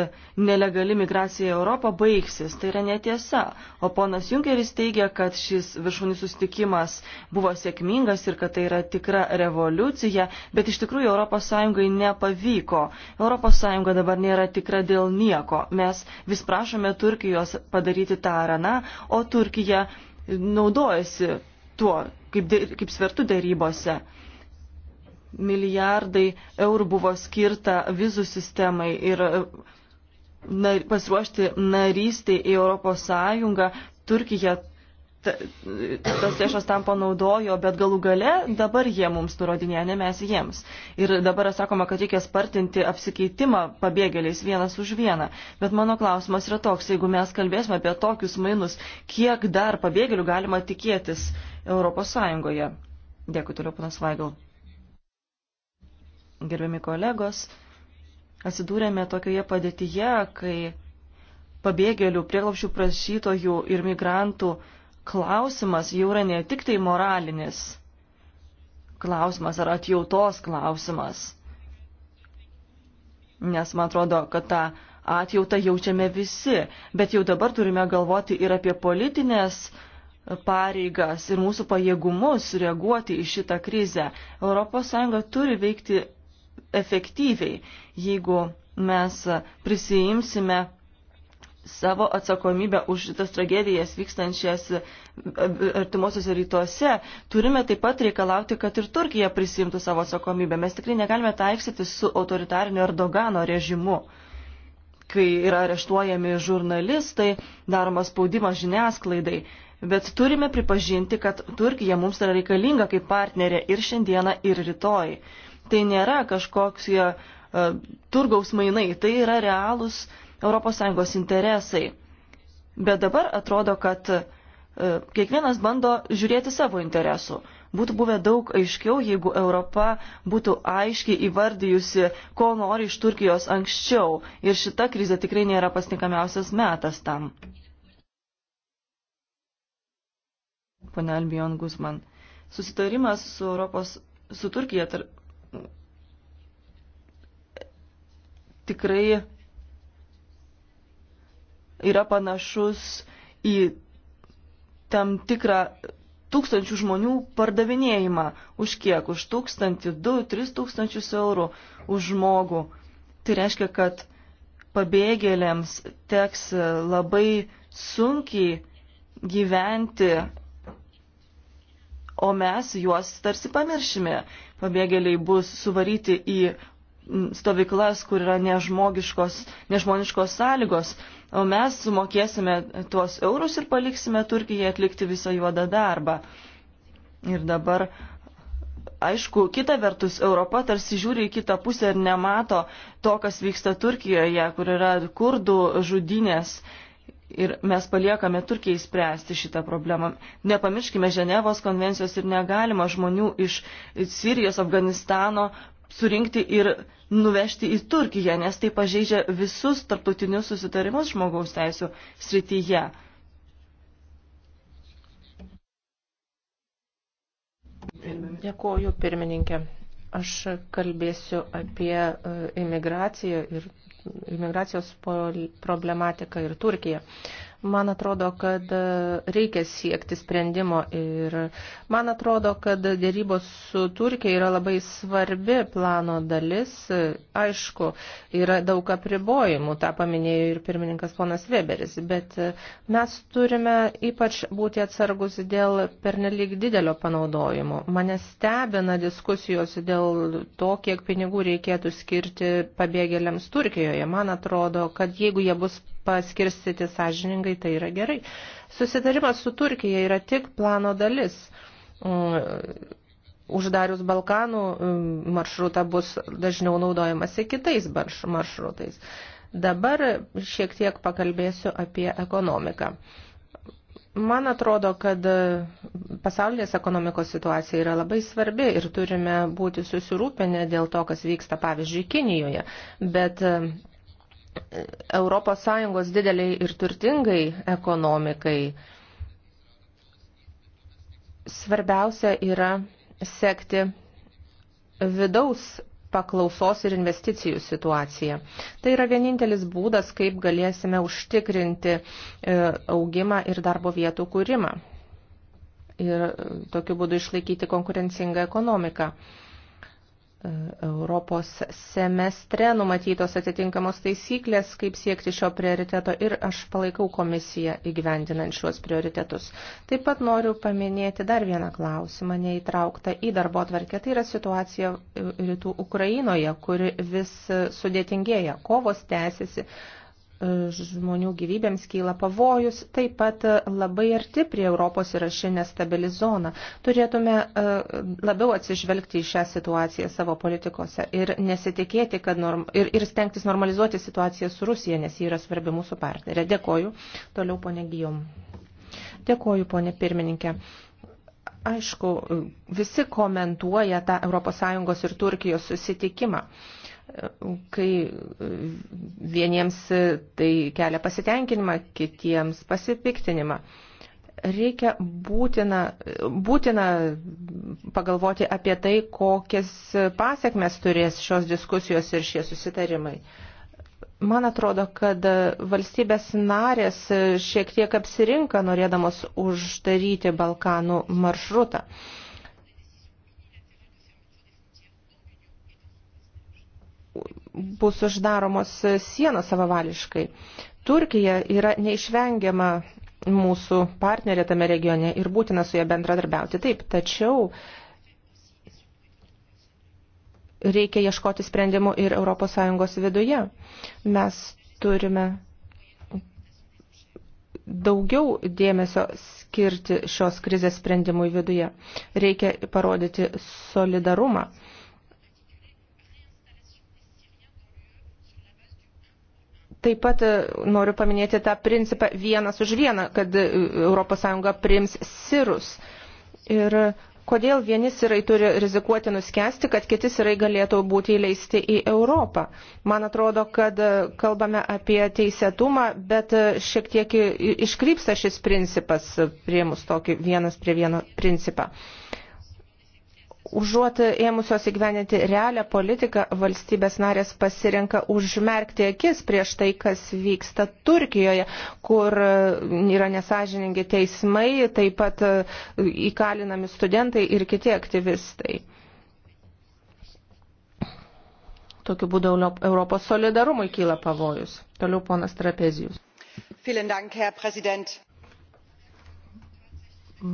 nelegali migracija į Europą baigsis. Tai yra netiesa. O ponas Junkeris teigia, kad šis viršūnių sustikimas buvo sėkmingas ir kad tai yra tikra revoliucija, bet iš tikrųjų ES nepavyko. ES dabar nėra tikra dėl nieko. Mes vis prašome Turkijos padaryti tą ar aną, o Turkija naudojasi tuo kaip, kaip svertų dėrybose milijardai eurų buvo skirta vizų sistemai ir e, nar, pasiruošti narystį į Europos Sąjungą. Turkija ta, tas lėšas tam panaudojo, bet galų gale dabar jie mums nurodinėja, ne mes jiems. Ir dabar sakoma, kad reikia spartinti apsikeitimą pabėgėliais vienas už vieną. Bet mano klausimas yra toks, jeigu mes kalbėsime apie tokius mainus, kiek dar pabėgėlių galima tikėtis Europos Sąjungoje? Dėkui toliau, panas Vaigal gerbiami kolegos, atsidūrėme tokioje padėtyje, kai pabėgėlių, prieglopšių prašytojų ir migrantų klausimas jau yra ne tik tai moralinis klausimas ar atjautos klausimas. Nes man atrodo, kad tą atjautą jaučiame visi, bet jau dabar turime galvoti ir apie politinės pareigas ir mūsų pajėgumus reaguoti į šitą krizę. ES turi veikti efektyviai, jeigu mes prisijimsime savo atsakomybę už šitas tragedijas vykstančias e, e, artimuosiuose rytuose, turime taip pat reikalauti, kad ir Turkija prisimtų savo atsakomybę. Mes tikrai negalime taiksyti su autoritariniu Erdogano režimu, kai yra areštuojami žurnalistai, daromas spaudimas žiniasklaidai. Bet turime pripažinti, kad Turkija mums yra reikalinga kaip partnerė ir šiandieną, ir rytoj tai nėra kažkoks uh, turgaus mainai, tai yra realūs ES interesai. Bet dabar atrodo, kad uh, kiekvienas bando žiūrėti savo interesų. Būtų buvę daug aiškiau, jeigu Europa būtų aiškiai įvardijusi, ko nori iš Turkijos anksčiau. Ir šita krizė tikrai nėra pasnikamiausias metas tam. Pane Albion Guzman. Susitarimas su, Europos, su Turkija tarp tikrai yra panašus į tam tikrą tūkstančių žmonių pardavinėjimą. Už kiek? Už tūkstantį, du, tris tūkstančius eurų už žmogų. Tai reiškia, kad pabėgėliams teks labai sunkiai gyventi o mes juos tarsi pamiršime. Pabėgėliai bus suvaryti į stovyklas, kur yra nežmogiškos, nežmoniškos sąlygos, o mes sumokėsime tuos eurus ir paliksime Turkijai atlikti visą juodą darbą. Ir dabar, aišku, kita vertus, Europa tarsi žiūri į kitą pusę ir nemato to, kas vyksta Turkijoje, kur yra kurdų žudinės, Ir mes paliekame Turkijai spręsti šitą problemą. Nepamirškime Ženevos konvencijos ir negalima žmonių iš Sirijos, Afganistano surinkti ir nuvežti į Turkiją, nes tai pažeidžia visus tarptautinius susitarimus žmogaus teisų srityje. Dėkuoju, pirmininkė. Aš kalbėsiu apie e, imigraciją ir imigracijos problematika ir Turkija. Man atrodo, kad e, reikia siekti sprendimo ir man atrodo, kad dėrybos su Turkija yra labai svarbi plano dalis. E, aišku, yra daug apribojimų, tą paminėjo ir pirmininkas ponas Weberis, bet e, mes turime ypač būti atsargus dėl pernelyg didelio panaudojimo. Mane stebina diskusijos dėl to, kiek pinigų reikėtų skirti pabėgėliams Turkijoje. Man atrodo, kad jeigu jie bus paskirstyti sąžiningai, tai yra gerai. Susitarimas su Turkija yra tik plano dalis. Mm, uždarius Balkanų mm, maršrutą bus dažniau naudojamasi kitais maršrutais. Dabar šiek tiek pakalbėsiu apie ekonomiką. Man atrodo, kad pasaulinės ekonomikos situacija yra labai svarbi ir turime būti susirūpinę dėl to, kas vyksta, pavyzdžiui, Kinijoje. Bet ES dideliai ir turtingai ekonomikai svarbiausia yra sekti vidaus paklausos ir investicijų situacija. Tai yra vienintelis būdas, kaip galėsime užtikrinti e, augimą ir darbo vietų kūrimą ir tokiu būdu išlaikyti konkurencingą ekonomiką. Europos semestre numatytos atitinkamos taisyklės, kaip siekti šio prioriteto ir aš palaikau komisiją įgyvendinant šiuos prioritetus. Taip pat noriu paminėti dar vieną klausimą neįtrauktą į darbo tvarkę. Tai yra situacija rytų Ukrainoje, kuri vis sudėtingėja. Kovos tęsiasi žmonių gyvybėms kyla pavojus, taip pat labai arti prie Europos yra ši nestabili zona. Turėtume e, labiau atsižvelgti į šią situaciją savo politikose ir nesitikėti, kad norm, ir, ir stengtis normalizuoti situaciją su Rusija, nes ji yra svarbi mūsų partnerė. Dėkoju. Toliau ponė Gijom. Dėkoju, ponė pirmininkė aišku, visi komentuoja tą ES ir Turkijos susitikimą kai vieniems tai kelia pasitenkinimą, kitiems pasipiktinimą. Reikia būtina, būtina pagalvoti apie tai, kokias pasiekmes turės šios diskusijos ir šie susitarimai. Man atrodo, kad valstybės narės šiek tiek apsirinka norėdamos uždaryti Balkanų maršrutą. Uh, bus uždaromos sienos savavališkai. Turkija yra neišvengiama mūsų partnerė tame regione ir būtina su ją bendradarbiauti. Taip, tačiau reikia ieškoti sprendimų ir ES viduje. Mes turime daugiau dėmesio skirti šios krizės sprendimui viduje. Reikia parodyti solidarumą. Taip pat e, noriu paminėti tą principą vienas už vieną, kad ES priims sirus. Ir kodėl vieni sirai turi rizikuoti nuskesti, kad kiti sirai galėtų būti įleisti į Europą. Man atrodo, kad e, kalbame apie teisėtumą, bet e, šiek tiek iškrypsta šis principas prieimus tokį vienas prie vieno principą. Uh, Užuot ėmusios įgyveninti realią politiką, valstybės narės pasirenka užmerkti akis prieš tai, kas vyksta Turkijoje, kur yra nesažiningi teismai, taip pat įkalinami studentai ir kiti aktyvistai. Tokiu būdu Europos solidarumui kyla pavojus. Toliau ponas Trapezijus.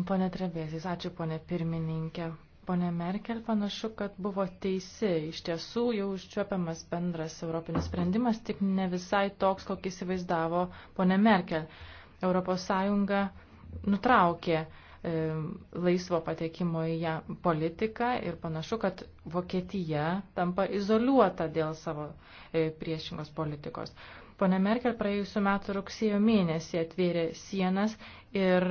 Pone Trebėsis, ačiū pone pirmininkė. Pone Merkel, panašu, kad buvo teisi. Iš tiesų jau užčiuopiamas bendras europinis sprendimas, tik ne visai toks, kokį įsivaizdavo pone Merkel. Europos Sąjunga nutraukė e, laisvo patekimo į ją politiką ir panašu, kad Vokietija tampa izoliuota dėl savo e, priešingos politikos. Pone Merkel praėjusiu metu rugsėjo mėnesį atvėrė sienas ir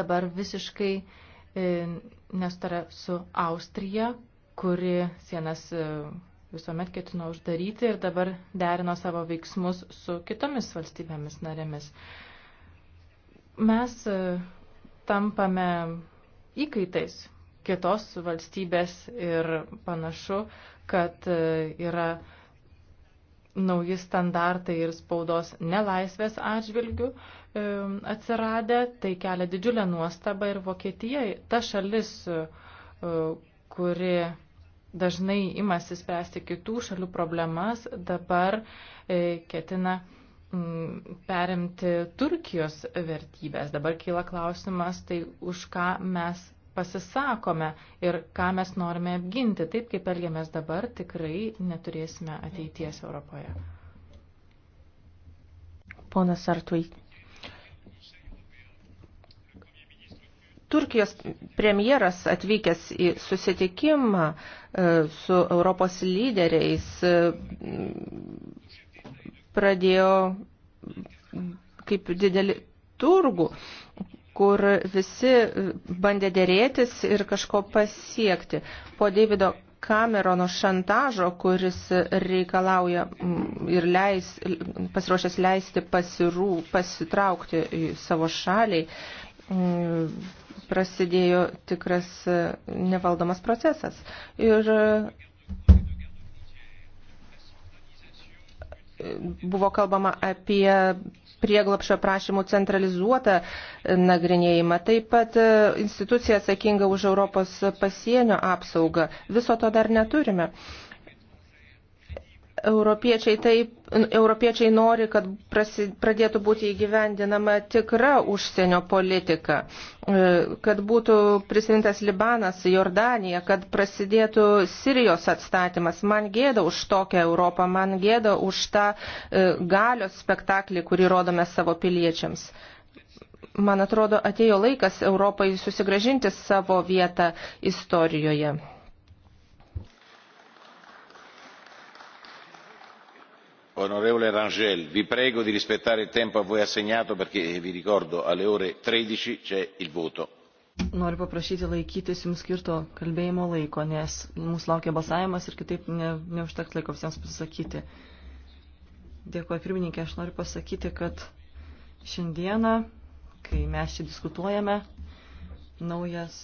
dabar visiškai e, nestarė su Austrija, kuri sienas e, visuomet ketino uždaryti ir dabar derino savo veiksmus su kitomis valstybėmis narėmis. Mes e, tampame įkaitais kitos valstybės ir panašu, kad e, yra nauji standartai ir spaudos nelaisvės atžvilgių. E, atsiradę, tai kelia didžiulę nuostabą ir Vokietija, ta šalis, e, kuri dažnai imasi spręsti kitų šalių problemas, dabar e, ketina mm, perimti Turkijos vertybės. Dabar kyla klausimas, tai už ką mes pasisakome ir ką mes norime apginti. Taip kaip elgiamės dabar, tikrai neturėsime ateities Europoje. Ponas Artui. Turkijos premjeras atvykęs į susitikimą e, su Europos lyderiais e, pradėjo kaip didelį turgų, kur visi bandė dėrėtis ir kažko pasiekti. Po Davido Kamerono šantažo, kuris reikalauja ir leis, pasiruošęs leisti pasirū, pasitraukti savo šaliai, prasidėjo tikras e, nevaldomas procesas. Ir e, buvo kalbama apie prieglapšio prašymų centralizuotą e, nagrinėjimą, taip pat institucija atsakinga už Europos pasienio apsaugą. Viso to dar neturime. Europiečiai taip, europiečiai nori, kad prasi, pradėtų būti įgyvendinama tikra užsienio politika, e, kad būtų prisimintas Libanas, Jordanija, kad prasidėtų Sirijos atstatymas. Man gėda už tokią Europą, man gėda už tą e, galios spektaklį, kurį rodome savo piliečiams man atrodo, atėjo laikas Europai susigražinti savo vietą istorijoje. onorevole rangel vi prego di rispettare il tempo a voi assegnato perché eh, vi ricordo alle ore tredici c'è il voto. noriu paprašyti laikytis jums skirto kalbėjimo laiko nes mūsų laukia balsavimas ir kitaip ne, neužteks laiko visiems pasisakyti. Dėkuoju pirmininkė, aš noriu pasakyti, kad šiandieną, kai mes čia diskutuojame, naujas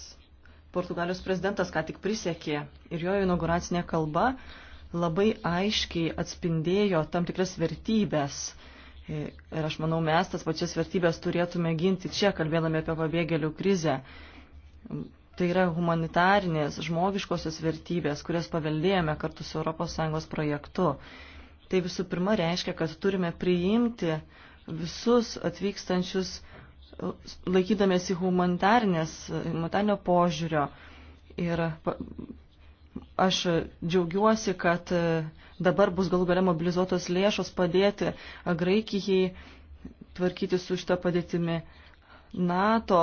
Portugalijos prezidentas ką tik prisiekė ir jo inauguracinė kalba labai aiškiai atspindėjo tam tikras vertybės. Ir aš manau, mes tas pačias vertybės turėtume ginti čia, kalbėdami apie pabėgėlių krizę. Tai yra humanitarinės, žmogiškosios vertybės, kurias paveldėjome kartu su ES projektu. Tai visų pirma reiškia, kad turime priimti visus atvykstančius laikydamėsi humanitarinio požiūrio ir Aš džiaugiuosi, kad e, dabar bus galų galia mobilizuotos lėšos padėti e, Graikijai tvarkyti su šitą padėtimi. NATO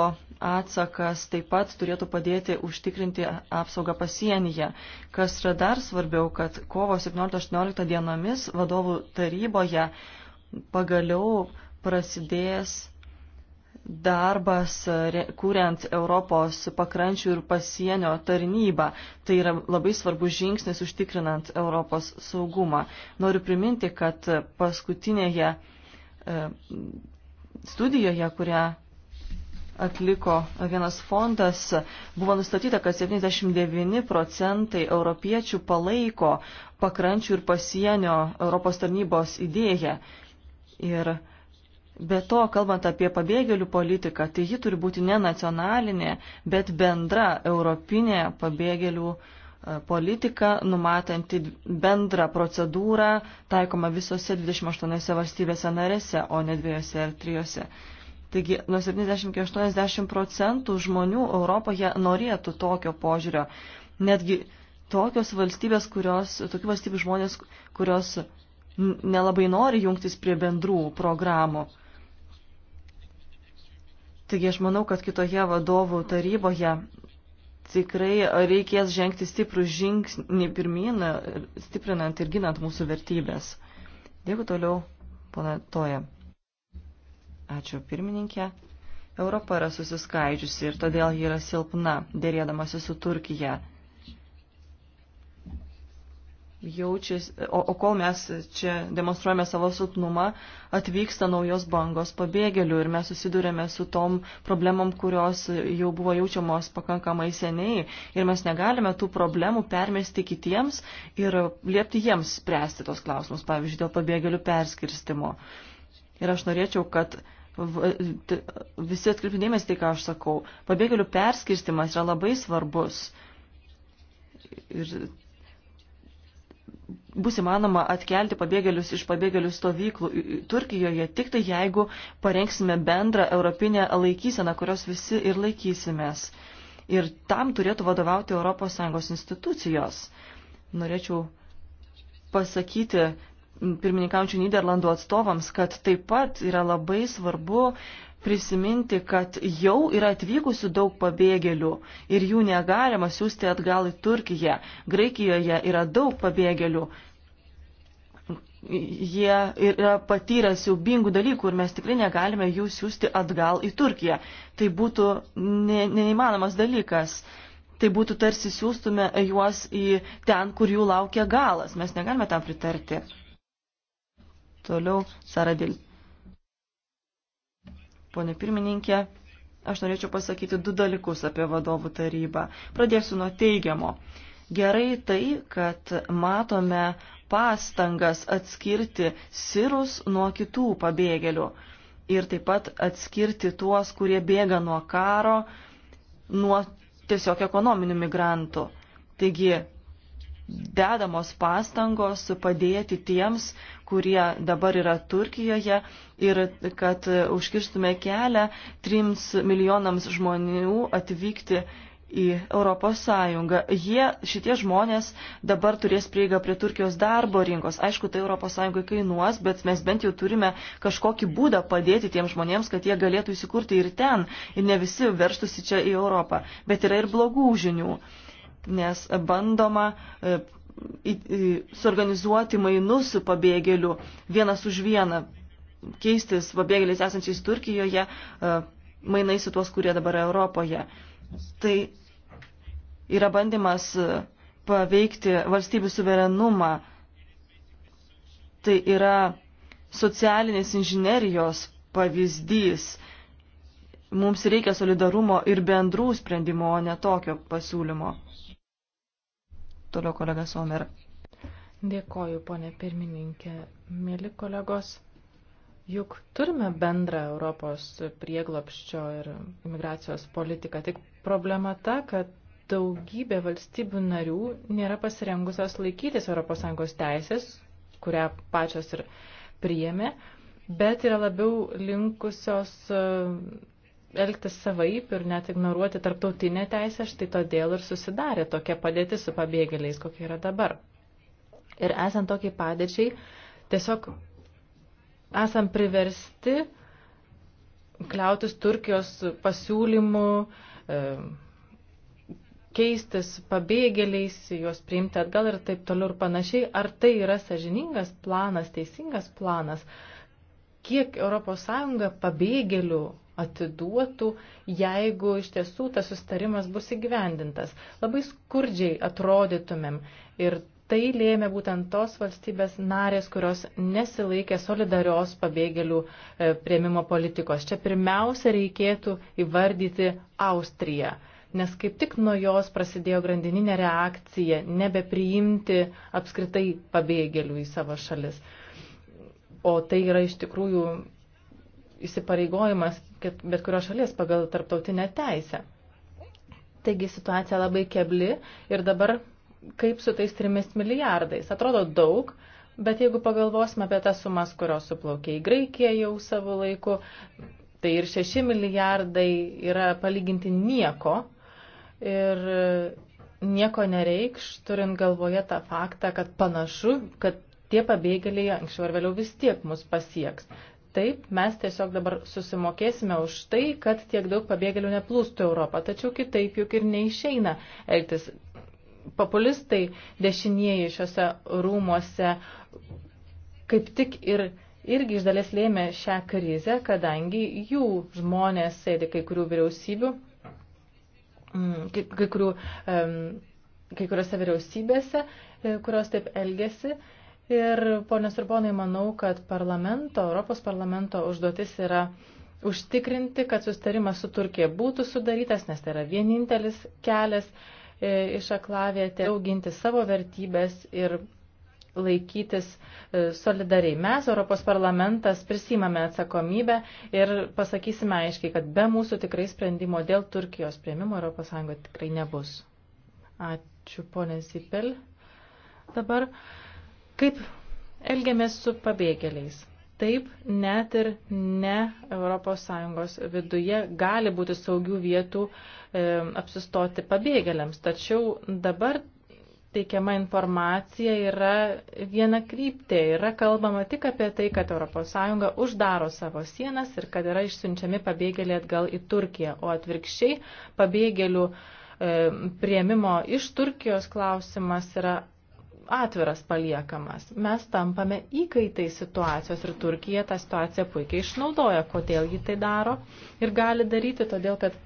atsakas taip pat turėtų padėti užtikrinti apsaugą pasienyje. Kas yra dar svarbiau, kad kovo 17-18 dienomis vadovų taryboje pagaliau prasidės darbas, kuriant Europos pakrančių ir pasienio tarnybą. Tai yra labai svarbus žingsnis užtikrinant Europos saugumą. Noriu priminti, kad paskutinėje e, studijoje, kurią atliko vienas fondas, buvo nustatyta, kad 79 procentai europiečių palaiko pakrančių ir pasienio Europos tarnybos idėją. Ir Be to, kalbant apie pabėgėlių politiką, tai ji turi būti ne nacionalinė, bet bendra europinė pabėgėlių e, politika, numatanti bendrą procedūrą, taikoma visose 28 valstybėse narėse, o ne dviejose ar trijose. Taigi nuo 70-80 procentų žmonių Europoje norėtų tokio požiūrio. Netgi tokios valstybės, kurios, tokių valstybių žmonės, kurios nelabai nori jungtis prie bendrų programų. Taigi aš manau, kad kitoje vadovų taryboje tikrai reikės žengti stiprų žingsnį pirmin, stiprinant ir ginant mūsų vertybės. Dėkui toliau, pana Toja. Ačiū pirmininkė. Europa yra susiskaidžiusi ir todėl ji yra silpna, dėrėdamasi su Turkija jaučiasi, o, o kol mes čia demonstruojame savo silpnumą, atvyksta naujos bangos pabėgėlių ir mes susidurėme su tom problemom, kurios jau buvo jaučiamos pakankamai seniai ir mes negalime tų problemų permesti kitiems ir liepti jiems spręsti tos klausimus, pavyzdžiui, dėl pabėgėlių perskirstimo. Ir aš norėčiau, kad visi atkreipinėmės tai, ką aš sakau. Pabėgėlių perskirstimas yra labai svarbus ir bus įmanoma atkelti pabėgėlius iš pabėgėlių stovyklų Turkijoje tik tai jeigu parengsime bendrą europinę laikyseną, kurios visi ir laikysimės. Ir tam turėtų vadovauti ES institucijos. Norėčiau pasakyti pirmininkaujančių Niderlandų atstovams, kad taip pat yra labai svarbu prisiminti, kad jau yra atvykusių daug pabėgėlių ir jų negalima siūsti atgal į Turkiją. Graikijoje yra daug pabėgėlių. Jie yra patyrę siaubingų dalykų ir mes tikrai negalime jų siūsti atgal į Turkiją. Tai būtų ne, neįmanomas dalykas. Tai būtų tarsi siūstume juos į ten, kur jų laukia galas. Mes negalime tam pritarti. Toliau Saradil. Pone pirmininkė, aš norėčiau pasakyti du dalykus apie vadovų tarybą. Pradėsiu nuo teigiamo. Gerai tai, kad matome pastangas atskirti sirus nuo kitų pabėgėlių ir taip pat atskirti tuos, kurie bėga nuo karo, nuo tiesiog ekonominių migrantų. Taigi dedamos pastangos padėti tiems, kurie dabar yra Turkijoje ir kad užkirstume kelią trims milijonams žmonių atvykti į Europos Sąjungą. Jie, šitie žmonės dabar turės prieigą prie Turkijos darbo rinkos. Aišku, tai Europos Sąjungai kainuos, bet mes bent jau turime kažkokį būdą padėti tiems žmonėms, kad jie galėtų įsikurti ir ten. Ir ne visi verštųsi čia į Europą. Bet yra ir blogų žinių nes bandoma e, suorganizuoti mainus pabėgėlių vienas už vieną, keistis pabėgėliais esančiais Turkijoje, e, mainai su tuos, kurie dabar Europoje. Tai yra bandymas e, paveikti valstybių suverenumą. Tai yra socialinės inžinerijos pavyzdys. Mums reikia solidarumo ir bendrų sprendimo, o ne tokio pasiūlymo. Toliau kolega Somer. Dėkoju, ponė pirmininkė. Mėly kolegos, juk turime bendrą Europos prieglopščio ir imigracijos politiką. Tik problema ta, kad daugybė valstybių narių nėra pasirengusios laikytis ES teisės, kurią pačios ir priėmė, bet yra labiau linkusios elgtis savaip ir net ignoruoti tarptautinę teisę, štai todėl ir susidarė tokia padėtis su pabėgėliais, kokia yra dabar. Ir esant tokiai padėčiai, tiesiog esam priversti kliautis Turkijos pasiūlymu, e, keistis pabėgėliais, juos priimti atgal ir taip toliau ir panašiai. Ar tai yra sažiningas planas, teisingas planas? Kiek ES pabėgėlių atiduotų, jeigu iš tiesų tas sustarimas bus įgyvendintas. Labai skurdžiai atrodytumėm ir tai lėmė būtent tos valstybės narės, kurios nesilaikė solidarios pabėgėlių e, prieimimo politikos. Čia pirmiausia reikėtų įvardyti Austriją, nes kaip tik nuo jos prasidėjo grandininė reakcija nebepriimti apskritai pabėgėlių į savo šalis. O tai yra iš tikrųjų įsipareigojimas bet kurios šalies pagal tarptautinę teisę. Taigi situacija labai kebli ir dabar kaip su tais trimis milijardais. Atrodo daug, bet jeigu pagalvosime apie tas sumas, kurios suplaukė į Graikiją jau savo laiku, tai ir šeši milijardai yra palyginti nieko. Ir nieko nereikš, turint galvoje tą faktą, kad panašu, kad tie pabėgėliai anksčiau ar vėliau vis tiek mus pasieks. Taip, mes tiesiog dabar susimokėsime už tai, kad tiek daug pabėgėlių neplūstų Europą, tačiau kitaip juk ir neišeina elgtis. Populistai dešinieji šiuose rūmuose kaip tik ir irgi iš dalies lėmė šią krizę, kadangi jų žmonės sėdi kai kurių vyriausybių, mm, kai, kai, kurių, kai kuriuose vyriausybėse, e, kurios taip elgesi Ir, ponios ir ponai, manau, kad parlamento, Europos parlamento užduotis yra užtikrinti, kad sustarimas su Turkija būtų sudarytas, nes tai yra vienintelis kelias e, iš aklavietė auginti savo vertybės ir laikytis e, solidariai. Mes, Europos parlamentas, prisimame atsakomybę ir pasakysime aiškiai, kad be mūsų tikrai sprendimo dėl Turkijos prieimimo ES tikrai nebus. Ačiū, ponė Sipel. Dabar Kaip elgiamės su pabėgėliais? Taip, net ir ne ES viduje gali būti saugių vietų e, apsistoti pabėgėliams. Tačiau dabar teikiama informacija yra viena kryptė. Yra kalbama tik apie tai, kad ES uždaro savo sienas ir kad yra išsiunčiami pabėgėliai atgal į Turkiją. O atvirkščiai pabėgėlių e, prieimimo iš Turkijos klausimas yra atviras paliekamas. Mes tampame įkaitai situacijos ir Turkija tą situaciją puikiai išnaudoja. Kodėl ji tai daro ir gali daryti, todėl kad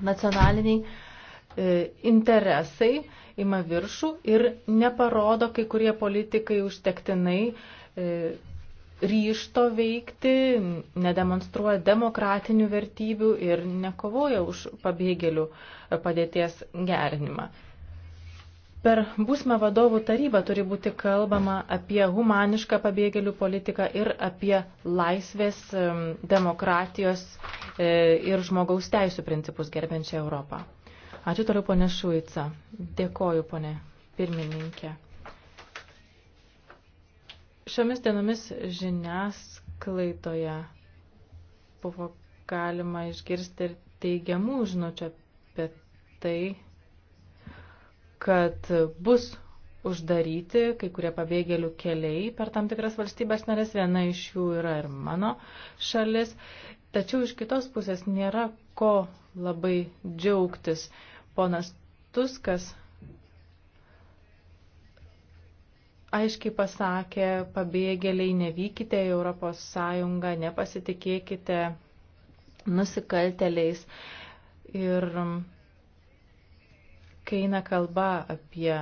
nacionaliniai e, interesai ima viršų ir neparodo kai kurie politikai užtektinai e, ryšto veikti, nedemonstruoja demokratinių vertybių ir nekovoja už pabėgėlių padėties gerinimą. Per būsimą vadovų tarybą turi būti kalbama apie humanišką pabėgėlių politiką ir apie laisvės, demokratijos e, ir žmogaus teisų principus gerbiančią Europą. Ačiū toliau, ponė Šuica. Dėkoju, ponė pirmininkė. Šiomis dienomis žiniasklaidoje buvo galima išgirsti ir teigiamų žinučių apie tai, kad bus uždaryti kai kurie pabėgėlių keliai per tam tikras valstybės narės, viena iš jų yra ir mano šalis. Tačiau iš kitos pusės nėra ko labai džiaugtis. Ponas Tuskas aiškiai pasakė, pabėgėliai nevykite į Europos Sąjungą, nepasitikėkite nusikalteliais. Ir Kai eina kalba apie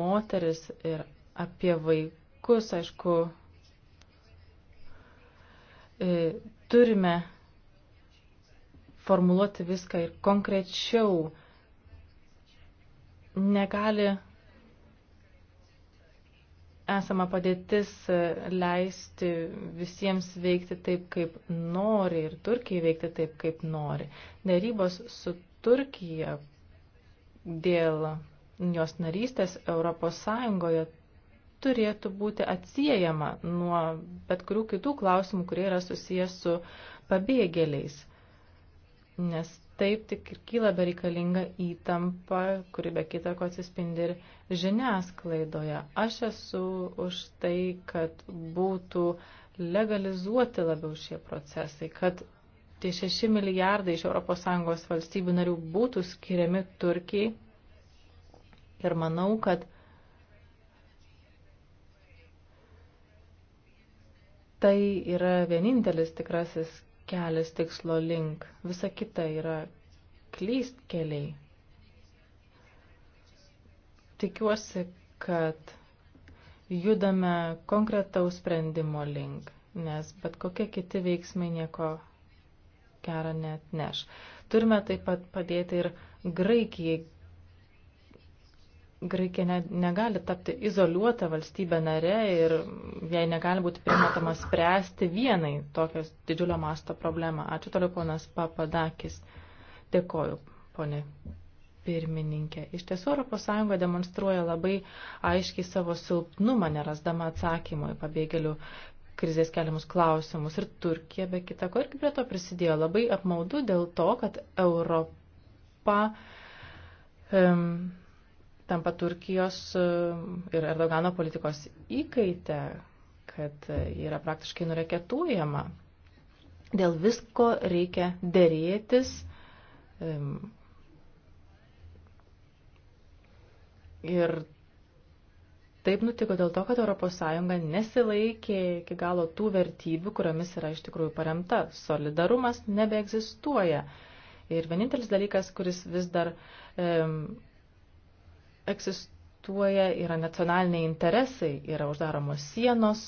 moteris ir apie vaikus, aišku, e, turime formuluoti viską ir konkrečiau. Negali esama padėtis leisti visiems veikti taip, kaip nori ir Turkijai veikti taip, kaip nori. Darybos su Turkija dėl jos narystės Europos Sąjungoje turėtų būti atsiejama nuo bet kurių kitų klausimų, kurie yra susijęs su pabėgėliais. Nes taip tik ir kyla bereikalinga įtampa, kuri be kita ko atsispindi ir žiniasklaidoje. Aš esu už tai, kad būtų legalizuoti labiau šie procesai, kad tie 6 milijardai iš ES valstybių narių būtų skiriami Turkijai. Ir manau, kad tai yra vienintelis tikrasis kelias tikslo link. Visa kita yra klyst keliai. Tikiuosi, kad judame konkretaus sprendimo link, nes bet kokie kiti veiksmai nieko gera net neš. Turime taip pat padėti ir Graikijai. Graikija ne, negali tapti izoliuota valstybė nare ir jai negali būti primatama spręsti vienai tokios didžiulio masto problemą. Ačiū toliau ponas Papadakis. Dėkoju, ponė pirmininkė. Iš tiesų, ES demonstruoja labai aiškiai savo silpnumą, nerasdama atsakymų į pabėgėlių krizės keliamus klausimus. Ir Turkija be kita ko irgi prie to prisidėjo. Labai apmaudu dėl to, kad Europa um, tampa Turkijos um, ir Erdogano politikos įkaitę, kad yra praktiškai nureketuojama. Dėl visko reikia dėrėtis. Um, ir Taip nutiko dėl to, kad ES nesilaikė iki galo tų vertybių, kuriomis yra iš tikrųjų paremta. Solidarumas nebeegzistuoja. Ir vienintelis dalykas, kuris vis dar e, egzistuoja, yra nacionaliniai interesai, yra uždaromos sienos,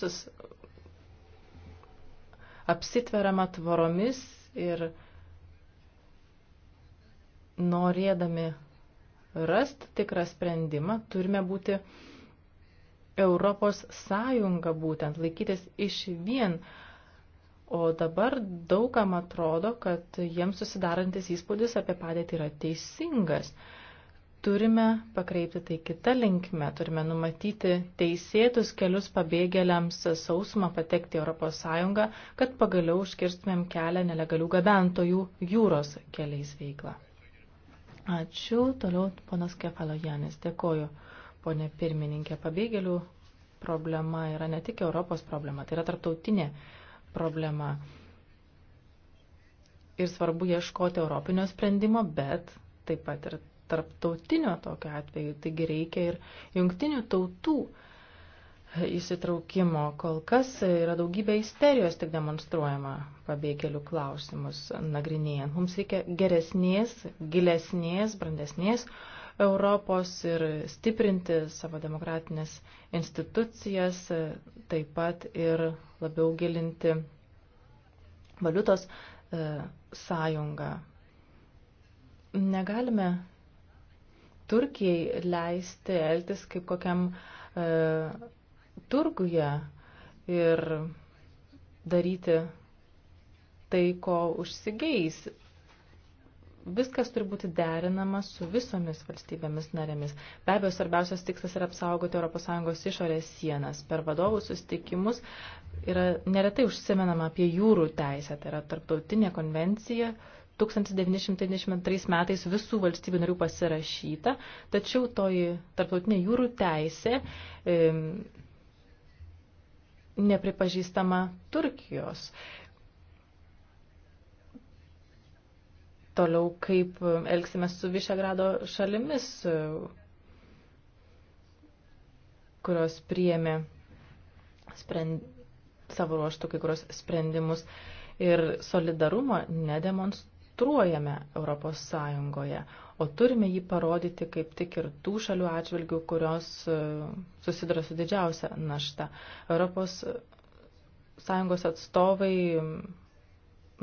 apsitveriama tvoromis ir norėdami rasti tikrą sprendimą turime būti Europos Sąjunga būtent laikytis iš vien. O dabar daugam atrodo, kad jiems susidarantis įspūdis apie padėtį yra teisingas. Turime pakreipti tai kitą linkmę, turime numatyti teisėtus kelius pabėgėliams sausumą patekti Europos Sąjungą, kad pagaliau užkirstumėm kelią nelegalių gabentojų jūros keliais veiklą. Ačiū, toliau ponas Kefalojanis, dėkoju ponė pirmininkė. Pabėgėlių problema yra ne tik Europos problema, tai yra tarptautinė problema. Ir svarbu ieškoti europinio sprendimo, bet taip pat ir tarptautinio tokio atveju. Taigi reikia ir jungtinių tautų įsitraukimo. Kol kas yra daugybė isterijos tik demonstruojama pabėgėlių klausimus nagrinėjant. Mums reikia geresnės, gilesnės, brandesnės Europos ir stiprinti savo demokratinės institucijas, taip pat ir labiau gilinti valiutos e, sąjungą. Negalime Turkijai leisti elgtis kaip kokiam e, turguje ir daryti tai, ko užsigeis viskas turi būti derinama su visomis valstybėmis narėmis. Be abejo, svarbiausias tikslas yra apsaugoti ES išorės sienas. Per vadovų susitikimus yra neretai užsimenama apie jūrų teisę, tai yra tarptautinė konvencija. 1992 metais visų valstybių narių pasirašyta, tačiau toji tarptautinė jūrų teisė e, nepripažįstama Turkijos. E, toliau, kaip elgsime su Višegrado šalimis, kurios priėmė sprend... savo ruoštų kai kurios sprendimus ir solidarumo nedemonstruojame Europos Sąjungoje, o turime jį parodyti kaip tik ir tų šalių atžvilgių, kurios e, susiduria su didžiausia našta. Europos Sąjungos atstovai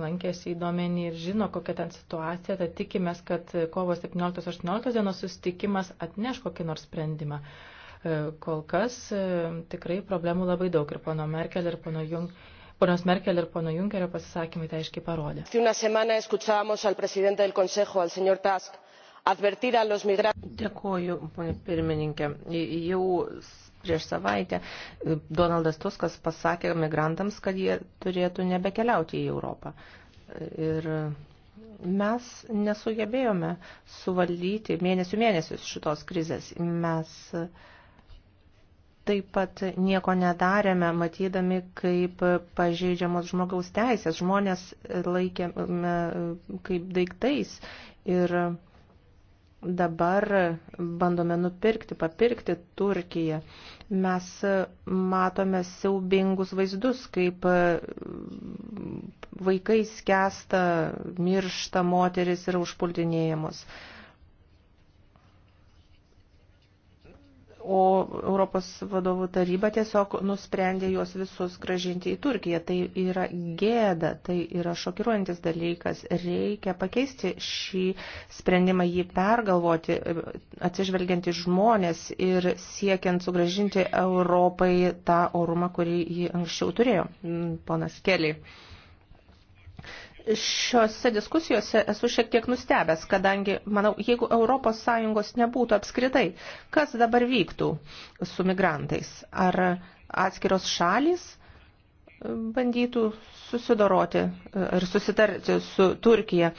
lankėsi įdomenį ir žino, kokia ten situacija, tad tikimės, kad kovo 17-18 dienos susitikimas atneš kokį nors sprendimą. E, kol kas e, tikrai problemų labai daug ir pono Merkel ir pono Jung. Ponos Merkel ir pono Junkerio pasisakymai tai aiškiai parodė. Dėkoju, ponė pirmininkė. Jau prieš savaitę Donaldas Tuskas pasakė migrantams, kad jie turėtų nebekeliauti į Europą. Ir mes nesugebėjome suvaldyti mėnesių mėnesius šitos krizės. Mes taip pat nieko nedarėme, matydami, kaip pažeidžiamos žmogaus teisės. Žmonės laikėme kaip daiktais. Ir dabar bandome nupirkti, papirkti Turkiją. Mes matome siaubingus vaizdus, kaip vaikai skęsta, miršta moteris yra užpuldinėjamos. o Europos vadovų taryba tiesiog nusprendė juos visus gražinti į Turkiją. Tai yra gėda, tai yra šokiruojantis dalykas. Reikia pakeisti šį sprendimą, jį pergalvoti, atsižvelgiant į žmonės ir siekiant sugražinti Europai tą orumą, kurį jį anksčiau turėjo, mm, ponas Keliai šiuose diskusijose esu šiek tiek nustebęs, kadangi, manau, jeigu ES nebūtų apskritai, kas dabar vyktų su migrantais? Ar atskiros šalis e, bandytų susidoroti e, ir susitarti su Turkija?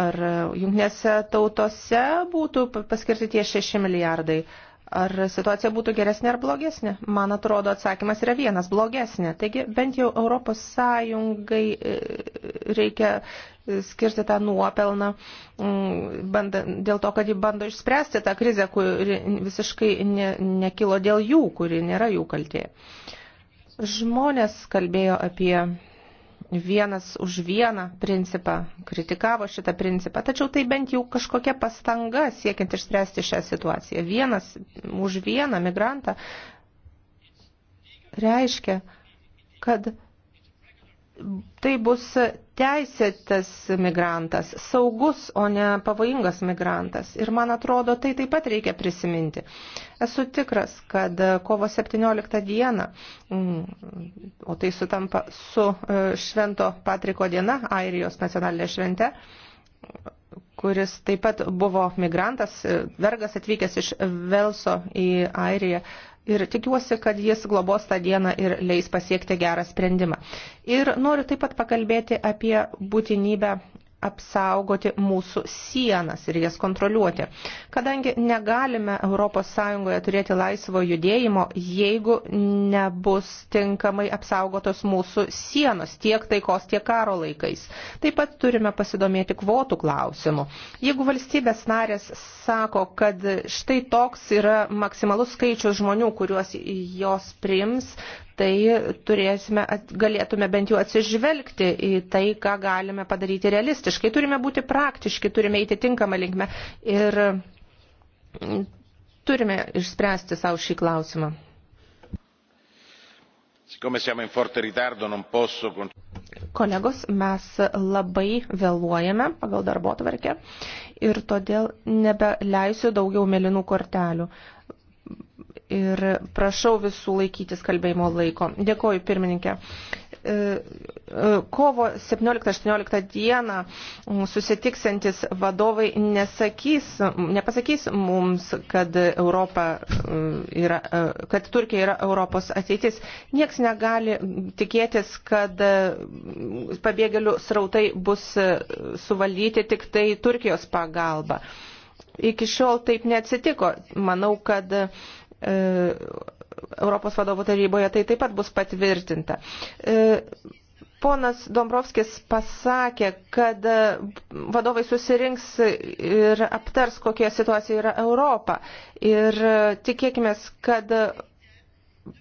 Ar e, jungtinėse tautose būtų paskirti tie 6 milijardai? Ar situacija būtų geresnė ar blogesnė? Man atrodo, atsakymas yra vienas - blogesnė. Taigi bent jau Europos Sąjungai e, reikia e, skirti tą nuopelną mm, banda, dėl to, kad ji bando išspręsti tą krizę, kuri visiškai ne, nekilo dėl jų, kuri nėra jų kaltė. Žmonės kalbėjo apie vienas už vieną principą, kritikavo šitą principą, tačiau tai bent jau kažkokia pastanga siekiant išspręsti šią situaciją. Vienas už vieną migrantą reiškia, kad tai bus teisėtas migrantas, saugus, o ne pavojingas migrantas. Ir man atrodo, tai taip pat reikia prisiminti. Esu tikras, kad kovo 17 dieną, mm, o tai sutampa su e, Švento Patriko diena, Airijos nacionalinė švente, kuris taip pat buvo migrantas, e, vergas atvykęs iš Velso į Airiją, ir tikiuosi, kad jis globos tą dieną ir leis pasiekti gerą sprendimą. Ir noriu taip pat pakalbėti apie būtinybę apsaugoti mūsų sienas ir jas kontroliuoti. Kadangi negalime ES turėti laisvo judėjimo, jeigu nebus tinkamai apsaugotos mūsų sienos tiek taikos, tiek karo laikais. Taip pat turime pasidomėti kvotų klausimu. Jeigu valstybės narės sako, kad štai toks yra maksimalus skaičius žmonių, kuriuos jos priims, tai turėsime, galėtume bent jau atsižvelgti į tai, ką galime padaryti realistiškai. Turime būti praktiški, turime eiti tinkamą linkmę ir turime išspręsti savo šį klausimą. Kolegos, mes labai vėluojame pagal darbo tvarkę ir todėl nebeleisiu daugiau mėlynų kortelių ir prašau visų laikytis kalbėjimo laiko. Dėkoju, pirmininkė. E, e, kovo 17-18 dieną susitiksantis vadovai nesakys, nepasakys mums, kad, Europa e, yra, kad Turkija yra Europos ateitis. Niekas negali tikėtis, kad pabėgėlių srautai bus suvaldyti tik tai Turkijos pagalba. Iki šiol taip neatsitiko. Manau, kad E, Europos vadovų taryboje tai taip pat bus patvirtinta. E, ponas Dombrovskis pasakė, kad e, vadovai susirinks ir aptars, kokia situacija yra Europa. Ir tikėkime, kad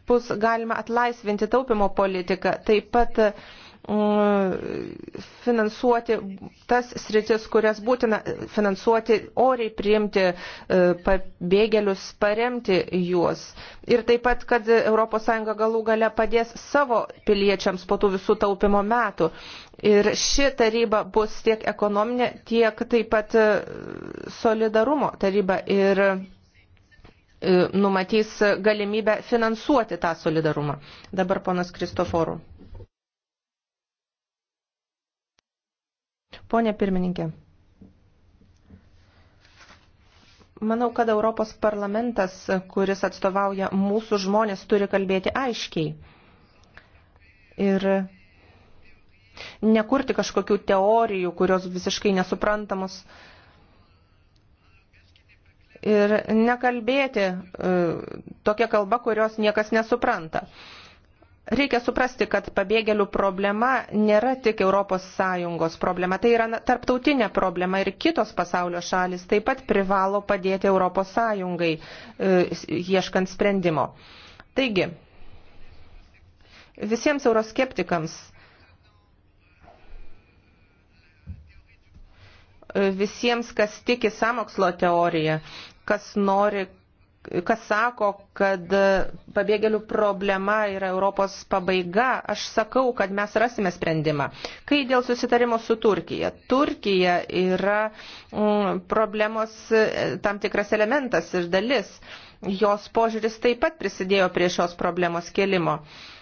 bus galima atlaisvinti taupimo politiką. Taip pat uh, finansuoti tas sritis, kurias būtina finansuoti, oriai priimti e, pabėgėlius, paremti juos. Ir taip pat, kad ES galų gale padės savo piliečiams po tų visų taupimo metų. Ir ši taryba bus tiek ekonominė, tiek taip pat e, solidarumo taryba ir e, numatys galimybę finansuoti tą solidarumą. Dabar ponas Kristoforų. Pone pirmininkė, manau, kad Europos parlamentas, kuris atstovauja mūsų žmonės, turi kalbėti aiškiai. Ir nekurti kažkokių teorijų, kurios visiškai nesuprantamos. Ir nekalbėti e, tokia kalba, kurios niekas nesupranta. E, Reikia suprasti, kad pabėgėlių problema nėra tik ES problema, tai yra tarptautinė problema ir kitos pasaulio šalis taip pat privalo padėti ES e, ieškant sprendimo. Taigi, visiems euroskeptikams, e, visiems, kas tiki samokslo teoriją, kas nori, kas sako, kad pabėgėlių problema yra Europos pabaiga, aš sakau, kad mes rasime sprendimą. Kai dėl susitarimo su Turkija. Turkija yra mm, problemos e, tam tikras elementas ir dalis. Jos požiūris taip pat prisidėjo prie šios problemos kelimo. Mm,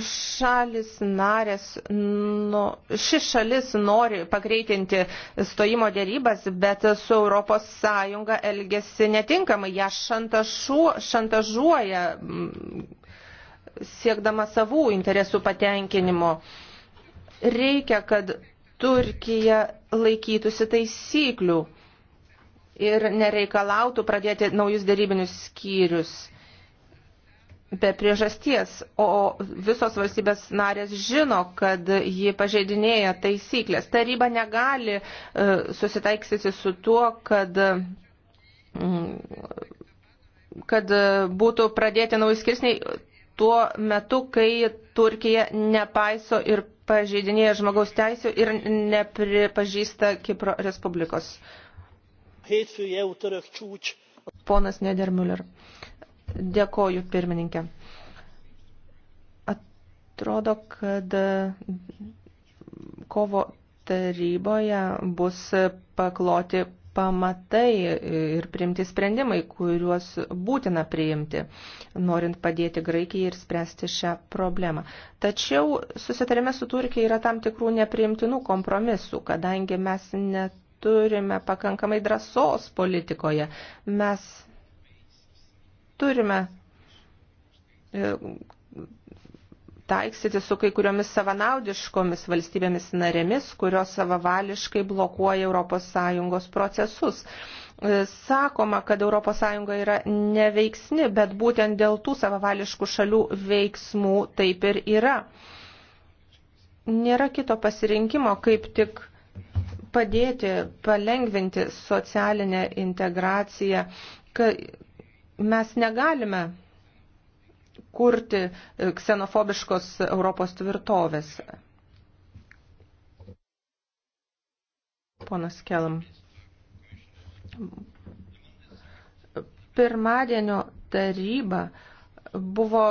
šalis narės, nu, ši šalis nori pagreitinti stojimo dėrybas, bet su Europos Sąjunga elgesi netinkamai, ją šantažu, šantažuoja mm, siekdama savų interesų patenkinimo. Reikia, kad Turkija laikytųsi taisyklių ir nereikalautų pradėti naujus dėrybinius skyrius be priežasties, o visos valstybės narės žino, kad ji pažeidinėja taisyklės. Taryba negali e, susitaiksyti su tuo, kad mm, kad būtų pradėti nauji skirsniai tuo metu, kai Turkija nepaiso ir pažeidinėja žmogaus teisų ir nepripažįsta Kipro Respublikos. Ponas Nedermüller. Dėkoju, pirmininkė. Atrodo, kad kovo taryboje bus pakloti pamatai ir priimti sprendimai, kuriuos būtina priimti, norint padėti Graikijai ir spręsti šią problemą. Tačiau susitarime su Turkija yra tam tikrų nepriimtinų kompromisų, kadangi mes neturime pakankamai drąsos politikoje. Mes turime e, taiksyti su kai kuriomis savanaudiškomis valstybėmis narėmis, kurios savavališkai blokuoja ES procesus. E, sakoma, kad ES yra neveiksni, bet būtent dėl tų savavališkų šalių veiksmų taip ir yra. Nėra kito pasirinkimo, kaip tik padėti, palengvinti socialinę integraciją, kad mes negalime kurti e, ksenofobiškos Europos tvirtovės. Ponas Kelam. Pirmadienio taryba buvo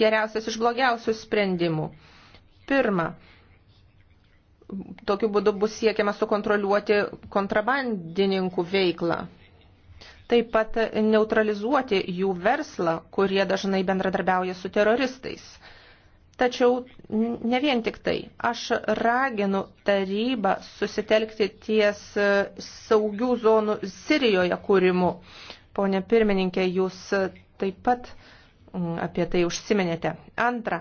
geriausias iš blogiausių sprendimų. Pirma, tokiu būdu bus siekiama sukontroliuoti kontrabandininkų veiklą taip pat neutralizuoti jų verslą, kurie dažnai bendradarbiauja su teroristais. Tačiau ne vien tik tai. Aš raginu tarybą susitelkti ties e, saugių zonų Sirijoje kūrimu. Pone pirmininkė, jūs e, taip pat apie tai užsiminėte. Antra,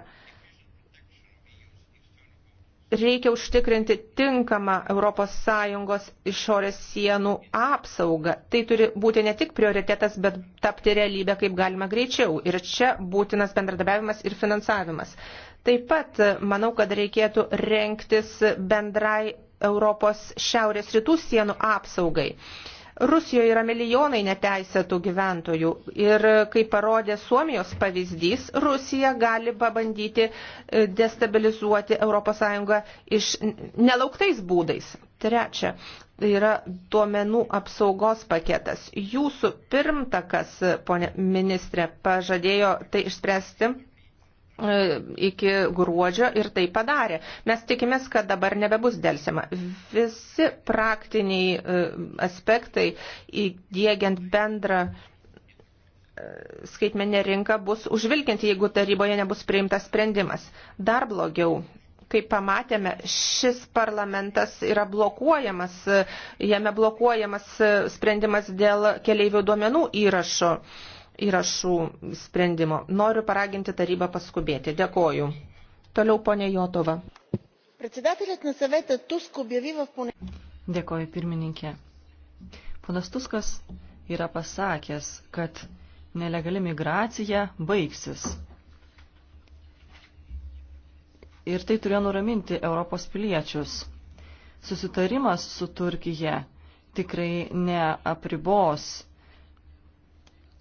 reikia užtikrinti tinkamą ES išorės sienų apsaugą. Tai turi būti ne tik prioritetas, bet tapti realybę kaip galima greičiau. Ir čia būtinas bendradarbiavimas ir finansavimas. Taip pat e, manau, kad reikėtų renktis bendrai Europos šiaurės rytų sienų apsaugai. Uh, Rusijoje yra milijonai neteisėtų gyventojų ir, e, kaip parodė Suomijos pavyzdys, Rusija gali pabandyti e, destabilizuoti ES iš nelauktais būdais. Trečia, tai yra duomenų apsaugos paketas. Jūsų pirmtakas, e, ponė ministrė, pažadėjo tai išspręsti E, iki gruodžio ir tai padarė. Mes tikimės, kad dabar nebebus dėlsiama. Visi praktiniai e, aspektai įdėgiant bendrą e, skaitmenė rinka bus užvilkinti, jeigu taryboje nebus priimtas sprendimas. Dar blogiau, kaip pamatėme, šis parlamentas yra blokuojamas, jame blokuojamas sprendimas dėl keleivių duomenų įrašo įrašų sprendimo. Noriu paraginti tarybą paskubėti. Dėkoju. Toliau ponė Jotova. Dėkoju pirmininkė. Ponas Tuskas yra pasakęs, kad nelegali migracija baigsis. Ir tai turėjo nuraminti Europos piliečius. Susitarimas su Turkija tikrai neapribos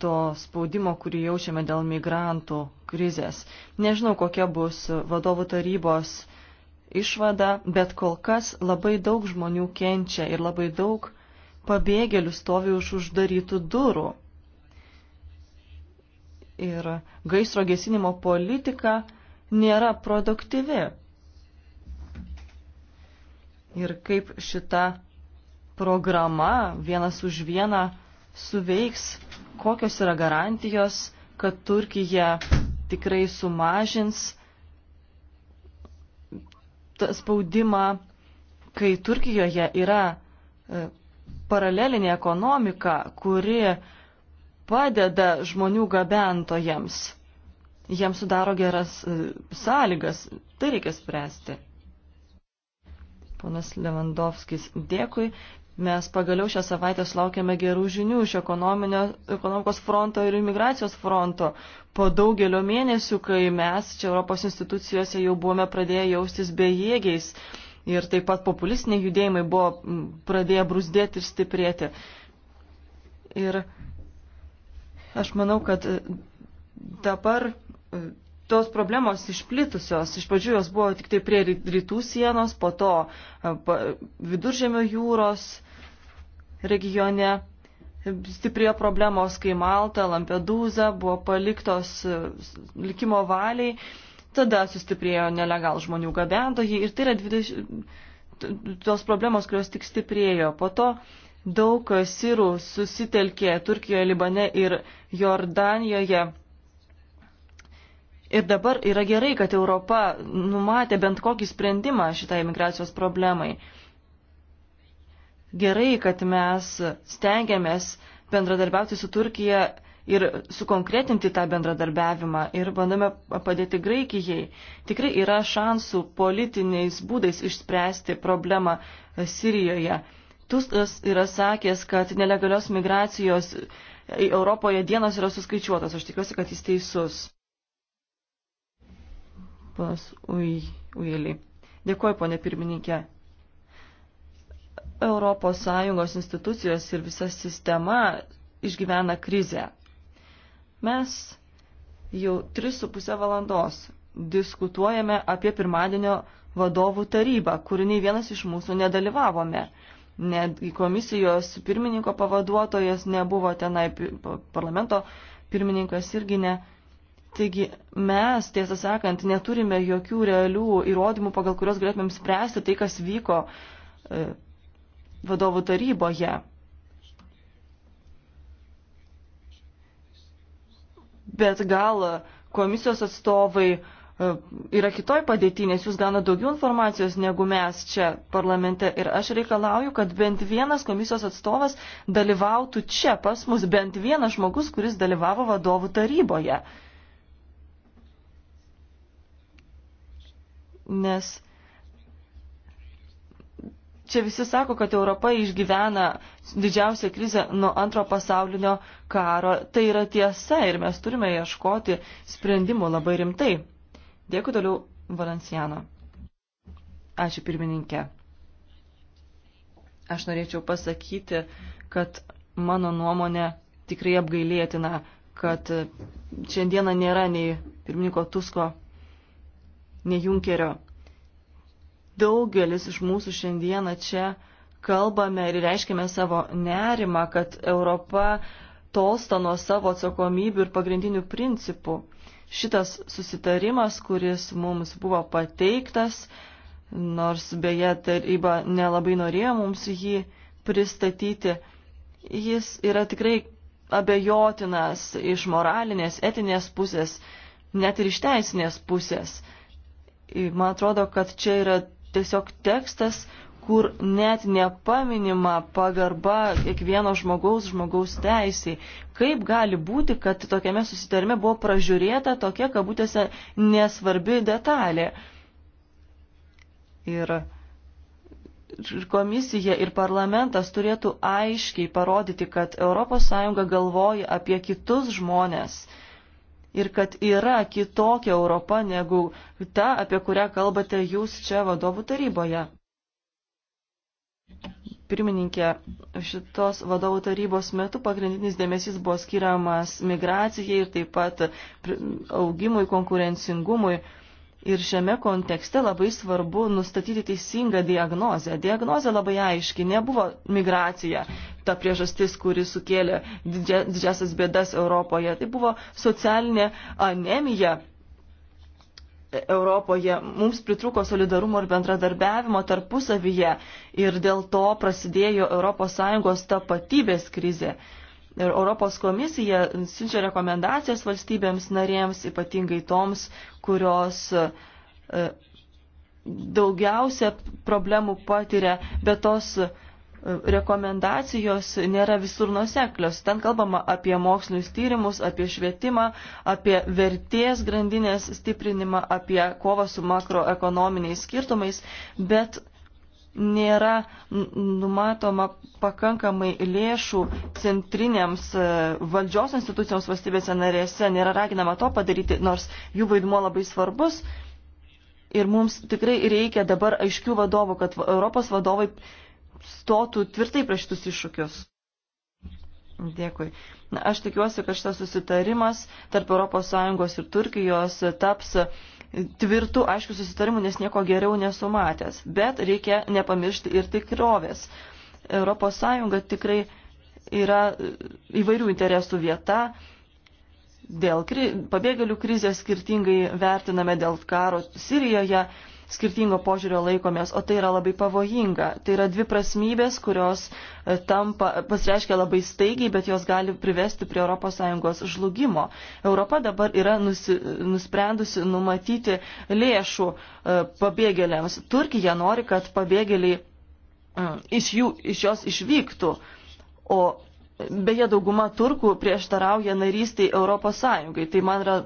to spaudimo, kurį jaučiame dėl migrantų krizės. Nežinau, kokia bus vadovų tarybos išvada, bet kol kas labai daug žmonių kenčia ir labai daug pabėgėlių stovi už uždarytų durų. Ir gaisro gesinimo politika nėra produktyvi. Ir kaip šita programa vienas už vieną suveiks kokios yra garantijos, kad Turkija tikrai sumažins spaudimą, kai Turkijoje yra e, paralelinė ekonomika, kuri padeda žmonių gabentojams. Jiems sudaro geras e, sąlygas. Tai reikia spręsti. Ponas Levandovskis, dėkui. Mes pagaliau šią savaitę sulaukėme gerų žinių iš ekonomikos fronto ir imigracijos fronto. Po daugelio mėnesių, kai mes čia Europos institucijose jau buvome pradėję jaustis bejėgiais ir taip pat populistiniai judėjimai buvo pradėję brusdėti ir stiprėti. Ir aš manau, kad e, dabar e, tos problemos išplitusios. Iš pradžių jos buvo tik tai prie rytų sienos, po to e, viduržėmio jūros regione stiprėjo problemos, kai Malta, Lampedūza buvo paliktos e, likimo valiai, tada sustiprėjo nelegal žmonių gabentojai ir tai yra 20, tos problemos, kurios tik stiprėjo. Po to daug sirų susitelkė Turkijoje, Libane ir Jordanijoje. Ir dabar yra gerai, kad Europa numatė bent kokį sprendimą šitai migracijos problemai. Gerai, kad mes stengiamės bendradarbiauti su Turkija ir sukonkretinti tą bendradarbiavimą ir bandome padėti Graikijai. Tikrai yra šansų politiniais būdais išspręsti problemą Sirijoje. Tuskas yra sakęs, kad nelegalios migracijos Europoje dienos yra suskaičiuotas. Aš tikiuosi, kad jis teisus. Pas Ujėlį. Dėkuoju, ponė pirmininkė. ES institucijos ir visa sistema išgyvena krizę. Mes jau 3,5 valandos diskutuojame apie pirmadienio vadovų tarybą, kur nei vienas iš mūsų nedalyvavome. Netgi komisijos pirmininko pavaduotojas nebuvo tenai, parlamento pirmininkas irgi ne. Taigi mes, tiesą sakant, neturime jokių realių įrodymų, pagal kurios galėtumėm spręsti tai, kas vyko e, vadovų taryboje. Bet gal komisijos atstovai e, yra kitoj padėti, nes jūs gauna daugiau informacijos negu mes čia parlamente. Ir aš reikalauju, kad bent vienas komisijos atstovas dalyvautų čia pas mus, bent vienas žmogus, kuris dalyvavo vadovų taryboje. Nes Čia visi sako, kad Europa išgyvena didžiausią krizę nuo antro pasaulinio karo. Tai yra tiesa ir mes turime ieškoti sprendimų labai rimtai. Dėkui toliau Valenciano. Ačiū pirmininkė. Aš norėčiau pasakyti, kad mano nuomonė tikrai apgailėtina, kad šiandieną nėra nei pirmininko Tusko, nei Junkerio daugelis iš mūsų šiandieną čia kalbame ir reiškime savo nerimą, kad Europa tolsta nuo savo atsakomybių ir pagrindinių principų. Šitas susitarimas, kuris mums buvo pateiktas, nors beje taryba nelabai norėjo mums jį pristatyti, jis yra tikrai abejotinas iš moralinės, etinės pusės, net ir iš teisinės pusės. Man atrodo, kad čia yra tiesiog tekstas, kur net nepaminima pagarba kiekvieno žmogaus žmogaus teisiai. Kaip gali būti, kad tokiame susitarime buvo pražiūrėta tokia, kabutėse, nesvarbi detalė? Ir komisija ir parlamentas turėtų aiškiai parodyti, kad ES galvoja apie kitus žmonės, ir kad yra kitokia Europa negu ta, apie kurią kalbate jūs čia vadovų taryboje. Pirmininkė, šitos vadovų tarybos metu pagrindinis dėmesys buvo skiriamas migracijai ir taip pat augimui, konkurencingumui. Ir šiame kontekste labai svarbu nustatyti teisingą diagnozę. Diagnozė labai aiški, nebuvo migracija ta priežastis, kuri sukėlė didžia, didžiasias bėdas Europoje. Tai buvo socialinė anemija Europoje. Mums pritruko solidarumo ir bendradarbiavimo tarpusavyje ir dėl to prasidėjo ES tapatybės krizė. Ir Europos komisija siunčia rekomendacijas valstybėms narėms, ypatingai toms, kurios e, daugiausia problemų patiria, bet tos e, rekomendacijos nėra visur nuseklios. Ten kalbama apie mokslinius tyrimus, apie švietimą, apie vertės grandinės stiprinimą, apie kovą su makroekonominiais skirtumais, bet nėra numatoma pakankamai lėšų centrinėms e, valdžios institucijoms valstybėse narėse, nėra raginama to padaryti, nors jų vaidmuo labai svarbus. Ir mums tikrai reikia dabar aiškių vadovų, kad Europos vadovai stotų tvirtai prieš šitus iššūkius. Dėkui. Na, aš tikiuosi, kad šitas susitarimas tarp ES ir Turkijos taps tvirtų, aiškių susitarimų, nes nieko geriau nesumatęs. Bet reikia nepamiršti ir tikrovės. Europos Sąjunga tikrai yra įvairių interesų vieta. Dėl kri pabėgėlių krizės skirtingai vertiname dėl karo Sirijoje skirtingo požiūrio laikomės, o tai yra labai pavojinga. Tai yra dvi prasmybės, kurios e, tampa, pasireiškia labai staigiai, bet jos gali privesti prie ES žlugimo. Europa dabar yra nusi, nusprendusi numatyti lėšų e, pabėgėliams. Turkija nori, kad pabėgėliai e, iš, jų, iš jos išvyktų. O beje, dauguma turkų prieštarauja narystiai Europos Sąjungai. Tai man yra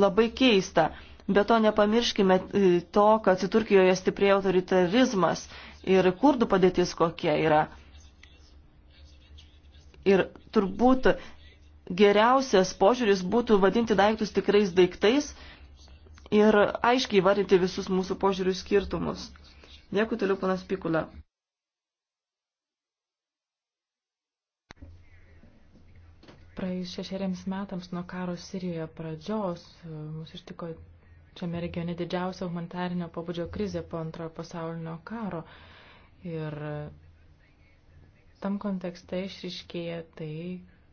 labai keista. Be to nepamirškime e, to, kad Turkijoje stiprėja autoritarizmas ir kurdų padėtis kokia yra. Ir turbūt geriausias požiūris būtų vadinti daiktus tikrais daiktais ir aiškiai vardinti visus mūsų požiūrių skirtumus. Dėkui toliau, panas Pikula. Praėjus šešeriems metams nuo karo Sirijoje pradžios e, mus ištiko šiame regione didžiausia humanitarinio pabudžio krizė po antrojo pasaulinio karo. Ir tam kontekste išriškėja tai,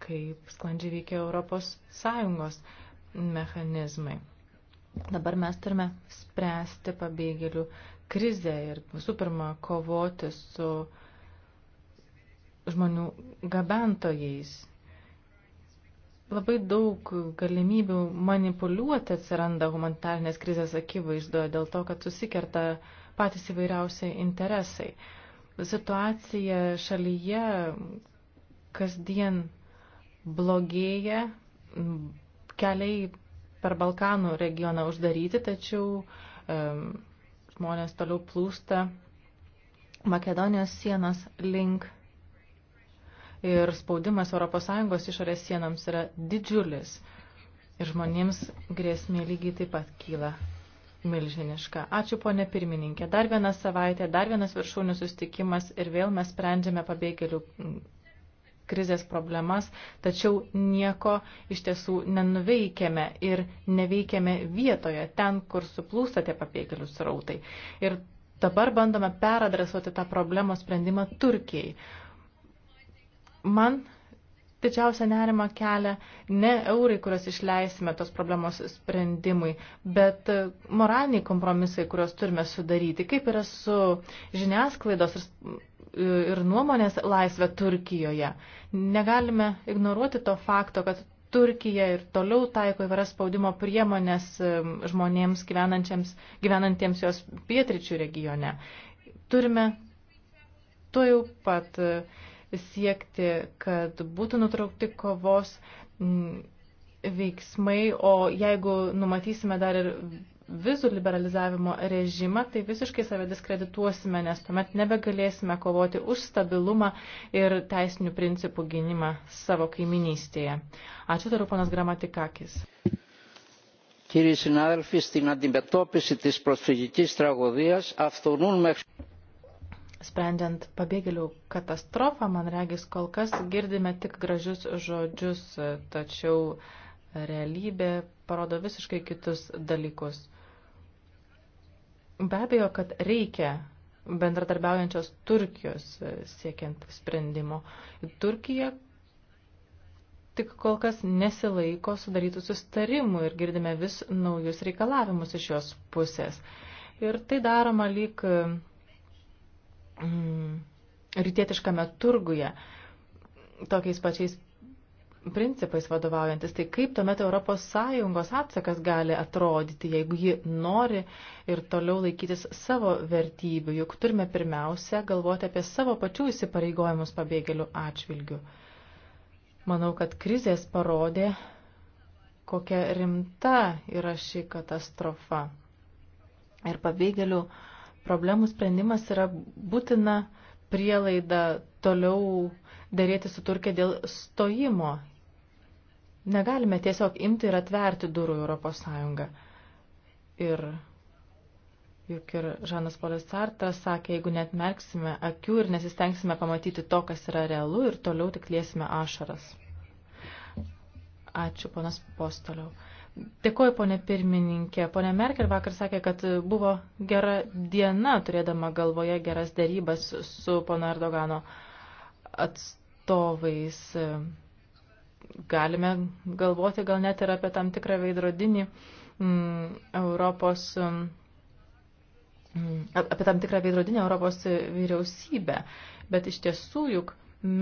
kaip sklandžiai veikia Europos Sąjungos mechanizmai. Dabar mes turime spręsti pabėgėlių krizę ir visų pirma kovoti su žmonių gabentojais labai daug galimybių manipuliuoti atsiranda humanitarnės krizės akivaizdoje dėl to, kad susikerta patys įvairiausiai interesai. Situacija šalyje kasdien blogėja, keliai per Balkanų regioną uždaryti, tačiau um, žmonės toliau plūsta Makedonijos sienos link ir spaudimas ES išorės sienams yra didžiulis. Ir žmonėms grėsmė lygiai taip pat kyla milžiniška. Ačiū, ponė pirmininkė. Dar viena savaitė, dar vienas viršūnių sustikimas ir vėl mes sprendžiame pabėgėlių krizės problemas, tačiau nieko iš tiesų nenuveikėme ir neveikėme vietoje, ten, kur suplūsta tie pabėgėlių srautai. Ir dabar bandome peradresuoti tą problemos sprendimą Turkijai. Man didžiausia nerima kelia ne eurai, kuriuos išleisime tos problemos sprendimui, bet moraliniai kompromisai, kuriuos turime sudaryti. Kaip yra su žiniasklaidos ir, ir nuomonės laisvė Turkijoje? Negalime ignoruoti to fakto, kad Turkija ir toliau taiko įvairias spaudimo priemonės žmonėms gyvenantiems jos pietričių regione. Turime tuo jau pat uh, siekti, kad būtų nutraukti kovos mm, veiksmai, o jeigu numatysime dar ir vizų liberalizavimo režimą, tai visiškai save diskredituosime, nes tuomet nebegalėsime kovoti už stabilumą ir teisinių principų gynimą savo kaiminystėje. Ačiū toliau, ponas Gramatikakis. Κύριοι συνάδελφοι, στην αντιμετώπιση της προσφυγικής τραγωδίας αυθονούν μέχρι... Sprendžiant pabėgėlių katastrofą, man regis, kol kas girdime tik gražius žodžius, tačiau realybė parodo visiškai kitus dalykus. Be abejo, kad reikia bendradarbiaujančios Turkijos siekiant sprendimo. Turkija tik kol kas nesilaiko sudarytų sustarimų ir girdime vis naujus reikalavimus iš jos pusės. Ir tai daroma lyg mm, rytietiškame turguje tokiais pačiais principais vadovaujantis, tai kaip tuomet Europos Sąjungos atsakas gali atrodyti, jeigu ji nori ir toliau laikytis savo vertybių, juk turime pirmiausia galvoti apie savo pačių įsipareigojimus pabėgėlių atžvilgių. Manau, kad krizės parodė, kokia rimta yra ši katastrofa. Ir pabėgėlių uh, problemų sprendimas yra būtina prielaida toliau dėrėti su Turkija dėl stojimo. Negalime tiesiog imti ir atverti durų Europos Sąjungą. Ir juk ir Žanas Polis Sartras sakė, jeigu net merksime akių ir nesistengsime pamatyti to, kas yra realu ir toliau tik liesime ašaras. Ačiū, ponas Postoliau. Dėkuoju, ponė pirmininkė. Pone Merkel vakar sakė, kad buvo gera diena, turėdama galvoje geras dėrybas su pono Erdogano atstovais. Galime galvoti gal net ir apie tam tikrą veidrodinį m, mm, Europos, m, mm, apie tam tikrą veidrodinę Europos vyriausybę. Bet iš tiesų juk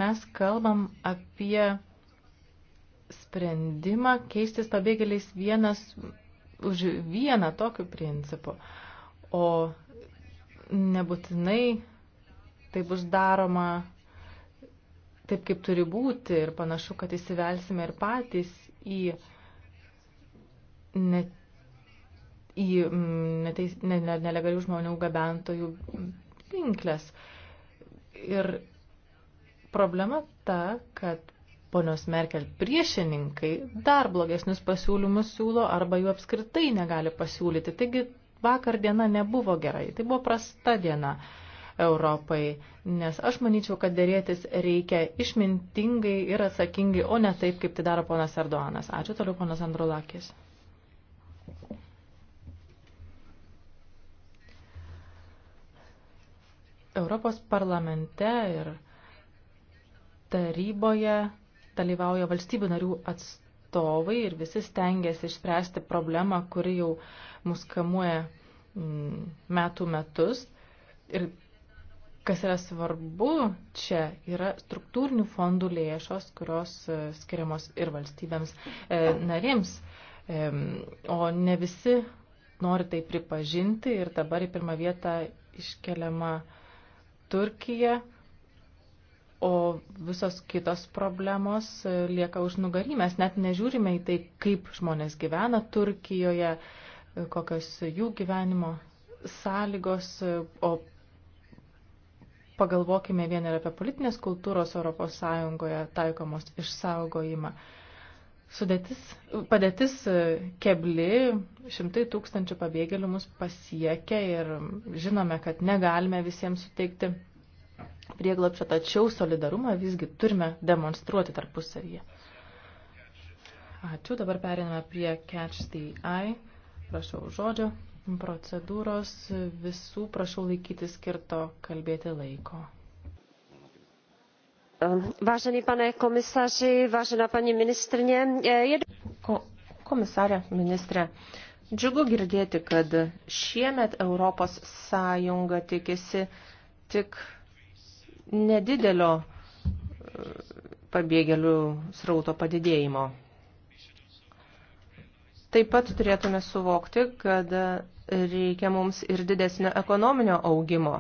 mes kalbam apie sprendimą keistis pabėgėliais vienas už vieną tokiu principu. O nebūtinai tai bus daroma taip, kaip turi būti ir panašu, kad įsivelsime ir patys į, ne, į mm, neteis, ne, ne, nelegalių žmonių gabentojų pinklės. Ir problema ta, kad ponios Merkel priešininkai dar blogesnius pasiūlymus siūlo arba jų apskritai negali pasiūlyti. Taigi vakar diena nebuvo gerai, tai buvo prasta diena Europai, nes aš manyčiau, kad dėrėtis reikia išmintingai ir atsakingai, o ne taip, kaip tai daro ponas Erdoanas. Ačiū toliau, ponas Andrulakis. Europos parlamente ir taryboje dalyvauja valstybių narių atstovai ir visi stengiasi išspręsti problemą, kuri jau mus kamuoja mm, metų metus. Ir kas yra svarbu čia, yra struktūrinių fondų lėšos, kurios e, skiriamos ir valstybėms e, narėms. E, o ne visi nori tai pripažinti ir dabar į pirmą vietą iškeliama Turkija o visos kitos problemos lieka už nugarį. Mes net nežiūrime į tai, kaip žmonės gyvena Turkijoje, kokios jų gyvenimo sąlygos, o pagalvokime vien ir apie politinės kultūros Europos Sąjungoje taikomos išsaugojimą. Sudėtis, padėtis kebli, šimtai tūkstančių pabėgėlių mus pasiekia ir žinome, kad negalime visiems suteikti prieglopščio, tačiau solidarumą visgi turime demonstruoti tarpusavyje. Ačiū, dabar periname prie Catch the Eye. Prašau žodžio procedūros visų, prašau laikyti skirto kalbėti laiko. Vážený pane komisaři, vážená paní ministrně. Jed... Ko, komisarė, ministrė, džiugu girdėti, kad šiemet Europos Sąjunga tikisi tik nedidelio e, pabėgėlių srauto padidėjimo. Taip pat turėtume suvokti, kad reikia mums ir didesnio ekonominio augimo.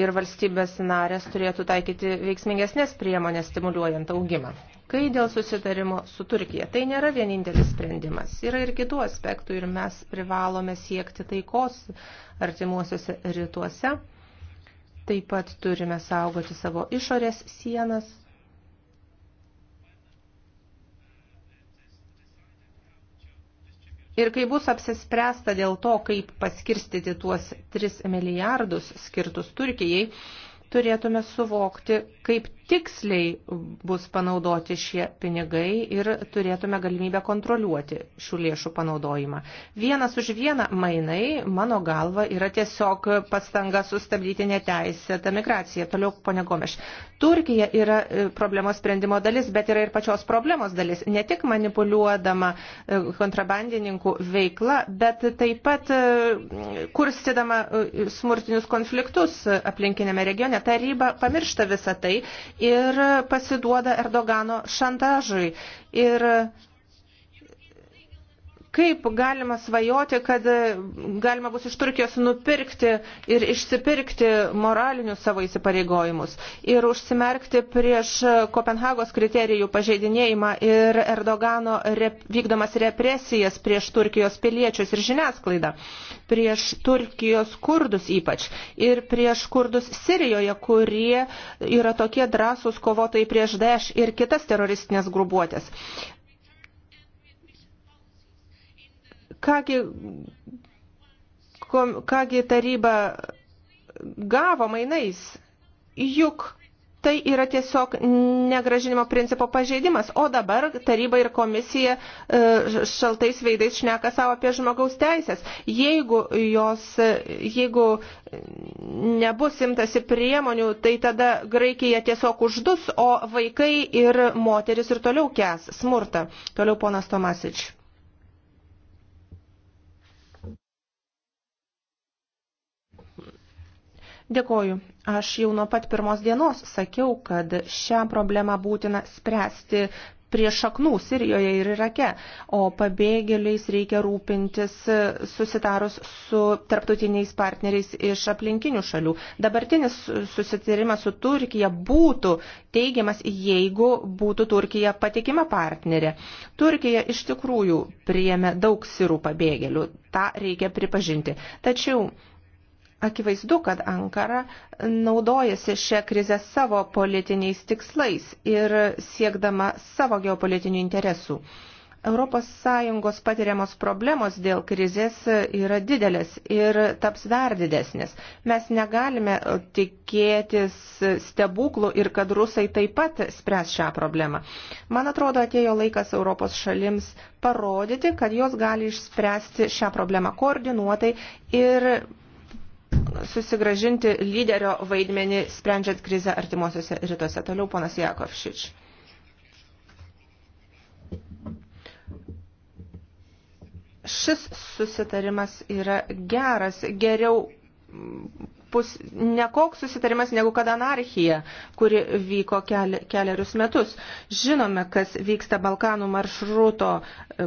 Ir valstybės narės turėtų taikyti veiksmingesnės priemonės stimuliuojant augimą. Kai dėl susitarimo su Turkija, tai nėra vienintelis sprendimas. Yra ir kitų aspektų ir mes privalome siekti taikos artimuosiuose rytuose Taip pat turime saugoti savo išorės sienas. Ir kai bus apsispręsta dėl to, kaip paskirstyti tuos 3 milijardus skirtus Turkijai, turėtume suvokti, kaip tiksliai bus panaudoti šie pinigai ir turėtume galimybę kontroliuoti šių lėšų panaudojimą. Vienas už vieną mainai, mano galva, yra tiesiog pastanga sustabdyti neteisėtą migraciją. Toliau, pone Gomeš, Turkija yra e, problemos sprendimo dalis, bet yra ir pačios problemos dalis. Ne tik manipuliuodama e, kontrabandininkų veikla, bet taip pat e, kurstydama smurtinius konfliktus aplinkinėme regione. Taryba pamiršta visą tai ir pasiduoda Erdogano šantažui. Ir Kaip galima svajoti, kad e, galima bus iš Turkijos nupirkti ir išsipirkti moralinius savo įsipareigojimus ir užsimerkti prieš Kopenhagos kriterijų pažeidinėjimą ir Erdogano rep vykdomas represijas prieš Turkijos piliečius ir žiniasklaidą, prieš Turkijos kurdus ypač ir prieš kurdus Sirijoje, kurie yra tokie drąsūs kovotojai prieš Daesh ir kitas teroristinės grubuotės. kągi, kągi taryba gavo mainais, juk tai yra tiesiog negražinimo principo pažeidimas. O dabar taryba ir komisija e, šaltais veidais šneka savo apie žmogaus teisės. Jeigu, jos, e, jeigu nebus imtasi priemonių, tai tada Graikija tiesiog uždus, o vaikai ir moteris ir toliau kes smurtą. Toliau ponas Tomasič. Dėkoju. Aš jau nuo pat pirmos dienos sakiau, kad šią problemą būtina spręsti prie šaknų Sirijoje ir Irake, o pabėgėliais reikia rūpintis susitarus su tarptautiniais partneriais iš aplinkinių šalių. Dabartinis susitarimas su Turkija būtų teigiamas, jeigu būtų Turkija patikima partnerė. Turkija iš tikrųjų priėmė daug sirų pabėgėlių, tą reikia pripažinti. Tačiau Akivaizdu, kad Ankara naudojasi šią krizę savo politiniais tikslais ir siekdama savo geopolitinių interesų. ES patiriamos problemos dėl krizės yra didelės ir taps dar didesnės. Mes negalime tikėtis stebuklų ir kad rusai taip pat spręs šią problemą. Man atrodo, atėjo laikas Europos šalims parodyti, kad jos gali išspręsti šią problemą koordinuotai ir susigražinti lyderio vaidmenį, sprendžiant krizę artimuosiuose rytuose. Toliau ponas Jakovšič. Šis susitarimas yra geras, geriau pus, nekoks susitarimas negu kad anarchija, kuri vyko keli, keliarius metus. Žinome, kas vyksta Balkanų maršruto,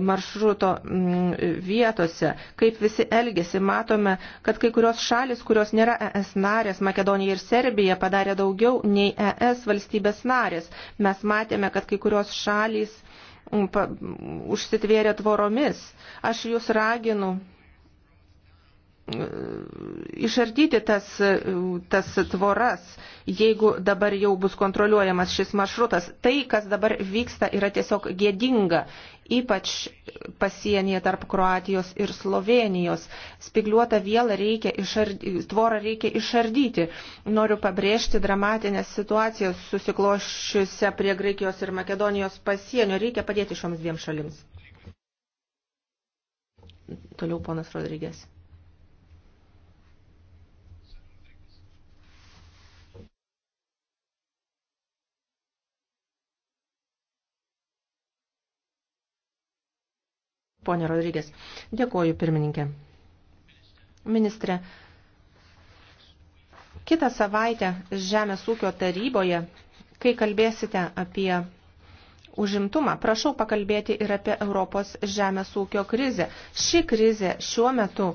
maršruto m, mm, vietose, kaip visi elgesi. Matome, kad kai kurios šalis, kurios nėra ES narės, Makedonija ir Serbija, padarė daugiau nei ES valstybės narės. Mes matėme, kad kai kurios šalys mm, mm, užsitvėrė tvoromis. Aš jūs raginu išardyti tas, tas tvoras, jeigu dabar jau bus kontroliuojamas šis maršrutas. Tai, kas dabar vyksta, yra tiesiog gėdinga, ypač pasienyje tarp Kroatijos ir Slovenijos. Spigliuotą vielą reikia išardyti, tvorą reikia išardyti. Noriu pabrėžti dramatinę situaciją susiklošiusią prie Graikijos ir Makedonijos pasienio. Reikia padėti šioms dviem šalims. Toliau ponas Rodrygės. Pone Rodrygės, dėkoju pirmininkė. Ministre, kitą savaitę Žemės ūkio taryboje, kai kalbėsite apie užimtumą, prašau pakalbėti ir apie Europos žemės ūkio krizę. Ši krizė šiuo metu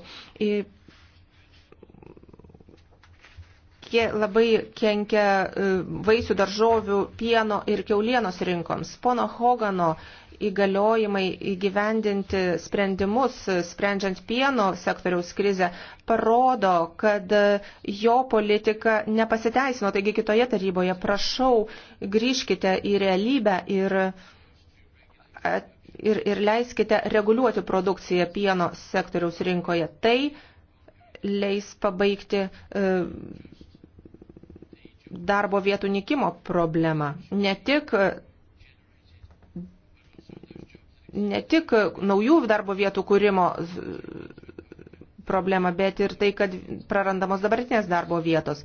labai kenkia e, vaisių, daržovių, pieno ir keulienos rinkoms. Pono Hogano įgaliojimai įgyvendinti sprendimus, e, sprendžiant pieno sektoriaus krizę, parodo, kad e, jo politika nepasiteisino. Taigi kitoje taryboje prašau, grįžkite į realybę ir, ir, ir leiskite reguliuoti produkciją pieno sektoriaus rinkoje. Tai leis pabaigti. E, darbo vietų nikimo problemą. Ne tik ne tik naujų darbo vietų kūrimo problema, bet ir tai, kad prarandamos dabartinės darbo vietos.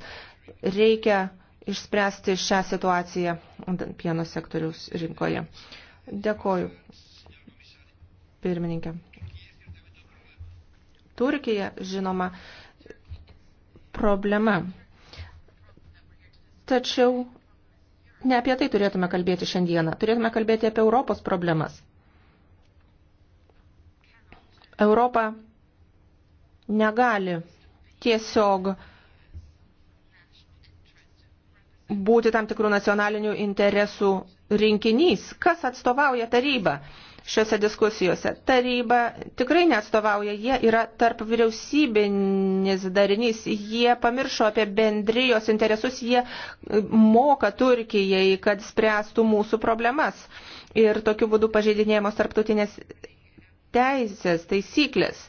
Reikia išspręsti šią situaciją pieno sektoriaus rinkoje. Dėkoju, pirmininkė. Turkija, žinoma, problema Tačiau ne apie tai turėtume kalbėti šiandieną. Turėtume kalbėti apie Europos problemas. Europa negali tiesiog būti tam tikrų nacionalinių interesų rinkinys. Kas atstovauja tarybą? šiuose diskusijose. Taryba tikrai neatstovauja, jie yra tarp vyriausybinis darinys, jie pamiršo apie bendrijos interesus, jie e, moka Turkijai, kad spręstų mūsų problemas. Ir tokiu būdu pažeidinėjamos tarptautinės teisės, taisyklės.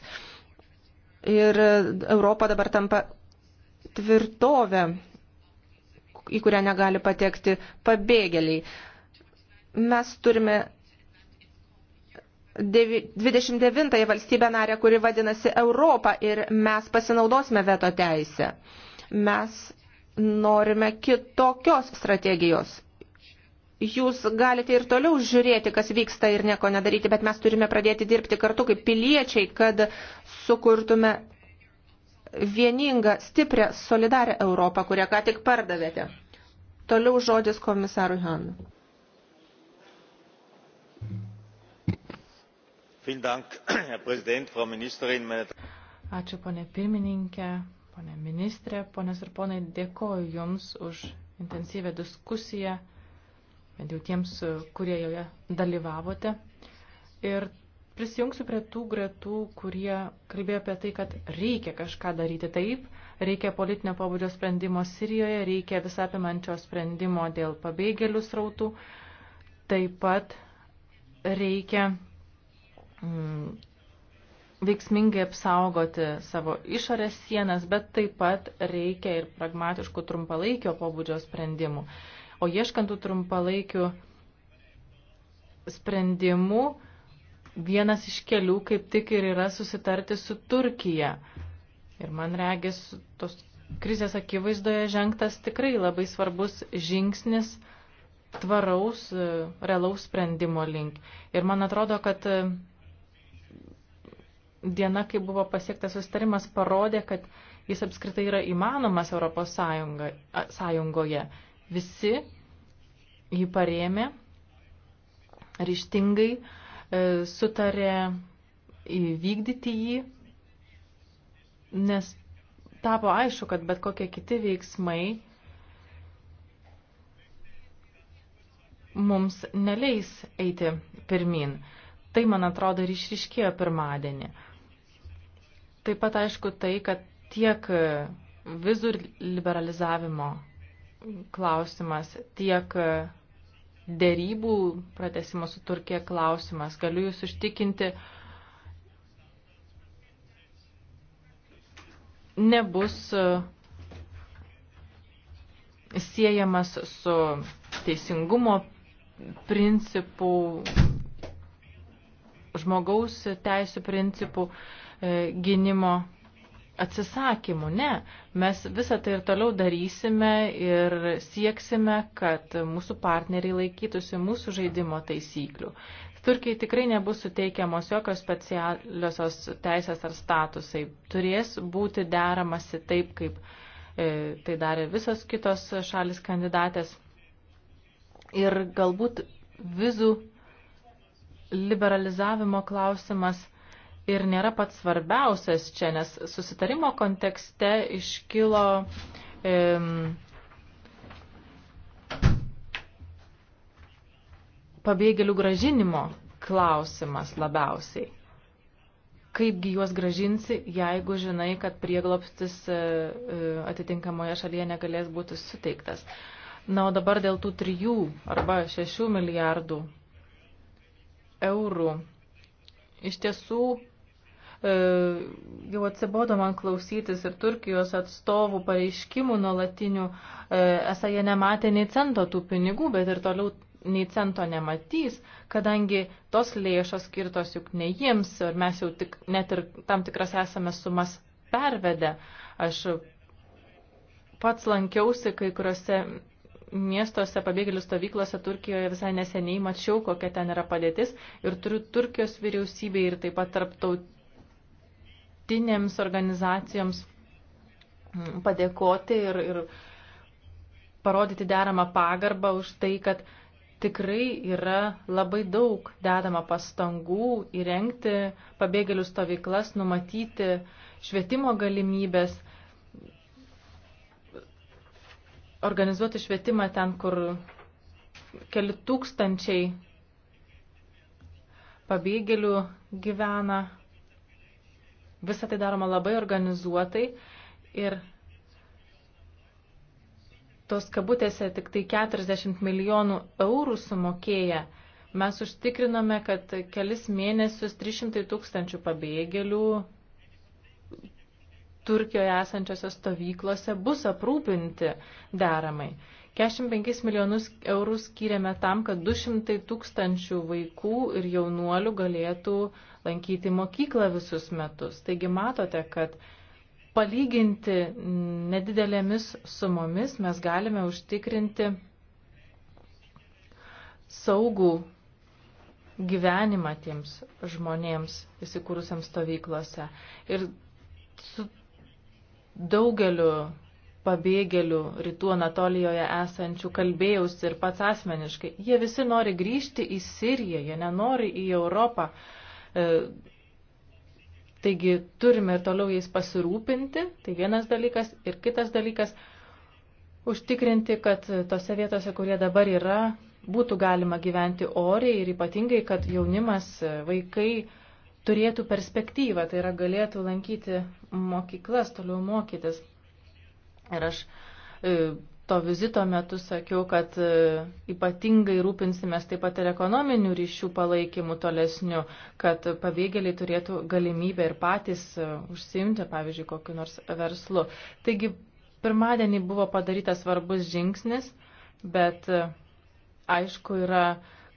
Ir Europa dabar tampa tvirtovę, į kurią negali patekti pabėgėliai. Mes turime 29 valstybę narę, kuri vadinasi Europą ir mes pasinaudosime veto teisę. Mes norime kitokios strategijos. Jūs galite ir toliau žiūrėti, kas vyksta ir nieko nedaryti, bet mes turime pradėti dirbti kartu kaip piliečiai, kad sukurtume vieningą, stiprią, solidarę Europą, kurią ką tik pardavėte. Toliau žodis komisarui Hanu. (clears throat) herr präsident frau ministerin meine ačiū pone pirmininke pone ministre ponios ir ponai dėkoju jums už intensyvią diskusiją bent jau tiems kurie joje dalyvavote ir prisijungsiu prie tų gretų kurie kalbėjo apie tai kad reikia kažką daryti taip reikia politinio pobūdžio sprendimo sirijoje reikia visą apimančio sprendimo dėl pabėgėlių srautų taip pat reikia Mm, veiksmingai apsaugoti savo išorės sienas, bet taip pat reikia ir pragmatiškų trumpalaikio pobūdžio sprendimų. O ieškantų trumpalaikių sprendimų vienas iš kelių kaip tik ir yra susitarti su Turkija. Ir man regis tos krizės akivaizdoje žengtas tikrai labai svarbus žingsnis tvaraus, realaus sprendimo link. Ir man atrodo, kad diena, kai buvo pasiektas sustarimas, parodė, kad jis apskritai yra įmanomas Europos Sąjunga, Sąjungoje. Visi jį parėmė, ryštingai e, sutarė įvykdyti jį, nes tapo aišku, kad bet kokie kiti veiksmai mums neleis eiti pirmin. Tai, man atrodo, ir išriškėjo pirmadienį. Taip pat aišku tai, kad tiek vizų liberalizavimo klausimas, tiek dėrybų pratesimo su Turkija klausimas. Galiu jūs užtikinti, nebus e, siejamas su teisingumo principų, žmogaus teisų principų. Uh, E, gynimo atsisakymų. Ne, mes visą tai ir toliau darysime ir sieksime, kad mūsų partneriai laikytųsi mūsų žaidimo taisyklių. Turkijai tikrai nebus suteikiamos jokios specialiosios teisės ar statusai. Turės būti deramasi taip, kaip e, tai darė visos kitos šalis kandidatės. Ir galbūt vizų liberalizavimo klausimas ir nėra pats svarbiausias čia, nes susitarimo kontekste iškilo um, pabėgėlių gražinimo klausimas labiausiai. Kaipgi juos gražinsi, jeigu žinai, kad prieglopstis e, e, atitinkamoje šalyje negalės būti suteiktas. Na, o dabar dėl tų trijų arba šešių milijardų eurų. Iš tiesų, E, jau atsibodo man klausytis ir Turkijos atstovų pareiškimų nuolatinių, e, esą jie nematė nei cento tų pinigų, bet ir toliau nei cento nematys, kadangi tos lėšos skirtos juk ne jiems ir mes jau tik, net ir tam tikras esame sumas pervedę. Aš pats lankiausi kai kuriuose miestuose, pabėgėlių stovyklose Turkijoje visai neseniai mačiau, kokia ten yra padėtis ir turiu Turkijos vyriausybei ir taip pat tarptaut, tarptautinėms organizacijoms padėkoti ir, ir parodyti deramą pagarbą už tai, kad tikrai yra labai daug dedama pastangų įrengti pabėgėlių stovyklas, numatyti švietimo galimybės, organizuoti švietimą ten, kur keli tūkstančiai pabėgėlių gyvena Visą tai daroma labai organizuotai ir tos kabutėse tik tai 40 milijonų eurų sumokėję, mes užtikriname, kad kelis mėnesius 300 tūkstančių pabėgėlių Turkijoje esančiose stovyklose bus aprūpinti deramai. 45 milijonus eurų skiriame tam, kad 200 tūkstančių vaikų ir jaunuolių galėtų lankyti mokyklą visus metus. Taigi matote, kad palyginti nedidelėmis sumomis mes galime užtikrinti saugų gyvenimą tiems žmonėms įsikūrusiams stovyklose. Ir su daugeliu pabėgėlių rytų Anatolijoje esančių kalbėjausi ir pats asmeniškai. Jie visi nori grįžti į Siriją, jie nenori į Europą E, taigi turime ir toliau jais pasirūpinti, tai vienas dalykas. Ir kitas dalykas, užtikrinti, kad tose vietose, kurie dabar yra, būtų galima gyventi oriai ir ypatingai, kad jaunimas, vaikai turėtų perspektyvą, tai yra galėtų lankyti mokyklas, toliau mokytis. Ir aš e, to vizito metu sakiau, kad e, ypatingai rūpinsimės taip pat ir ekonominių ryšių palaikymų tolesnių, kad pabėgėliai turėtų galimybę ir patys e, užsimti, pavyzdžiui, kokiu nors verslu. Taigi, pirmadienį buvo padarytas svarbus žingsnis, bet e, aišku yra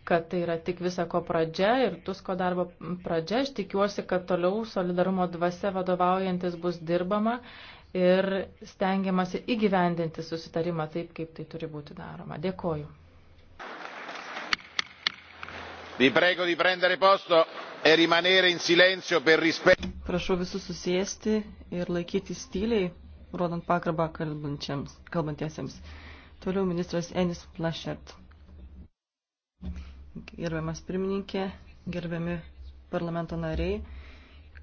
kad tai yra tik visako pradžia ir Tusko darbo pradžia. Aš tikiuosi, kad toliau solidarumo dvasia vadovaujantis bus dirbama ir stengiamasi įgyvendinti susitarimą taip, kaip tai turi būti daroma. Dėkoju. Vi prego di prendere posto e rimanere in silenzio per rispetto. Prašau visus susėsti ir laikytis tyliai, rodant pakarbą kalbantiesiems. Toliau ministras Enis Plašert. Gerbiamas pirmininkė, gerbiami parlamento nariai.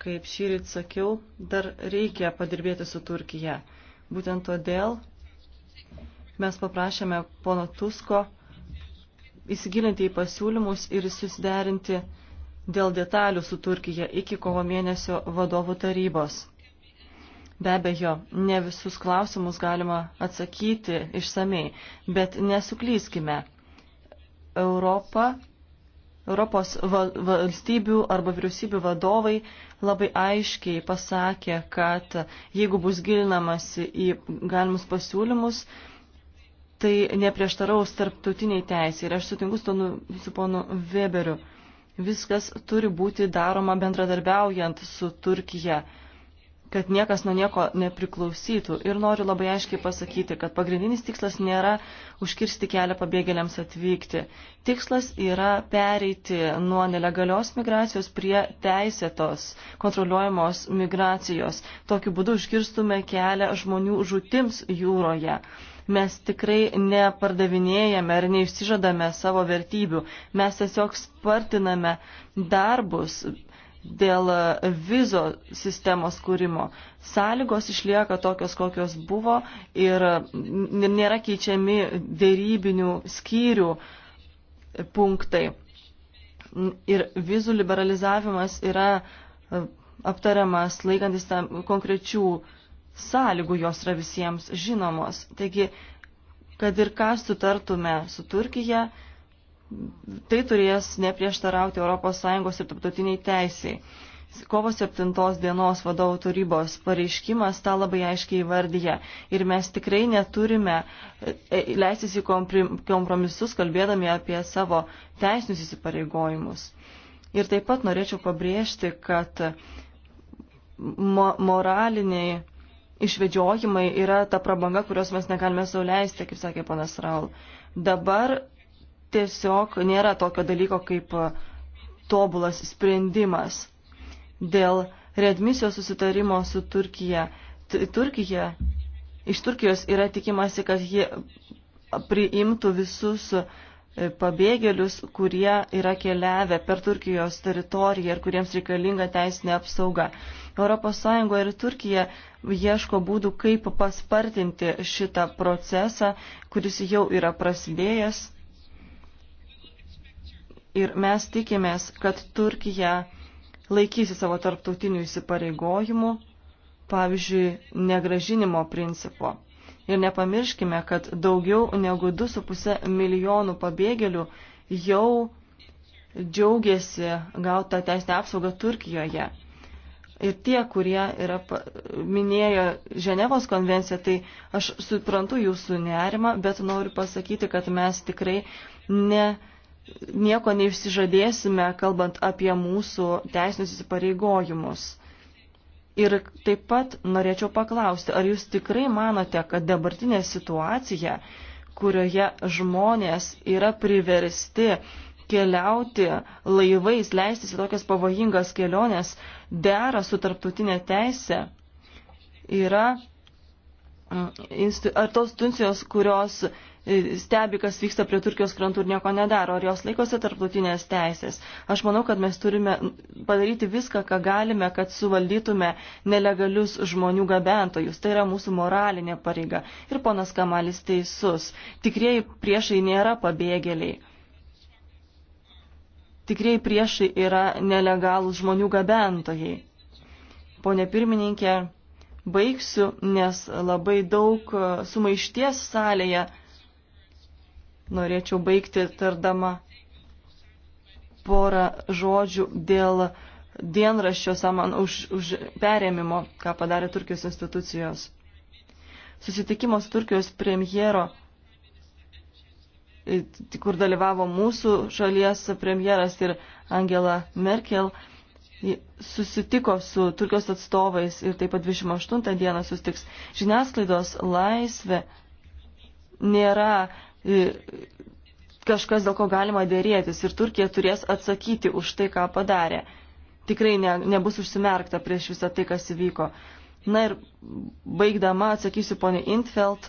Kaip šįryt sakiau, dar reikia padirbėti su Turkija. Būtent todėl mes paprašėme pono Tusko įsigilinti į pasiūlymus ir susiderinti dėl detalių su Turkija iki kovo mėnesio vadovų tarybos. Be abejo, ne visus klausimus galima atsakyti išsamei, bet nesuklyskime. Europa Europos valstybių arba vyriausybių vadovai labai aiškiai pasakė, kad jeigu bus gilinamasi į galimus pasiūlymus, tai neprieštaraus tarptautiniai teisė. Ir aš sutinku su, su ponu Weberiu. Viskas turi būti daroma bendradarbiaujant su Turkija kad niekas nuo nieko nepriklausytų. Ir noriu labai aiškiai pasakyti, kad pagrindinis tikslas nėra užkirsti kelią pabėgėliams atvykti. Tikslas yra pereiti nuo nelegalios migracijos prie teisėtos, kontroliuojamos migracijos. Tokiu būdu užkirstume kelią žmonių žutims jūroje. Mes tikrai nepardavinėjame ir neišsižadame savo vertybių. Mes tiesiog spartiname darbus dėl e, vizo sistemos kūrimo. Sąlygos išlieka tokios, kokios buvo ir nėra keičiami dėrybinių skyrių punktai. Ir vizų liberalizavimas yra e, aptariamas laikantis tam konkrečių sąlygų, jos yra visiems žinomos. Taigi, kad ir ką sutartume su Turkija, tai turės neprieštarauti ES ir tarptautiniai teisiai. Kovo 7 dienos vadovų tarybos pareiškimas tą labai aiškiai įvardyje ir mes tikrai neturime e, e, leistis į kompromisus, kalbėdami apie savo teisinius įsipareigojimus. Ir taip pat norėčiau pabrėžti, kad mo moraliniai išvedžiojimai yra ta prabanga, kurios mes negalime sauliaisti, kaip sakė ponas Raul. Dabar tiesiog nėra tokio dalyko kaip e, tobulas sprendimas. Dėl readmisijos susitarimo su Turkija. Turkija iš Turkijos yra tikimasi, kad jie priimtų visus e, pabėgėlius, kurie yra keliavę per Turkijos teritoriją ir kuriems reikalinga teisinė apsauga. ES ir Turkija ieško būdų, kaip paspartinti šitą procesą, kuris jau yra prasidėjęs ir mes tikimės, kad Turkija laikysi savo tarptautinių įsipareigojimų, pavyzdžiui, negražinimo principo. Ir nepamirškime, kad daugiau negu 2,5 milijonų pabėgėlių jau džiaugiasi gautą teisinę apsaugą Turkijoje. Ir tie, kurie yra minėjo Ženevos konvenciją, tai aš suprantu jūsų nerimą, bet noriu pasakyti, kad mes tikrai ne nieko neišsižadėsime, kalbant apie mūsų teisinius įsipareigojimus. Ir taip pat norėčiau paklausti, ar jūs tikrai manote, kad dabartinė situacija, kurioje žmonės yra priversti keliauti laivais, leistis į tokias pavojingas keliones, dera su tarptautinė teisė, yra mm, ar tos institucijos, kurios stebi, kas vyksta prie Turkijos krantų ir nieko nedaro, ar jos laikosi tarptautinės teisės. Aš manau, kad mes turime padaryti viską, ką galime, kad suvaldytume nelegalius žmonių gabentojus. Tai yra mūsų moralinė pareiga. Ir ponas Kamalis teisus. Tikrieji priešai nėra pabėgėliai tikrieji priešai yra nelegalūs žmonių gabentojai. Pone pirmininkė, baigsiu, nes labai daug sumaišties salėje norėčiau baigti tardama porą žodžių dėl dienraščio saman už, už perėmimo, ką padarė Turkijos institucijos. Susitikimas Turkijos premjero, kur dalyvavo mūsų šalies premjeras ir Angela Merkel, susitiko su Turkijos atstovais ir taip pat 28 dieną sustiks. Žiniasklaidos laisvė nėra E, kažkas, dėl ko galima dėrėtis ir Turkija turės atsakyti už tai, ką padarė. Tikrai ne, nebus užsimerkta prieš visą tai, kas įvyko. Na ir baigdama atsakysiu poniai Intfeld,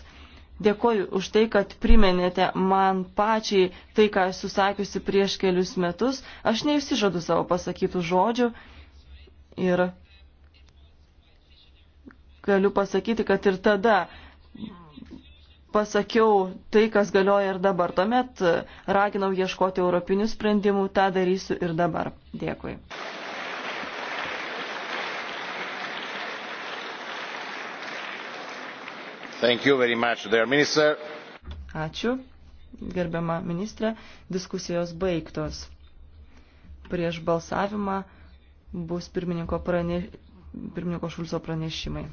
dėkoju už tai, kad priminėte man pačiai tai, ką esu sakiusi prieš kelius metus. Aš neišsižadu savo pasakytų žodžių ir galiu pasakyti, kad ir tada pasakiau tai, kas galioja ir dabar. Tuomet e, raginau ieškoti europinių sprendimų, tą darysiu ir dabar. Dėkui. Much, Ačiū, gerbiama ministrė. Diskusijos baigtos. Prieš balsavimą bus pirmininko, prane... pirmininko Šulco pranešimai.